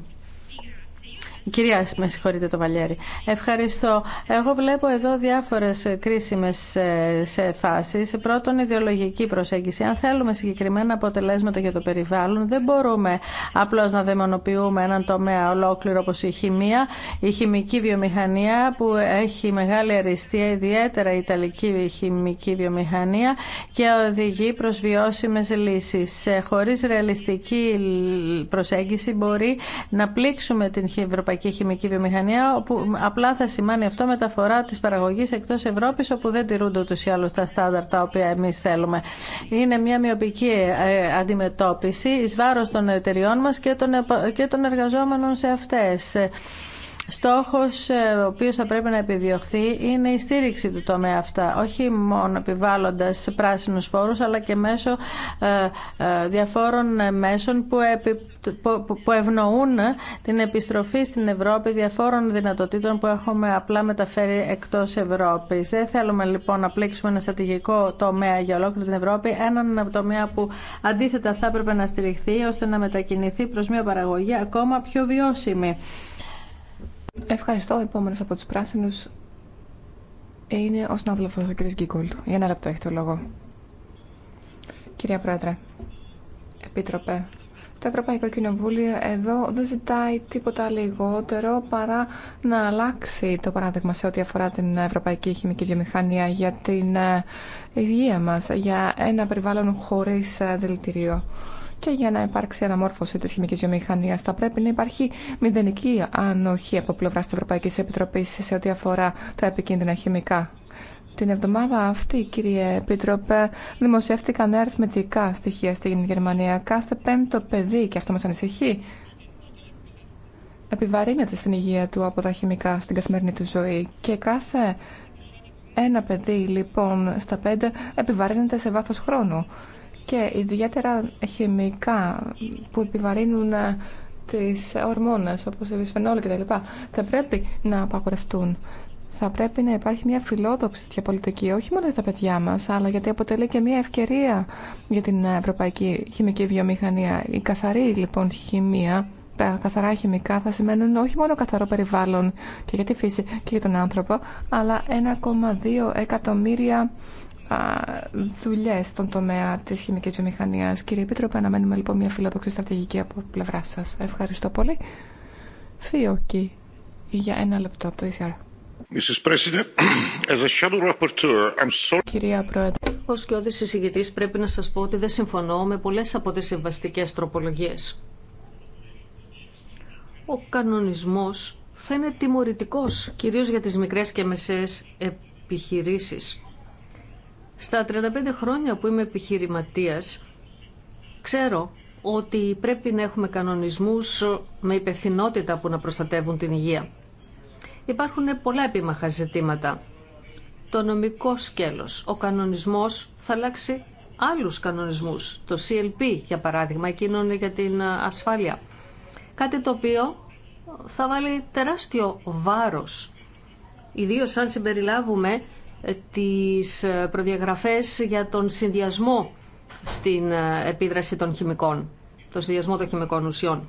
Κυρία, με συγχωρείτε το Βαλιέρη. Ευχαριστώ. Εγώ βλέπω εδώ διάφορε κρίσιμε ε, σε φάσεις. Πρώτον, ιδεολογική προσέγγιση. Αν θέλουμε συγκεκριμένα αποτελέσματα για το περιβάλλον, δεν μπορούμε απλώ να δαιμονοποιούμε έναν τομέα ολόκληρο όπω η χημεία, η χημική βιομηχανία που έχει μεγάλη αριστεία, ιδιαίτερα η Ιταλική χημική βιομηχανία και οδηγεί προ βιώσιμε λύσει. Χωρί ρεαλιστική προσέγγιση μπορεί να πλήξουμε την Ευρωπαϊκή και χημική βιομηχανία, όπου απλά θα σημαίνει αυτό μεταφορά τη παραγωγή εκτό Ευρώπη, όπου δεν τηρούνται ούτω ή άλλω τα στάνταρ τα οποία εμεί θέλουμε. Είναι μια μειοπική ε, αντιμετώπιση ει βάρο των εταιριών μα και των εργαζόμενων σε αυτέ. Στόχος ε, ο οποίος θα πρέπει να επιδιωχθεί είναι η στήριξη του τομέα αυτά, όχι μόνο επιβάλλοντας πράσινους φόρους, αλλά και μέσω ε, ε, διαφόρων μέσων που ευνοούν την επιστροφή στην Ευρώπη διαφόρων δυνατοτήτων που έχουμε απλά μεταφέρει εκτός Ευρώπης. Δεν θέλουμε λοιπόν να πλήξουμε ένα στρατηγικό τομέα για ολόκληρη την Ευρώπη, έναν τομέα που αντίθετα θα έπρεπε να στηριχθεί ώστε να μετακινηθεί προς μια παραγωγή ακόμα πιο βιώσιμη. Ευχαριστώ. Επόμενος από τους πράσινους είναι ο συνάδελφος ο κ. Γκίκολτ. Για ένα λεπτό έχει το λόγο. Κυρία Πρόεδρε, Επίτροπε, το Ευρωπαϊκό Κοινοβούλιο εδώ δεν ζητάει τίποτα λιγότερο παρά να αλλάξει το παράδειγμα σε ό,τι αφορά την Ευρωπαϊκή Χημική Βιομηχανία για την ε, υγεία μας, για ένα περιβάλλον χωρίς ε, δηλητηρίο και για να υπάρξει αναμόρφωση τη χημική βιομηχανία θα πρέπει να υπάρχει μηδενική ανοχή από πλευρά τη Ευρωπαϊκή Επιτροπή σε ό,τι αφορά τα επικίνδυνα χημικά. Την εβδομάδα αυτή, κύριε Επίτροπε, δημοσιεύτηκαν αριθμητικά στοιχεία στην Γερμανία. Κάθε πέμπτο παιδί, και αυτό μα ανησυχεί, επιβαρύνεται στην υγεία του από τα χημικά στην καθημερινή του ζωή. Και κάθε ένα παιδί, λοιπόν, στα πέντε επιβαρύνεται σε βάθο χρόνου και ιδιαίτερα χημικά που επιβαρύνουν ε, τις ορμόνες όπως η βυσφενόλη κτλ. θα πρέπει να απαγορευτούν. Θα πρέπει να υπάρχει μια φιλόδοξη τέτοια πολιτική, όχι μόνο για τα παιδιά μας, αλλά γιατί αποτελεί και μια ευκαιρία για την ευρωπαϊκή χημική βιομηχανία. Η καθαρή λοιπόν χημεία τα καθαρά χημικά θα σημαίνουν όχι μόνο καθαρό περιβάλλον και για τη φύση και για τον άνθρωπο, αλλά 1,2 εκατομμύρια δουλειέ στον τομέα τη χημική βιομηχανία. Κύριε Επίτροπε, αναμένουμε λοιπόν μια φιλοδοξή στρατηγική από πλευρά σα. Ευχαριστώ πολύ. Φίωκη, για ένα λεπτό από το ECR. Κυρία Πρόεδρε, ω κοιόδη συζητητή, πρέπει να σα πω ότι δεν συμφωνώ με πολλέ από τι συμβαστικέ τροπολογίε. Ο κανονισμό θα είναι τιμωρητικό, κυρίω για τι μικρέ και μεσαίε επιχειρήσει στα 35 χρόνια που είμαι επιχειρηματίας, ξέρω ότι πρέπει να έχουμε κανονισμούς με υπευθυνότητα που να προστατεύουν την υγεία. Υπάρχουν πολλά επίμαχα ζητήματα. Το νομικό σκέλος, ο κανονισμός θα αλλάξει άλλους κανονισμούς. Το CLP, για παράδειγμα, εκείνο είναι για την ασφάλεια. Κάτι το οποίο θα βάλει τεράστιο βάρος, ιδίως αν συμπεριλάβουμε τις ε, προδιαγραφές για τον συνδυασμό στην ε, επίδραση των χημικών, τον συνδυασμό των χημικών ουσιών.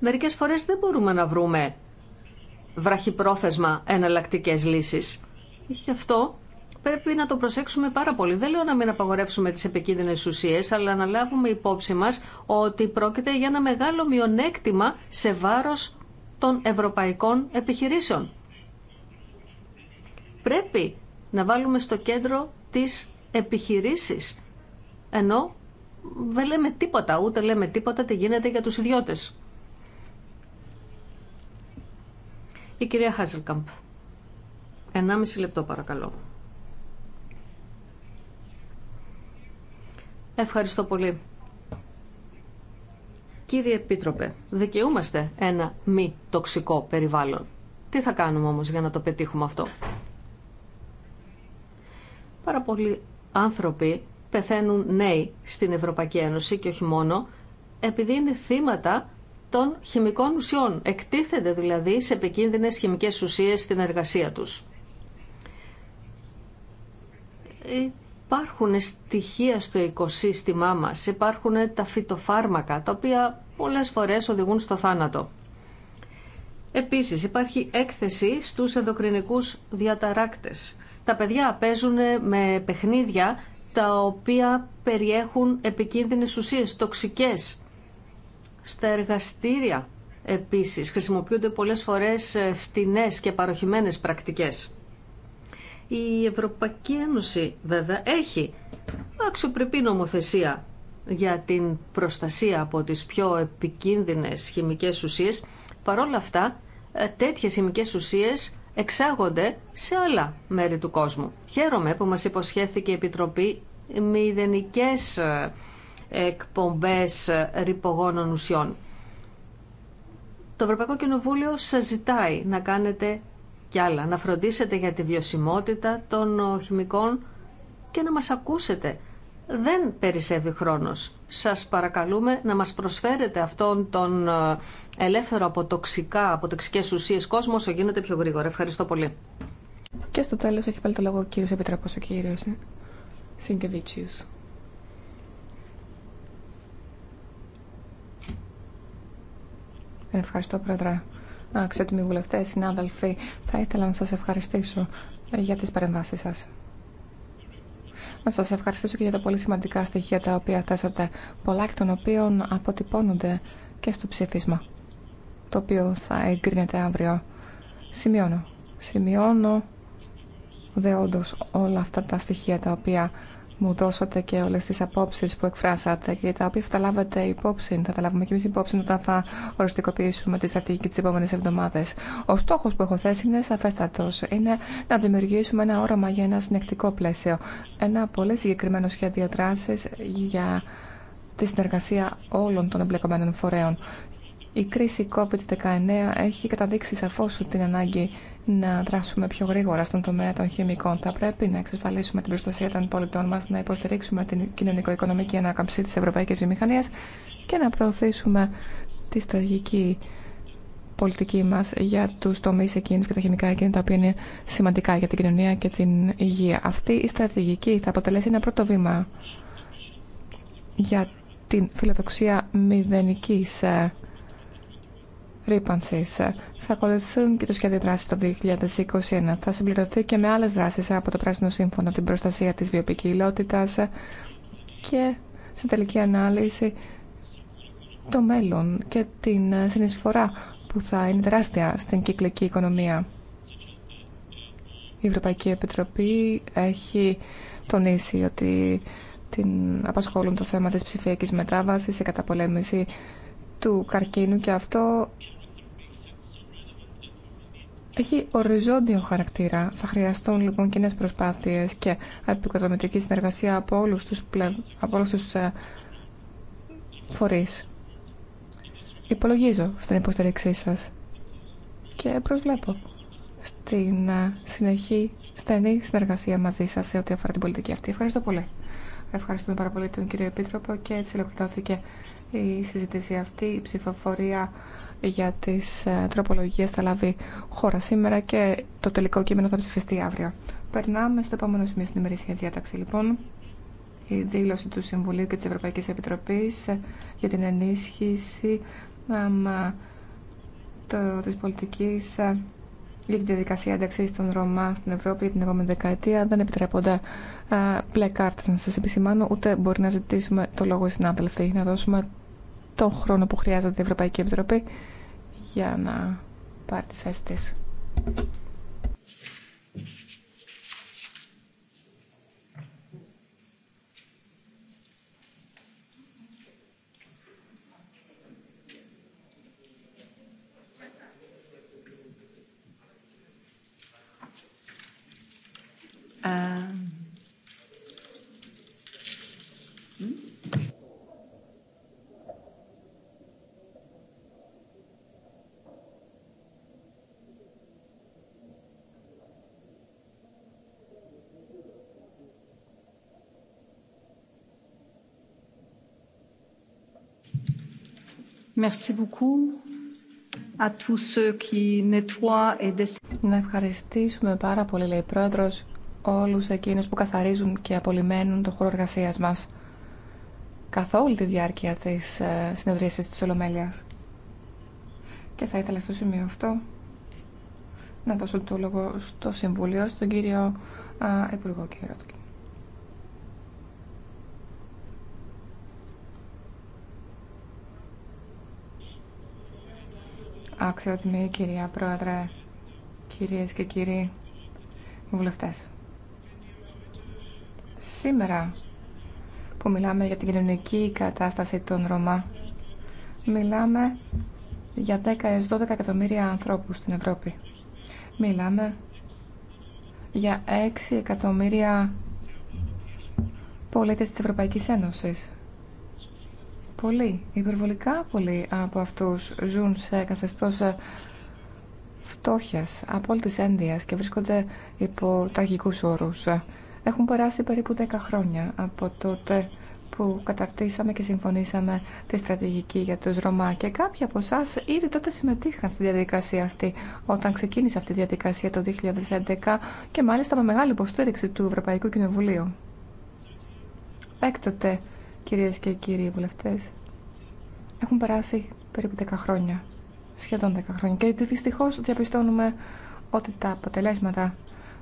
Μερικές φορές δεν μπορούμε να βρούμε βραχυπρόθεσμα εναλλακτικές λύσεις. Γι' αυτό πρέπει να το προσέξουμε πάρα πολύ. Δεν λέω να μην απαγορεύσουμε τις επικίνδυνες ουσίες, αλλά να λάβουμε υπόψη μας ότι πρόκειται για ένα μεγάλο μειονέκτημα σε βάρος των ευρωπαϊκών επιχειρήσεων πρέπει να βάλουμε στο κέντρο τις επιχειρήσεις. Ενώ δεν λέμε τίποτα, ούτε λέμε τίποτα τι γίνεται για τους ιδιώτες. Η κυρία Χάζελκαμπ. 1,5 λεπτό παρακαλώ. Ευχαριστώ πολύ. Κύριε Επίτροπε, δικαιούμαστε ένα μη τοξικό περιβάλλον. Τι θα κάνουμε όμως για να το πετύχουμε αυτό. Πάρα πολλοί άνθρωποι πεθαίνουν νέοι στην Ευρωπαϊκή Ένωση και όχι μόνο, επειδή είναι θύματα των χημικών ουσιών. Εκτίθεται δηλαδή σε επικίνδυνες χημικές ουσίες στην εργασία τους. Υπάρχουν στοιχεία στο οικοσύστημά μας, υπάρχουν τα φυτοφάρμακα, τα οποία πολλές φορές οδηγούν στο θάνατο. Επίσης υπάρχει έκθεση στους ενδοκρινικούς διαταράκτες τα παιδιά παίζουν με παιχνίδια τα οποία περιέχουν επικίνδυνες ουσίες, τοξικές. Στα εργαστήρια επίσης χρησιμοποιούνται πολλές φορές ε, φτηνές και παροχημένες πρακτικές. Η Ευρωπαϊκή Ένωση βέβαια έχει αξιοπρεπή νομοθεσία για την προστασία από τις πιο επικίνδυνες χημικές ουσίες. Παρόλα αυτά, ε, τέτοιες χημικές ουσίες εξάγονται σε άλλα μέρη του κόσμου. Χαίρομαι που μας υποσχέθηκε η Επιτροπή μηδενικές ε, εκπομπές ε, ρηπογόνων ουσιών. Το Ευρωπαϊκό Κοινοβούλιο σας ζητάει να κάνετε κι άλλα, να φροντίσετε για τη βιωσιμότητα των ε, χημικών και να μας ακούσετε δεν περισσεύει χρόνος. Σας παρακαλούμε να μας προσφέρετε αυτόν τον ε, ελεύθερο από τοξικά, από τοξικές ουσίες κόσμο όσο γίνεται πιο γρήγορα. Ευχαριστώ πολύ. Και στο τέλος έχει πάλι το λόγο ο κύριος Επιτραπός, ο κύριος Σιγκεβίτσιος. Ευχαριστώ, Πρόεδρε. Αξιότιμοι βουλευτές, συνάδελφοι, θα ήθελα να σας ευχαριστήσω για τις παρεμβάσεις σας. Να σας ευχαριστήσω και για τα πολύ σημαντικά στοιχεία τα οποία θέσατε, πολλά εκ των οποίων αποτυπώνονται και στο ψήφισμα, το οποίο θα εγκρίνεται αύριο. Σημειώνω. Σημειώνω δεόντως όλα αυτά τα στοιχεία τα οποία μου δώσατε και όλε τι απόψει που εκφράσατε και τα οποία θα τα λάβετε υπόψη, θα τα λάβουμε και εμεί υπόψη όταν θα οριστικοποιήσουμε τη στρατηγική τις επόμενες εβδομάδες. Ο στόχο που έχω θέσει είναι σαφέστατο. είναι να δημιουργήσουμε ένα όραμα για ένα συνεκτικό πλαίσιο, ένα πολύ συγκεκριμένο σχέδιο δράση για τη συνεργασία όλων των εμπλεκομένων φορέων. Η κρίση COVID-19 έχει καταδείξει σαφώς την ανάγκη να δράσουμε πιο γρήγορα στον τομέα των χημικών. Θα πρέπει να εξασφαλίσουμε την προστασία των πολιτών μας, να υποστηρίξουμε την κοινωνικο-οικονομική ανάκαμψη της ευρωπαϊκής Βιομηχανία και να προωθήσουμε τη στρατηγική πολιτική μας για τους τομείς εκείνους και τα χημικά εκείνα τα οποία είναι σημαντικά για την κοινωνία και την υγεία. Αυτή η στρατηγική θα αποτελέσει ένα πρώτο βήμα για την φιλοδοξία μηδενική ε, ρήπανση. Ε, θα ακολουθούν και το σχέδιο δράση το 2021. Θα συμπληρωθεί και με άλλε δράσει από το Πράσινο Σύμφωνο, την προστασία τη βιοπικιλότητα και στην τελική ανάλυση το μέλλον και την ε, συνεισφορά που θα είναι τεράστια στην κυκλική οικονομία. Η Ευρωπαϊκή Επιτροπή έχει τονίσει ότι την απασχολούν το θέμα της ψηφιακής μετάβασης, η καταπολέμηση του καρκίνου και αυτό έχει οριζόντιο χαρακτήρα. Θα χρειαστούν λοιπόν κοινέ προσπάθειε και επικοδομητική συνεργασία από όλου του πλευ... Ε, φορεί. Υπολογίζω στην υποστήριξή σα και προσβλέπω στην ε, συνεχή στενή συνεργασία μαζί σα σε ό,τι αφορά την πολιτική αυτή. Ευχαριστώ πολύ. Ευχαριστούμε πάρα πολύ τον κύριο Επίτροπο και έτσι ολοκληρώθηκε η συζήτηση αυτή, η ψηφοφορία για τις ε, τροπολογίες θα λάβει χώρα σήμερα και το τελικό κείμενο θα ψηφιστεί αύριο. Περνάμε στο επόμενο σημείο στην ημερήσια διάταξη λοιπόν. Η δήλωση του Συμβουλίου και της Ευρωπαϊκής Επιτροπής ε, για την ενίσχυση ε, τη πολιτική για τη διαδικασία ένταξη των Ρωμά στην Ευρώπη για την επόμενη δεκαετία δεν επιτρέπονται μπλε κάρτε. Να σα επισημάνω, ούτε μπορεί να ζητήσουμε το λόγο οι συνάδελφοι. Να δώσουμε το χρόνο που χρειάζεται η Ευρωπαϊκή Επιτροπή για να πάρει τη θέση της. Um... Να ευχαριστήσουμε πάρα πολύ, λέει η πρόεδρο, όλου εκείνου που καθαρίζουν και απολυμμένουν το χώρο εργασία μα καθ' όλη τη διάρκεια τη ε, συνεδρίαση τη Ολομέλεια. Και θα ήθελα στο σημείο αυτό να δώσω το λόγο στο Συμβούλιο, στον κύριο Υπουργό, κύριο Αξιότιμη κυρία Πρόεδρε, κυρίες και κύριοι βουλευτές. Σήμερα που μιλάμε για την κοινωνική κατάσταση των Ρωμά, μιλάμε για 10 12 εκατομμύρια ανθρώπους στην Ευρώπη. Μιλάμε για 6 εκατομμύρια πολίτες της Ευρωπαϊκής Ένωσης. Πολλοί, υπερβολικά πολλοί από αυτούς ζουν σε καθεστώς ε, φτώχειας, απόλυτης ένδυας και βρίσκονται υπό τραγικούς όρους. Ε, έχουν περάσει περίπου 10 χρόνια από τότε που καταρτήσαμε και συμφωνήσαμε τη στρατηγική για τους Ρωμά και κάποιοι από εσά ήδη τότε συμμετείχαν στη διαδικασία αυτή όταν ξεκίνησε αυτή η διαδικασία το 2011 και μάλιστα με μεγάλη υποστήριξη του Ευρωπαϊκού Κοινοβουλίου. Έκτοτε κυρίες και κύριοι βουλευτές, έχουν περάσει περίπου 10 χρόνια, σχεδόν 10 χρόνια και δυστυχώς διαπιστώνουμε ότι τα αποτελέσματα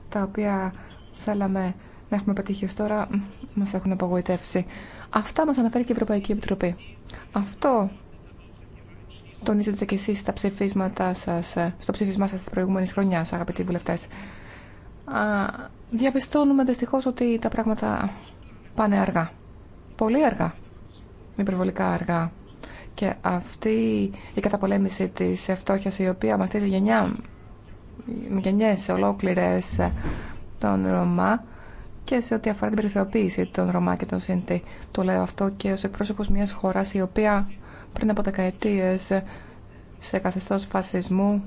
τα οποία θέλαμε να έχουμε πετύχει ως τώρα μας έχουν απογοητεύσει. Αυτά μας αναφέρει και η Ευρωπαϊκή Επιτροπή. Αυτό τονίζετε και εσείς στα ψηφίσματά σας, ε, στο ψήφισμά σας της προηγούμενης χρονιάς, αγαπητοί βουλευτές. Α, διαπιστώνουμε δυστυχώς ότι τα πράγματα πάνε αργά πολύ αργά, υπερβολικά αργά. Και αυτή η καταπολέμηση της φτώχειας η οποία μαστίζει γενιά, γενιές ολόκληρες ε, των Ρωμά και σε ό,τι αφορά την περιθεωποίηση των Ρωμά και των Σύντη. Το λέω αυτό και ως εκπρόσωπος μιας χώρας η οποία πριν από δεκαετίες ε, σε καθεστώς φασισμού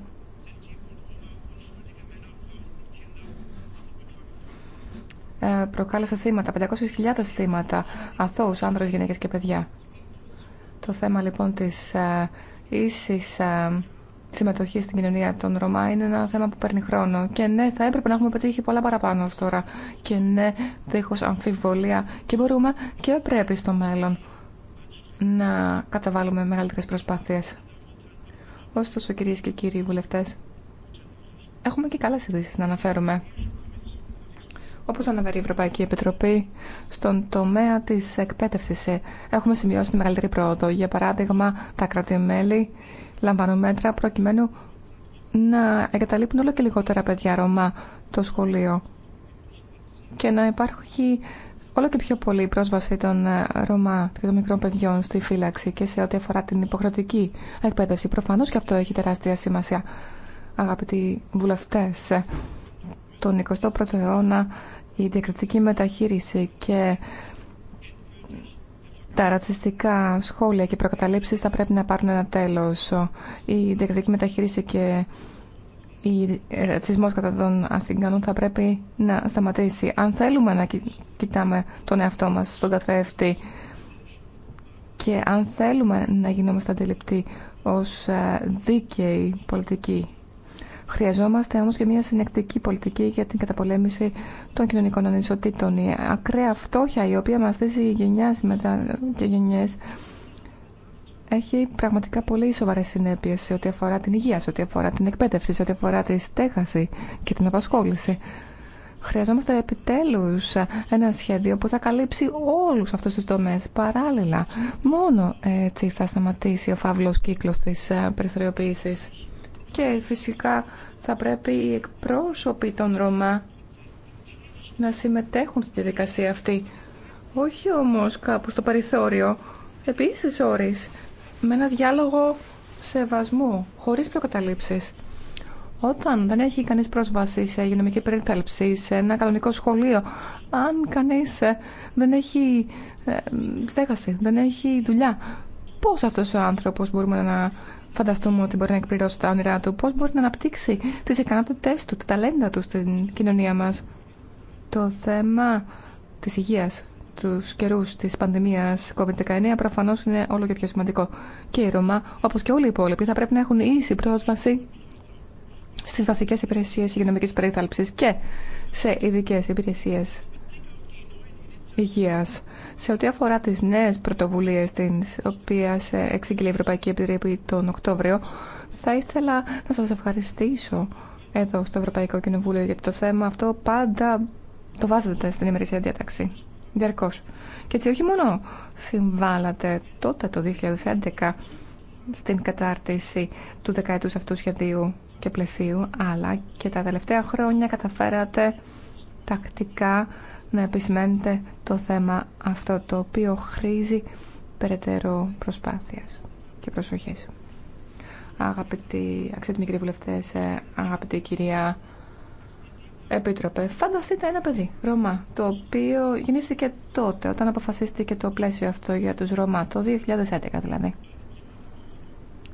Ε, προκάλεσε θύματα, 500.000 θύματα, αθώους, άνδρες, γυναίκες και παιδιά. Το θέμα λοιπόν της ε, ίσης ε, συμμετοχή στην κοινωνία των Ρωμά είναι ένα θέμα που παίρνει χρόνο. Και ναι, θα έπρεπε να έχουμε πετύχει πολλά παραπάνω τώρα. Και ναι, δίχως αμφιβολία. Και μπορούμε και πρέπει στο μέλλον να καταβάλουμε μεγαλύτερες προσπάθειες. Ωστόσο, κυρίες και κύριοι βουλευτές, έχουμε και καλές ειδήσει να αναφέρουμε. Όπως αναφέρει η Ευρωπαϊκή Επιτροπή, στον τομέα της εκπαίδευσης ε, έχουμε σημειώσει τη μεγαλύτερη πρόοδο. Για παράδειγμα, τα κρατημέλη λαμβάνουν μέτρα προκειμένου να εγκαταλείπουν όλο και λιγότερα παιδιά Ρωμά το σχολείο και να υπάρχει όλο και πιο πολύ πρόσβαση των ε, Ρωμά και των μικρών παιδιών στη φύλαξη και σε ό,τι αφορά την υποχρεωτική εκπαίδευση. Προφανώς και αυτό έχει τεράστια σημασία, αγαπητοί βουλευτέ Τον 21ο αιώνα η διακριτική μεταχείριση και τα ρατσιστικά σχόλια και προκαταλήψεις θα πρέπει να πάρουν ένα τέλος. Η διακριτική μεταχείριση και η ρατσισμός κατά των Αθηγανών θα πρέπει να σταματήσει. Αν θέλουμε να κοιτάμε τον εαυτό μας στον καθρέφτη και αν θέλουμε να γινόμαστε αντιληπτοί ως ε, δίκαιοι πολιτικοί Χρειαζόμαστε όμως και μια συνεκτική πολιτική για την καταπολέμηση των κοινωνικών ανισοτήτων. Η ακραία φτώχεια η οποία μας θέσει γενιάς μετά και γενιές έχει πραγματικά πολύ σοβαρέ συνέπειε σε ό,τι αφορά την υγεία, σε ό,τι αφορά την εκπαίδευση, σε ό,τι αφορά τη στέγαση και την απασχόληση. Χρειαζόμαστε επιτέλου ένα σχέδιο που θα καλύψει όλου αυτού του τομέ παράλληλα. Μόνο έτσι θα σταματήσει ο φαύλο κύκλο τη περιθωριοποίηση και φυσικά θα πρέπει οι εκπρόσωποι των Ρωμά να συμμετέχουν στη διαδικασία αυτή. Όχι όμως κάπου στο περιθώριο, επίσης όρις, με ένα διάλογο σεβασμού, χωρίς προκαταλήψεις. Όταν δεν έχει κανείς πρόσβαση σε υγειονομική περίθαλψη, σε ένα κανονικό σχολείο, αν κανείς ε, δεν έχει ε, στέγαση, δεν έχει δουλειά, πώς αυτός ο άνθρωπος μπορούμε να φανταστούμε ότι μπορεί να εκπληρώσει τα όνειρά του, πώς μπορεί να αναπτύξει τις ικανότητές του, τα ταλέντα του στην κοινωνία μας. Το θέμα της υγείας, του καιρού της πανδημίας COVID-19 προφανώς είναι όλο και πιο σημαντικό. Και οι Ρωμά, όπως και όλοι οι υπόλοιποι, θα πρέπει να έχουν ίση πρόσβαση στις βασικές υπηρεσίες υγειονομικής περιθαλψη και σε ειδικέ υπηρεσίες υγείας. Σε ό,τι αφορά τις νέες πρωτοβουλίες της οποίας ε, εξήγηλε η Ευρωπαϊκή Επιτροπή τον Οκτώβριο, θα ήθελα να σας ευχαριστήσω εδώ στο Ευρωπαϊκό Κοινοβούλιο γιατί το θέμα αυτό πάντα το βάζετε στην ημερήσια διάταξη. Διαρκώ. Και έτσι όχι μόνο συμβάλατε τότε το 2011 στην κατάρτιση του δεκαετούς αυτού σχεδίου και πλαισίου, αλλά και τα τελευταία χρόνια καταφέρατε τακτικά να επισημαίνετε το θέμα αυτό το οποίο χρήζει περαιτέρω προσπάθειας και προσοχής. Αγαπητοί, αξιότιμοι κύριοι βουλευτές, ε, αγαπητή κυρία Επίτροπε, φανταστείτε ένα παιδί, Ρωμά, το οποίο γεννήθηκε τότε, όταν αποφασίστηκε το πλαίσιο αυτό για τους Ρωμά, το 2011 δηλαδή.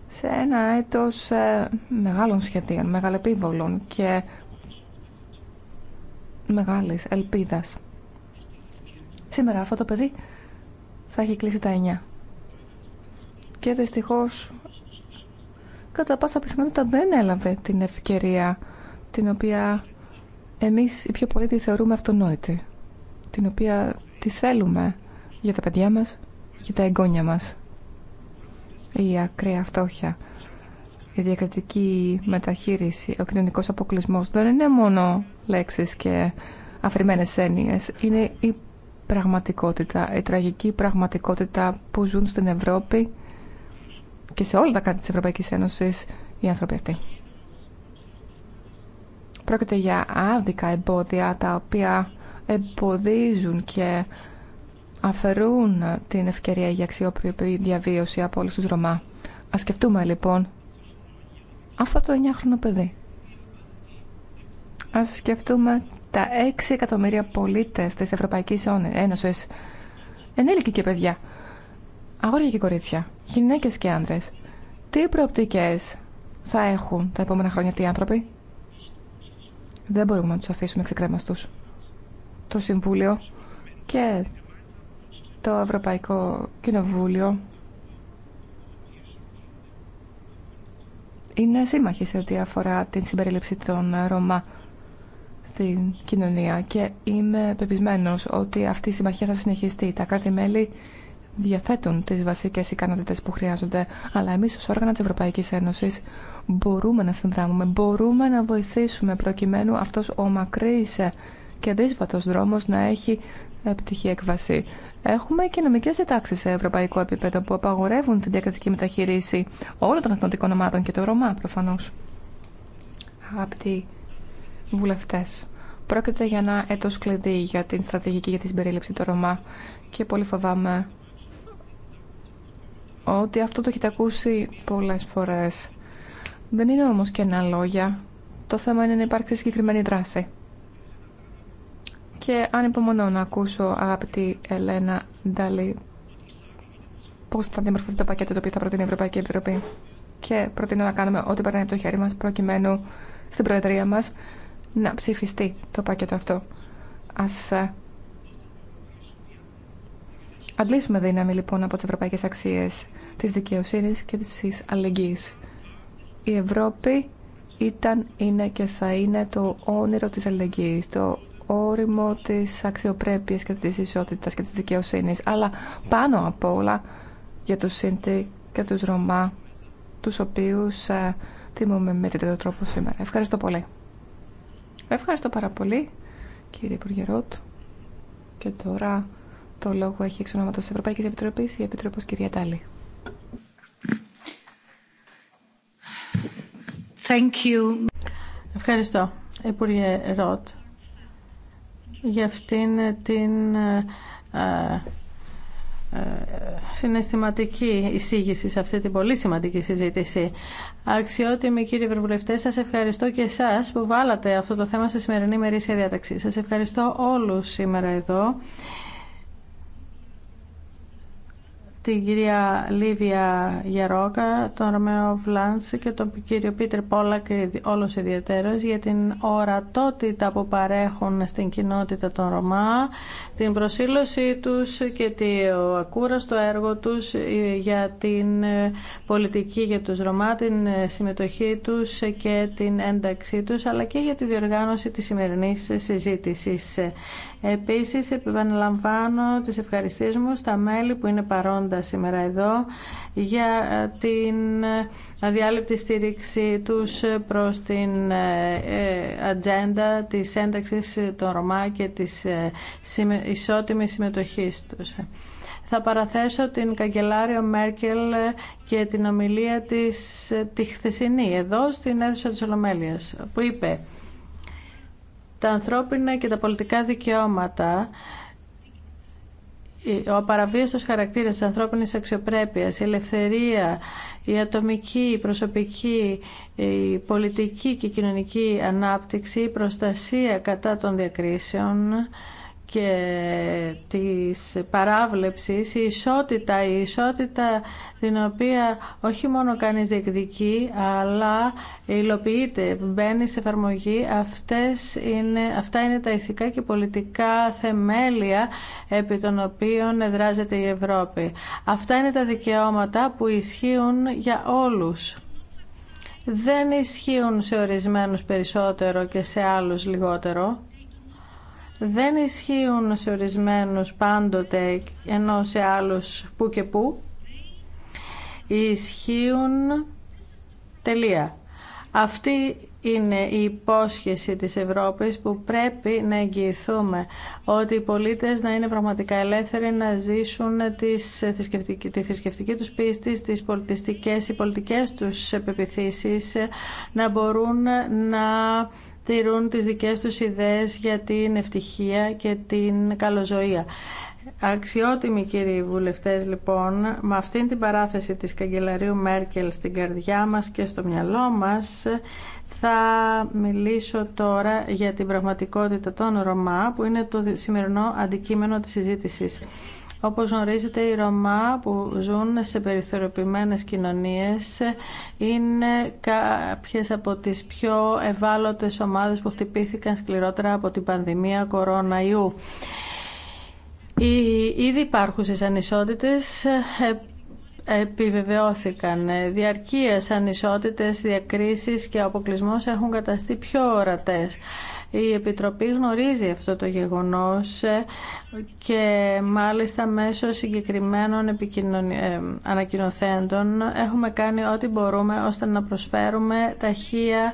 Σε ένα έτος ε, μεγάλων σχεδίων, μεγαλοπίβολων και μεγάλης ελπίδας. Σήμερα αυτό το παιδί θα έχει κλείσει τα εννιά Και δυστυχώς κατά πάσα πιθανότητα δεν έλαβε την ευκαιρία την οποία εμείς οι πιο πολλοί τη θεωρούμε αυτονόητη. Την οποία τη θέλουμε για τα παιδιά μας για τα εγγόνια μας. Η ακραία φτώχεια, η διακριτική μεταχείριση, ο κοινωνικός αποκλεισμός δεν είναι μόνο λέξεις και αφηρημένες έννοιες. Είναι η πραγματικότητα, η τραγική πραγματικότητα που ζουν στην Ευρώπη και σε όλα τα κράτη της Ευρωπαϊκής Ένωσης οι άνθρωποι αυτοί. Πρόκειται για άδικα εμπόδια τα οποία εμποδίζουν και αφαιρούν την ευκαιρία για αξιόπρεπη διαβίωση από όλους τους Ρωμά. Ας σκεφτούμε λοιπόν αυτό το 9χρονο παιδί Ας σκεφτούμε τα 6 εκατομμύρια πολίτες της Ευρωπαϊκής Ένωσης. Ενήλικοι και παιδιά. Αγόρια και κορίτσια. Γυναίκες και άντρες. Τι προοπτικές θα έχουν τα επόμενα χρόνια αυτοί οι άνθρωποι. Δεν μπορούμε να τους αφήσουμε ξεκρέμαστούς. Το Συμβούλιο και το Ευρωπαϊκό Κοινοβούλιο είναι σύμμαχοι σε ό,τι αφορά την συμπερίληψη των Ρωμά στην κοινωνία και είμαι πεπισμένος ότι αυτή η συμμαχία θα συνεχιστεί. Τα κράτη-μέλη διαθέτουν τις βασικές ικανότητες που χρειάζονται, αλλά εμείς ως όργανα της Ευρωπαϊκής Ένωσης μπορούμε να συνδράμουμε, μπορούμε να βοηθήσουμε προκειμένου αυτός ο μακρύς και δύσβατος δρόμος να έχει επιτυχή έκβαση. Έχουμε και νομικέ διατάξει σε ευρωπαϊκό επίπεδο που απαγορεύουν την διακριτική μεταχείριση όλων των εθνοτικών ομάδων και το Ρωμά προφανώ. Αγαπητοί βουλευτέ. Πρόκειται για ένα έτος κλειδί για την στρατηγική για τη συμπερίληψη των Ρωμά και πολύ φοβάμαι ότι αυτό το έχετε ακούσει πολλέ φορέ. Δεν είναι όμω και ένα λόγια. Το θέμα είναι να υπάρξει συγκεκριμένη δράση. Και αν υπομονώ να ακούσω αγάπητη Ελένα Ντάλι πώ θα διαμορφωθεί το πακέτο το οποίο θα προτείνει η Ευρωπαϊκή Επιτροπή. Και προτείνω να κάνουμε ό,τι περνάει από το χέρι μα προκειμένου στην Προεδρία μα να ψηφιστεί το πακέτο αυτό. Ας ε, αντλήσουμε δύναμη λοιπόν από τις ευρωπαϊκές αξίες της δικαιοσύνης και της αλληλεγγύης. Η Ευρώπη ήταν, είναι και θα είναι το όνειρο της αλληλεγγύης, το όριμο της αξιοπρέπειας και της ισότητας και της δικαιοσύνης, αλλά πάνω απ' όλα για τους Σύντη και τους Ρωμά, τους οποίους ε, τιμούμε με τέτοιο τρόπο σήμερα. Ευχαριστώ πολύ. Ευχαριστώ πάρα πολύ, κύριε Υπουργέ Ρότ. Και τώρα το λόγο έχει εξ ονόματο τη Ευρωπαϊκή Επιτροπή η Επιτροπή κυρία Τάλη. Ευχαριστώ, Υπουργέ Ρότ, για αυτήν την ε, ε, συναισθηματική εισήγηση σε αυτή την πολύ σημαντική συζήτηση. Αξιότιμοι κύριε Βερβουλευτέ, σας ευχαριστώ και εσάς που βάλατε αυτό το θέμα στη σημερινή μερίσια διάταξη. Σας ευχαριστώ όλους σήμερα εδώ την κυρία Λίβια Γερόκα, τον Ρωμαίο Βλάνση και τον κύριο Πίτερ Πόλα και όλος ιδιαίτερος για την ορατότητα που παρέχουν στην κοινότητα των Ρωμά, την προσήλωσή τους και το ακούραστο έργο τους ε, για την ε, πολιτική για τους Ρωμά, την ε, συμμετοχή τους και την ένταξή τους, αλλά και για τη διοργάνωση της σημερινής συζήτησης. Επίσης, επαναλαμβάνω τις ευχαριστίες μου στα μέλη που είναι παρόντα σήμερα εδώ για ε, την ε, αδιάλειπτη στήριξη τους ε, προς την ατζέντα της ένταξης των Ρωμά και της ισότιμης συμμετοχής τους. Θα παραθέσω την καγκελάριο Μέρκελ και την ομιλία της τη χθεσινή εδώ στην αίθουσα της Ολομέλειας που είπε «Τα ανθρώπινα και τα πολιτικά δικαιώματα ο απαραβίαστος χαρακτήρας της ανθρώπινης αξιοπρέπειας, η ελευθερία, η ατομική, η προσωπική, η πολιτική και η κοινωνική ανάπτυξη, η προστασία κατά των διακρίσεων, και της παράβλεψης, η ισότητα, η ισότητα την οποία όχι μόνο κάνεις διεκδικεί αλλά υλοποιείται, μπαίνει σε εφαρμογή. Αυτές είναι, αυτά είναι τα ηθικά και πολιτικά θεμέλια επί των οποίων εδράζεται η Ευρώπη. Αυτά είναι τα δικαιώματα που ισχύουν για όλους δεν ισχύουν σε ορισμένους περισσότερο και σε άλλους λιγότερο δεν ισχύουν σε ορισμένους πάντοτε ενώ σε άλλους που και που ισχύουν τελεία. Αυτή είναι η υπόσχεση της Ευρώπης που πρέπει να εγγυηθούμε ότι οι πολίτες να είναι πραγματικά ελεύθεροι να ζήσουν τις θρησκευτική, τη θρησκευτική τους πίστη, τις πολιτιστικές, οι πολιτικές τους επιπιθήσεις, να μπορούν να τηρούν τις δικές τους ιδέες για την ευτυχία και την καλοζωία. Αξιότιμοι κύριοι βουλευτές λοιπόν, με αυτήν την παράθεση της καγκελαρίου Μέρκελ στην καρδιά μας και στο μυαλό μας θα μιλήσω τώρα για την πραγματικότητα των Ρωμά που είναι το σημερινό αντικείμενο της συζήτησης. Όπως γνωρίζετε, οι Ρωμά που ζουν σε περιθωριοποιημένες κοινωνίες είναι κάποιες από τις πιο ευάλωτες ομάδες που χτυπήθηκαν σκληρότερα από την πανδημία κοροναϊού. Οι ήδη υπάρχουσες ανισότητες ε, επιβεβαιώθηκαν. Διαρκείες ανισότητες, διακρίσεις και αποκλεισμό έχουν καταστεί πιο ορατές. Η Επιτροπή γνωρίζει αυτό το γεγονός ε, και μάλιστα μέσω συγκεκριμένων επικοινωνι... Ε, ανακοινοθέντων έχουμε κάνει ό,τι μπορούμε ώστε να προσφέρουμε ταχεία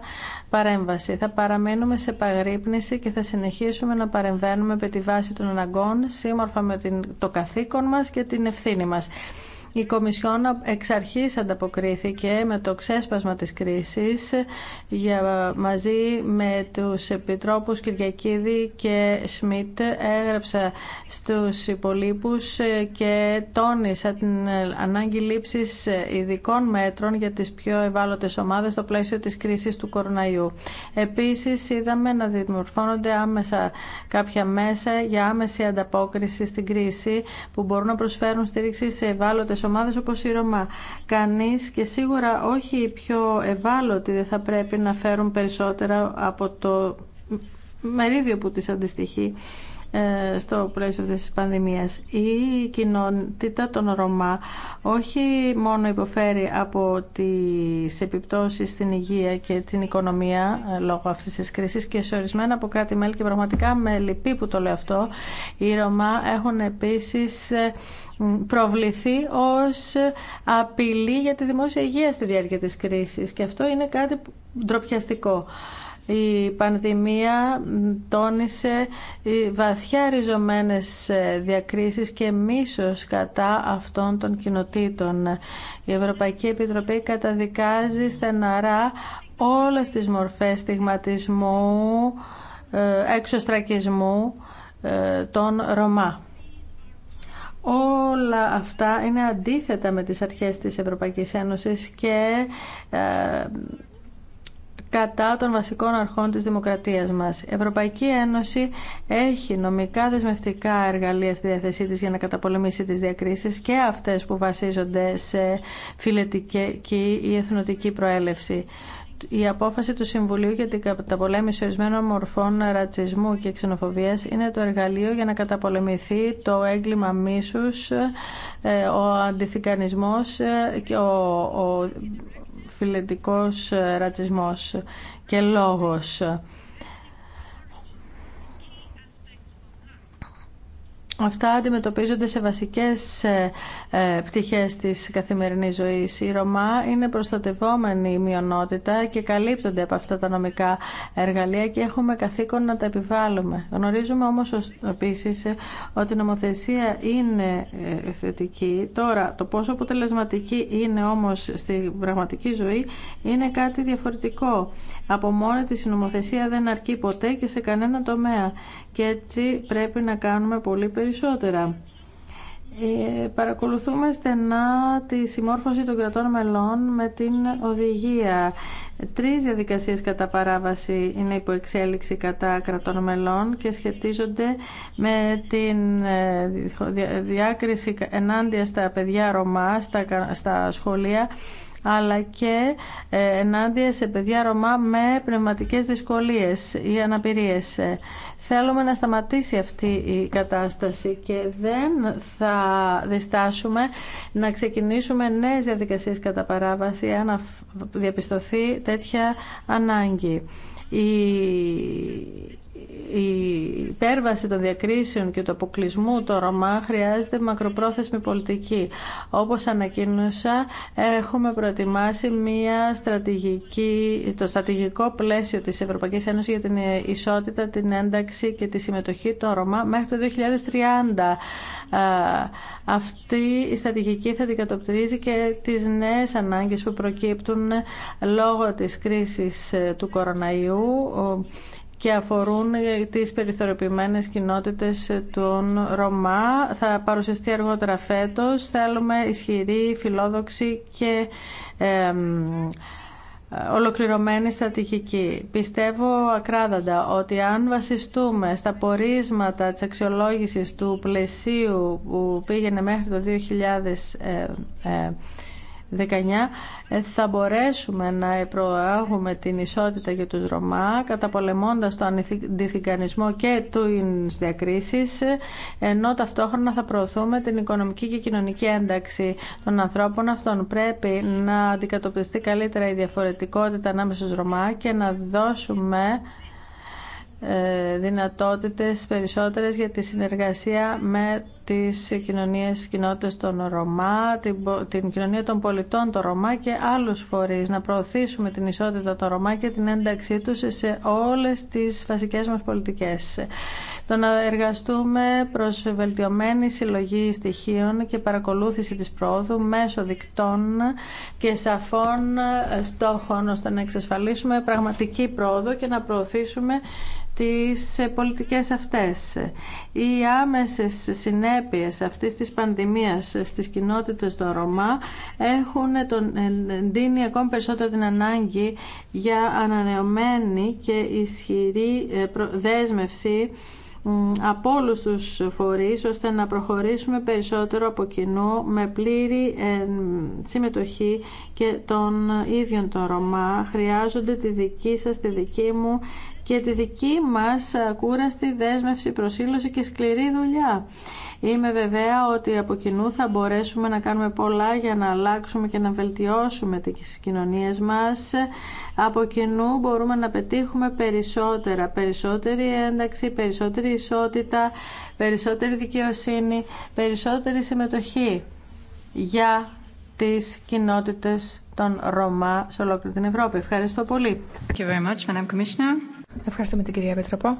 παρέμβαση. Θα παραμείνουμε σε παγρύπνηση και θα συνεχίσουμε να παρεμβαίνουμε με τη βάση των αναγκών σύμμορφα με το καθήκον μας και την ευθύνη μας. Η Κομισιόν εξ αρχής ανταποκρίθηκε με το ξέσπασμα της κρίσης για, μαζί με τους επιτρόπους Κυριακίδη και Σμιτ έγραψα στους υπολείπους και τόνισα την ανάγκη λήψης ειδικών μέτρων για τις πιο ευάλωτες ομάδες στο πλαίσιο της κρίσης του κοροναϊού. Επίσης είδαμε να δημορφώνονται άμεσα κάποια μέσα για άμεση ανταπόκριση στην κρίση που μπορούν να προσφέρουν στήριξη σε ευάλωτες ομάδες όπως η Ρωμά. Κανείς και σίγουρα όχι οι πιο ευάλωτοι δεν θα πρέπει να φέρουν περισσότερα από το μερίδιο που τις αντιστοιχεί ε, στο πλαίσιο αυτής της πανδημίας. Η κοινότητα των Ρωμά όχι μόνο υποφέρει από τις επιπτώσεις στην υγεία και την οικονομία ε, λόγω αυτής της κρίσης και σε ορισμένα από κράτη-μέλη και πραγματικά με λυπή που το λέω αυτό, οι Ρωμά έχουν επίσης ε, προβληθεί ως απειλή για τη δημόσια υγεία στη διάρκεια της κρίσης και αυτό είναι κάτι ντροπιαστικό. Η πανδημία τόνισε βαθιά ριζωμένες ε, διακρίσεις και μίσος κατά αυτών των κοινοτήτων. Η Ευρωπαϊκή Επιτροπή καταδικάζει στεναρά όλες τις μορφές στιγματισμού, ε, εξωστρακισμού ε, των Ρωμά. Όλα αυτά είναι αντίθετα με τις αρχές της Ευρωπαϊκής Ένωσης και κατά των βασικών αρχών της δημοκρατίας μας. Η Ευρωπαϊκή Ένωση έχει νομικά δεσμευτικά εργαλεία στη διάθεσή της για να καταπολεμήσει τις διακρίσεις και αυτές που βασίζονται σε φιλετική ή εθνοτική προέλευση η απόφαση του Συμβουλίου για την καταπολέμηση ορισμένων μορφών ρατσισμού και ξενοφοβίας είναι το εργαλείο για να καταπολεμηθεί το έγκλημα μίσους, ε, ο αντιθικανισμός, ε, ο, φιλετικός ε, ρατσισμός και λόγος. Αυτά αντιμετωπίζονται σε βασικές ε, ε, πτυχές της καθημερινής ζωής. Η Ρωμά είναι προστατευόμενη μειονότητα και καλύπτονται από αυτά τα νομικά εργαλεία και έχουμε καθήκον να τα επιβάλλουμε. Γνωρίζουμε όμως επίσης ε, ότι η νομοθεσία είναι θετική. Τώρα, το πόσο αποτελεσματική είναι όμως στην πραγματική ζωή είναι κάτι διαφορετικό. Από μόνη της η νομοθεσία δεν αρκεί ποτέ και σε κανένα τομέα. Και έτσι πρέπει να κάνουμε πολύ περισσότερο περισσότερα. Ε, παρακολουθούμε στενά τη συμμόρφωση των κρατών μελών με την οδηγία. Τρεις διαδικασίες κατά παράβαση είναι υπό εξέλιξη κατά κρατών μελών και σχετίζονται με την ε, διάκριση ενάντια στα παιδιά Ρωμά, στα, στα σχολεία αλλά και ε, ενάντια σε παιδιά Ρωμά με πνευματικές δυσκολίες ή αναπηρίες. Ε, θέλουμε να σταματήσει αυτή η κατάσταση και δεν θα διστάσουμε να ξεκινήσουμε νέες διαδικασίες κατά παράβαση αν διαπιστωθεί τέτοια ανάγκη. Η η υπέρβαση των διακρίσεων και του αποκλεισμού των Ρωμά χρειάζεται μακροπρόθεσμη πολιτική. Όπως ανακοίνωσα, έχουμε προετοιμάσει μια στρατηγική, το στρατηγικό πλαίσιο της Ευρωπαϊκής Ένωσης για την ισότητα, την ένταξη και τη συμμετοχή των Ρωμά μέχρι το 2030. Αυτή η στρατηγική θα αντικατοπτρίζει και τις νέες ανάγκες που προκύπτουν λόγω της κρίσης ε, του κοροναϊού και αφορούν ε, τις περιθωριοποιημένες κοινότητες ε, των Ρωμά. Θα παρουσιαστεί αργότερα φέτος. Θέλουμε ισχυρή, φιλόδοξη και ολοκληρωμένη στρατηγική. Πιστεύω ακράδαντα ότι αν βασιστούμε στα πορίσματα της αξιολόγησης του πλαισίου που πήγαινε μέχρι το 2000 θα μπορέσουμε να προάγουμε την ισότητα για τους Ρωμά καταπολεμώντας το αντιθυγκανισμό και του διακρίσεις ενώ ταυτόχρονα θα προωθούμε την οικονομική και κοινωνική ένταξη των ανθρώπων αυτών. Πρέπει να αντικατοπιστεί καλύτερα η διαφορετικότητα ανάμεσα στους Ρωμά και να δώσουμε ε, δυνατότητες περισσότερες για τη συνεργασία με τις κοινωνίες, κοινότητες των Ρωμά, την, την κοινωνία των πολιτών των Ρωμά και άλλους φορείς. Να προωθήσουμε την ισότητα των Ρωμά και την ένταξή τους σε όλες τις βασικές μας πολιτικές. Το να εργαστούμε προς βελτιωμένη συλλογή στοιχείων και παρακολούθηση της πρόοδου μέσω δικτών και σαφών στόχων ώστε να εξασφαλίσουμε πραγματική πρόοδο και να προωθήσουμε τις πολιτικές αυτές. Οι άμεσες συνέπειες αυτής της πανδημίας στις κοινότητες των Ρωμά έχουν τον, ε, δίνει ακόμη περισσότερο την ανάγκη για ανανεωμένη και ισχυρή ε, δέσμευση από όλου τους φορείς ώστε να προχωρήσουμε περισσότερο από κοινού με πλήρη ε, συμμετοχή και των ίδιων των Ρωμά. Χρειάζονται τη δική σας, τη δική μου και τη δική μας ακούραστη δέσμευση, προσήλωση και σκληρή δουλειά. Είμαι βεβαία ότι από κοινού θα μπορέσουμε να κάνουμε πολλά για να αλλάξουμε και να βελτιώσουμε τις κοινωνίες μας. Από κοινού μπορούμε να πετύχουμε περισσότερα, περισσότερη ένταξη, περισσότερη ισότητα, περισσότερη δικαιοσύνη, περισσότερη συμμετοχή για τις κοινότητες των Ρωμά σε ολόκληρη την Ευρώπη. Ευχαριστώ πολύ. Ευχαριστούμε την κυρία Πετροπό.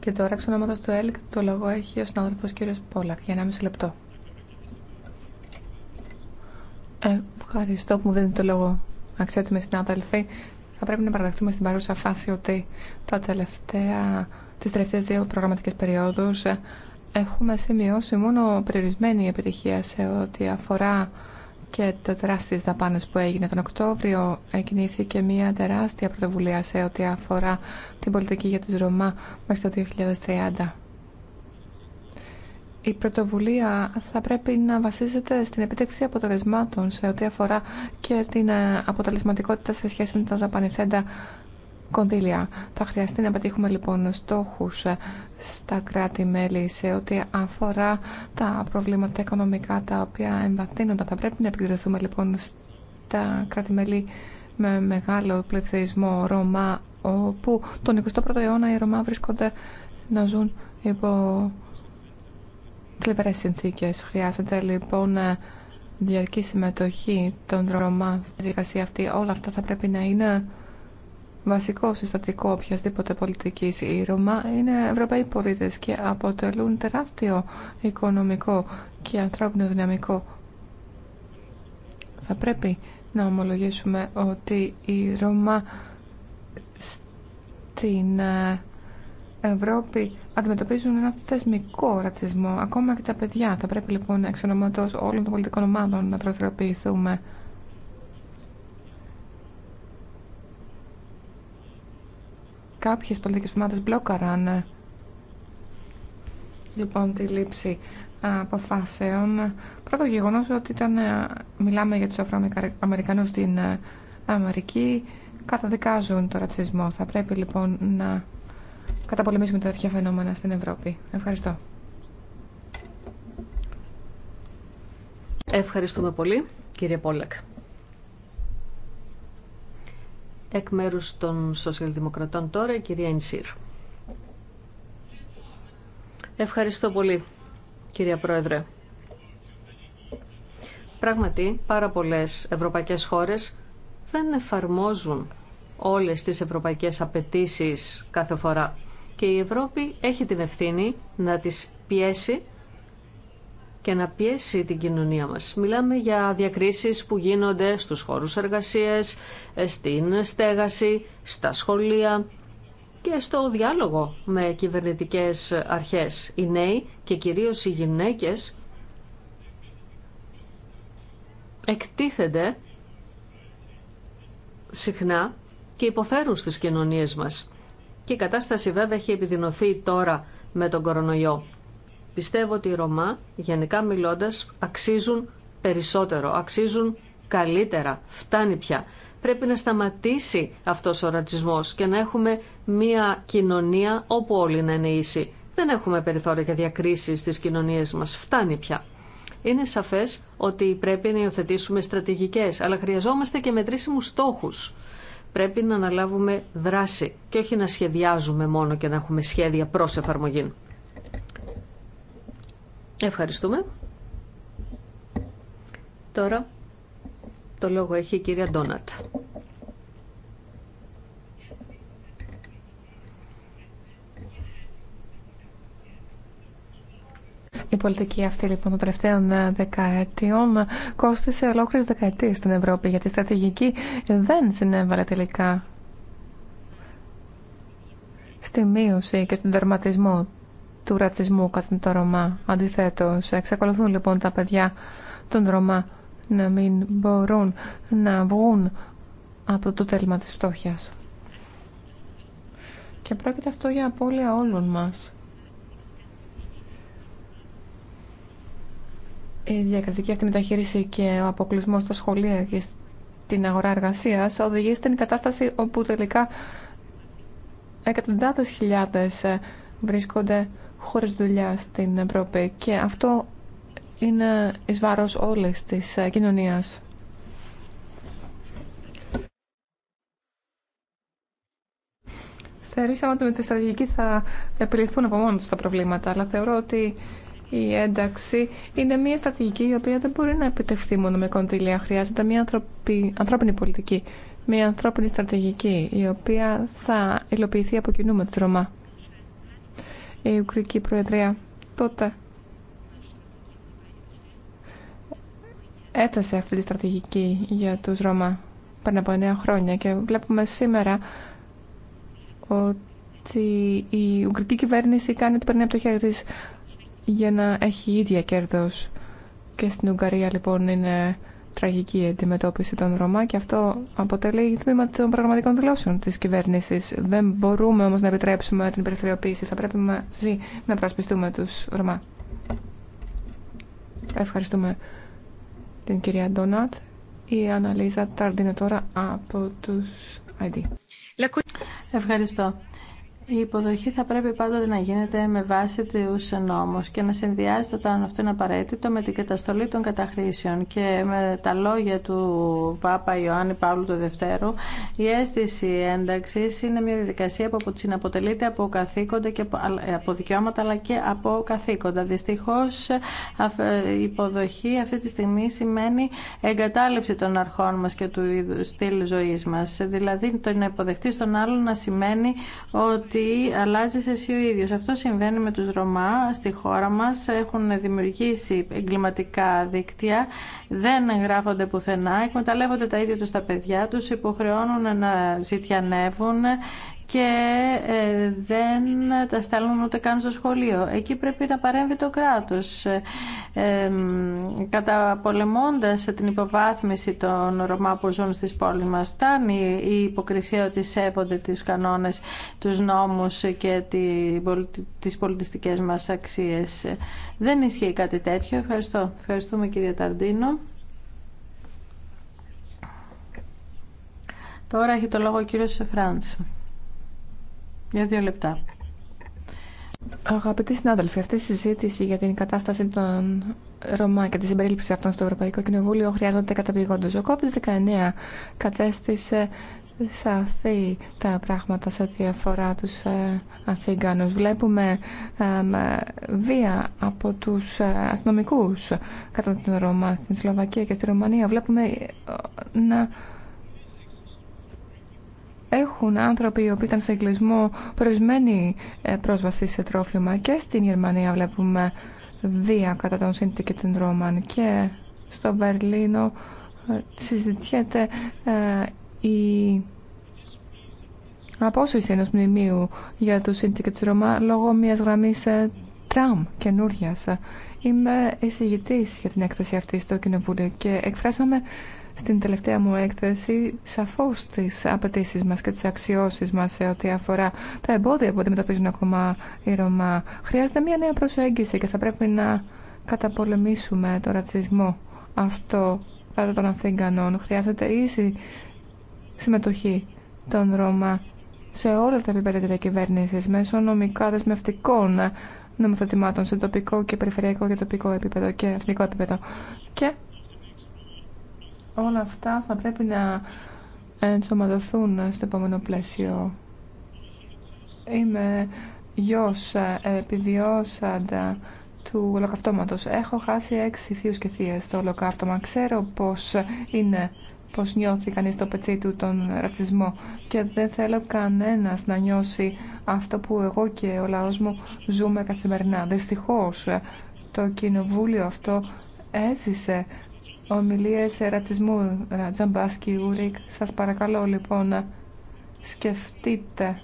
Και τώρα εξ ονόματος του ΕΛΚ το λόγο έχει ο συνάδελφος κύριος Πόλακ για 1,5 λεπτό. Ε, ευχαριστώ που μου δίνετε το λόγο αξιότιμοι συνάδελφοι. Θα πρέπει να παραδεχτούμε στην παρούσα φάση ότι τα τελευταία, τις τελευταίες δύο προγραμματικές περιόδους ε, έχουμε σημειώσει μόνο περιορισμένη επιτυχία σε ό,τι αφορά και το τεράστιο δαπάνε που έγινε τον Οκτώβριο, εκινήθηκε μια τεράστια πρωτοβουλία σε ό,τι αφορά την πολιτική για τους Ρωμά μέχρι το 2030. Η πρωτοβουλία θα πρέπει να βασίζεται στην επίτευξη αποτελεσμάτων σε ό,τι αφορά και την ε, αποτελεσματικότητα σε σχέση με τα δαπανηθέντα κονδύλια. Θα χρειαστεί να πετύχουμε λοιπόν στόχους ε, στα κράτη-μέλη σε ό,τι αφορά τα προβλήματα οικονομικά τα οποία εμβαθύνονται. Θα πρέπει να επικεντρωθούμε λοιπόν στα κράτη-μέλη με μεγάλο πληθυσμό Ρωμά όπου τον 21ο αιώνα οι Ρωμά βρίσκονται να ζουν υπό θλιβερές συνθήκες. Χρειάζεται λοιπόν διαρκή συμμετοχή των Ρωμά στη διαδικασία αυτή. Όλα αυτά θα πρέπει να είναι βασικό συστατικό οποιασδήποτε πολιτικής. η Ρωμά είναι Ευρωπαίοι πολίτες και αποτελούν τεράστιο οικονομικό και ανθρώπινο δυναμικό. Θα πρέπει να ομολογήσουμε ότι οι Ρωμά στην ε, Ευρώπη αντιμετωπίζουν ένα θεσμικό ρατσισμό, ακόμα και τα παιδιά. Θα πρέπει λοιπόν εξ ονόματος όλων των πολιτικών ομάδων να δραστηριοποιηθούμε. Κάποιες πολιτικές ομάδες μπλόκαραν ε, λοιπόν τη λήψη ε, αποφάσεων. Πρώτο γεγονός ότι ήταν, ε, μιλάμε για τους Αφροαμερικανούς στην Αμερική, καταδικάζουν το ρατσισμό. Θα πρέπει λοιπόν να καταπολεμήσουμε τέτοια φαινόμενα στην Ευρώπη. Ευχαριστώ. Ευχαριστούμε πολύ, κύριε Πόλεκ. Εκ μέρους των Σοσιαλδημοκρατών τώρα η κυρία Ινσύρ. Ευχαριστώ πολύ κυρία Πρόεδρε. Πράγματι πάρα πολλές ευρωπαϊκές χώρες δεν εφαρμόζουν όλες τις ευρωπαϊκές απαιτήσεις κάθε φορά και η Ευρώπη έχει την ευθύνη να τις πιέσει και να πιέσει την κοινωνία μας. Μιλάμε για διακρίσεις που γίνονται στους χώρους εργασίας, στην στέγαση, στα σχολεία και στο διάλογο με κυβερνητικές αρχές. Οι νέοι και κυρίως οι γυναίκες εκτίθενται συχνά και υποφέρουν στις κοινωνίες μας. Και η κατάσταση βέβαια έχει επιδεινωθεί τώρα με τον κορονοϊό. Πιστεύω ότι οι Ρωμά, γενικά μιλώντας, αξίζουν περισσότερο, αξίζουν καλύτερα, φτάνει πια. Πρέπει να σταματήσει αυτός ο ρατσισμός και να έχουμε μία κοινωνία όπου όλοι να είναι ίσοι. Δεν έχουμε περιθώρια για διακρίσεις στις κοινωνίες μας, φτάνει πια. Είναι σαφές ότι πρέπει να υιοθετήσουμε στρατηγικές, αλλά χρειαζόμαστε και μετρήσιμους στόχους. Πρέπει να αναλάβουμε δράση και όχι να σχεδιάζουμε μόνο και να έχουμε σχέδια προς εφαρμογή. Ευχαριστούμε. Τώρα το λόγο έχει η κυρία Ντόνατ. Η πολιτική αυτή λοιπόν των τελευταίων ε, δεκαετιών κόστησε ολόκληρε δεκαετίε στην Ευρώπη γιατί η στρατηγική δεν συνέβαλε τελικά στη μείωση και στον τερματισμό του ρατσισμού κατά το Ρωμά. αντιθέτω. εξακολουθούν λοιπόν τα παιδιά των Ρωμά να μην μπορούν να βγουν από το τέλμα της φτώχειας. Και πρόκειται αυτό για απώλεια όλων μας. Η διακριτική αυτή μεταχείριση και ο αποκλεισμό στα σχολεία και στην αγορά εργασία οδηγεί στην κατάσταση όπου τελικά εκατοντάδε χιλιάδε βρίσκονται χωρίς δουλειά στην Ευρώπη και αυτό είναι εις βάρος όλης της ε, κοινωνίας. Θεωρήσαμε ότι με τη στρατηγική θα επιληθούν από μόνο τα προβλήματα, αλλά θεωρώ ότι η ένταξη είναι μια στρατηγική η οποία δεν μπορεί να επιτευχθεί μόνο με κονδύλια. Χρειάζεται μια ανθρωπι... ανθρώπινη πολιτική, μια ανθρώπινη στρατηγική, η οποία θα υλοποιηθεί από κοινού με τη Ρωμά η Ουγγρική Προεδρία τότε έθεσε αυτή τη στρατηγική για τους Ρώμα πριν από 9 χρόνια και βλέπουμε σήμερα ότι η Ουγγρική κυβέρνηση κάνει ότι περνάει από το χέρι της για να έχει ίδια κέρδος. Και στην Ουγγαρία λοιπόν είναι τραγική αντιμετώπιση των Ρωμά και αυτό αποτελεί τμήμα των πραγματικών δηλώσεων της κυβέρνησης. Δεν μπορούμε όμως να επιτρέψουμε την περιθωριοποίηση. Θα πρέπει μαζί να προσπιστούμε τους Ρωμά. Ευχαριστούμε την κυρία Ντόνατ. Η Αναλίζα Ταρντίνε τώρα από τους ID. Ευχαριστώ. Η υποδοχή θα πρέπει πάντοτε να γίνεται με βάση του νόμου και να συνδυάζεται όταν αυτό είναι απαραίτητο με την καταστολή των καταχρήσεων. Και με τα λόγια του Πάπα Ιωάννη Παύλου Δευτέρου η αίσθηση ένταξη είναι μια διαδικασία που συναποτελείται από καθήκοντα και από δικαιώματα αλλά και από καθήκοντα. Δυστυχώ, η υποδοχή αυτή τη στιγμή σημαίνει εγκατάλειψη των αρχών μα και του στυλ ζωή μα. Δηλαδή, το να υποδεχτεί τον άλλον να σημαίνει ότι αλλάζει αλλάζεις εσύ ο ίδιος. Αυτό συμβαίνει με τους Ρωμά στη χώρα μας. Έχουν δημιουργήσει εγκληματικά δίκτυα, δεν εγγράφονται πουθενά, εκμεταλλεύονται τα ίδια τους τα παιδιά τους, υποχρεώνουν να ζητιανεύουν και ε, δεν τα στέλνουν ούτε καν στο σχολείο. Εκεί πρέπει να παρέμβει το κράτος ε, καταπολεμώντας την υποβάθμιση των Ρωμά που ζουν στις πόλεις μας. Στάνει η υποκρισία ότι σέβονται τους κανόνες, τους νόμους και τις πολιτιστικές μας αξίες. Δεν ισχύει κάτι τέτοιο. Ευχαριστώ. Ευχαριστούμε κύριε Ταρντίνο. Τώρα έχει το λόγο ο κύριος Φράντς. Για δύο λεπτά. Αγαπητοί συνάδελφοι, αυτή η συζήτηση για την κατάσταση των Ρωμά και τη συμπερίληψη αυτών στο Ευρωπαϊκό Κοινοβούλιο χρειάζονται καταπηγόντω. Ο COVID-19 κατέστησε σαφή τα πράγματα σε ό,τι αφορά του ε, Βλέπουμε ε, βία από τους ε, αστυνομικού κατά την Ρώμα στην Σλοβακία και στη Ρωμανία. Βλέπουμε ε, να έχουν άνθρωποι οι οποίοι ήταν σε κλεισμό προηγουμένη ε, πρόσβαση σε τρόφιμα και στην Γερμανία βλέπουμε βία κατά τον Σύντη και τον Ρώμαν και στο Βερλίνο ε, συζητιέται ε, η απόσυρση ενός μνημείου για τον Σύντη και τους Ρώμα λόγω μιας γραμμής τραμ καινούριας. Είμαι εισηγητής για την έκθεση αυτή στο Κοινοβούλιο και εκφράσαμε στην τελευταία μου έκθεση σαφώς τι απαιτήσει μας και τις αξιώσεις μας σε ό,τι αφορά τα εμπόδια που αντιμετωπίζουν ακόμα οι Ρωμά. Χρειάζεται μια νέα προσέγγιση και θα πρέπει να καταπολεμήσουμε τον ρατσισμό αυτό κατά των Αθήγανων. Χρειάζεται ίση συμμετοχή των Ρώμα σε όλα τα επίπεδα της διακυβέρνηση μέσω νομικά δεσμευτικών νομοθετημάτων σε τοπικό και περιφερειακό και τοπικό επίπεδο και εθνικό επίπεδο. Και όλα αυτά θα πρέπει να ενσωματωθούν στο επόμενο πλαίσιο. Είμαι γιος ε, επιβιώσαντα του ολοκαυτώματος. Έχω χάσει έξι θείους και θείες στο ολοκαύτωμα. Ξέρω πώς είναι, πώς νιώθει κανείς στο πετσί του τον ρατσισμό και δεν θέλω κανένας να νιώσει αυτό που εγώ και ο λαός μου ζούμε καθημερινά. Δυστυχώς το κοινοβούλιο αυτό έζησε Ομιλίε ρατσισμού, Ρατζαμπάσκι, Ουρίκ. Σας παρακαλώ λοιπόν να σκεφτείτε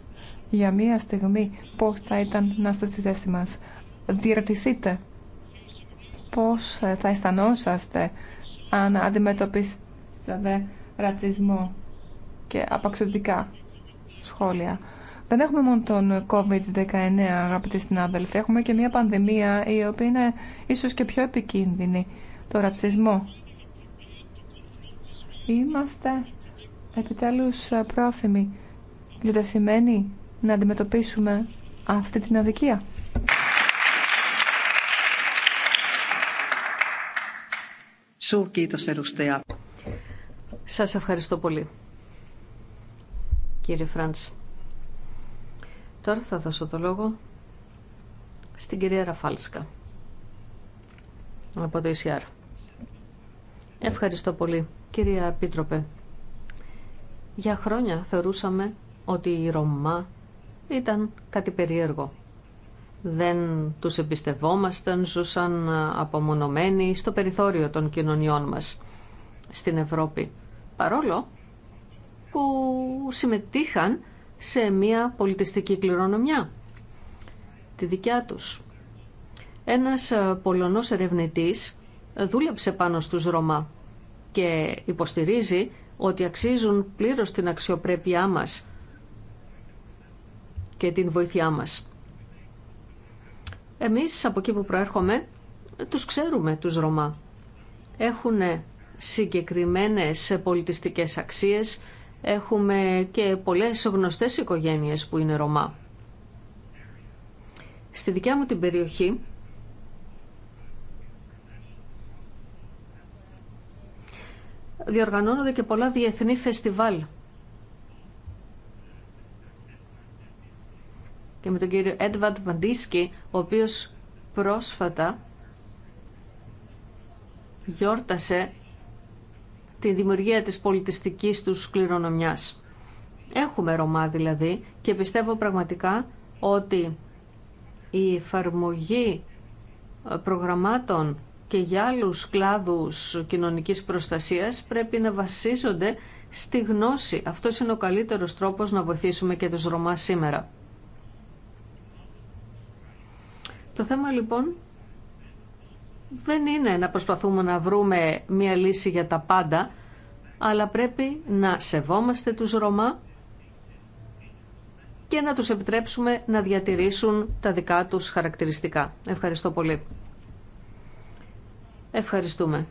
για μία στιγμή πώς θα ήταν να είστε στη θέση μας. Διερωτηθείτε πώς ε, θα αισθανόσαστε αν αντιμετωπίσατε ρατσισμό και απαξιωτικά σχόλια. Δεν έχουμε μόνο τον COVID-19, αγαπητοί συνάδελφοι, έχουμε και μια πανδημία η οποία είναι ίσως και πιο επικίνδυνη, το ρατσισμό. Είμαστε επιτέλους πρόθυμοι, διατεθειμένοι να αντιμετωπίσουμε αυτή την αδικία. Σου Σας ευχαριστώ πολύ, κύριε Φραντς. Τώρα θα δώσω το λόγο στην κυρία Ραφάλσκα από το ECR. Ευχαριστώ πολύ. Κυρία Επίτροπε, για χρόνια θεωρούσαμε ότι οι Ρωμά ήταν κάτι περίεργο. Δεν τους εμπιστευόμασταν, ζούσαν απομονωμένοι στο περιθώριο των κοινωνιών μας στην Ευρώπη. Παρόλο που συμμετείχαν σε μια πολιτιστική κληρονομιά, τη δικιά τους. Ένας Πολωνός ερευνητής δούλεψε πάνω στους Ρωμά και υποστηρίζει ότι αξίζουν πλήρως την αξιοπρέπειά μας και την βοήθειά μας. Εμείς από εκεί που προέρχομαι τους ξέρουμε τους Ρωμά. Έχουν συγκεκριμένες πολιτιστικές αξίες, έχουμε και πολλές γνωστές οικογένειες που είναι Ρωμά. Στη δικιά μου την περιοχή διοργανώνονται και πολλά διεθνή φεστιβάλ. Και με τον κύριο Έντβαντ Μαντίσκι, ο οποίος πρόσφατα γιόρτασε τη δημιουργία της πολιτιστικής τους κληρονομιάς. Έχουμε Ρωμά δηλαδή και πιστεύω πραγματικά ότι η εφαρμογή ε, προγραμμάτων και για άλλους κλάδους κοινωνικής προστασίας πρέπει να βασίζονται στη γνώση. Αυτό είναι ο καλύτερος τρόπος να βοηθήσουμε και τους Ρωμά σήμερα. Το θέμα λοιπόν δεν είναι να προσπαθούμε να βρούμε μία λύση για τα πάντα, αλλά πρέπει να σεβόμαστε τους Ρωμά και να τους επιτρέψουμε να διατηρήσουν τα δικά τους χαρακτηριστικά. Ευχαριστώ πολύ. Ευχαριστούμε.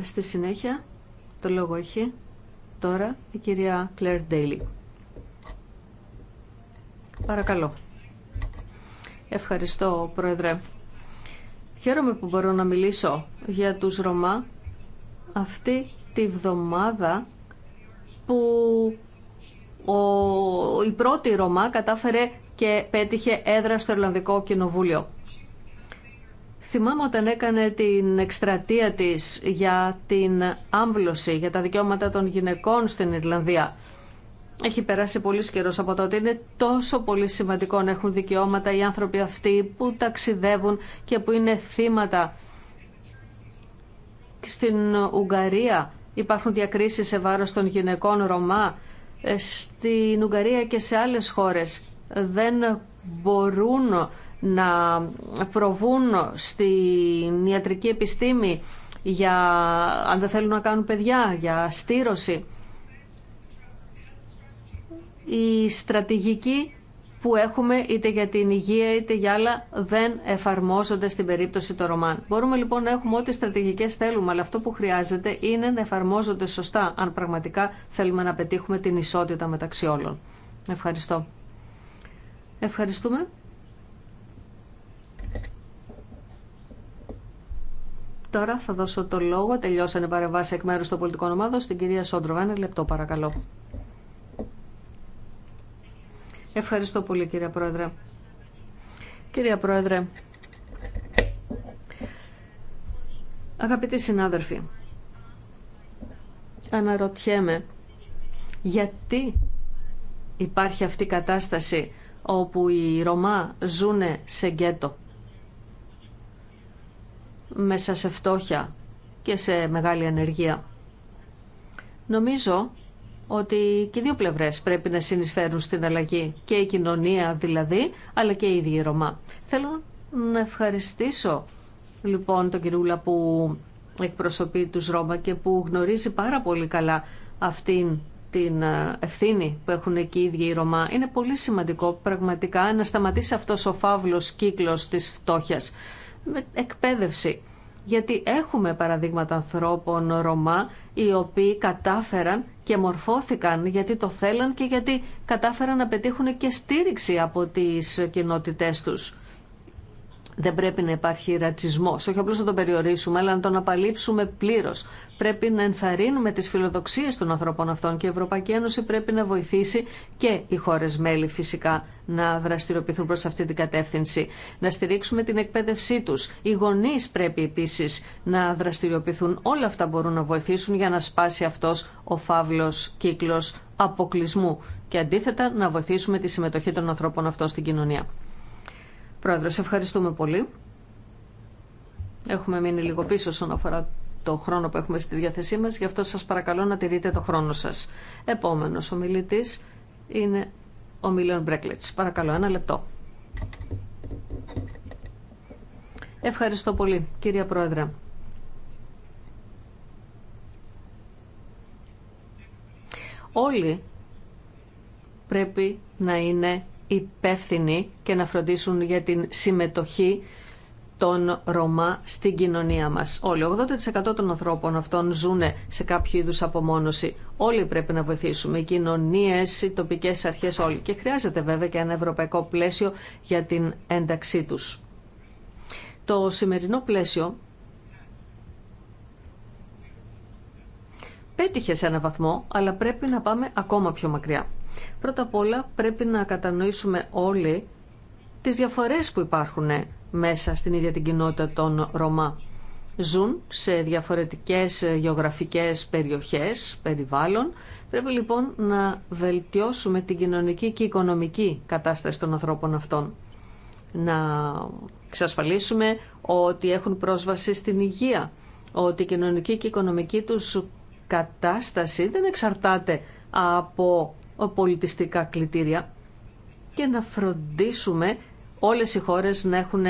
Στη συνέχεια, το λόγο έχει τώρα η κυρία Κλέρ Ντέιλι. Παρακαλώ. Ευχαριστώ, Πρόεδρε. Χαίρομαι που μπορώ να μιλήσω για τους Ρωμά αυτή τη βδομάδα που ο, η πρώτη Ρωμά κατάφερε και πέτυχε έδρα στο Ιρλανδικό Κοινοβούλιο. Θυμάμαι όταν έκανε την εκστρατεία της για την άμβλωση, για τα δικαιώματα των γυναικών στην Ιρλανδία. Έχει περάσει πολύ καιρό από τότε. Είναι τόσο πολύ σημαντικό να έχουν δικαιώματα οι άνθρωποι αυτοί που ταξιδεύουν και που είναι θύματα. Στην Ουγγαρία υπάρχουν διακρίσεις σε βάρος των γυναικών Ρωμά. Ε, στην Ουγγαρία και σε άλλες χώρες δεν μπορούν να προβούν στην ιατρική επιστήμη για αν δεν θέλουν να κάνουν παιδιά, για στήρωση. Η στρατηγική που έχουμε είτε για την υγεία είτε για άλλα δεν εφαρμόζονται στην περίπτωση των Ρωμάν. Μπορούμε λοιπόν να έχουμε ό,τι στρατηγικές θέλουμε, αλλά αυτό που χρειάζεται είναι να εφαρμόζονται σωστά, αν πραγματικά θέλουμε να πετύχουμε την ισότητα μεταξύ όλων. Ευχαριστώ. Ευχαριστούμε. Τώρα θα δώσω το λόγο, τελειώσανε παρεμβάσει εκ μέρου του πολιτικών ομάδων, στην κυρία Σόντροβα. Ένα λεπτό παρακαλώ. Ευχαριστώ πολύ κύριε Πρόεδρε. Κυρία Πρόεδρε, αγαπητοί συνάδελφοι, αναρωτιέμαι γιατί υπάρχει αυτή η κατάσταση όπου οι Ρωμά ζουν σε γκέτο μέσα σε φτώχεια και σε μεγάλη ανεργία. Νομίζω ότι και οι δύο πλευρές πρέπει να συνεισφέρουν στην αλλαγή, και η κοινωνία δηλαδή, αλλά και η η Ρωμά. Θέλω να ευχαριστήσω λοιπόν τον Κυρούλα που εκπροσωπεί τους Ρώμα και που γνωρίζει πάρα πολύ καλά αυτήν την ε, ευθύνη που έχουν εκεί οι ίδιοι οι Ρωμά. Είναι πολύ σημαντικό πραγματικά να σταματήσει αυτός ο φαύλος κύκλος της φτώχειας με εκπαίδευση. Γιατί έχουμε παραδείγματα ανθρώπων Ρωμά οι οποίοι κατάφεραν και μορφώθηκαν γιατί το θέλαν και γιατί κατάφεραν να πετύχουν και στήριξη από τις κοινότητές τους δεν πρέπει να υπάρχει ρατσισμό. Όχι απλώ να τον περιορίσουμε, αλλά να τον απαλείψουμε πλήρω. Πρέπει να ενθαρρύνουμε τι φιλοδοξίε των ανθρώπων αυτών και η Ευρωπαϊκή Ένωση πρέπει να βοηθήσει και οι χώρε μέλη φυσικά να δραστηριοποιηθούν προ αυτή την κατεύθυνση. Να στηρίξουμε την εκπαίδευσή του. Οι γονεί πρέπει επίση να δραστηριοποιηθούν. Όλα αυτά μπορούν να βοηθήσουν για να σπάσει αυτό ο φαύλο κύκλο αποκλεισμού και αντίθετα να βοηθήσουμε τη συμμετοχή των ανθρώπων αυτών στην κοινωνία. Πρόεδρος, ευχαριστούμε πολύ. Έχουμε μείνει λίγο πίσω όσον αφορά το χρόνο που έχουμε στη διάθεσή μας, γι' αυτό σας παρακαλώ να τηρείτε το χρόνο σας. Επόμενος ομιλητής είναι ο Μίλιον Μπρέκλετς. Παρακαλώ, ένα λεπτό. Ευχαριστώ πολύ, κυρία Πρόεδρε. Όλοι πρέπει να είναι υπεύθυνοι και να φροντίσουν για την συμμετοχή των Ρωμά στην κοινωνία μας. Όλοι, 80% των ανθρώπων αυτών ζουν σε κάποιο είδους απομόνωση. Όλοι πρέπει να βοηθήσουμε, οι κοινωνίες, οι τοπικές αρχές, όλοι. Και χρειάζεται βέβαια και ένα ευρωπαϊκό πλαίσιο για την ένταξή τους. Το σημερινό πλαίσιο πέτυχε σε ένα βαθμό, αλλά πρέπει να πάμε ακόμα πιο μακριά. Πρώτα απ' όλα πρέπει να κατανοήσουμε όλοι τις διαφορές που υπάρχουν μέσα στην ίδια την κοινότητα των Ρωμά. Ζουν σε διαφορετικές γεωγραφικές περιοχές, περιβάλλον. Πρέπει λοιπόν να βελτιώσουμε την κοινωνική και οικονομική κατάσταση των ανθρώπων αυτών. Να εξασφαλίσουμε ότι έχουν πρόσβαση στην υγεία, ότι η κοινωνική και οικονομική τους κατάσταση δεν εξαρτάται από πολιτιστικά κλητήρια και να φροντίσουμε όλες οι χώρες να έχουν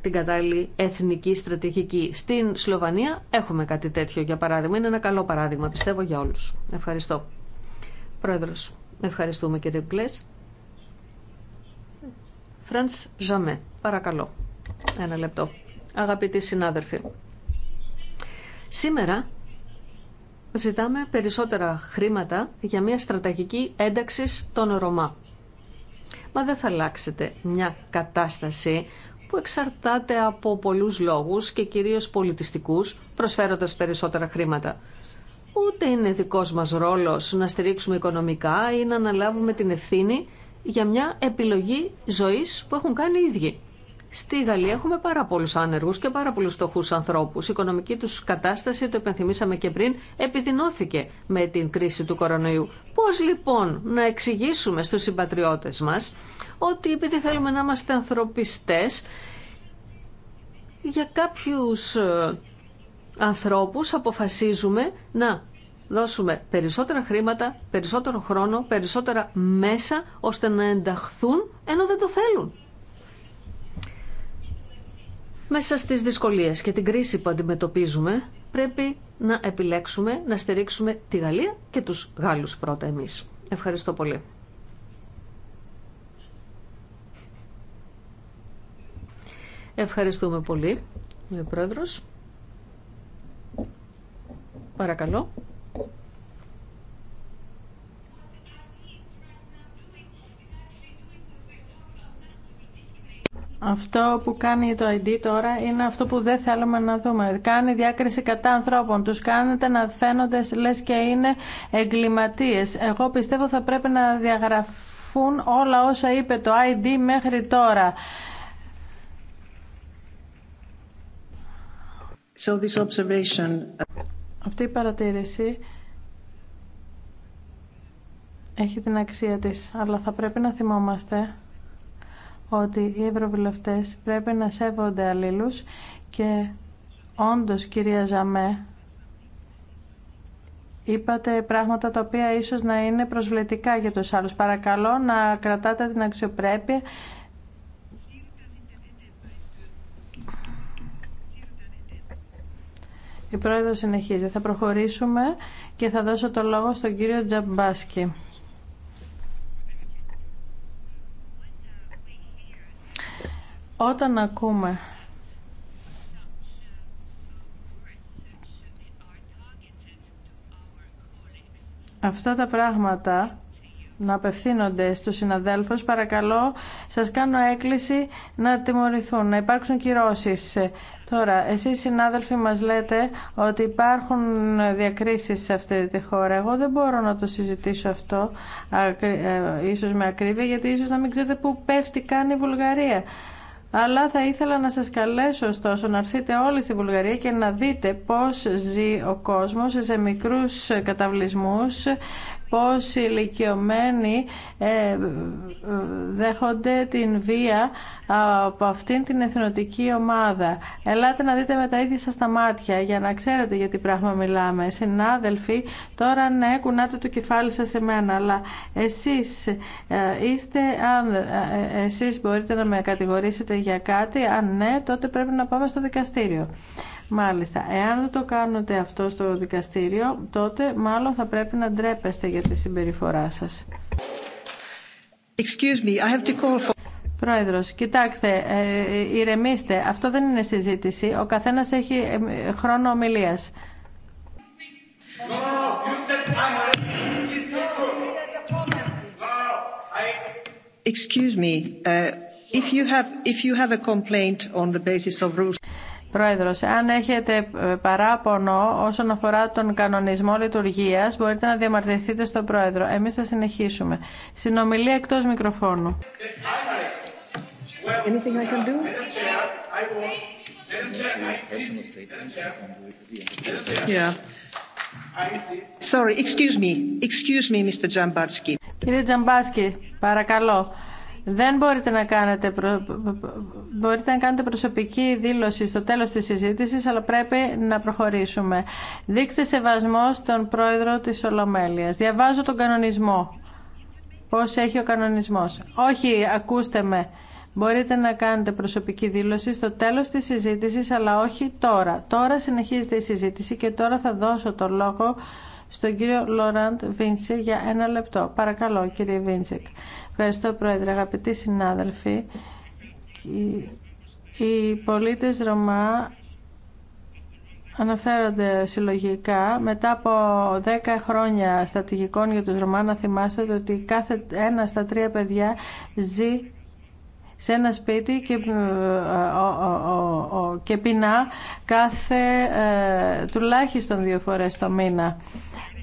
την κατάλληλη εθνική στρατηγική. Στην Σλοβανία έχουμε κάτι τέτοιο για παράδειγμα. Είναι ένα καλό παράδειγμα πιστεύω για όλους. Ευχαριστώ. Πρόεδρος, ευχαριστούμε κύριε Πλές. Φραντς Ζαμέ, παρακαλώ. Ένα λεπτό. Αγαπητοί συνάδελφοι, σήμερα ζητάμε περισσότερα χρήματα για μια στρατηγική ένταξη των Ρωμά. Μα δεν θα αλλάξετε μια κατάσταση που εξαρτάται από πολλούς λόγους και κυρίως πολιτιστικούς, προσφέροντας περισσότερα χρήματα. Ούτε είναι δικός μας ρόλος να στηρίξουμε οικονομικά ή να αναλάβουμε την ευθύνη για μια επιλογή ζωής που έχουν κάνει οι ίδιοι. Στη Γαλλία έχουμε πάρα πολλού άνεργους και πάρα πολλού στοχούς ανθρώπους. Η οικονομική τους κατάσταση, το επενθυμίσαμε και πριν, επιδεινώθηκε με την κρίση του κορονοϊού. Πώς λοιπόν να εξηγήσουμε στους συμπατριώτε μας ότι επειδή θέλουμε να είμαστε ανθρωπιστές, για κάποιους ε, ανθρώπους αποφασίζουμε να δώσουμε περισσότερα χρήματα, περισσότερο χρόνο, περισσότερα μέσα ώστε να ενταχθούν ενώ δεν το θέλουν. Μέσα στις δυσκολίες και την κρίση που αντιμετωπίζουμε πρέπει να επιλέξουμε να στηρίξουμε τη Γαλλία και τους Γάλλους πρώτα εμείς. Ευχαριστώ πολύ. Ευχαριστούμε πολύ, κύριε Πρόεδρος. Παρακαλώ. Αυτό που κάνει το ID τώρα είναι αυτό που δεν θέλουμε να δούμε. Κάνει διάκριση κατά ανθρώπων. Τους κάνετε να φαίνονται λες και είναι εγκληματίες. Εγώ πιστεύω θα πρέπει να διαγραφούν όλα όσα είπε το ID μέχρι τώρα. So observation... Αυτή η παρατήρηση έχει την αξία της, αλλά θα πρέπει να θυμόμαστε ότι οι ευρωβουλευτές πρέπει να σέβονται αλλήλους και όντως κυρία Ζαμέ είπατε πράγματα τα οποία ίσως να είναι προσβλητικά για τους άλλους. Παρακαλώ να κρατάτε την αξιοπρέπεια Η πρόεδρο συνεχίζει. Θα προχωρήσουμε και θα δώσω το λόγο στον κύριο Τζαμπάσκι. Όταν ακούμε αυτά τα πράγματα να απευθύνονται στους συναδέλφους. Παρακαλώ, σας κάνω έκκληση να τιμωρηθούν, να υπάρξουν κυρώσεις. Τώρα, εσείς συνάδελφοι μας λέτε ότι υπάρχουν διακρίσεις σε αυτή τη χώρα. Εγώ δεν μπορώ να το συζητήσω αυτό, ε, ε, ίσως με ακρίβεια, γιατί ίσως να μην ξέρετε πού πέφτει καν η Βουλγαρία. Αλλά θα ήθελα να σας καλέσω ωστόσο να έρθετε όλοι στη Βουλγαρία και να δείτε πώς ζει ο κόσμος σε μικρούς καταβλισμούς πώς οι ηλικιωμένοι ε, δέχονται την βία από αυτήν την εθνοτική ομάδα. Ελάτε να δείτε με τα ίδια σας τα μάτια για να ξέρετε για τι πράγμα μιλάμε. Συνάδελφοι, τώρα ναι, κουνάτε το κεφάλι σας σε μένα, αλλά εσείς ε, είστε, ε, εσείς μπορείτε να με κατηγορήσετε για κάτι, αν ναι, τότε πρέπει να πάμε στο δικαστήριο. Μάλιστα, εάν δεν το κάνετε αυτό στο δικαστήριο, τότε μάλλον θα πρέπει να ντρέπεστε για τη συμπεριφορά σας. Excuse me, I have to call for... Πρόεδρος, κοιτάξτε, ε, ε ηρεμήστε. Αυτό δεν είναι συζήτηση. Ο καθένας έχει ε, χρόνο ομιλίας. Excuse me, uh, if you have if you have a complaint on the basis of rules. Πρόεδρος, αν έχετε ε, παράπονο όσον αφορά τον κανονισμό λειτουργίας, μπορείτε να διαμαρτυρηθείτε στον Πρόεδρο. Εμείς θα συνεχίσουμε. Συνομιλία εκτός μικροφώνου. Sorry, excuse me. Excuse me, Mr. Κύριε Τζαμπάσκι, παρακαλώ. Δεν μπορείτε να κάνετε, μπορείτε να κάνετε προσωπική δήλωση στο τέλος της συζήτησης, αλλά πρέπει να προχωρήσουμε. Δείξτε σεβασμό στον πρόεδρο της Ολομέλειας. Διαβάζω τον κανονισμό. Πώς έχει ο κανονισμός. Όχι, ακούστε με. Μπορείτε να κάνετε προσωπική δήλωση στο τέλος της συζήτησης, αλλά όχι τώρα. Τώρα συνεχίζεται η συζήτηση και τώρα θα δώσω το λόγο στον κύριο Λοράντ Βίντσεκ για ένα λεπτό. Παρακαλώ κύριε Βίντσεκ. Ευχαριστώ πρόεδρε αγαπητοί συνάδελφοι. Οι πολίτες Ρωμά αναφέρονται συλλογικά μετά από δέκα χρόνια στρατηγικών για τους Ρωμά να θυμάστε ότι κάθε ένα στα τρία παιδιά ζει σε ένα σπίτι και, ε, και πεινά κάθε ε, τουλάχιστον δύο φορές το μήνα.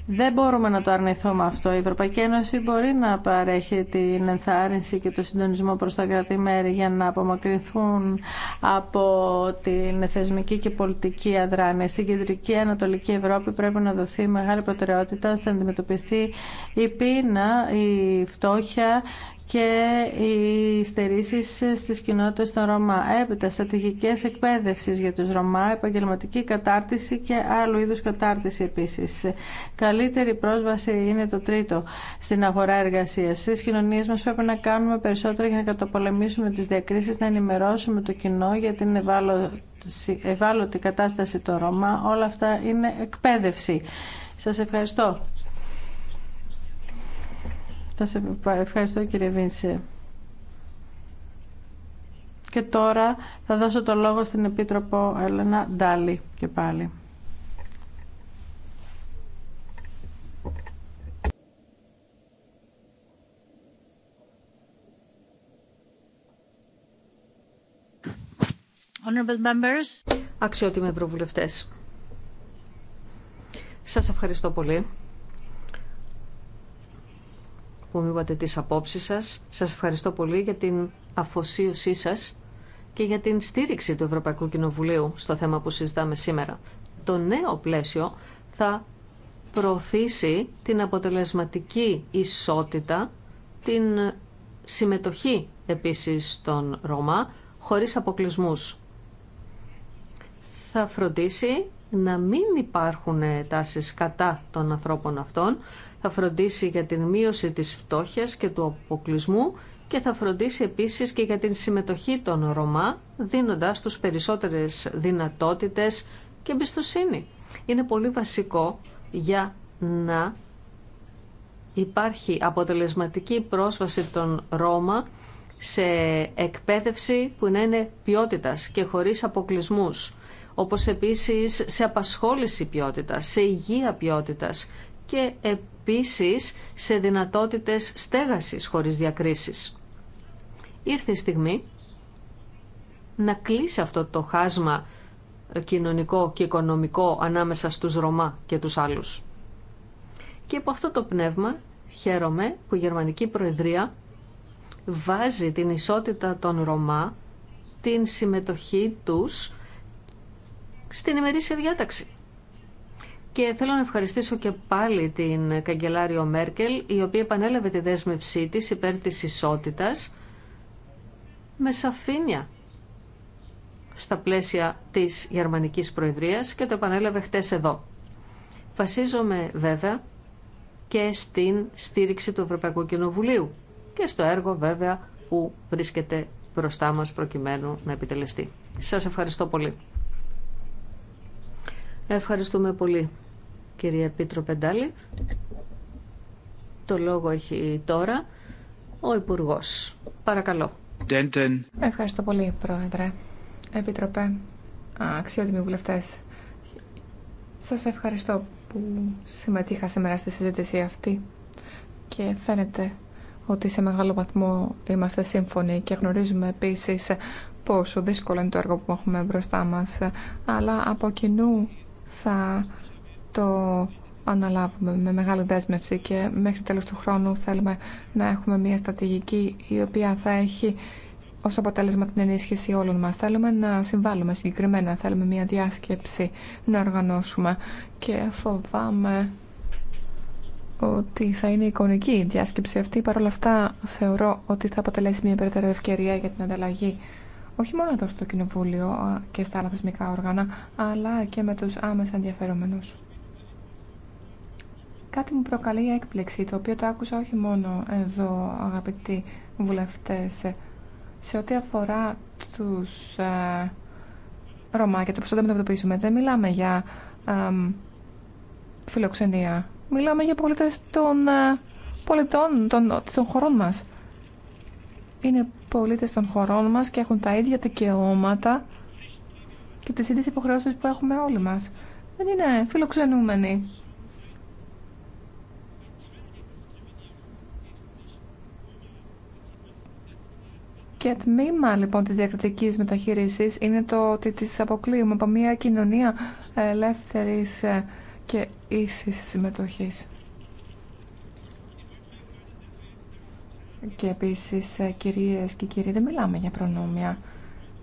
Δεν μπορούμε να το αρνηθούμε αυτό. Η Ευρωπαϊκή Ένωση μπορεί να παρέχει την ενθάρρυνση και το συντονισμό προς τα κράτη-μέρη για να απομακρυνθούν από την θεσμική και πολιτική αδράνεια. Στην κεντρική Ανατολική Ευρώπη πρέπει να δοθεί μεγάλη προτεραιότητα ώστε να αντιμετωπιστεί η πείνα, η φτώχεια και οι στερήσεις στι κοινότητε των Ρωμά. Έπειτα, στρατηγικέ εκπαίδευση για του Ρωμά, επαγγελματική κατάρτιση και άλλου είδου κατάρτιση επίση. Καλύτερη πρόσβαση είναι το τρίτο στην αγορά εργασία. Στι κοινωνίε μας πρέπει να κάνουμε περισσότερα για να καταπολεμήσουμε τι διακρίσει, να ενημερώσουμε το κοινό για την ευάλωτη κατάσταση των Ρωμά. Όλα αυτά είναι εκπαίδευση. Σας ευχαριστώ. Θα σε ευχαριστώ κύριε Βίνση. Και τώρα θα δώσω το λόγο στην Επίτροπο Έλενα Ντάλι και πάλι. Αξιότιμοι Ευρωβουλευτές, σας ευχαριστώ πολύ που μου είπατε τις απόψεις σας. Σας ευχαριστώ πολύ για την αφοσίωσή σας και για την στήριξη του Ευρωπαϊκού Κοινοβουλίου στο θέμα που συζητάμε σήμερα. Το νέο πλαίσιο θα προωθήσει την αποτελεσματική ισότητα, την συμμετοχή επίσης των Ρωμά, χωρίς αποκλεισμούς. Θα φροντίσει να μην υπάρχουν τάσεις κατά των ανθρώπων αυτών, θα φροντίσει για την μείωση της φτώχειας και του αποκλεισμού και θα φροντίσει επίσης και για την συμμετοχή των Ρωμά, δίνοντας τους περισσότερες δυνατότητες και εμπιστοσύνη. Είναι πολύ βασικό για να υπάρχει αποτελεσματική πρόσβαση των Ρώμα σε εκπαίδευση που να είναι ποιότητας και χωρίς αποκλεισμούς όπως επίσης σε απασχόληση ποιότητας, σε υγεία ποιότητας και επίσης σε δυνατότητες στέγασης χωρίς διακρίσεις. Ήρθε η στιγμή να κλείσει αυτό το χάσμα κοινωνικό και οικονομικό ανάμεσα στους Ρωμά και τους άλλους. Και από αυτό το πνεύμα χαίρομαι που η Γερμανική Προεδρία βάζει την ισότητα των Ρωμά, την συμμετοχή τους στην ημερήσια διάταξη. Και θέλω να ευχαριστήσω και πάλι την καγκελάριο Μέρκελ, η οποία επανέλαβε τη δέσμευσή της υπέρ της ισότητας με σαφήνια στα πλαίσια της Γερμανικής Προεδρίας και το επανέλαβε χτες εδώ. Βασίζομαι βέβαια και στην στήριξη του Ευρωπαϊκού Κοινοβουλίου και στο έργο βέβαια που βρίσκεται μπροστά μας προκειμένου να επιτελεστεί. Σας ευχαριστώ πολύ. Ευχαριστούμε πολύ κυρία Πίτρο Πεντάλη. Το λόγο έχει τώρα ο υπουργό. Παρακαλώ. Ευχαριστώ πολύ, Πρόεδρε. Επιτροπέ, αξιότιμοι βουλευτέ Σας ευχαριστώ που συμμετείχα σήμερα στη συζήτηση αυτή και φαίνεται ότι σε μεγάλο βαθμό είμαστε σύμφωνοι και γνωρίζουμε επίσης πόσο δύσκολο είναι το έργο που έχουμε μπροστά μας αλλά από κοινού θα το αναλάβουμε με μεγάλη δέσμευση και μέχρι τέλος του χρόνου θέλουμε να έχουμε μια στρατηγική η οποία θα έχει ως αποτέλεσμα την ενίσχυση όλων μας. Θέλουμε να συμβάλλουμε συγκεκριμένα, θέλουμε μια διάσκεψη να οργανώσουμε και φοβάμαι ότι θα είναι εικονική η διάσκεψη αυτή. Παρ' όλα αυτά θεωρώ ότι θα αποτελέσει μια περαιτέρω ευκαιρία για την ανταλλαγή όχι μόνο εδώ στο Κοινοβούλιο και στα άλλα θεσμικά όργανα, αλλά και με τους άμεσα ενδιαφερόμενους κάτι μου προκαλεί έκπληξη, το οποίο το άκουσα όχι μόνο εδώ, αγαπητοί βουλευτές, σε ό,τι αφορά τους ε, Ρωμά και το πώς θα αντιμετωπίσουμε. Δεν μιλάμε για φιλοξενία. Μιλάμε για πολίτες των ε, πολιτών, των, των χωρών μας. Είναι πολίτες των χωρών μας και έχουν τα ίδια δικαιώματα και τις ίδιες υποχρεώσεις που έχουμε όλοι μας. Δεν είναι φιλοξενούμενοι Και τμήμα λοιπόν της διακριτικής μεταχείρισης είναι το ότι τις αποκλείουμε από μια κοινωνία ελεύθερης και ίσης συμμετοχής. Και επίσης κυρίες και κύριοι δεν μιλάμε για προνόμια.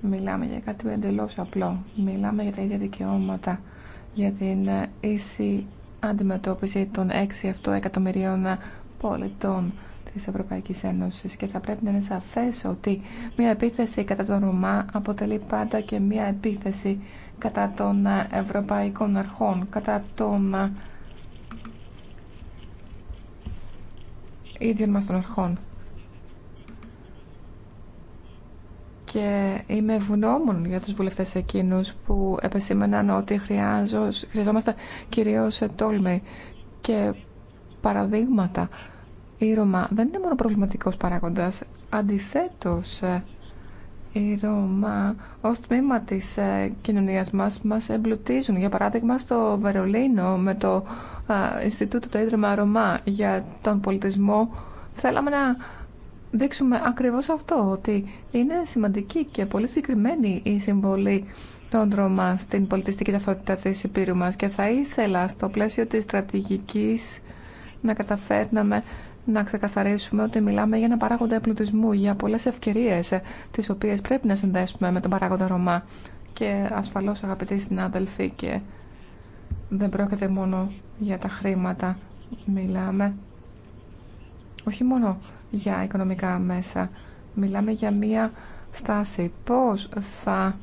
Μιλάμε για κάτι εντελώς απλό. Μιλάμε για τα ίδια δικαιώματα, για την ίση αντιμετώπιση των 6-7 εκατομμυρίων πολιτών της Ευρωπαϊκής Ένωση και θα πρέπει να είναι σαφές ότι μια επίθεση κατά τον Ρωμά αποτελεί πάντα και μια επίθεση κατά των ευρωπαϊκών αρχών, κατά των ίδιων μας των αρχών. και είμαι ευγνώμων για τους βουλευτές εκείνους που επεσήμεναν ότι χρειάζομαστε κυρίως τόλμη και παραδείγματα η Ρωμά δεν είναι μόνο προβληματικός παράγοντας. Αντιθέτως, η Ρωμά ως τμήμα της ε, κοινωνίας μας μας εμπλουτίζουν. Για παράδειγμα, στο Βερολίνο με το ε, Ινστιτούτο το Ίδρυμα Ρωμά για τον πολιτισμό θέλαμε να δείξουμε ακριβώς αυτό, ότι είναι σημαντική και πολύ συγκεκριμένη η συμβολή των Ρωμά στην πολιτιστική ταυτότητα της Υπήρου μας και θα ήθελα στο πλαίσιο της στρατηγικής να καταφέρναμε να ξεκαθαρίσουμε ότι μιλάμε για ένα παράγοντα εμπλουτισμού, για πολλέ ευκαιρίε ε, τις οποίες πρέπει να συνδέσουμε με τον παράγοντα Ρωμά. Και ασφαλώς αγαπητοί συνάδελφοι και δεν πρόκειται μόνο για τα χρήματα. Μιλάμε όχι μόνο για οικονομικά μέσα. Μιλάμε για μία στάση. Πώς θα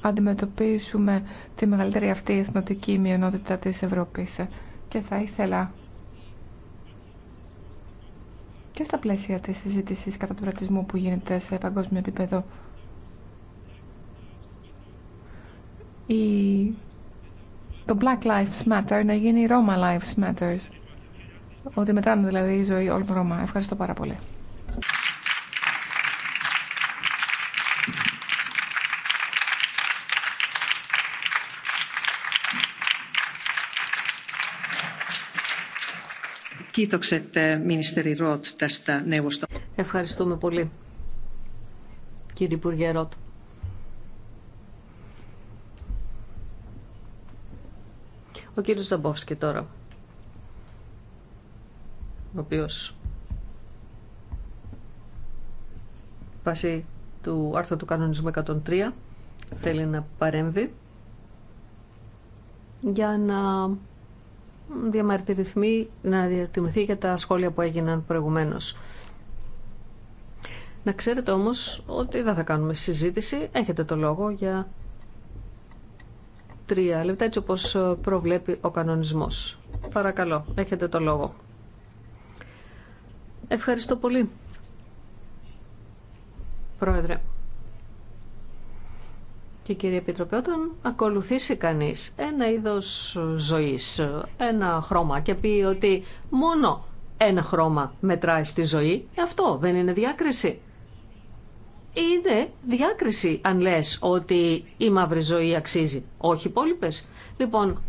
αντιμετωπίσουμε τη μεγαλύτερη αυτή εθνοτική μειονότητα της Ευρώπης. Και θα ήθελα και στα πλαίσια της συζήτησης κατά του ρατσισμού που γίνεται σε παγκόσμιο επίπεδο. Η... Το Black Lives Matter να γίνει Roma Lives Matters. Ότι μετράνε δηλαδή η ζωή όλων των Ρώμα. Ευχαριστώ πάρα πολύ. Ευχαριστούμε πολύ, κύριε Υπουργέ Ρότ. Ο κύριος Ζαμπόφσκι τώρα, ο οποίος βάσει του άρθρου του κανονισμού 103 θέλει να παρέμβει για να διαμαρτυρηθεί, να διατηρηθεί για τα σχόλια που έγιναν προηγουμένως. Να ξέρετε όμως ότι δεν θα κάνουμε συζήτηση. Έχετε το λόγο για τρία λεπτά, έτσι όπως προβλέπει ο κανονισμός. Παρακαλώ, έχετε το λόγο. Ευχαριστώ πολύ. Πρόεδρε, και κύριε Επιτροπέ, όταν ακολουθήσει κανείς ένα είδος ζωής, ένα χρώμα και πει ότι μόνο ένα χρώμα μετράει στη ζωή, αυτό δεν είναι διάκριση. Είναι διάκριση αν λες ότι η μαύρη ζωή αξίζει, όχι υπόλοιπε. Λοιπόν,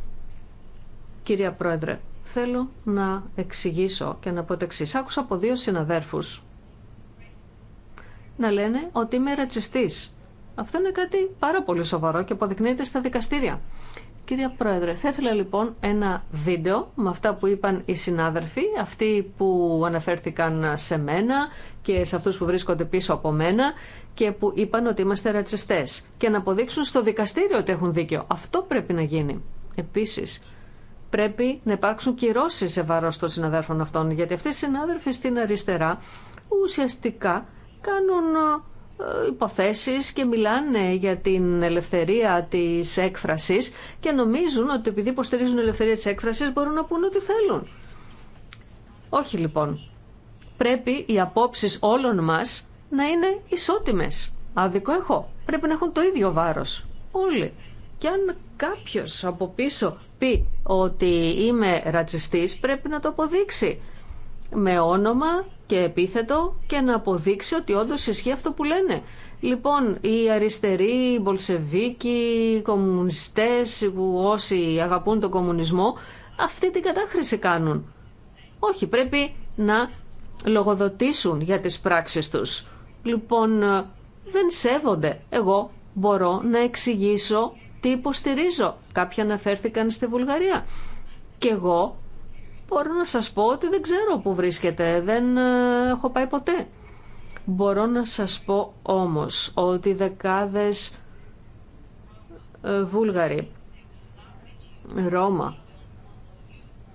κυρία Πρόεδρε, θέλω να εξηγήσω και να πω το εξής. Άκουσα από δύο συναδέρφους να λένε ότι είμαι ρατσιστής αυτό είναι κάτι πάρα πολύ σοβαρό και αποδεικνύεται στα δικαστήρια. Κυρία Πρόεδρε, θα ήθελα λοιπόν ένα βίντεο με αυτά που είπαν οι συνάδελφοι, αυτοί που αναφέρθηκαν σε μένα και σε αυτούς που βρίσκονται πίσω από μένα και που είπαν ότι είμαστε ρατσιστές και να αποδείξουν στο δικαστήριο ότι έχουν δίκιο. Αυτό πρέπει να γίνει. Επίσης, πρέπει να υπάρξουν κυρώσει σε βάρος των συναδέλφων αυτών, γιατί αυτοί οι συνάδελφοι στην αριστερά ουσιαστικά κάνουν υποθέσεις και μιλάνε για την ελευθερία της έκφρασης και νομίζουν ότι επειδή υποστηρίζουν ελευθερία της έκφρασης μπορούν να πούν ό,τι θέλουν. Όχι λοιπόν. Πρέπει οι απόψεις όλων μας να είναι ισότιμες. Αδικό έχω. Πρέπει να έχουν το ίδιο βάρος. Όλοι. Και αν κάποιος από πίσω πει ότι είμαι ρατσιστής πρέπει να το αποδείξει με όνομα και επίθετο και να αποδείξει ότι όντω ισχύει αυτό που λένε. Λοιπόν, οι αριστεροί, οι μπολσεβίκοι, οι κομμουνιστές, όσοι αγαπούν τον κομμουνισμό, αυτή την κατάχρηση κάνουν. Όχι, πρέπει να λογοδοτήσουν για τις πράξεις τους. Λοιπόν, δεν σέβονται. Εγώ μπορώ να εξηγήσω τι υποστηρίζω. Κάποιοι αναφέρθηκαν στη Βουλγαρία. Και εγώ μπορώ να σας πω ότι δεν ξέρω που βρίσκεται, δεν ε, έχω πάει ποτέ. Μπορώ να σας πω όμως ότι δεκάδες ε, Βούλγαροι, Ρώμα,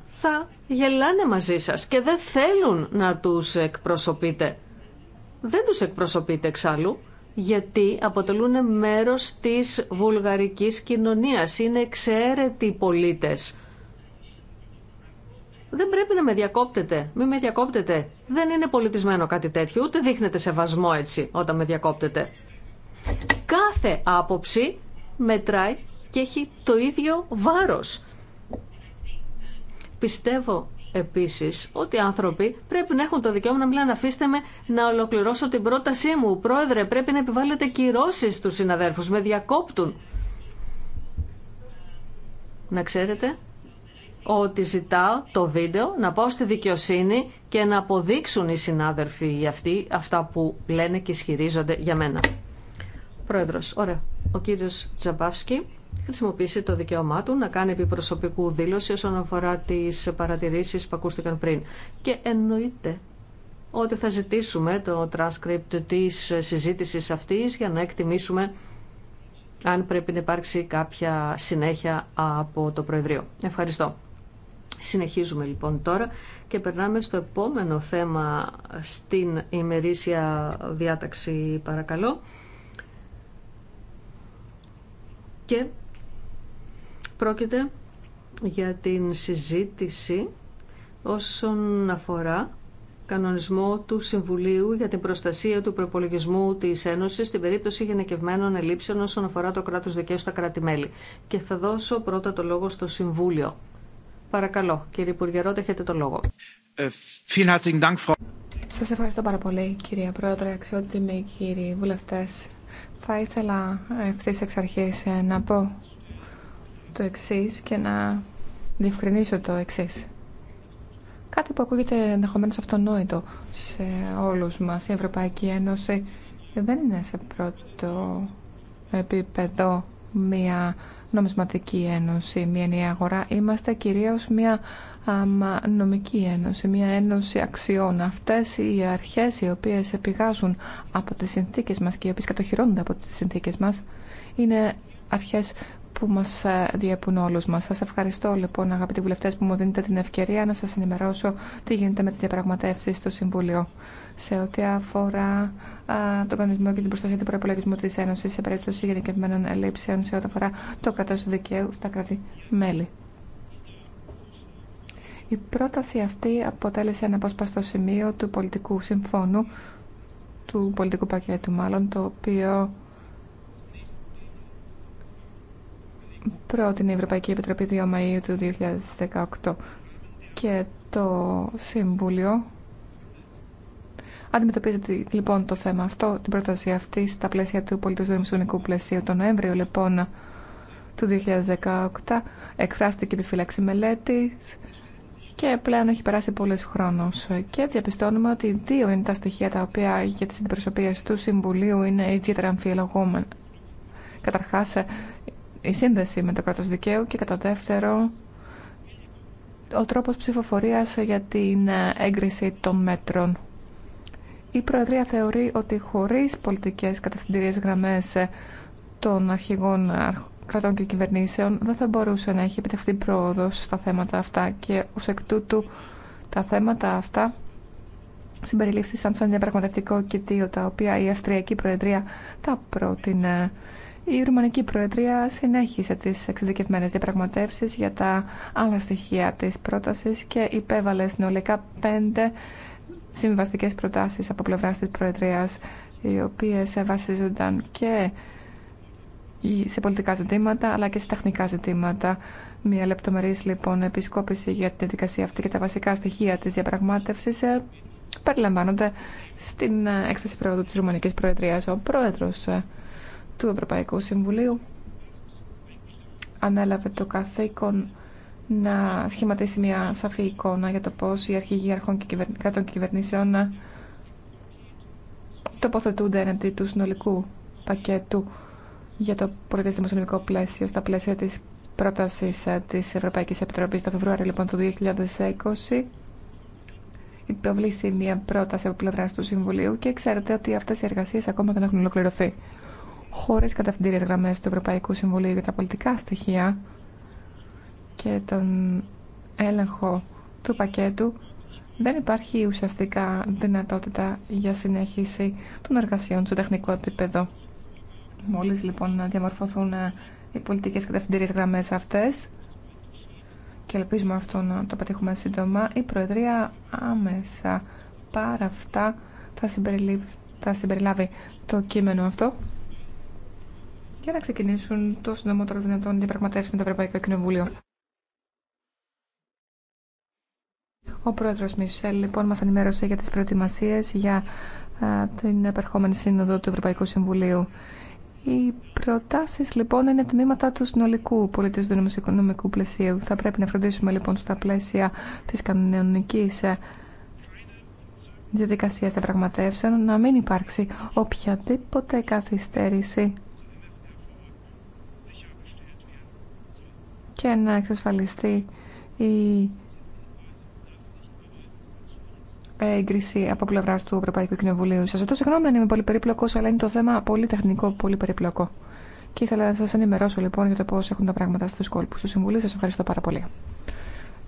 θα γελάνε μαζί σας και δεν θέλουν να τους εκπροσωπείτε. Δεν τους εκπροσωπείτε εξάλλου, γιατί αποτελούν μέρος της βουλγαρικής κοινωνίας. Είναι εξαίρετοι πολίτες δεν πρέπει να με διακόπτετε. Μη με διακόπτετε. Δεν είναι πολιτισμένο κάτι τέτοιο. Ούτε δείχνετε σεβασμό έτσι όταν με διακόπτετε. Κάθε άποψη μετράει και έχει το ίδιο βάρος. Πιστεύω επίσης ότι οι άνθρωποι πρέπει να έχουν το δικαίωμα να μιλάνε. Αφήστε με να ολοκληρώσω την πρότασή μου. Πρόεδρε, πρέπει να επιβάλλετε κυρώσει στους συναδέλφους. Με διακόπτουν. Να ξέρετε ότι ζητάω το βίντεο να πάω στη δικαιοσύνη και να αποδείξουν οι συνάδελφοι αυτοί αυτά που λένε και ισχυρίζονται για μένα. Πρόεδρος, ωραία. Ο κύριος Τζαμπάφσκι χρησιμοποιήσει το δικαίωμά του να κάνει επιπροσωπικού δήλωση όσον αφορά τις παρατηρήσεις που ακούστηκαν πριν. Και εννοείται ότι θα ζητήσουμε το transcript της συζήτησης αυτής για να εκτιμήσουμε αν πρέπει να υπάρξει κάποια συνέχεια από το Προεδρείο. Ευχαριστώ. Συνεχίζουμε λοιπόν τώρα και περνάμε στο επόμενο θέμα στην ημερήσια διάταξη παρακαλώ. Και πρόκειται για την συζήτηση όσον αφορά κανονισμό του Συμβουλίου για την προστασία του προπολογισμού τη Ένωση στην περίπτωση γενικευμένων ελλείψεων όσον αφορά το κράτο δικαίου στα κράτη-μέλη. Και θα δώσω πρώτα το λόγο στο Συμβούλιο. Παρακαλώ, κύριε Υπουργέ, έχετε το λόγο. Ε, Σα ευχαριστώ πάρα πολύ, κυρία Πρόεδρε, αξιότιμοι κύριοι βουλευτέ. Θα ήθελα ευθύ εξ αρχή ε, να πω το εξή και να διευκρινίσω το εξή. Κάτι που ακούγεται ενδεχομένω αυτονόητο σε όλου μα. Η Ευρωπαϊκή Ένωση δεν είναι σε πρώτο επίπεδο μία νομισματική ένωση, μια νέα αγορά. Είμαστε κυρίως μια νομική ένωση, μια ένωση αξιών. Αυτές οι αρχές οι οποίες επηγάζουν από τις συνθήκες μας και οι οποίες κατοχυρώνονται από τις συνθήκες μας είναι αρχές που μας ε, διέπουν όλους μας. Σας ευχαριστώ λοιπόν αγαπητοί βουλευτές που μου δίνετε την ευκαιρία να σας ενημερώσω τι γίνεται με τις διαπραγματεύσεις στο Συμβούλιο σε ό,τι αφορά τον κανονισμό και την προστασία του προπολογισμού τη Ένωση σε περίπτωση γενικευμένων ελλείψεων σε ό,τι αφορά το κρατό δικαίου στα κράτη-μέλη. Η πρόταση αυτή αποτέλεσε ένα απόσπαστο σημείο του πολιτικού συμφώνου, του πολιτικού πακέτου μάλλον, το οποίο πρότεινε η Ευρωπαϊκή Επιτροπή 2 Μαΐου του 2018 και το Συμβούλιο Αντιμετωπίζεται λοιπόν το θέμα αυτό, την πρόταση αυτή, στα πλαίσια του πολιτισμικού πλαισίου. Τον Νοέμβριο λοιπόν του 2018 εκφράστηκε η επιφύλαξη μελέτη και πλέον έχει περάσει πολλές χρόνος και διαπιστώνουμε ότι δύο είναι τα στοιχεία τα οποία για τις αντιπροσωπείες του Συμβουλίου είναι ιδιαίτερα αμφιλεγόμενα. Καταρχάς η σύνδεση με το κράτος δικαίου και κατά δεύτερο ο τρόπος ψηφοφορίας για την έγκριση των μέτρων. Η Προεδρία θεωρεί ότι χωρίς πολιτικές κατευθυντηρίες γραμμές ε, των αρχηγών ε, κρατών και κυβερνήσεων δεν θα μπορούσε να έχει επιτευχθεί πρόοδος στα θέματα αυτά και ως εκ τούτου τα θέματα αυτά συμπεριλήφθησαν σαν διαπραγματευτικό κοιτίο τα οποία η Αυστριακή Προεδρία τα πρότεινε. Η Ρουμανική Προεδρία συνέχισε τις εξειδικευμένες διαπραγματεύσεις για τα άλλα στοιχεία της πρότασης και υπέβαλε συνολικά πέντε συμβαστικές προτάσεις από πλευράς της Προεδρίας οι οποίες βασίζονταν και σε πολιτικά ζητήματα αλλά και σε τεχνικά ζητήματα. Μια λεπτομερής λοιπόν επισκόπηση για την διαδικασία αυτή και τα βασικά στοιχεία της διαπραγμάτευσης ε, περιλαμβάνονται στην ε, έκθεση πρόοδου της Ρουμανικής Προεδρίας. Ο πρόεδρος ε, του Ευρωπαϊκού Συμβουλίου ανέλαβε το καθήκον να σχηματίσει μια σαφή εικόνα για το πώς οι αρχηγοί αρχών και κρατών και κυβερνήσεων ε, τοποθετούνται εναντί του συνολικού πακέτου για το πολιτιστικο δημοσιονομικό πλαίσιο στα πλαίσια της πρότασης ε, της Ευρωπαϊκής Επιτροπής το Φεβρουάριο λοιπόν του 2020 υποβλήθη μια πρόταση από πλευρά του Συμβουλίου και ξέρετε ότι αυτέ οι εργασίε ακόμα δεν έχουν ολοκληρωθεί. Χωρί κατευθυντήριες γραμμέ του Ευρωπαϊκού Συμβουλίου για τα πολιτικά στοιχεία, και τον έλεγχο του πακέτου δεν υπάρχει ουσιαστικά δυνατότητα για συνέχιση των εργασιών στο τεχνικό επίπεδο. Μόλις λοιπόν να διαμορφωθούν ε, οι πολιτικές κατευθυντήριες γραμμές αυτές και ελπίζουμε αυτό να το πετύχουμε σύντομα, η Προεδρία άμεσα πάρα αυτά θα, θα συμπεριλάβει το κείμενο αυτό για να ξεκινήσουν το συντομότερο δυνατόν διαπραγματεύσει με το Ευρωπαϊκό Κοινοβούλιο. Ο πρόεδρος Μισελ λοιπόν μας ενημέρωσε για τις προετοιμασίες για την επερχόμενη σύνοδο του Ευρωπαϊκού Συμβουλίου. Οι προτάσεις λοιπόν είναι τμήματα του συνολικού πολιτικού οικονομικού πλαισίου. Θα πρέπει να φροντίσουμε λοιπόν στα πλαίσια της κανονικής ε, διαδικασίας διαπραγματεύσεων να μην υπάρξει οποιαδήποτε καθυστέρηση και να εξασφαλιστεί η έγκριση από πλευρά του Ευρωπαϊκού Κοινοβουλίου. Σα ζητώ συγγνώμη αν είμαι πολύ περίπλοκο, αλλά είναι το θέμα πολύ τεχνικό, πολύ περιπλοκό. Και ήθελα να σα ενημερώσω λοιπόν για το πώ έχουν τα πράγματα στου κόλπου του Συμβουλίου. Σα ευχαριστώ πάρα πολύ.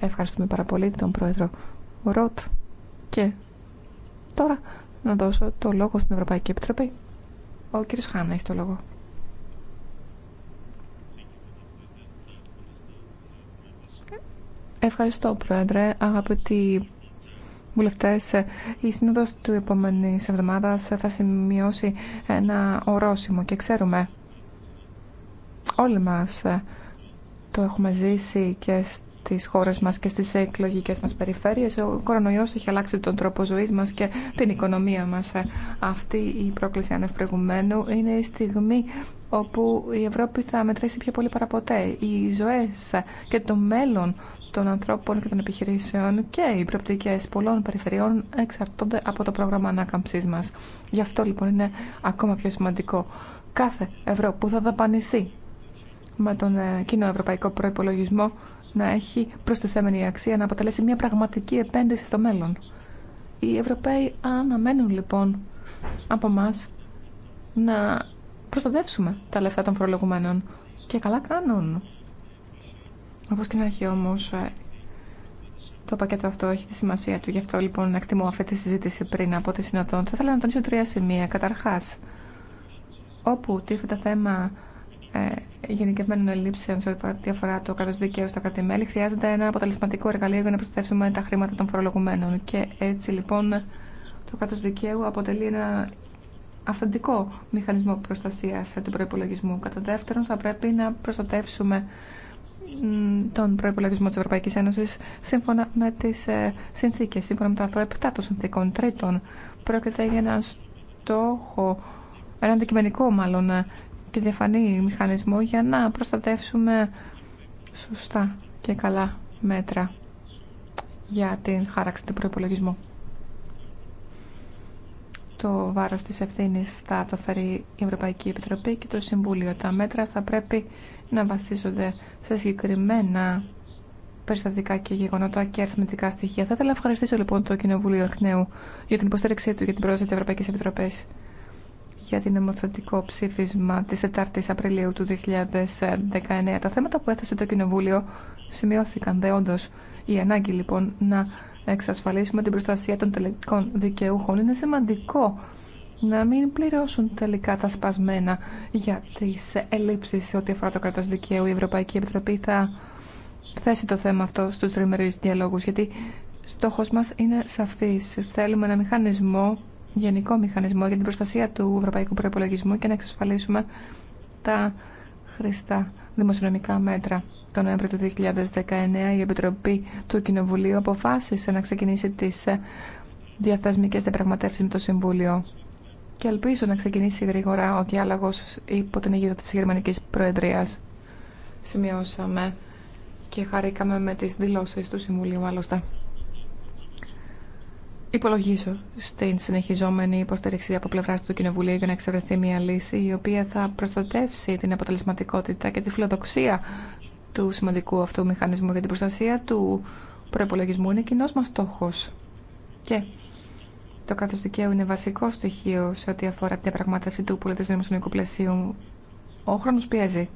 Ευχαριστούμε πάρα πολύ τον πρόεδρο Ροτ. Και τώρα να δώσω το λόγο στην Ευρωπαϊκή Επιτροπή. Ο κ. Χάνα έχει το λόγο. Ευχαριστώ, Πρόεδρε. Αγαπητοί βουλευτέ, η σύνοδο του επόμενη εβδομάδα θα σημειώσει ένα ορόσημο και ξέρουμε όλοι μας το έχουμε ζήσει και στις χώρες μας και στις εκλογικέ μας περιφέρειες. Ο κορονοϊός έχει αλλάξει τον τρόπο ζωής μας και την οικονομία μας. Αυτή η πρόκληση ανεφρεγουμένου είναι η στιγμή όπου η Ευρώπη θα μετρήσει πιο πολύ παραποτέ. Οι ζωές και το μέλλον των ανθρώπων και των επιχειρήσεων και οι προοπτικέ πολλών περιφερειών εξαρτώνται από το πρόγραμμα ανάκαμψής μα. Γι' αυτό λοιπόν είναι ακόμα πιο σημαντικό κάθε ευρώ που θα δαπανηθεί με τον ε, κοινό ευρωπαϊκό προπολογισμό να έχει προστιθέμενη αξία, να αποτελέσει μια πραγματική επένδυση στο μέλλον. Οι Ευρωπαίοι αναμένουν λοιπόν από εμά να προστατεύσουμε τα λεφτά των φορολογουμένων και καλά κάνουν. Όπω και να έχει όμω ε, το πακέτο αυτό έχει τη σημασία του. Γι' αυτό λοιπόν εκτιμώ αυτή τη συζήτηση πριν από τη Συνοδόν. Θα ήθελα να τονίσω τρία σημεία. Καταρχά, όπου τίθεται θέμα ε, γενικευμένων ελλείψεων σε ό,τι αφορά το κράτο δικαίου στα κράτη-μέλη, χρειάζεται ένα αποτελεσματικό εργαλείο για να προστατεύσουμε τα χρήματα των φορολογουμένων. Και έτσι λοιπόν το κράτο δικαίου αποτελεί ένα αυθεντικό μηχανισμό προστασία του προπολογισμού. Κατά δεύτερον, θα πρέπει να προστατεύσουμε τον προπολογισμό τη Ευρωπαϊκή Ένωση σύμφωνα με τι ε, συνθήκε, σύμφωνα με το άρθρο 7 των συνθήκων. Τρίτον, πρόκειται για ένα στόχο, ένα αντικειμενικό μάλλον ε, και διαφανή μηχανισμό για να προστατεύσουμε σωστά και καλά μέτρα για την χάραξη του προπολογισμού. Το βάρος της ευθύνης θα το φέρει η Ευρωπαϊκή Επιτροπή και το Συμβούλιο. Τα μέτρα θα πρέπει να βασίζονται σε συγκεκριμένα περιστατικά και γεγονότα και αριθμητικά στοιχεία. Θα ήθελα να ευχαριστήσω λοιπόν το Κοινοβούλιο Αρχνέου για την υποστήριξή του για την πρόταση τη Ευρωπαϊκή Επιτροπή για την νομοθετικό ψήφισμα τη 4η Απριλίου του 2019. Τα θέματα που έθεσε το Κοινοβούλιο σημειώθηκαν όντω Η ανάγκη λοιπόν να εξασφαλίσουμε την προστασία των τελετικών δικαιούχων είναι σημαντικό να μην πληρώσουν τελικά τα σπασμένα για τις ελλείψεις σε ό,τι αφορά το κράτος δικαίου. Η Ευρωπαϊκή Επιτροπή θα θέσει το θέμα αυτό στους τριμερείς διαλόγους, γιατί στόχος μας είναι σαφής. Θέλουμε ένα μηχανισμό, γενικό μηχανισμό για την προστασία του ευρωπαϊκού προπολογισμού και να εξασφαλίσουμε τα χρηστά δημοσιονομικά μέτρα. Το Νοέμβριο του 2019 η Επιτροπή του Κοινοβουλίου αποφάσισε να ξεκινήσει τις διαθεσμικές διαπραγματεύσεις με το Συμβούλιο και ελπίζω να ξεκινήσει γρήγορα ο διάλογο υπό την αιγύδα τη γερμανική Προεδρίας. Σημειώσαμε και χαρήκαμε με τι δηλώσει του Συμβουλίου άλλωστε. Υπολογίζω στην συνεχιζόμενη υποστήριξη από πλευρά του Κοινοβουλίου για να εξευρεθεί μια λύση η οποία θα προστατεύσει την αποτελεσματικότητα και τη φιλοδοξία του σημαντικού αυτού μηχανισμού για την προστασία του προπολογισμού. Είναι κοινό μα στόχο. Και το κράτο δικαίου είναι βασικό στοιχείο σε ό,τι αφορά την διαπραγμάτευση του πολιτισμού δημοσιονομικού πλαισίου. Ο χρόνο πιέζει,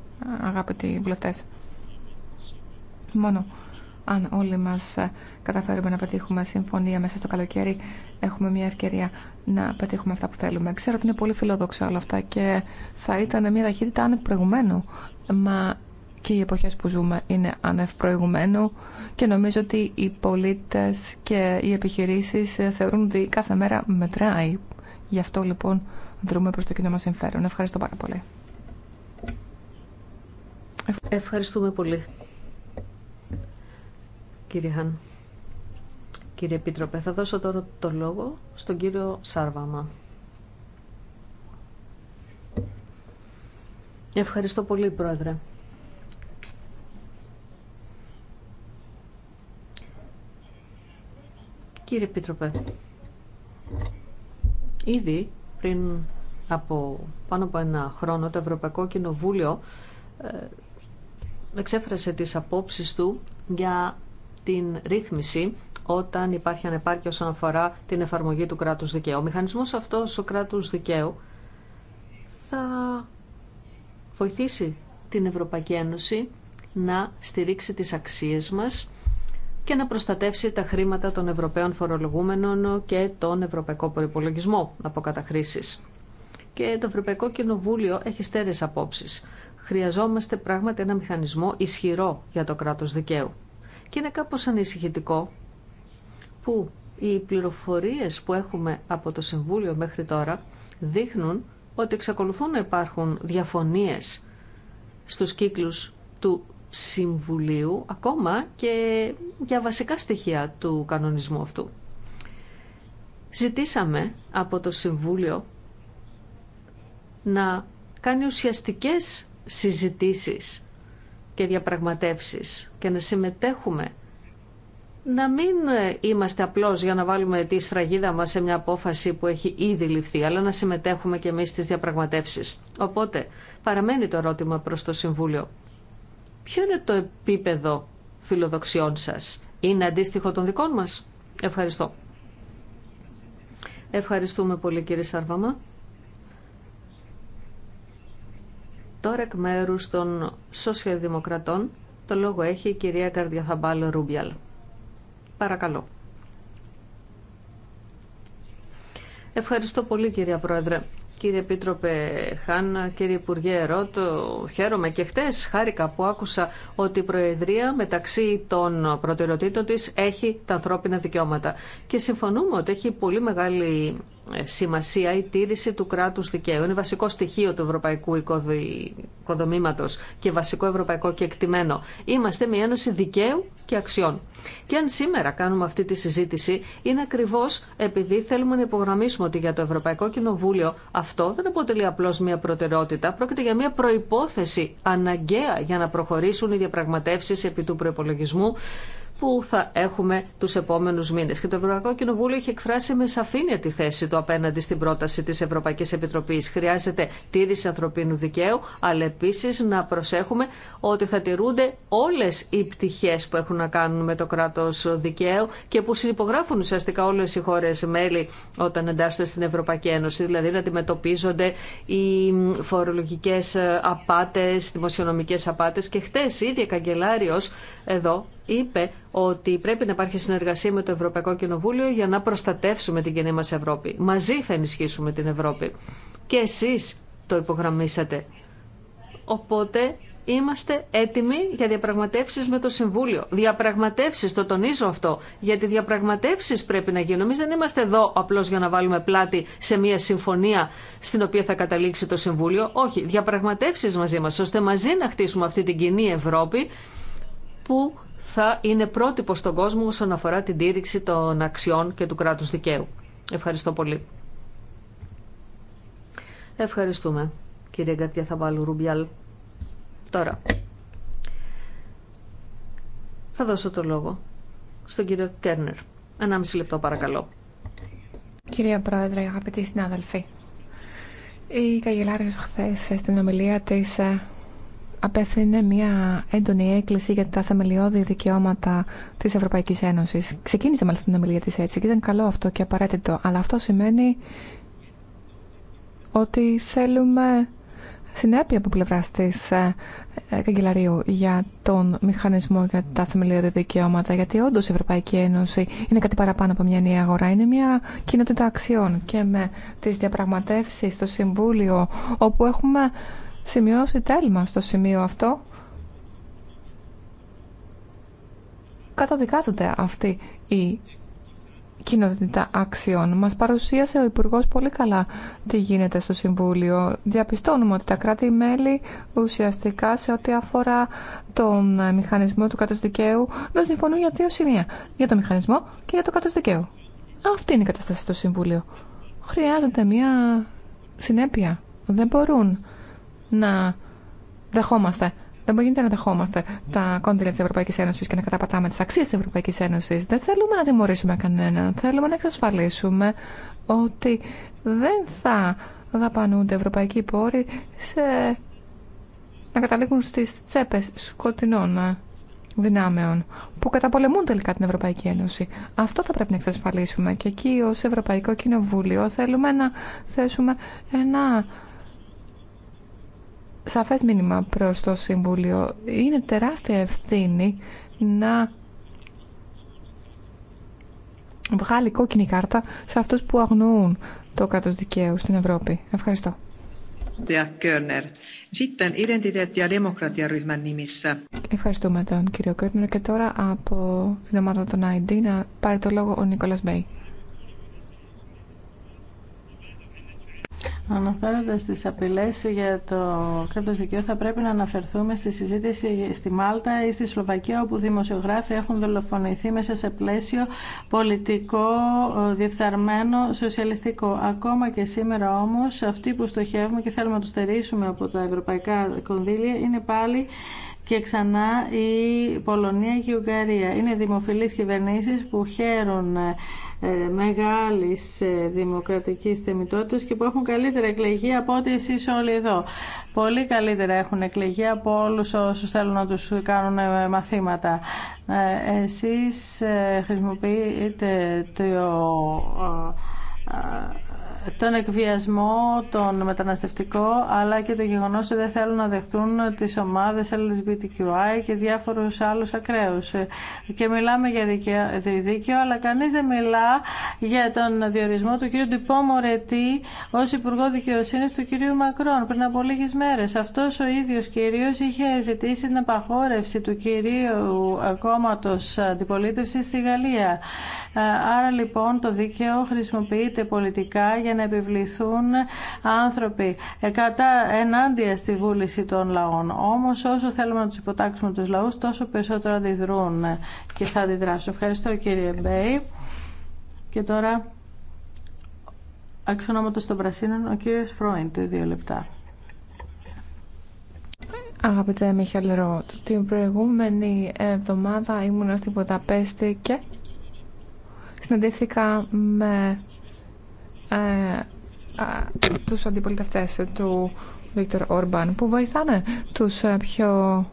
αγαπητοί βουλευτέ. Μόνο αν όλοι μα ε, καταφέρουμε να πετύχουμε συμφωνία μέσα στο καλοκαίρι, έχουμε μια ευκαιρία να πετύχουμε αυτά που θέλουμε. Ξέρω ότι είναι πολύ φιλοδόξο όλα αυτά και θα ήταν μια ταχύτητα άνευ προηγουμένου. Μα και οι εποχές που ζούμε είναι ανευπροηγουμένου και νομίζω ότι οι πολίτες και οι επιχειρήσεις ε, θεωρούν ότι κάθε μέρα μετράει. Γι' αυτό λοιπόν δρούμε προς το κοινό μας συμφέρον. Ευχαριστώ πάρα πολύ. Ευχαριστούμε πολύ. Κύριε Χάν. Κύριε Επίτροπε, θα δώσω τώρα το λόγο στον κύριο Σάρβαμα. Ευχαριστώ πολύ, Πρόεδρε. Κύριε Επίτροπε, ήδη πριν από πάνω από ένα χρόνο το Ευρωπαϊκό Κοινοβούλιο ε, εξέφρασε τις απόψεις του για την ρύθμιση όταν υπάρχει ανεπάρκεια όσον αφορά την εφαρμογή του κράτους δικαίου. Ο μηχανισμός αυτός ο κράτους δικαίου θα βοηθήσει την Ευρωπαϊκή Ένωση να στηρίξει τις αξίες μας και να προστατεύσει τα χρήματα των Ευρωπαίων φορολογούμενων και τον Ευρωπαϊκό Προπολογισμό από καταχρήσεις. Και το Ευρωπαϊκό Κοινοβούλιο έχει στέρες απόψεις. Χρειαζόμαστε πράγματι ένα μηχανισμό ισχυρό για το κράτος δικαίου. Και είναι κάπως ανησυχητικό που οι πληροφορίες που έχουμε από το Συμβούλιο μέχρι τώρα δείχνουν ότι εξακολουθούν να υπάρχουν διαφωνίες στους κύκλους του Συμβουλίου, ακόμα και για βασικά στοιχεία του κανονισμού αυτού. Ζητήσαμε από το Συμβούλιο να κάνει ουσιαστικές συζητήσεις και διαπραγματεύσεις και να συμμετέχουμε να μην είμαστε απλώς για να βάλουμε τη σφραγίδα μας σε μια απόφαση που έχει ήδη ληφθεί, αλλά να συμμετέχουμε και εμείς στις διαπραγματεύσεις. Οπότε παραμένει το ερώτημα προς το Συμβούλιο. Ποιο είναι το επίπεδο φιλοδοξιών σας. Είναι αντίστοιχο των δικών μας. Ευχαριστώ. Ευχαριστούμε πολύ κύριε Σάρβαμα. Τώρα εκ μέρου των σοσιαλδημοκρατών το λόγο έχει η κυρία Καρδιαθαμπάλ Ρούμπιαλ. Παρακαλώ. Ευχαριστώ πολύ κυρία Πρόεδρε. Κύριε Επίτροπε Χάν, κύριε Υπουργέ Ροτ, χαίρομαι και χτες χάρηκα που άκουσα ότι η Προεδρία μεταξύ των προτεραιοτήτων της έχει τα ανθρώπινα δικαιώματα. Και συμφωνούμε ότι έχει πολύ μεγάλη ε, σημασία η τήρηση του κράτους δικαίου. Είναι βασικό στοιχείο του ευρωπαϊκού οικοδομήματος και βασικό ευρωπαϊκό κεκτημένο. Είμαστε μια ένωση δικαίου και αξιών. Και αν σήμερα κάνουμε αυτή τη συζήτηση, είναι ακριβώ επειδή θέλουμε να υπογραμμίσουμε ότι για το Ευρωπαϊκό Κοινοβούλιο αυτό δεν αποτελεί απλώ μια προτεραιότητα, πρόκειται για μια προπόθεση αναγκαία για να προχωρήσουν οι διαπραγματεύσει επί του προπολογισμού που θα έχουμε του επόμενου μήνε. Και το Ευρωπαϊκό Κοινοβούλιο έχει εκφράσει με σαφήνεια τη θέση του απέναντι στην πρόταση τη Ευρωπαϊκή Επιτροπή. Χρειάζεται τήρηση ανθρωπίνου δικαίου, αλλά επίση να προσέχουμε ότι θα τηρούνται όλε οι πτυχέ που έχουν να κάνουν με το κράτο δικαίου και που συνυπογράφουν ουσιαστικά όλε οι χώρε μέλη όταν εντάσσονται στην Ευρωπαϊκή Ένωση, δηλαδή να αντιμετωπίζονται οι φορολογικέ απάτε, δημοσιονομικέ απάτε και χτε ήδη εδώ είπε ότι πρέπει να υπάρχει συνεργασία με το Ευρωπαϊκό Κοινοβούλιο για να προστατεύσουμε την κοινή μας Ευρώπη. Μαζί θα ενισχύσουμε την Ευρώπη. Και εσείς το υπογραμμίσατε. Οπότε είμαστε έτοιμοι για διαπραγματεύσεις με το Συμβούλιο. Διαπραγματεύσεις, το τονίζω αυτό, γιατί διαπραγματεύσεις πρέπει να γίνουν. Εμείς δεν είμαστε εδώ απλώς για να βάλουμε πλάτη σε μια συμφωνία στην οποία θα καταλήξει το Συμβούλιο. Όχι, διαπραγματεύσεις μαζί μας, ώστε μαζί να χτίσουμε αυτή την κοινή Ευρώπη που θα είναι πρότυπο στον κόσμο όσον αφορά την τήρηξη των αξιών και του κράτους δικαίου. Ευχαριστώ πολύ. Ευχαριστούμε, κύριε κυρία Θαμπάλου Ρουμπιάλ. Τώρα, θα δώσω το λόγο στον κύριο Κέρνερ. μισή λεπτό παρακαλώ. Κυρία Πρόεδρε, αγαπητοί συνάδελφοι, η Καγελάριος χθε στην ομιλία της ε, απέθυνε μια έντονη έκκληση για τα θεμελιώδη δικαιώματα τη Ευρωπαϊκή Ένωση. Ξεκίνησε μάλιστα την ομιλία τη έτσι και ήταν καλό αυτό και απαραίτητο. Αλλά αυτό σημαίνει ότι θέλουμε συνέπεια από πλευρά τη ε, ε, Καγκελαρίου για τον μηχανισμό για τα θεμελιώδη δικαιώματα. Γιατί όντω η Ευρωπαϊκή Ένωση είναι κάτι παραπάνω από μια νέα αγορά. Είναι μια κοινότητα αξιών. Και με τι διαπραγματεύσει στο Συμβούλιο, όπου έχουμε σημειώσει τέλμα στο σημείο αυτό. Καταδικάζεται αυτή η κοινότητα αξιών. Μας παρουσίασε ο Υπουργός πολύ καλά τι γίνεται στο Συμβούλιο. Διαπιστώνουμε ότι τα κράτη-μέλη ουσιαστικά σε ό,τι αφορά τον μηχανισμό του κράτους δικαίου δεν συμφωνούν για δύο σημεία. Για το μηχανισμό και για το κράτος δικαίου. Αυτή είναι η κατάσταση στο Συμβούλιο. Χρειάζεται μια συνέπεια. Δεν μπορούν να δεχόμαστε. Δεν μπορεί να δεχόμαστε τα κόντυλα τη Ευρωπαϊκή Ένωση και να καταπατάμε τι αξίε τη Ευρωπαϊκή Ένωση. Δεν θέλουμε να τιμωρήσουμε κανέναν. Θέλουμε να εξασφαλίσουμε ότι δεν θα δαπανούνται ευρωπαϊκοί πόροι σε... να καταλήγουν στις τσέπε σκοτεινών δυνάμεων που καταπολεμούν τελικά την Ευρωπαϊκή Ένωση. Αυτό θα πρέπει να εξασφαλίσουμε και εκεί ως Ευρωπαϊκό Κοινοβούλιο θέλουμε να θέσουμε ένα σαφές μήνυμα προς το Συμβούλιο. Είναι τεράστια ευθύνη να βγάλει κόκκινη κάρτα σε αυτούς που αγνοούν το κράτος δικαίου στην Ευρώπη. Ευχαριστώ. Ευχαριστούμε τον κύριο Κέρνερ και τώρα από την ομάδα των ID να πάρει το λόγο ο Νίκολας Μπέι. Αναφέροντα τι απειλέ για το κράτο δικαίου, θα πρέπει να αναφερθούμε στη συζήτηση στη Μάλτα ή στη Σλοβακία, όπου δημοσιογράφοι έχουν δολοφονηθεί μέσα σε πλαίσιο πολιτικό, ε, διεφθαρμένο, σοσιαλιστικό. Ακόμα και σήμερα όμω, αυτοί που στοχεύουμε και θέλουμε να του στερήσουμε από τα ευρωπαϊκά κονδύλια είναι πάλι και ξανά η Πολωνία και η Ουγγαρία. Είναι δημοφιλείς κυβερνήσεις που χαίρουν ε, ε, μεγάλης ε, δημοκρατικής θεμητότητας και που έχουν καλύτερα εκλεγεί από ό,τι εσείς όλοι εδώ. Πολύ καλύτερα έχουν εκλεγεί από όλους όσους θέλουν να τους κάνουν ε, μαθήματα. Εσείς χρησιμοποιείτε το τον εκβιασμό, τον μεταναστευτικό, αλλά και το γεγονό ότι δεν θέλουν να δεχτούν τις ομάδες LGBTQI και διάφορου άλλου ακραίου. Και μιλάμε για δίκαιο, αλλά κανεί δεν μιλά για τον διορισμό του κ. Ντυπό Μορετή ω Υπουργό Δικαιοσύνη του κ. Μακρόν πριν από λίγε μέρε. Αυτό ο ίδιο κύριος είχε ζητήσει την απαγόρευση του κυρίου κόμματο αντιπολίτευσης στη Γαλλία. Ε, άρα λοιπόν το δίκαιο χρησιμοποιείται πολιτικά να επιβληθούν άνθρωποι κατά ενάντια στη βούληση των λαών. Όμως όσο θέλουμε να τους υποτάξουμε τους λαούς τόσο περισσότερο αντιδρούν και θα αντιδράσουν. Ευχαριστώ κύριε Μπέι. Και τώρα αξιονόματος των Πρασίνων ο κύριος Φρόιντ, δύο λεπτά. Αγαπητέ Μιχαλ Ρότ, την προηγούμενη εβδομάδα ήμουν στην Ποταπέστη και συναντήθηκα με ε, τους αντιπολιτευτές του Βίκτορ Όρμπαν που βοηθάνε τους ε, πιο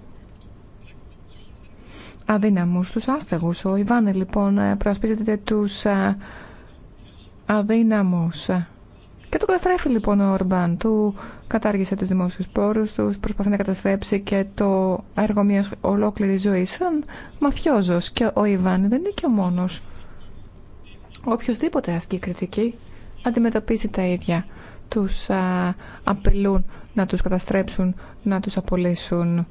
αδύναμους, τους άστεγους. Ο Ιβάνε λοιπόν ε, προασπίζεται τους αδύναμους. Και τον καταστρέφει λοιπόν ο Ορμπάν. Του κατάργησε τους δημόσιους πόρους τους, προσπαθεί να καταστρέψει και το έργο μιας ολόκληρης ζωής σαν μαφιόζος. Και ο Ιβάνη δεν είναι και ο μόνος. Οποιοςδήποτε ασκεί κριτική αντιμετωπίζει τα ίδια. Τους α, απειλούν να τους καταστρέψουν, να τους απολύσουν.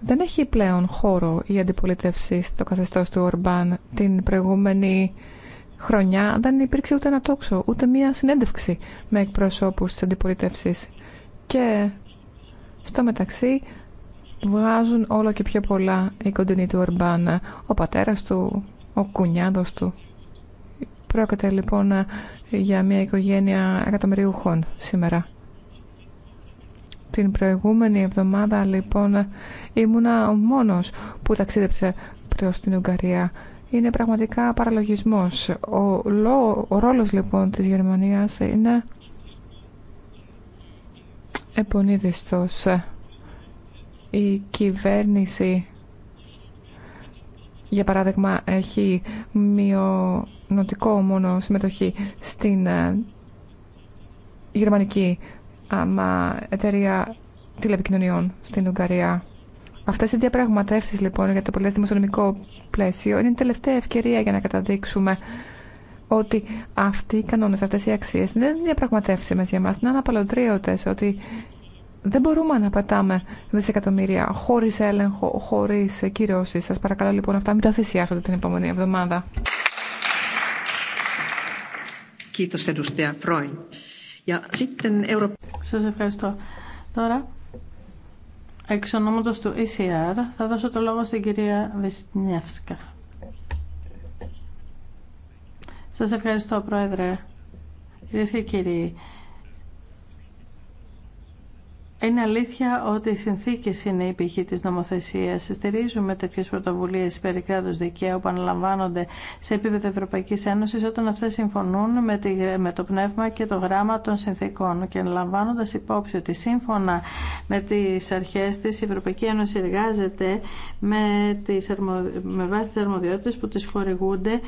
Δεν έχει πλέον χώρο η αντιπολίτευση στο καθεστώς του Ορμπάν. Την προηγούμενη χρονιά δεν υπήρξε ούτε ένα τόξο, ούτε μία συνέντευξη με εκπροσώπους της αντιπολίτευσης. Και στο μεταξύ βγάζουν όλο και πιο πολλά οι κοντινοί του Ορμπάν. Ο πατέρας του, ο κουνιάδος του. Πρόκειται λοιπόν για μια οικογένεια εκατομμυριούχων σήμερα. Την προηγούμενη εβδομάδα λοιπόν ήμουνα ο μόνος που ταξίδεψε προς την Ουγγαρία. Είναι πραγματικά παραλογισμός. Ο, λό, ρόλος λοιπόν της Γερμανίας είναι επονίδιστος. Η κυβέρνηση για παράδειγμα έχει μειο νοτικό μόνο συμμετοχή στην ε, γερμανική εταιρεία τηλεπικοινωνιών στην Ουγγαρία. Αυτέ οι διαπραγματεύσει λοιπόν για το πολιτικό δημοσιονομικό πλαίσιο είναι η τελευταία ευκαιρία για να καταδείξουμε ότι αυτοί οι κανόνε, αυτέ οι αξίε δεν είναι διαπραγματεύσιμε για μα, είναι αναπαλωτρίωτε, ότι δεν μπορούμε να πατάμε δισεκατομμύρια χωρί έλεγχο, χωρί κυρώσει. Σα παρακαλώ λοιπόν αυτά μην τα θυσιάσετε την επόμενη εβδομάδα. Kiitos Σας ευχαριστώ. Τώρα, εξ ονόματος του ECR, θα δώσω το λόγο στην κυρία Βυσνιεύσκα. Σας ευχαριστώ, Πρόεδρε. Κυρίες και κύριοι, είναι αλήθεια ότι οι συνθήκε είναι η πηγή τη νομοθεσία. Στηρίζουμε τέτοιε πρωτοβουλίε περί κράτου δικαίου που αναλαμβάνονται σε επίπεδο Ευρωπαϊκή Ένωση όταν αυτέ συμφωνούν με, το πνεύμα και το γράμμα των συνθήκων. Και αναλαμβάνοντα υπόψη ότι σύμφωνα με τι αρχέ τη η Ευρωπαϊκή Ένωση εργάζεται με, τις με βάση τι αρμοδιότητε που τη χορηγούνται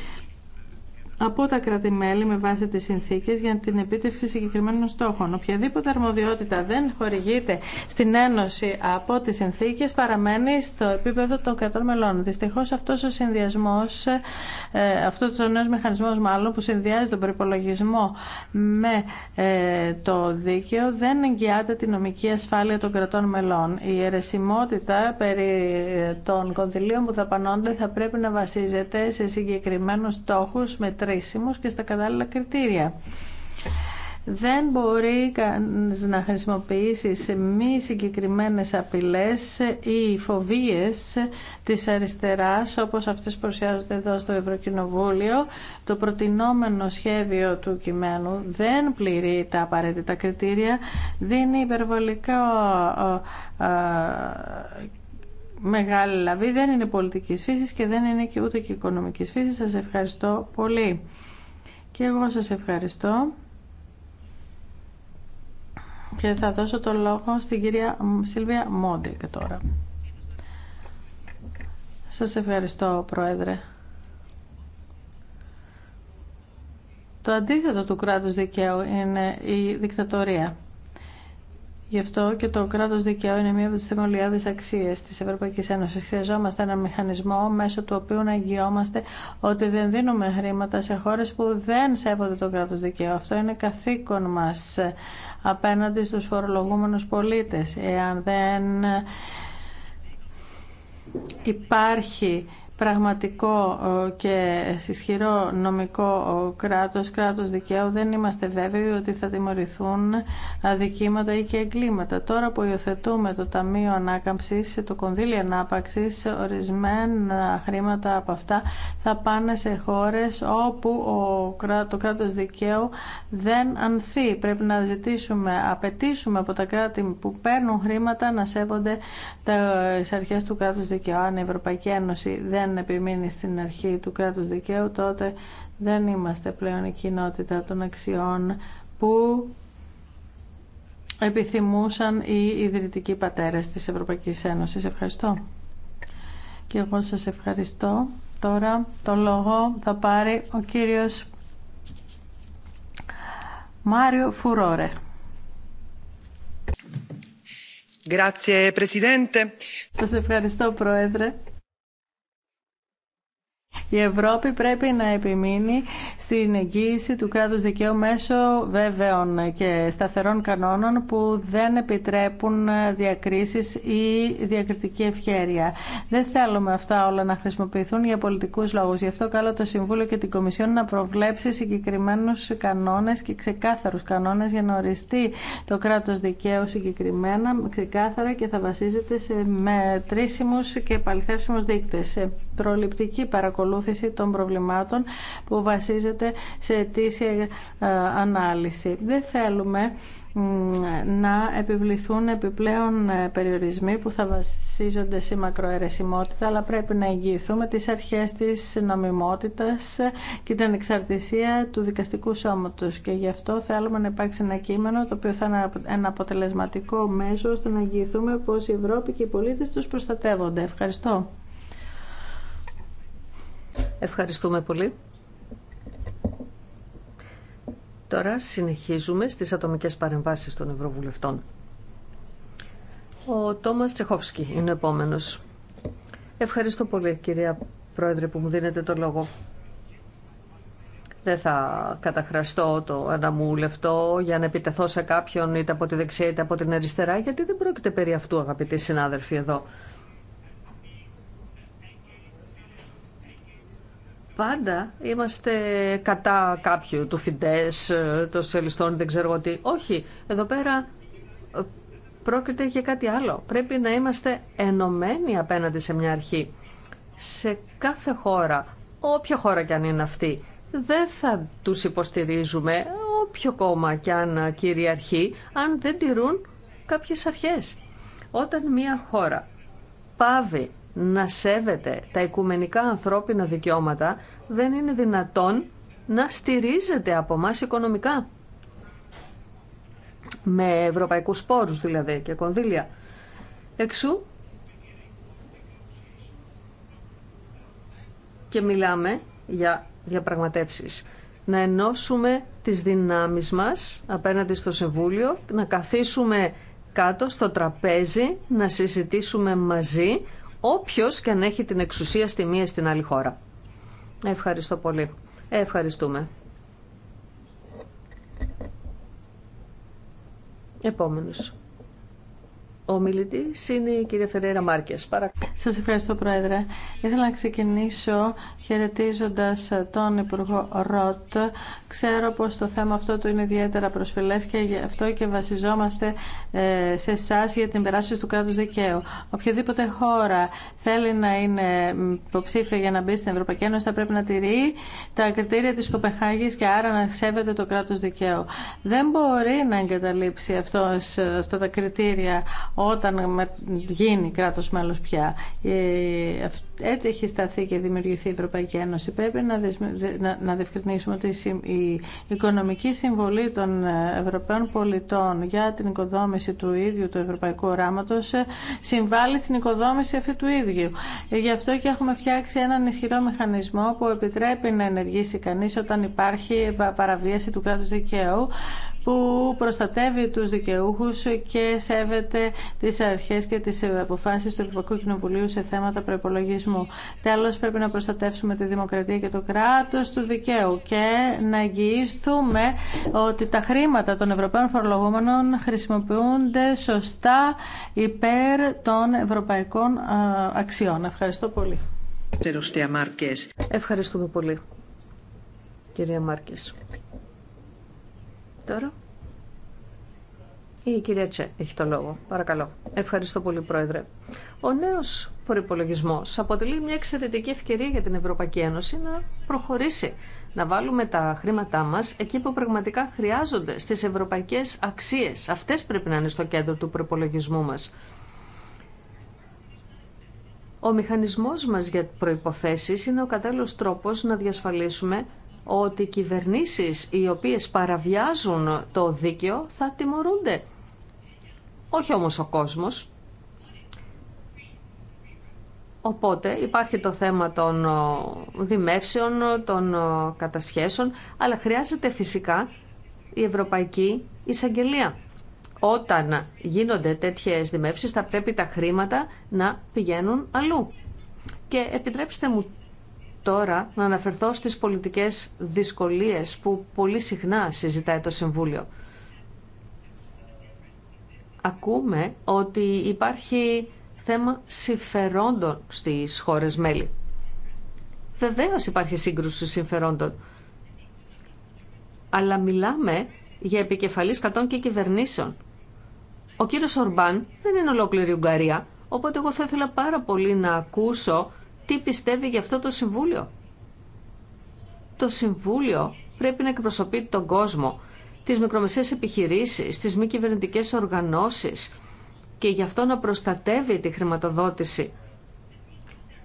από τα κράτη-μέλη με βάση τις συνθήκες για την επίτευξη συγκεκριμένων στόχων. Οποιαδήποτε αρμοδιότητα δεν χορηγείται στην Ένωση από τις συνθήκες παραμένει στο επίπεδο των κρατών μελών. Δυστυχώς αυτός ο συνδυασμός, ε, αυτός ο νέος μηχανισμός μάλλον που συνδυάζει τον προπολογισμό με ε, το δίκαιο δεν εγγυάται την νομική ασφάλεια των κρατών μελών. Η αιρεσιμότητα περί ε, των κονδυλίων που θα πανώνται θα πρέπει να βασίζεται σε συγκεκριμένους στόχους με και στα κατάλληλα κριτήρια. Δεν μπορεί να χρησιμοποιήσει σε μη συγκεκριμένες απειλές ή φοβίες της αριστεράς όπως αυτές παρουσιάζονται εδώ στο Ευρωκοινοβούλιο. Το προτινόμενο σχέδιο του κειμένου δεν πληρεί τα απαραίτητα κριτήρια, δίνει υπερβολικά ε, ε, μεγάλη λαβή δεν είναι πολιτικής φύσης και δεν είναι και ούτε και οικονομικής φύσης. Σας ευχαριστώ πολύ. Και εγώ σας ευχαριστώ. Και θα δώσω το λόγο στην κυρία Σίλβια Μόντι και τώρα. Σας ευχαριστώ, Πρόεδρε. Το αντίθετο του κράτους δικαίου είναι η δικτατορία. Γι' αυτό και το κράτο δικαίου είναι μία από τι θεμελιώδει αξίε τη Ευρωπαϊκή Ένωση. Χρειαζόμαστε έναν μηχανισμό μέσω του οποίου να εγγυόμαστε ότι δεν δίνουμε χρήματα σε χώρε που δεν σέβονται το κράτο δικαίου. Αυτό είναι καθήκον μα απέναντι στου φορολογούμενου πολίτε. Εάν δεν υπάρχει πραγματικό ε, και ισχυρό νομικό ε, κράτος, κράτος δικαίου, δεν είμαστε βέβαιοι ότι θα τιμωρηθούν αδικήματα ή και εγκλήματα. Τώρα που υιοθετούμε το Ταμείο Ανάκαμψης, το Κονδύλι Ανάπαξης, ορισμένα χρήματα από αυτά θα πάνε σε χώρες όπου το κράτος δικαίου δεν ανθεί. Πρέπει να ζητήσουμε, απαιτήσουμε από τα κράτη που παίρνουν χρήματα να σέβονται τις αρχές του κράτους δικαίου. Αν η Ευρωπαϊκή Ένωση δεν δεν επιμείνει στην αρχή του κράτους δικαίου, τότε δεν είμαστε πλέον η κοινότητα των αξιών που επιθυμούσαν οι ιδρυτικοί πατέρες της Ευρωπαϊκής Ένωσης. Ευχαριστώ. Και εγώ σας ευχαριστώ. Τώρα το λόγο θα πάρει ο κύριος Μάριο Φουρόρε. Grazie, Σας ευχαριστώ, Πρόεδρε. Η Ευρώπη πρέπει να επιμείνει στην εγγύηση του κράτους δικαίου μέσω βέβαιων και σταθερών κανόνων που δεν επιτρέπουν διακρίσεις ή διακριτική ευχέρεια. Δεν θέλουμε αυτά όλα να χρησιμοποιηθούν για πολιτικούς λόγους. Γι' αυτό καλώ το Συμβούλιο και την Κομισιόν να προβλέψει συγκεκριμένους κανόνες και ξεκάθαρους κανόνες για να οριστεί το κράτος δικαίου συγκεκριμένα, ξεκάθαρα και θα βασίζεται σε μετρήσιμου και παληθεύσιμους δείκτες. Προληπτική παρακολουθήση παρακολούθηση των προβλημάτων που βασίζεται σε αιτήσια ε, ανάλυση. Δεν θέλουμε να επιβληθούν επιπλέον ε, περιορισμοί που θα βασίζονται σε μακροαιρεσιμότητα, αλλά πρέπει να εγγυηθούμε τις αρχές της νομιμότητας και την εξαρτησία του δικαστικού σώματος. Και γι' αυτό θέλουμε να υπάρξει ένα κείμενο το οποίο θα είναι ένα αποτελεσματικό μέσο ώστε να εγγυηθούμε πως η Ευρώπη και οι πολίτες τους προστατεύονται. Ευχαριστώ. Ευχαριστούμε πολύ. Τώρα συνεχίζουμε στις ατομικές παρεμβάσεις των Ευρωβουλευτών. Ο Τόμας Τσεχόφσκι είναι ο επόμενος. Ευχαριστώ πολύ κυρία Πρόεδρε που μου δίνετε το λόγο. Δεν θα καταχραστώ το ένα μου λεφτό για να επιτεθώ σε κάποιον είτε από τη δεξιά είτε από την αριστερά, γιατί δεν πρόκειται περί αυτού αγαπητοί συνάδελφοι εδώ. πάντα είμαστε κατά κάποιου, του Φιντές, ε, των Σελιστών, δεν ξέρω τι. Όχι, εδώ πέρα ε, πρόκειται για κάτι άλλο. Πρέπει να είμαστε ενωμένοι απέναντι σε μια αρχή. Σε κάθε χώρα, όποια χώρα κι αν είναι αυτή, δεν θα τους υποστηρίζουμε, όποιο κόμμα κι αν κυριαρχεί, αν δεν τηρούν κάποιες αρχές. Όταν μια χώρα πάβει να σέβεται τα οικουμενικά ανθρώπινα δικαιώματα δεν είναι δυνατόν να στηρίζεται από μας οικονομικά. Με ευρωπαϊκούς πόρους δηλαδή και κονδύλια. Εξού και μιλάμε για διαπραγματεύσεις. Να ενώσουμε τις δυνάμεις μας απέναντι στο Συμβούλιο, να καθίσουμε κάτω στο τραπέζι, να συζητήσουμε μαζί όποιος και αν έχει την εξουσία στη μία ή στην άλλη χώρα. Ευχαριστώ πολύ. Ευχαριστούμε. Επόμενος ομιλητή είναι η κυρία Φεραίρα Μάρκε. Σα ευχαριστώ, Πρόεδρε. Ήθελα να ξεκινήσω χαιρετίζοντα τον Υπουργό Ροτ. Ξέρω πω το θέμα αυτό του είναι ιδιαίτερα προσφυλέ και γι' αυτό και βασιζόμαστε ε, σε εσά για την περάσπιση του κράτου δικαίου. Οποιαδήποτε χώρα θέλει να είναι υποψήφια για να μπει στην Ευρωπαϊκή Ένωση θα πρέπει να τηρεί τα κριτήρια τη Κοπεχάγη και άρα να σέβεται το κράτο δικαίου. Δεν μπορεί να εγκαταλείψει αυτό, ε, αυτά τα κριτήρια όταν γίνει κράτος μέλος πια. Ε, έτσι έχει σταθεί και δημιουργηθεί η Ευρωπαϊκή Ένωση. Πρέπει να διευκρινίσουμε ότι η οικονομική συμβολή των ε, Ευρωπαίων πολιτών για την οικοδόμηση του ίδιου του ευρωπαϊκού οράματος ε, συμβάλλει στην οικοδόμηση αυτού του ίδιου. Γι' αυτό και έχουμε φτιάξει έναν ισχυρό μηχανισμό που επιτρέπει να ενεργήσει κανείς όταν υπάρχει παραβίαση του κράτους δικαίου που προστατεύει τους δικαιούχους και σέβεται τις αρχές και τις αποφάσεις του Ευρωπαϊκού Κοινοβουλίου σε θέματα προπολογισμού. Τέλος, πρέπει να προστατεύσουμε τη δημοκρατία και το κράτος του δικαίου και να εγγυήσουμε ότι τα χρήματα των Ευρωπαίων φορολογούμενων χρησιμοποιούνται σωστά υπέρ των ευρωπαϊκών αξιών. Ευχαριστώ πολύ. Ευχαριστούμε πολύ, κυρία Μάρκες τώρα. Η κυρία Τσε έχει το λόγο. Παρακαλώ. Ευχαριστώ πολύ, Πρόεδρε. Ο νέο προπολογισμό αποτελεί μια εξαιρετική ευκαιρία για την Ευρωπαϊκή Ένωση να προχωρήσει. Να βάλουμε τα χρήματά μα εκεί που πραγματικά χρειάζονται, στι ευρωπαϊκέ αξίε. Αυτέ πρέπει να είναι στο κέντρο του προπολογισμού μα. Ο μηχανισμός μας για προϋποθέσεις είναι ο κατάλληλος τρόπος να διασφαλίσουμε ότι οι κυβερνήσεις οι οποίες παραβιάζουν το δίκαιο θα τιμωρούνται. Όχι όμως ο κόσμος. Οπότε υπάρχει το θέμα των ε, δημεύσεων, των ε, κατασχέσεων, αλλά χρειάζεται φυσικά η Ευρωπαϊκή Εισαγγελία. Όταν γίνονται τέτοιες δημεύσεις θα πρέπει τα χρήματα να πηγαίνουν αλλού. Και επιτρέψτε μου τώρα να αναφερθώ στις πολιτικές δυσκολίες που πολύ συχνά συζητάει το Συμβούλιο. Ακούμε ότι υπάρχει θέμα συμφερόντων στις χώρες μέλη. Βεβαίως υπάρχει σύγκρουση συμφερόντων. Αλλά μιλάμε για επικεφαλής κατών και κυβερνήσεων. Ο κύριος Ορμπάν δεν είναι ολόκληρη Ουγγαρία, οπότε εγώ θα ήθελα πάρα πολύ να ακούσω τι πιστεύει γι' αυτό το Συμβούλιο. Το Συμβούλιο πρέπει να εκπροσωπεί τον κόσμο, τις μικρομεσαίες επιχειρήσεις, τις μη κυβερνητικέ οργανώσεις και γι' αυτό να προστατεύει τη χρηματοδότηση.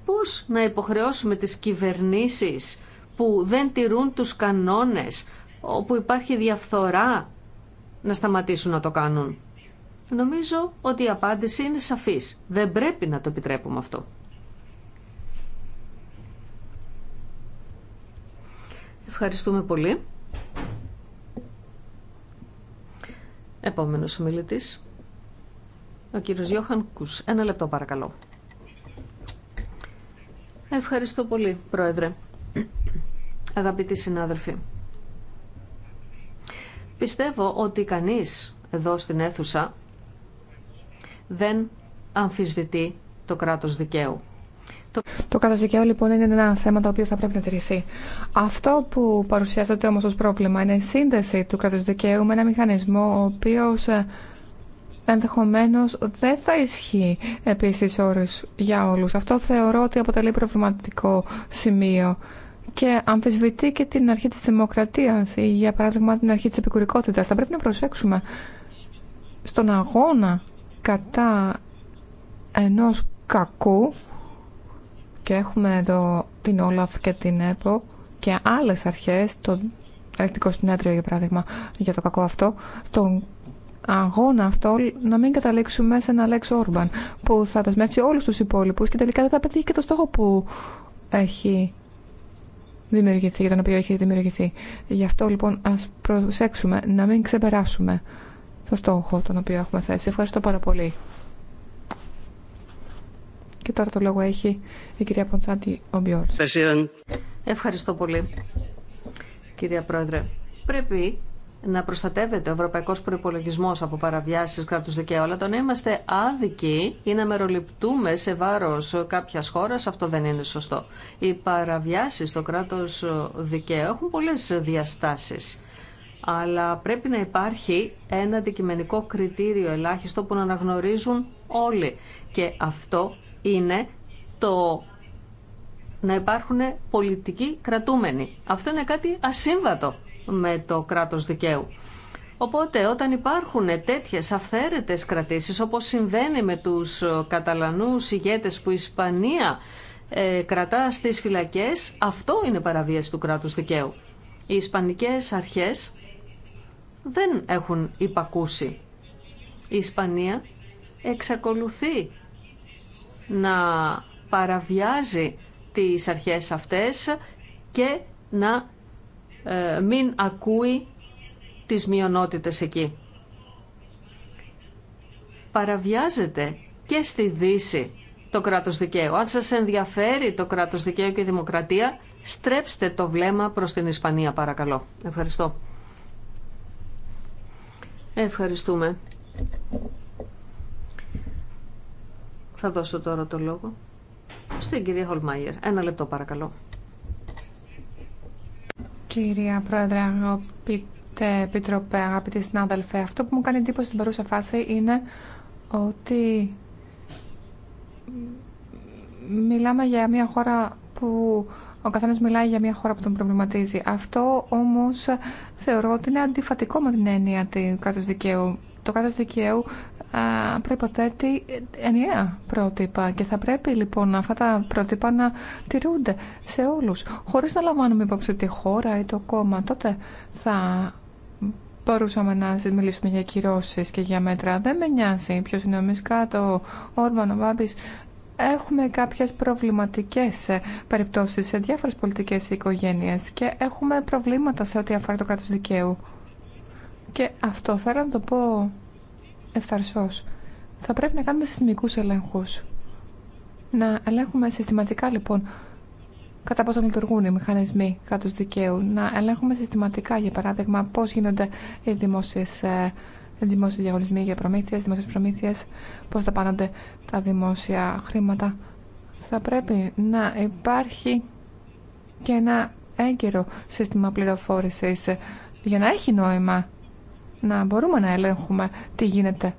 Πώς να υποχρεώσουμε τις κυβερνήσεις που δεν τηρούν τους κανόνες, όπου υπάρχει διαφθορά, να σταματήσουν να το κάνουν. Νομίζω ότι η απάντηση είναι σαφής. Δεν πρέπει να το επιτρέπουμε αυτό. Ευχαριστούμε πολύ. Επόμενος μιλητής, ο κύριος Γιώχαν Κούς. Ένα λεπτό παρακαλώ. Ευχαριστώ πολύ, Πρόεδρε. Αγαπητοί συνάδελφοι. Πιστεύω ότι κανείς εδώ στην αίθουσα δεν αμφισβητεί το κράτος δικαίου. Το κράτο δικαίου λοιπόν είναι ένα θέμα το οποίο θα πρέπει να τηρηθεί. Αυτό που παρουσιάζεται όμως ως πρόβλημα είναι η σύνδεση του κράτου δικαίου με ένα μηχανισμό ο οποίο ε, ενδεχομένω δεν θα ισχύει επίση όρους για όλους. Αυτό θεωρώ ότι αποτελεί προβληματικό σημείο και αμφισβητεί και την αρχή της δημοκρατίας ή για παράδειγμα την αρχή της επικουρικότητας. Θα πρέπει να προσέξουμε στον αγώνα κατά ενός κακού και έχουμε εδώ την Όλαφ και την ΕΠΟ και άλλες αρχές, το ελεκτικό συνέδριο για παράδειγμα για το κακό αυτό, στον αγώνα αυτό να μην καταλήξουμε σε ένα Lex όρμπαν που θα δεσμεύσει όλους τους υπόλοιπους και τελικά δεν θα πετύχει και το στόχο που έχει δημιουργηθεί, για τον οποίο έχει δημιουργηθεί. Γι' αυτό λοιπόν ας προσέξουμε να μην ξεπεράσουμε το στόχο τον οποίο έχουμε θέσει. Ευχαριστώ πάρα πολύ. Και τώρα το λόγο έχει η κυρία Ποντσάντη Ομπιόρ. Ευχαριστώ πολύ, κυρία Πρόεδρε. Πρέπει να προστατεύεται ο ευρωπαϊκό προπολογισμό από παραβιάσει κράτου δικαίου. Αλλά το να είμαστε άδικοι ή να μεροληπτούμε σε βάρο κάποια χώρα, αυτό δεν είναι σωστό. Οι παραβιάσει στο κράτο δικαίου έχουν πολλέ διαστάσει. Αλλά πρέπει να υπάρχει ένα αντικειμενικό κριτήριο ελάχιστο που να αναγνωρίζουν όλοι. Και αυτό είναι το να υπάρχουν πολιτικοί κρατούμενοι. Αυτό είναι κάτι ασύμβατο με το κράτος δικαίου. Οπότε όταν υπάρχουν τέτοιες αυθαίρετες κρατήσεις όπως συμβαίνει με τους Καταλανούς ηγέτες που η Ισπανία ε, κρατά στις φυλακές, αυτό είναι παραβίαση του κράτους δικαίου. Οι Ισπανικές αρχές δεν έχουν υπακούσει. Η Ισπανία εξακολουθεί να παραβιάζει τις αρχές αυτές και να ε, μην ακούει τις μειονότητες εκεί. Παραβιάζεται και στη Δύση το κράτος δικαίου. Αν σας ενδιαφέρει το κράτος δικαίου και η δημοκρατία, στρέψτε το βλέμμα προς την Ισπανία παρακαλώ. Ευχαριστώ. Ευχαριστούμε. Θα δώσω τώρα το λόγο στην κυρία Χολμάιερ. Ένα λεπτό παρακαλώ. Κυρία Πρόεδρε, αγαπητέ Επιτροπέ, αγαπητοί συνάδελφοι, αυτό που μου κάνει εντύπωση στην παρούσα φάση είναι ότι μιλάμε για μια χώρα που ο καθένα μιλάει για μια χώρα που τον προβληματίζει. Αυτό όμω θεωρώ ότι είναι αντιφατικό με την έννοια του κράτου δικαίου. Το κράτο δικαίου προϋποθέτει ενιαία πρότυπα και θα πρέπει λοιπόν αυτά τα πρότυπα να τηρούνται σε όλους χωρίς να λαμβάνουμε υπόψη τη χώρα ή το κόμμα τότε θα μπορούσαμε να μιλήσουμε για κυρώσει και για μέτρα δεν με νοιάζει ποιος είναι ο Μισκάτο, ο Όρμπαν, ο έχουμε κάποιες προβληματικές περιπτώσεις σε διάφορες πολιτικές οικογένειες και έχουμε προβλήματα σε ό,τι αφορά το κράτος δικαίου και αυτό θέλω να το πω ευθαρσό. Θα πρέπει να κάνουμε συστημικούς ελέγχους. Να ελέγχουμε συστηματικά λοιπόν κατά πόσο λειτουργούν οι μηχανισμοί κράτου δικαίου. Να ελέγχουμε συστηματικά, για παράδειγμα, πώς γίνονται οι δημόσιες ε, δημόσιοι διαγωνισμοί για προμήθειες, δημόσιες προμήθειες, πώς θα πάνονται τα δημόσια χρήματα. Θα πρέπει να υπάρχει και ένα έγκαιρο σύστημα πληροφόρηση για να έχει νόημα να μπορούμε να ελέγχουμε τι γίνεται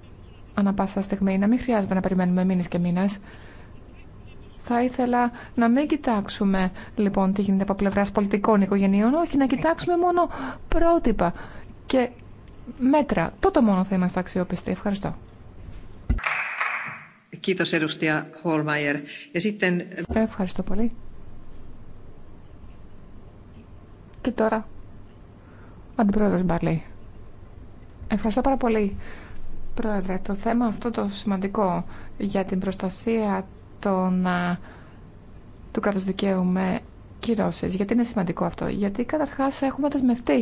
ανά πάσα στιγμή, να μην χρειάζεται να περιμένουμε μήνες και μήνες. Θα ήθελα να μην κοιτάξουμε λοιπόν τι γίνεται από πλευρά πολιτικών οικογενειών, όχι να κοιτάξουμε μόνο πρότυπα και μέτρα. Τότε μόνο θα είμαστε αξιόπιστοι. Ευχαριστώ. Ευχαριστώ πολύ. Και τώρα, αντιπρόεδρος Μπαρλή. Ευχαριστώ πάρα πολύ, Πρόεδρε. Το θέμα αυτό το σημαντικό για την προστασία των, του κράτους δικαίου με κυρώσεις. Γιατί είναι σημαντικό αυτό. Γιατί καταρχάς έχουμε δεσμευτεί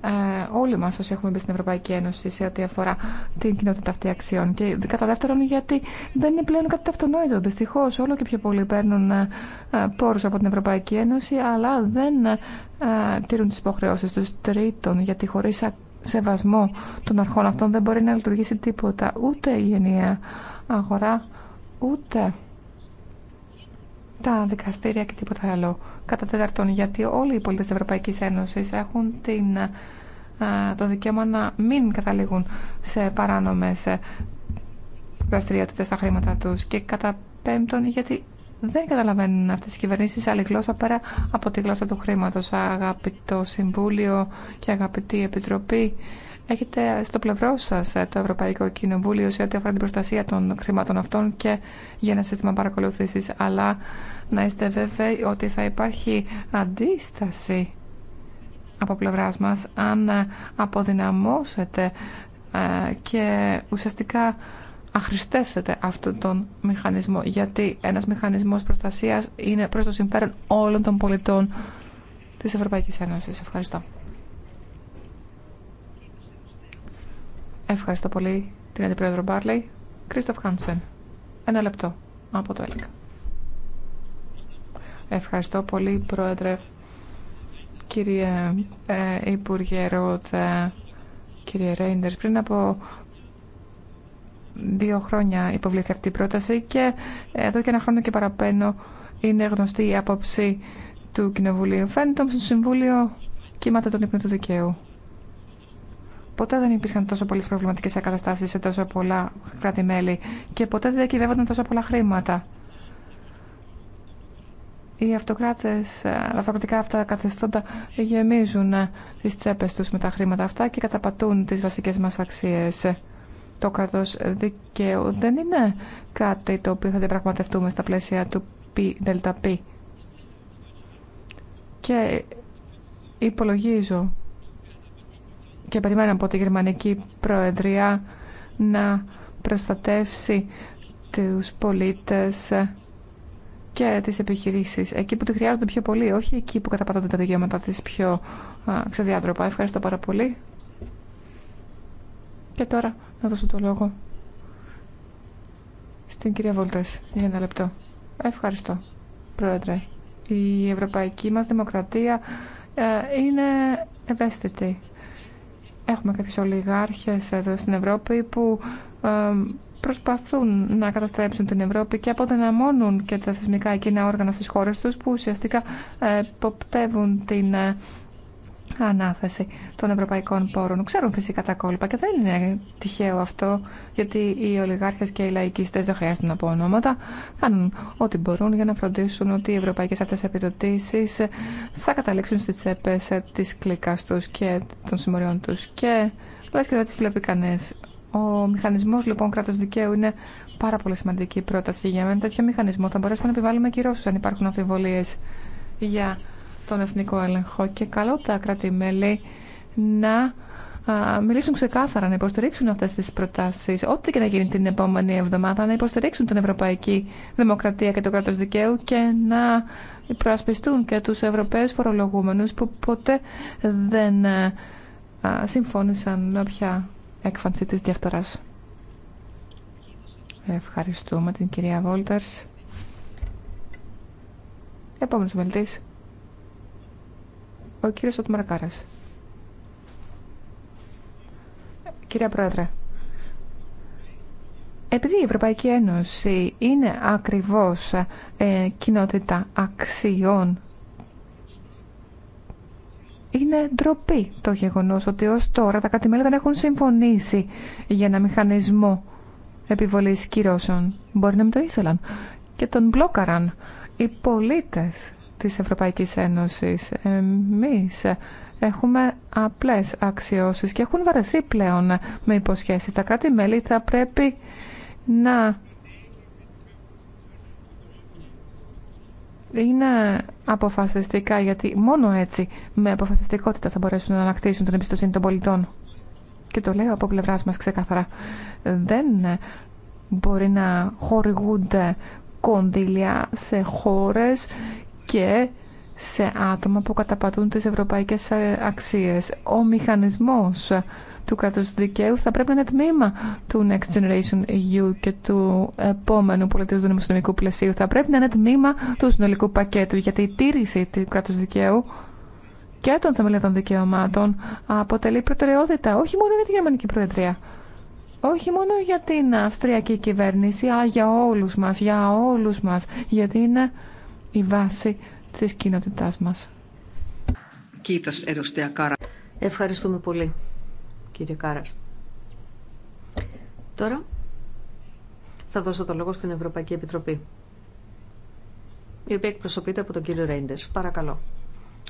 ε, όλοι μας όσοι έχουμε μπει στην Ευρωπαϊκή Ένωση σε ό,τι αφορά την κοινότητα αυτή αξιών. Και κατά δεύτερον γιατί δεν είναι πλέον κάτι αυτονόητο. Δυστυχώ, όλο και πιο πολλοί παίρνουν ε, πόρους από την Ευρωπαϊκή Ένωση αλλά δεν ε, τηρούν τις υποχρεώσεις τους τρίτων γιατί χωρίς σεβασμό των αρχών αυτών δεν μπορεί να λειτουργήσει τίποτα. Ούτε η ενιαία αγορά, ούτε τα δικαστήρια και τίποτα άλλο. Κατά τέταρτον, γιατί όλοι οι πολίτες της Ευρωπαϊκής Ένωσης έχουν την, το δικαίωμα να μην καταλήγουν σε παράνομες δραστηριότητες στα χρήματα τους. Και κατά πέμπτον, γιατί δεν καταλαβαίνουν αυτές οι κυβερνήσεις άλλη γλώσσα πέρα από τη γλώσσα του χρήματος. Αγαπητό Συμβούλιο και αγαπητή Επιτροπή, έχετε στο πλευρό σας το Ευρωπαϊκό Κοινοβούλιο σε ό,τι αφορά την προστασία των χρήματων αυτών και για ένα σύστημα παρακολουθήσει, Αλλά να είστε βέβαιοι ότι θα υπάρχει αντίσταση από πλευρά μας αν αποδυναμώσετε ε, και ουσιαστικά αχρηστεύσετε αυτόν τον μηχανισμό γιατί ένας μηχανισμός προστασίας είναι προς το συμφέρον όλων των πολιτών της Ευρωπαϊκής Ένωσης. Ευχαριστώ. Ευχαριστώ πολύ την Αντιπρόεδρο Μπάρλεϊ. Κρίστοφ Χάνσεν. Ένα λεπτό από το ΕΛΚ. Ευχαριστώ πολύ, Πρόεδρε, κύριε ε, Υπουργέ Ρότ, κύριε Ρέιντερ. Πριν από δύο χρόνια υποβλήθη αυτή η πρόταση και εδώ και ένα χρόνο και παραπένω είναι γνωστή η άποψη του Κοινοβουλίου. Φαίνεται όμως το Συμβούλιο κύματα τον ύπνο του δικαίου. Ποτέ δεν υπήρχαν τόσο πολλέ προβληματικέ εγκαταστάσει σε τόσο πολλά κράτη-μέλη και ποτέ δεν διακυβεύονταν τόσο πολλά χρήματα. Οι αυτοκράτε, ε, τα αυτοκρατικά αυτά καθεστώτα γεμίζουν ε, τι τσέπε του με τα χρήματα αυτά και καταπατούν τι βασικέ μα αξίε το κράτος δικαίου δεν είναι κάτι το οποίο θα διαπραγματευτούμε στα πλαίσια του ΔΠ Και υπολογίζω και περιμένω από τη Γερμανική Προεδρία να προστατεύσει τους πολίτες και τις επιχειρήσεις εκεί που τη χρειάζονται πιο πολύ, όχι εκεί που καταπατώνται τα δικαιώματα της πιο ξεδιάτροπα. Ευχαριστώ πάρα πολύ. Και τώρα να δώσω το λόγο στην κυρία Βόλτερς για ένα λεπτό. Ευχαριστώ, Πρόεδρε. Η ευρωπαϊκή μας δημοκρατία ε, είναι ευαίσθητη. Έχουμε κάποιους ολιγάρχες εδώ στην Ευρώπη που ε, προσπαθούν να καταστρέψουν την Ευρώπη και αποδυναμώνουν και τα θεσμικά εκείνα όργανα στις χώρες τους που ουσιαστικά ε, ποπτεύουν την ανάθεση των ευρωπαϊκών πόρων. Ξέρουν φυσικά τα κόλπα και δεν είναι τυχαίο αυτό, γιατί οι ολιγάρχε και οι λαϊκιστές, δεν χρειάζονται να πω ονόματα, κάνουν ό,τι μπορούν για να φροντίσουν ότι οι Ευρωπαϊκέ αυτέ επιδοτήσει θα καταλήξουν στι τσέπε τη κλικά του και των συμμοριών του. Και λε και δεν τις βλέπει κανεί. Ο μηχανισμό λοιπόν κράτο δικαίου είναι πάρα πολύ σημαντική πρόταση για μένα. τέτοιο μηχανισμό. Θα μπορέσουμε να επιβάλλουμε κυρώσει αν υπάρχουν αμφιβολίες για τον εθνικό έλεγχο και καλό τα κράτη-μέλη να μιλήσουν ξεκάθαρα, να υποστηρίξουν αυτές τις προτάσεις, ό,τι και να γίνει την επόμενη εβδομάδα, να υποστηρίξουν την Ευρωπαϊκή Δημοκρατία και το κράτος δικαίου και να προασπιστούν και τους Ευρωπαίους φορολογούμενους που ποτέ δεν συμφώνησαν με όποια έκφανση της διαφθοράς. Ευχαριστούμε την κυρία Βόλτερς. Επόμενος μελτής. Ο κύριος Οτμαρκάρας. Κυρία Πρόεδρε, επειδή η Ευρωπαϊκή Ένωση είναι ακριβώς ε, κοινότητα αξιών, είναι ντροπή το γεγονός ότι ως τώρα τα κρατη δεν έχουν συμφωνήσει για ένα μηχανισμό επιβολής κυρώσεων. Μπορεί να μην το ήθελαν και τον μπλόκαραν οι πολίτες της Ευρωπαϊκής Ένωσης. Εμείς έχουμε απλές αξιώσεις και έχουν βαρεθεί πλέον με υποσχέσεις. Τα κράτη-μέλη θα πρέπει να είναι αποφασιστικά γιατί μόνο έτσι με αποφασιστικότητα θα μπορέσουν να ανακτήσουν την εμπιστοσύνη των πολιτών. Και το λέω από πλευρά μα ξεκάθαρα. Δεν μπορεί να χορηγούνται κονδύλια σε χώρες και σε άτομα που καταπατούν τις ευρωπαϊκές ε, αξίες. Ο μηχανισμός του κράτους δικαίου θα πρέπει να είναι τμήμα του Next Generation EU και του επόμενου πολιτικού δημοσιονομικού πλαισίου. Θα πρέπει να είναι τμήμα του συνολικού πακέτου γιατί η τήρηση του κράτους δικαίου και των θεμελιωδών δικαιωμάτων αποτελεί προτεραιότητα όχι μόνο για τη Γερμανική Προεδρία, όχι μόνο για την Αυστριακή κυβέρνηση, αλλά για όλους μας, για όλους μας, γιατί είναι η βάση της κοινότητάς μας. Ευχαριστούμε πολύ, κύριε Κάρας. Τώρα θα δώσω το λόγο στην Ευρωπαϊκή Επιτροπή, η οποία εκπροσωπείται από τον κύριο Ρέιντερς. Παρακαλώ.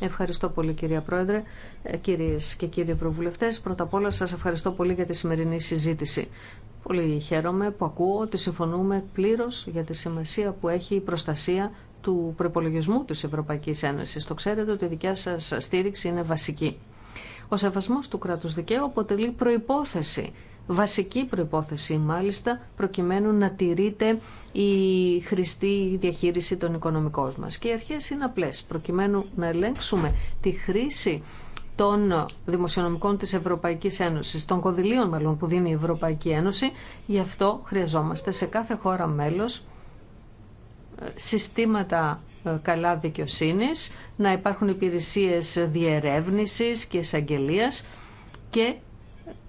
Ευχαριστώ πολύ κυρία Πρόεδρε, ε, κυρίες και κύριοι Ευρωβουλευτές. Πρώτα απ' όλα σας ευχαριστώ πολύ για τη σημερινή συζήτηση. Πολύ χαίρομαι που ακούω ότι συμφωνούμε πλήρως για τη σημασία που έχει η προστασία του προπολογισμού της Ευρωπαϊκής Ένωσης. Το ξέρετε ότι η δικιά σας στήριξη είναι βασική. Ο σεβασμός του κράτους δικαίου αποτελεί προϋπόθεση, βασική προϋπόθεση μάλιστα, προκειμένου να τηρείται η χρηστή διαχείριση των οικονομικών μας. Και οι αρχές είναι απλές, προκειμένου να ελέγξουμε τη χρήση των δημοσιονομικών της Ευρωπαϊκής Ένωσης, των κονδυλίων μάλλον που δίνει η Ευρωπαϊκή Ένωση, γι' αυτό χρειαζόμαστε σε κάθε χώρα μέλος συστήματα ε, καλά δικαιοσύνης, να υπάρχουν υπηρεσίες διερεύνησης και εισαγγελία και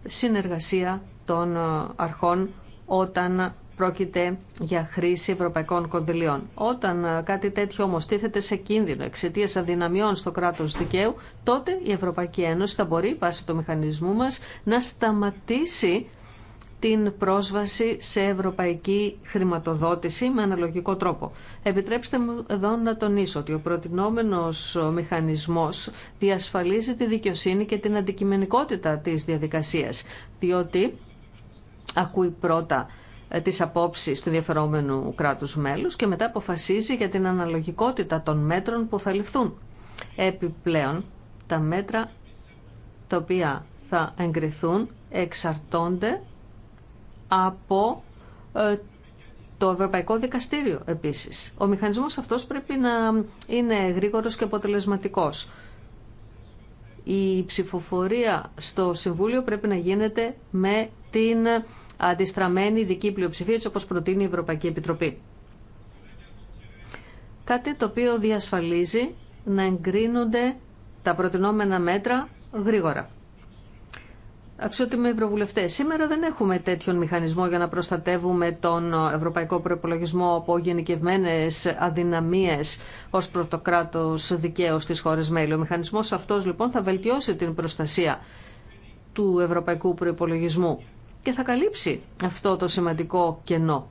συνεργασία των ε, αρχών όταν πρόκειται για χρήση ευρωπαϊκών κονδυλίων. Όταν ε, κάτι τέτοιο όμως τίθεται σε κίνδυνο εξαιτία αδυναμιών στο κράτος δικαίου, τότε η Ευρωπαϊκή Ένωση θα μπορεί, βάσει του μηχανισμού μας, να σταματήσει την πρόσβαση σε ευρωπαϊκή χρηματοδότηση με αναλογικό τρόπο. Επιτρέψτε μου εδώ να τονίσω ότι ο προτινόμενος μηχανισμός διασφαλίζει τη δικαιοσύνη και την αντικειμενικότητα της διαδικασίας, διότι ακούει πρώτα ε, τις απόψεις του ενδιαφερόμενου κράτους μέλους και μετά αποφασίζει για την αναλογικότητα των μέτρων που θα ληφθούν. Επιπλέον, τα μέτρα τα οποία θα εγκριθούν εξαρτώνται από ε, το Ευρωπαϊκό Δικαστήριο επίσης. Ο μηχανισμός αυτός πρέπει να είναι γρήγορος και αποτελεσματικός. Η ψηφοφορία στο Συμβούλιο πρέπει να γίνεται με την αντιστραμμένη δική πλειοψηφία, έτσι όπως προτείνει η Ευρωπαϊκή Επιτροπή. Κάτι το οποίο διασφαλίζει να εγκρίνονται τα προτινόμενα μέτρα γρήγορα. Αξιότιμοι Ευρωβουλευτέ, σήμερα δεν έχουμε τέτοιον μηχανισμό για να προστατεύουμε τον ευρωπαϊκό προπολογισμό από γενικευμένε αδυναμίε ω πρωτοκράτο δικαίου στι χώρε μέλη. Ο μηχανισμό αυτό λοιπόν θα βελτιώσει την προστασία του ευρωπαϊκού προπολογισμού και θα καλύψει αυτό το σημαντικό κενό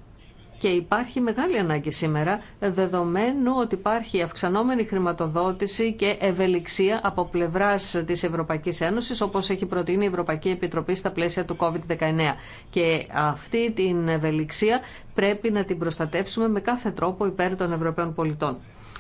και υπάρχει μεγάλη ανάγκη σήμερα δεδομένου ότι υπάρχει αυξανόμενη χρηματοδότηση και ευελιξία από πλευρά τη Ευρωπαϊκή Ένωση όπω έχει προτείνει η Ευρωπαϊκή Επιτροπή στα πλαίσια του COVID-19. Και αυτή την ευελιξία πρέπει να την προστατεύσουμε με κάθε τρόπο υπέρ των Ευρωπαίων πολιτών.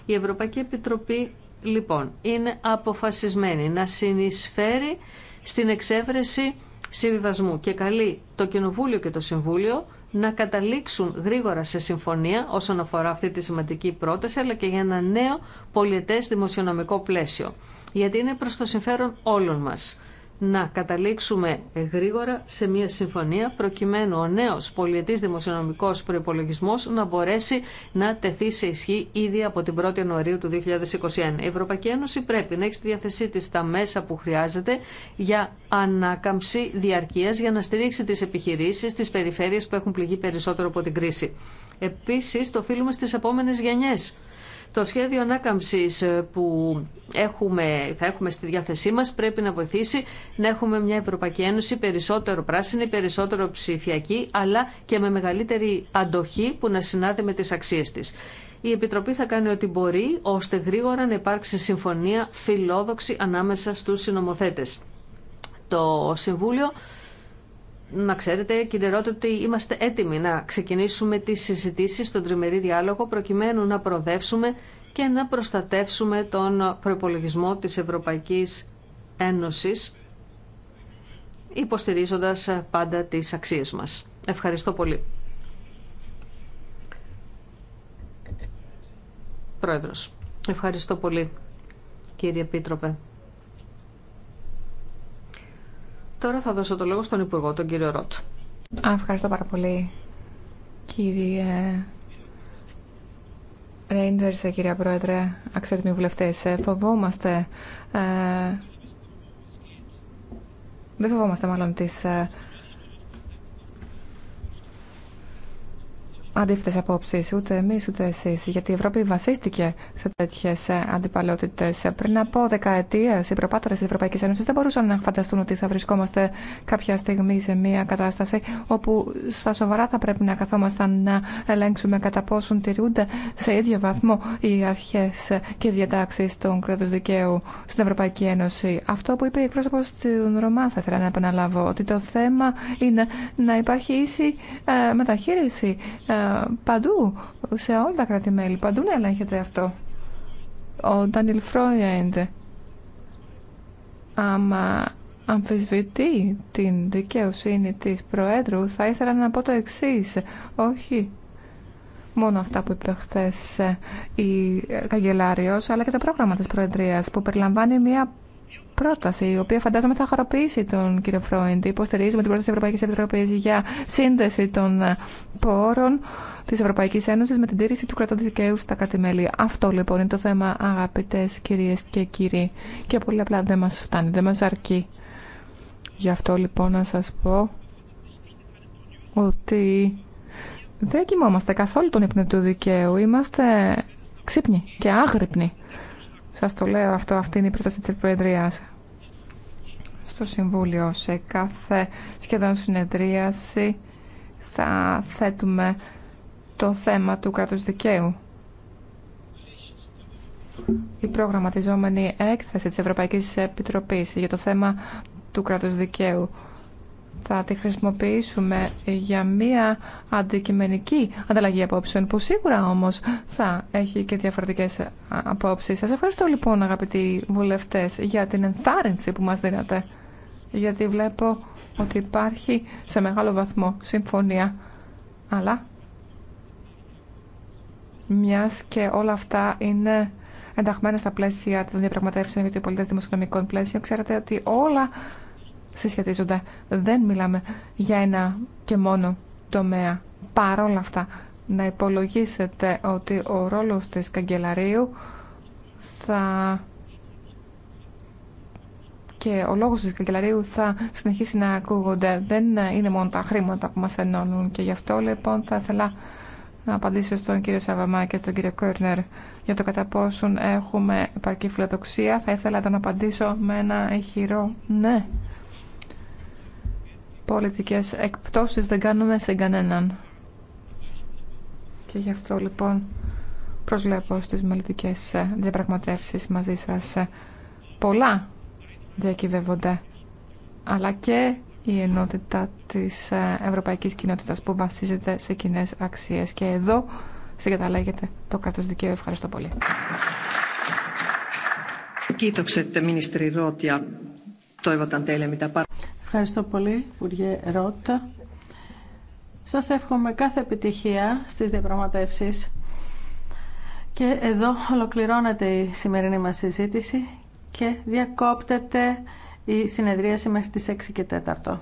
Η Ευρωπαϊκή Επιτροπή λοιπόν είναι αποφασισμένη να συνεισφέρει στην εξέβρεση συμβιβασμού και καλεί το Κοινοβούλιο και το Συμβούλιο να καταλήξουν γρήγορα σε συμφωνία όσον αφορά αυτή τη σημαντική πρόταση, αλλά και για ένα νέο πολιετές δημοσιονομικό πλαίσιο. Γιατί είναι προς το συμφέρον όλων μας να καταλήξουμε γρήγορα σε μια συμφωνία προκειμένου ο νέος πολιετής δημοσιονομικός προϋπολογισμός να μπορέσει να τεθεί σε ισχύ ήδη από την 1η Ιανουαρίου του 2021. Η Ευρωπαϊκή Ένωση πρέπει να έχει στη διάθεσή της τα μέσα που χρειάζεται για ανάκαμψη διαρκείας για να στηρίξει τις επιχειρήσεις, τις περιφέρειες που έχουν πληγεί περισσότερο από την κρίση. Επίσης, το οφείλουμε στις επόμενες γενιές το σχέδιο ανάκαμψη ε, που έχουμε, θα έχουμε στη διάθεσή μας πρέπει να βοηθήσει να έχουμε μια Ευρωπαϊκή Ένωση περισσότερο πράσινη, περισσότερο ψηφιακή, αλλά και με μεγαλύτερη αντοχή που να συνάδει με τις αξίες της. Η Επιτροπή θα κάνει ό,τι μπορεί ώστε γρήγορα να υπάρξει συμφωνία φιλόδοξη ανάμεσα στους συνομοθέτες. Το Συμβούλιο να ξέρετε, ρώτη ότι είμαστε έτοιμοι να ξεκινήσουμε τις συζητήσεις στον τριμερή διάλογο προκειμένου να προοδεύσουμε και να προστατεύσουμε τον προπολογισμό της Ευρωπαϊκής Ένωσης υποστηρίζοντας πάντα τις αξίες μας. Ευχαριστώ πολύ. Πρόεδρος, ευχαριστώ πολύ κύριε Επίτροπε. Τώρα θα δώσω το λόγο στον Υπουργό, τον κύριο Ρότ. Α, ευχαριστώ πάρα πολύ, κύριε Ρέιντερ, κύριε Πρόεδρε, αξιότιμοι βουλευτές. Ε, φοβόμαστε... Ε... Δεν φοβόμαστε μάλλον τις ε, αντίθετε απόψει, ούτε εμεί ούτε εσεί, γιατί η Ευρώπη βασίστηκε σε τέτοιε αντιπαλότητε. Πριν από δεκαετίε, οι προπάτορε τη Ευρωπαϊκή Ένωση δεν μπορούσαν να φανταστούν ότι θα βρισκόμαστε κάποια στιγμή σε μια κατάσταση όπου στα σοβαρά θα πρέπει να καθόμασταν να ελέγξουμε κατά πόσον τηρούνται σε ίδιο βαθμό οι αρχέ και διατάξει των κράτου δικαίου στην Ευρωπαϊκή Ένωση. Αυτό που είπε η εκπρόσωπο του Ρωμά, θα ήθελα να επαναλάβω, ότι το θέμα είναι να υπάρχει ίση ε, μεταχείριση ε, παντού, σε όλα τα κράτη-μέλη, παντού να ελέγχεται αυτό. Ο Ντανιλ είναι. άμα αμφισβητεί την δικαιοσύνη της Προέδρου, θα ήθελα να πω το εξή. Όχι μόνο αυτά που είπε χθε ε, η καγκελάριο, αλλά και το πρόγραμμα της Προεδρίας που περιλαμβάνει μια πρόταση, η οποία φαντάζομαι θα χαροποιήσει τον κύριο Φρόιντ. Υποστηρίζουμε την πρόταση Ευρωπαϊκή Επιτροπή για σύνδεση των ε, πόρων τη Ευρωπαϊκή Ένωση με την τήρηση του κρατών δικαίου στα κράτη-μέλη. Αυτό λοιπόν είναι το θέμα, αγαπητέ κυρίε και κύριοι. Και πολύ απλά δεν μα φτάνει, δεν μα αρκεί. Γι' αυτό λοιπόν να σα πω ότι δεν κοιμόμαστε καθόλου τον ύπνο του δικαίου. Είμαστε ξύπνοι και άγρυπνοι. Σας το λέω αυτό, αυτή είναι η πρόταση της Προεδρίας. Στο Συμβούλιο, σε κάθε σχεδόν συνεδρίαση θα θέτουμε το θέμα του κράτους δικαίου. Η προγραμματιζόμενη έκθεση της Ευρωπαϊκής Επιτροπής για το θέμα του κράτους δικαίου θα τη χρησιμοποιήσουμε για μία αντικειμενική ανταλλαγή απόψεων που σίγουρα όμως θα έχει και διαφορετικές απόψεις. Σας ευχαριστώ λοιπόν αγαπητοί βουλευτές για την ενθάρρυνση που μας δίνατε γιατί βλέπω ότι υπάρχει σε μεγάλο βαθμό συμφωνία αλλά μιας και όλα αυτά είναι ενταγμένα στα πλαίσια των διαπραγματεύσεων για το πολιτές δημοσιονομικών πλαίσιο ξέρετε ότι όλα συσχετίζονται. Δεν μιλάμε για ένα και μόνο τομέα. Παρόλα αυτά, να υπολογίσετε ότι ο ρόλος της καγκελαρίου θα και ο λόγος της καγκελαρίου θα συνεχίσει να ακούγονται. Δεν είναι μόνο τα χρήματα που μας ενώνουν και γι' αυτό λοιπόν θα ήθελα να απαντήσω στον κύριο Σαβαμά και στον κύριο Κόρνερ για το κατά πόσον έχουμε επαρκή φιλοδοξία. Θα ήθελα να απαντήσω με ένα εχειρό ναι πολιτικές εκπτώσεις δεν κάνουμε σε κανέναν. Και γι' αυτό λοιπόν προσλέπω στις μελλοντικές ε, διαπραγματεύσεις μαζί σας. Ε, πολλά διακυβεύονται, αλλά και η ενότητα της ε, ευρωπαϊκής κοινότητας που βασίζεται σε κοινέ αξίες. Και εδώ συγκαταλέγεται το κράτος δικαίου. Ευχαριστώ πολύ. Ευχαριστώ πολύ, Υπουργέ Ρώτα. Σας εύχομαι κάθε επιτυχία στις διαπραγματεύσεις. Και εδώ ολοκληρώνεται η σημερινή μας συζήτηση και διακόπτεται η συνεδρίαση μέχρι τις 6 και 4.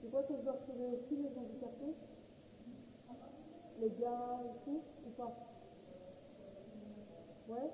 Tu vois que je dois retrouver aussi les handicapés Les gars et tout, ou pas Ouais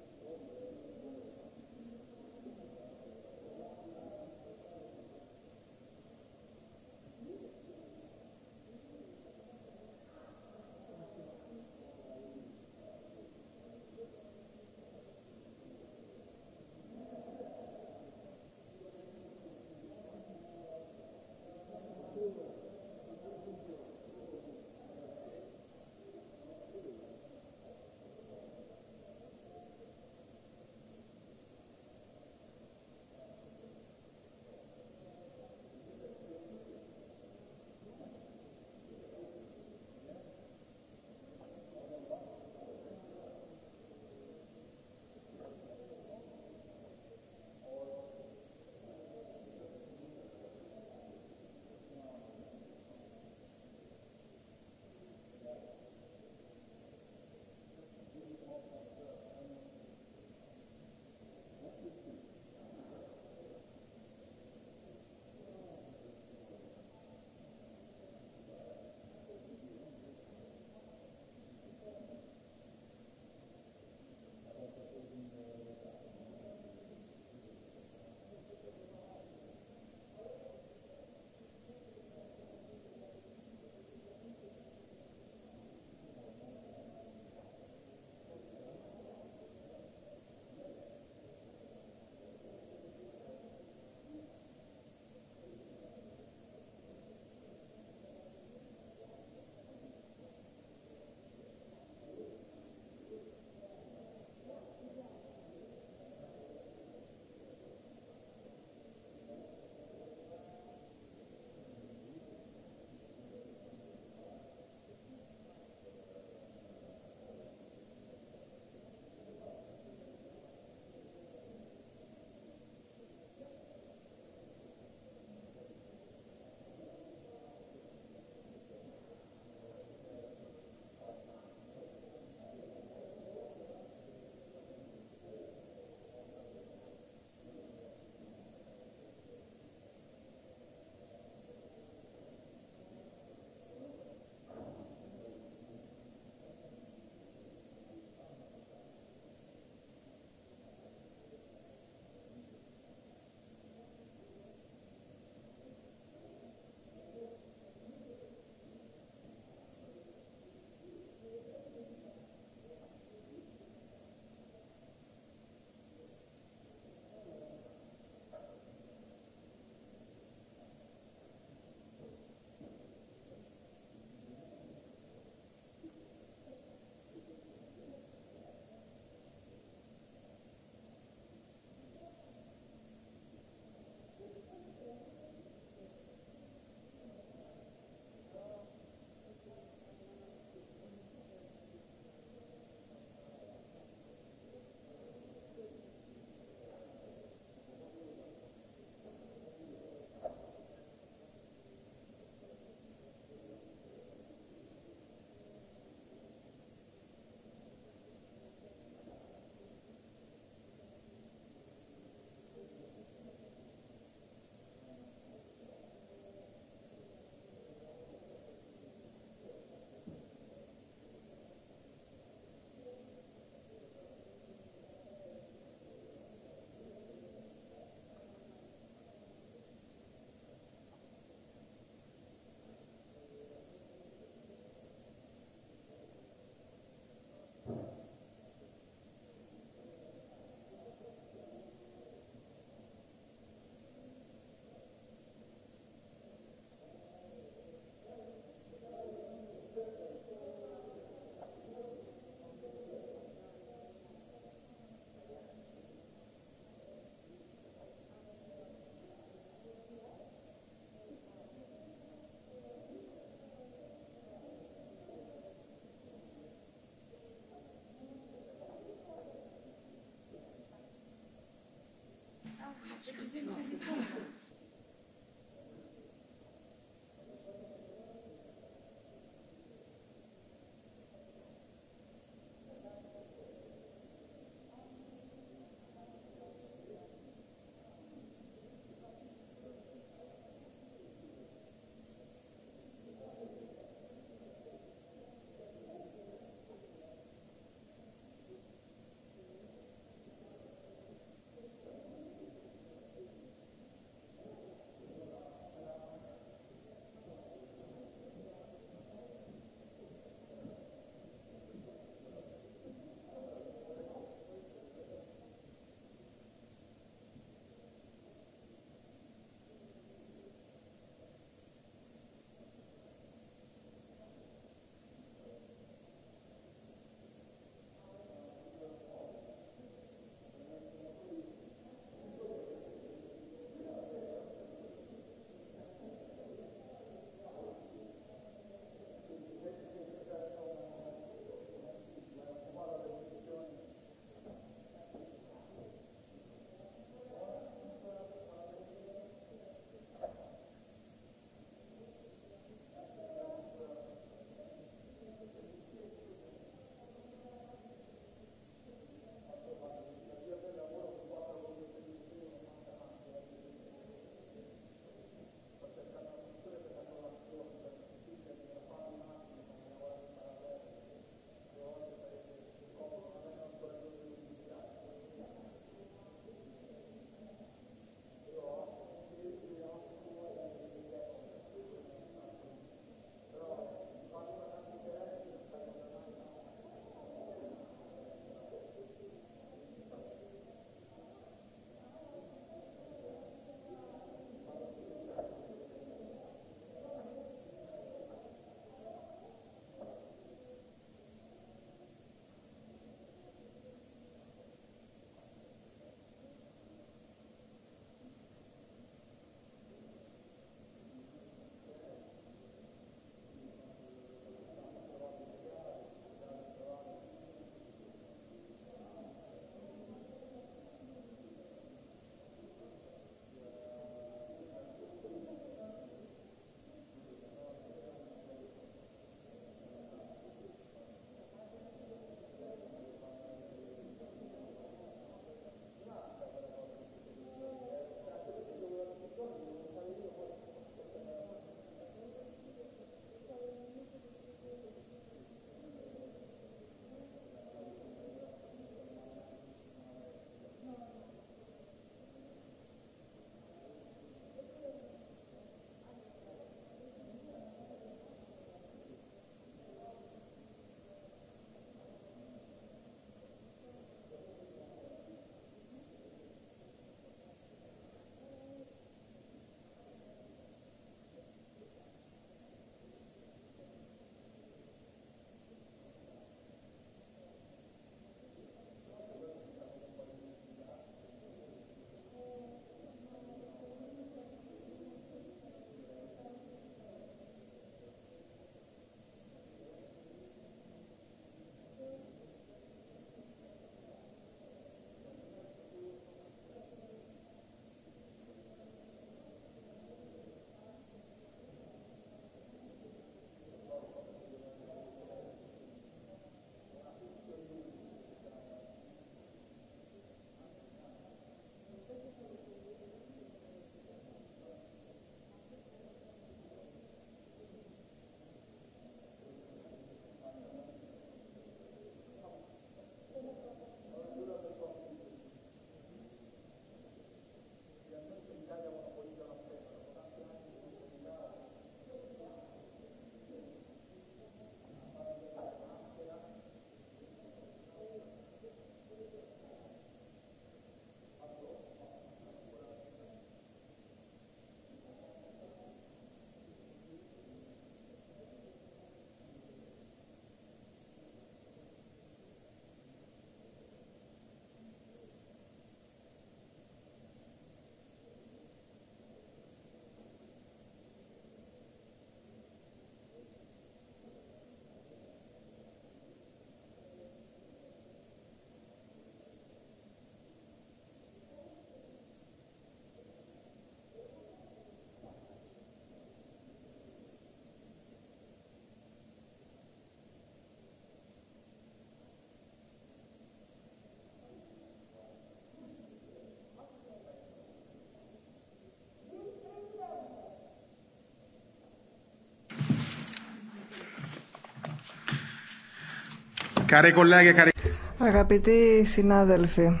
Αγαπητοί συνάδελφοι,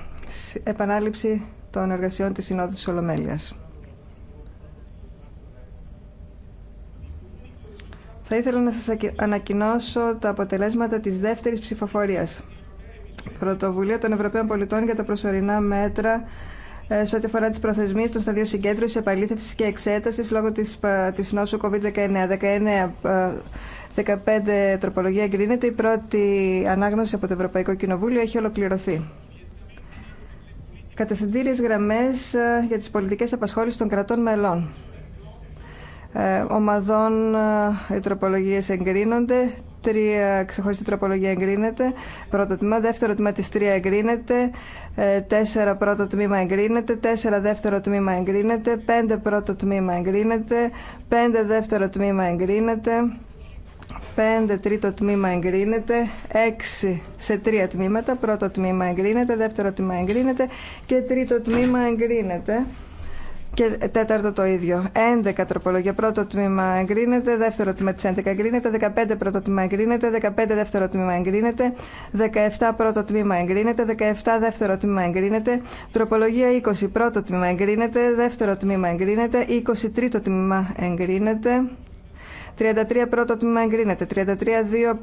επανάληψη των εργασιών της Συνόδου της Ολομέλειας. Θα ήθελα να σας ανακοινώσω τα αποτελέσματα της δεύτερης ψηφοφορίας. Πρωτοβουλία των Ευρωπαίων Πολιτών για τα προσωρινά μέτρα ε, σε ό,τι αφορά τι προθεσμίε των σταδίων συγκέντρωση, επαλήθευση και εξέταση λόγω τη ε, της νόσου COVID-19. 19 15 τροπολογία εγκρίνεται. Η πρώτη ανάγνωση από το Ευρωπαϊκό Κοινοβούλιο έχει ολοκληρωθεί. Κατευθυντήριες γραμμές ε, για τις πολιτικές απασχόλησης των κρατών μελών. Ε, ομαδών ε, οι τροπολογίες εγκρίνονται. Τρία ξεχωριστή τροπολογία εγκρίνεται. Πρώτο τμήμα. Δεύτερο τμήμα της τρία εγκρίνεται. Τέσσερα πρώτο τμήμα εγκρίνεται. Τέσσερα δεύτερο τμήμα εγκρίνεται. Πέντε πρώτο τμήμα εγκρίνεται. Πέντε δεύτερο τμήμα εγκρίνεται. 5 τρίτο τμήμα εγκρίνεται, 6 σε τρία τμήματα, πρώτο τμήμα εγκρίνεται, δεύτερο τμήμα εγκρίνεται και τρίτο τμήμα εγκρίνεται. Και τέταρτο το ίδιο. 11 τροπολογία. Πρώτο τμήμα εγκρίνεται. Δεύτερο τμήμα τη 11 εγκρίνεται. 15 πρώτο τμήμα εγκρίνεται. 15 δεύτερο τμήμα εγκρίνεται. 17 πρώτο τμήμα εγκρίνεται. 17 δεύτερο τμήμα εγκρίνεται. Τροπολογία 20 πρώτο τμήμα εγκρίνεται. Δεύτερο τμήμα εγκρίνεται. 20 τρίτο τμήμα εγκρίνεται. 33 πρώτο τμήμα εγκρίνεται. 33 δύο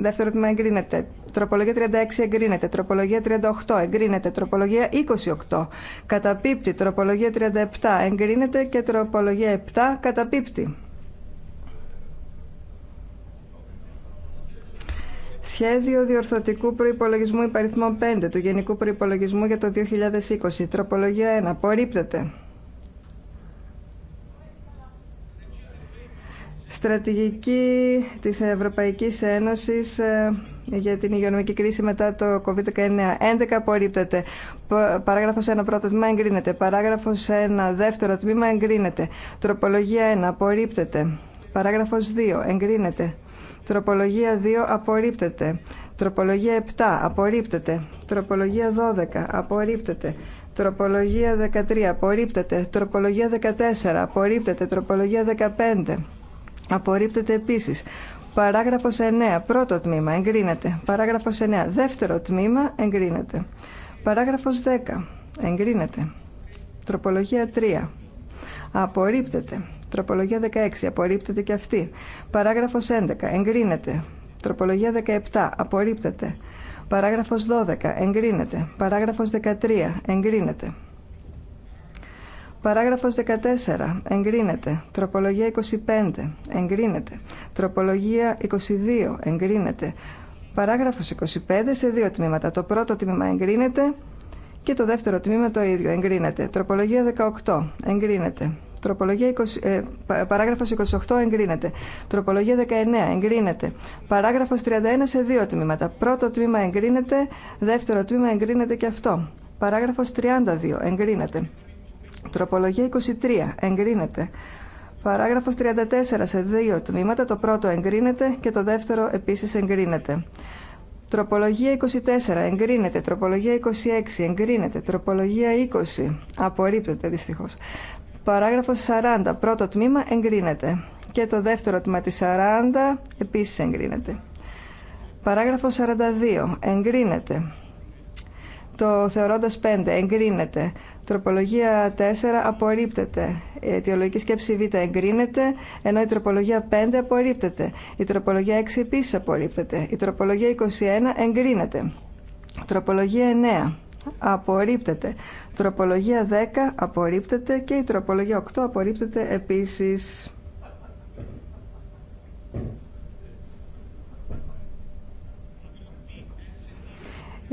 δεύτερο τμήμα εγκρίνεται. Τροπολογία 36 εγκρίνεται. Τροπολογία 38 εγκρίνεται. Τροπολογία 28 καταπίπτει. Τροπολογία 37 εγκρίνεται και τροπολογία 7 καταπίπτει. Σχέδιο διορθωτικού προϋπολογισμού υπαριθμών 5 του Γενικού Προϋπολογισμού για το 2020. Τροπολογία 1. Απορρίπτεται. στρατηγική της Ευρωπαϊκής Ένωσης ε, για την υγειονομική κρίση μετά το COVID-19. 11 απορρίπτεται. Παράγραφος 1 πρώτο τμήμα εγκρίνεται. Παράγραφος 1 δεύτερο τμήμα εγκρίνεται. Τροπολογία 1 απορρίπτεται. Παράγραφος 2 εγκρίνεται. Τροπολογία 2 απορρίπτεται. Τροπολογία 7 απορρίπτεται. Τροπολογία 12 απορρίπτεται. Τροπολογία 13 απορρίπτεται. Τροπολογία 14 απορρίπτεται. Τροπολογία 15 Απορρίπτεται επίσης. Παράγραφος 9. Πρώτο τμήμα. Εγκρίνεται. Παράγραφος 9. Δεύτερο τμήμα. Εγκρίνεται. Παράγραφος 10. Εγκρίνεται. Τροπολογία 3. Απορρίπτεται. Τροπολογία 16. Απορρίπτεται και αυτή. Παράγραφος 11. Εγκρίνεται. Τροπολογία 17. Απορρίπτεται. Παράγραφος 12. Εγκρίνεται. Παράγραφος 13. Εγκρίνεται. Παράγραφος 14. Εγκρίνεται. Τροπολογία 25. Εγκρίνεται. Τροπολογία 22. Εγκρίνεται. Παράγραφος 25 σε δύο τμήματα. Το πρώτο τμήμα εγκρίνεται και το δεύτερο τμήμα το ίδιο. Εγκρίνεται. Τροπολογία 18. Εγκρίνεται. Τροπολογία 20, ε, παράγραφος 28 εγκρίνεται. Τροπολογία 19 εγκρίνεται. Παράγραφος 31 σε δύο τμήματα. Πρώτο τμήμα εγκρίνεται, δεύτερο τμήμα εγκρίνεται και αυτό. Παράγραφος 32 εγκρίνεται. Τροπολογία 23. Εγκρίνεται. Παράγραφος 34. Σε δύο τμήματα. Το πρώτο εγκρίνεται και το δεύτερο επίση. εγκρίνεται. Τροπολογία 24. Εγκρίνεται. Τροπολογία 26. Εγκρίνεται. Τροπολογία 20. Απορρίπτεται δυστυχώς. Παράγραφος 40. Πρώτο τμήμα εγκρίνεται. Και το δεύτερο τμήμα τη 40 επίση εγκρίνεται. Παράγραφο 42. Εγκρίνεται. Το θεωρώντα 5. Εγκρίνεται. Τροπολογία 4 απορρίπτεται. Η αιτιολογική σκέψη Β εγκρίνεται, ενώ η τροπολογία 5 απορρίπτεται. Η τροπολογία 6 επίση απορρίπτεται. Η τροπολογία 21 εγκρίνεται. Τροπολογία 9 απορρίπτεται. Τροπολογία 10 απορρίπτεται και η τροπολογία 8 απορρίπτεται επίσης.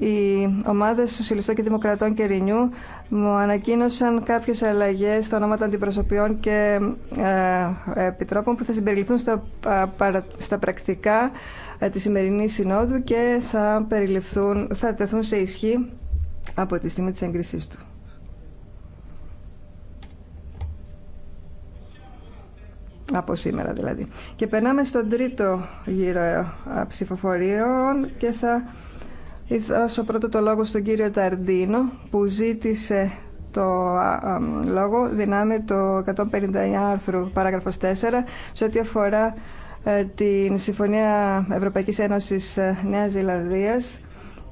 Οι ομάδε Σοσιαλιστών και Δημοκρατών και Ρηνιού μου ανακοίνωσαν κάποιε αλλαγέ στα ονόματα αντιπροσωπιών και ε, επιτρόπων που θα συμπεριληφθούν στα, στα πρακτικά ε, τη σημερινή συνόδου και θα, περιληφθούν, θα τεθούν σε ισχύ από τη στιγμή της έγκρισής του. από σήμερα δηλαδή. Και περνάμε στον τρίτο γύρο ε, ψηφοφορίων και θα δώσω πρώτο το λόγο στον κύριο Ταρντίνο που ζήτησε το λόγο δυνάμει το 159 άρθρου παράγραφος 4 σε ό,τι αφορά ε, την Συμφωνία Ευρωπαϊκής Ένωσης ε, Νέας Ζηλανδίας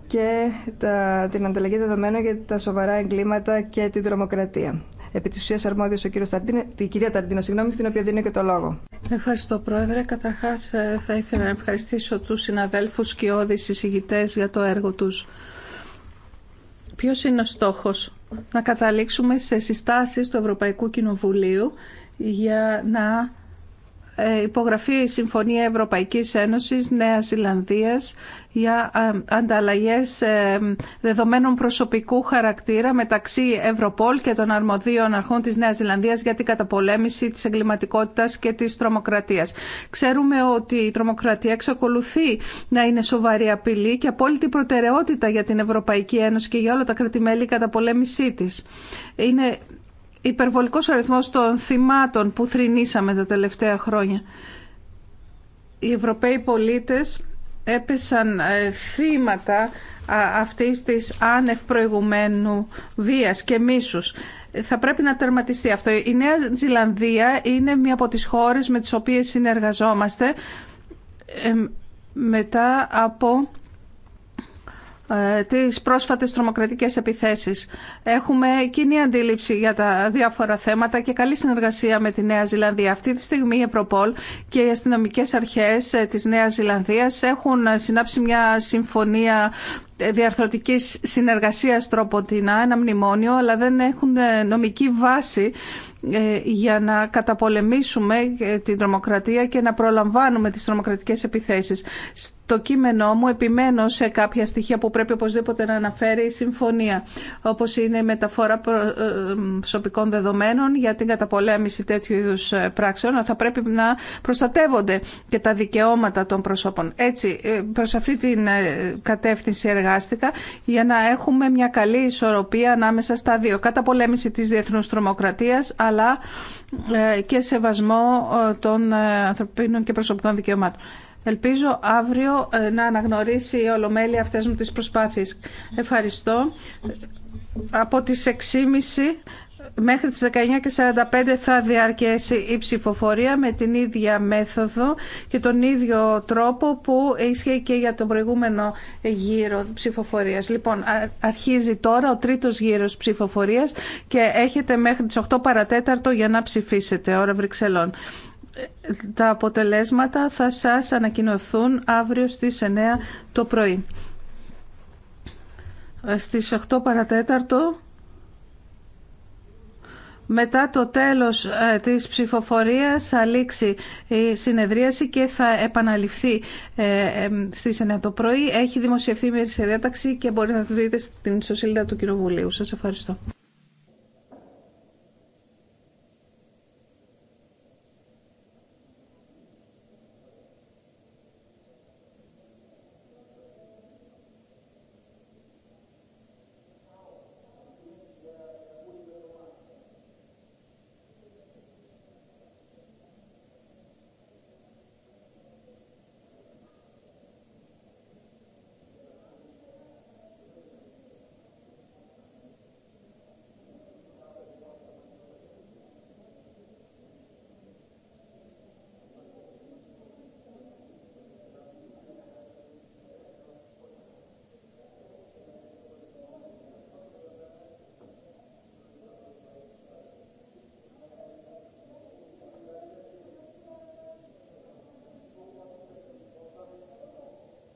και τα, την ανταλλαγή δεδομένων για τα σοβαρά εγκλήματα και την τρομοκρατία επί της ουσίας αρμόδιος ο κύριος η κυρία Ταρντίνο, συγγνώμη, στην οποία δίνει και το λόγο. Ευχαριστώ Πρόεδρε. Καταρχάς ε, θα ήθελα να ευχαριστήσω τους συναδέλφους και όδης συζητητέ για το έργο τους. Ποιος είναι ο στόχος να καταλήξουμε σε συστάσεις του Ευρωπαϊκού Κοινοβουλίου για να ε, υπογραφεί η Συμφωνία Ευρωπαϊκής Ένωσης Νέας Ιλανδίας για ανταλλαγές ε, δεδομένων προσωπικού χαρακτήρα μεταξύ Ευρωπόλ και των αρμοδίων αρχών της Νέας Ζηλανδίας για την καταπολέμηση της εγκληματικότητας και της τρομοκρατίας. Ξέρουμε ότι η τρομοκρατία εξακολουθεί να είναι σοβαρή απειλή και απόλυτη προτεραιότητα για την Ευρωπαϊκή Ένωση και για όλα τα κρατημέλη καταπολέμησή της. Είναι υπερβολικός αριθμός των θυμάτων που θρηνήσαμε τα τελευταία χρόνια. Οι Ευρωπαίοι πολίτες έπεσαν ε, θύματα αυτής της άνευ προηγουμένου βίας και μίσους. Θα πρέπει να τερματιστεί αυτό. Η Νέα Ζηλανδία είναι μία από τις χώρες με τις οποίες συνεργαζόμαστε μετά από ε, τις πρόσφατες τρομοκρατικές επιθέσεις. Έχουμε κοινή αντίληψη για τα διάφορα θέματα και καλή συνεργασία με τη Νέα Ζηλανδία. Αυτή τη στιγμή η Ευρωπόλ και οι αστυνομικές αρχές ε, της Νέας Ζηλανδίας έχουν ε, συνάψει μια συμφωνία διαρθρωτικής συνεργασίας τροποτινά, ένα μνημόνιο, αλλά δεν έχουν νομική βάση για να καταπολεμήσουμε την τρομοκρατία και να προλαμβάνουμε τις τρομοκρατικές επιθέσεις το κείμενό μου επιμένω σε κάποια στοιχεία που πρέπει οπωσδήποτε να αναφέρει η συμφωνία, όπως είναι η μεταφορά ε, προσωπικών δεδομένων για την καταπολέμηση τέτοιου είδους ε, πράξεων, θα πρέπει να προστατεύονται και τα δικαιώματα των προσώπων. Έτσι, ε, προς αυτή την κατεύθυνση εργάστηκα για να έχουμε μια καλή ισορροπία ανάμεσα στα δύο. Καταπολέμηση της διεθνούς τρομοκρατίας, αλλά και σεβασμό των ανθρωπίνων και προσωπικών δικαιωμάτων. Ελπίζω αύριο ε, να αναγνωρίσει η Ολομέλεια αυτές μου τις προσπάθειες. Ευχαριστώ. Από τις 6.30 μέχρι τις 19.45 θα διαρκέσει η ψηφοφορία με την ίδια μέθοδο και τον ίδιο τρόπο που ισχύει και για τον προηγούμενο γύρο ψηφοφορίας. Λοιπόν, αρχίζει τώρα ο τρίτος γύρος ψηφοφορίας και έχετε μέχρι τις 8 για να ψηφίσετε ώρα Βρυξελών τα αποτελέσματα θα σας ανακοινωθούν αύριο στις 9 το πρωί. Στις 8 παρατέταρτο, μετά το τέλος ε, της ψηφοφορίας θα λήξει η συνεδρίαση και θα επαναληφθεί ε, ε, στις 9 το πρωί. Έχει δημοσιευθεί η διάταξη και μπορείτε να τη βρείτε στην ιστοσελίδα του Κοινοβουλίου. Σας ευχαριστώ.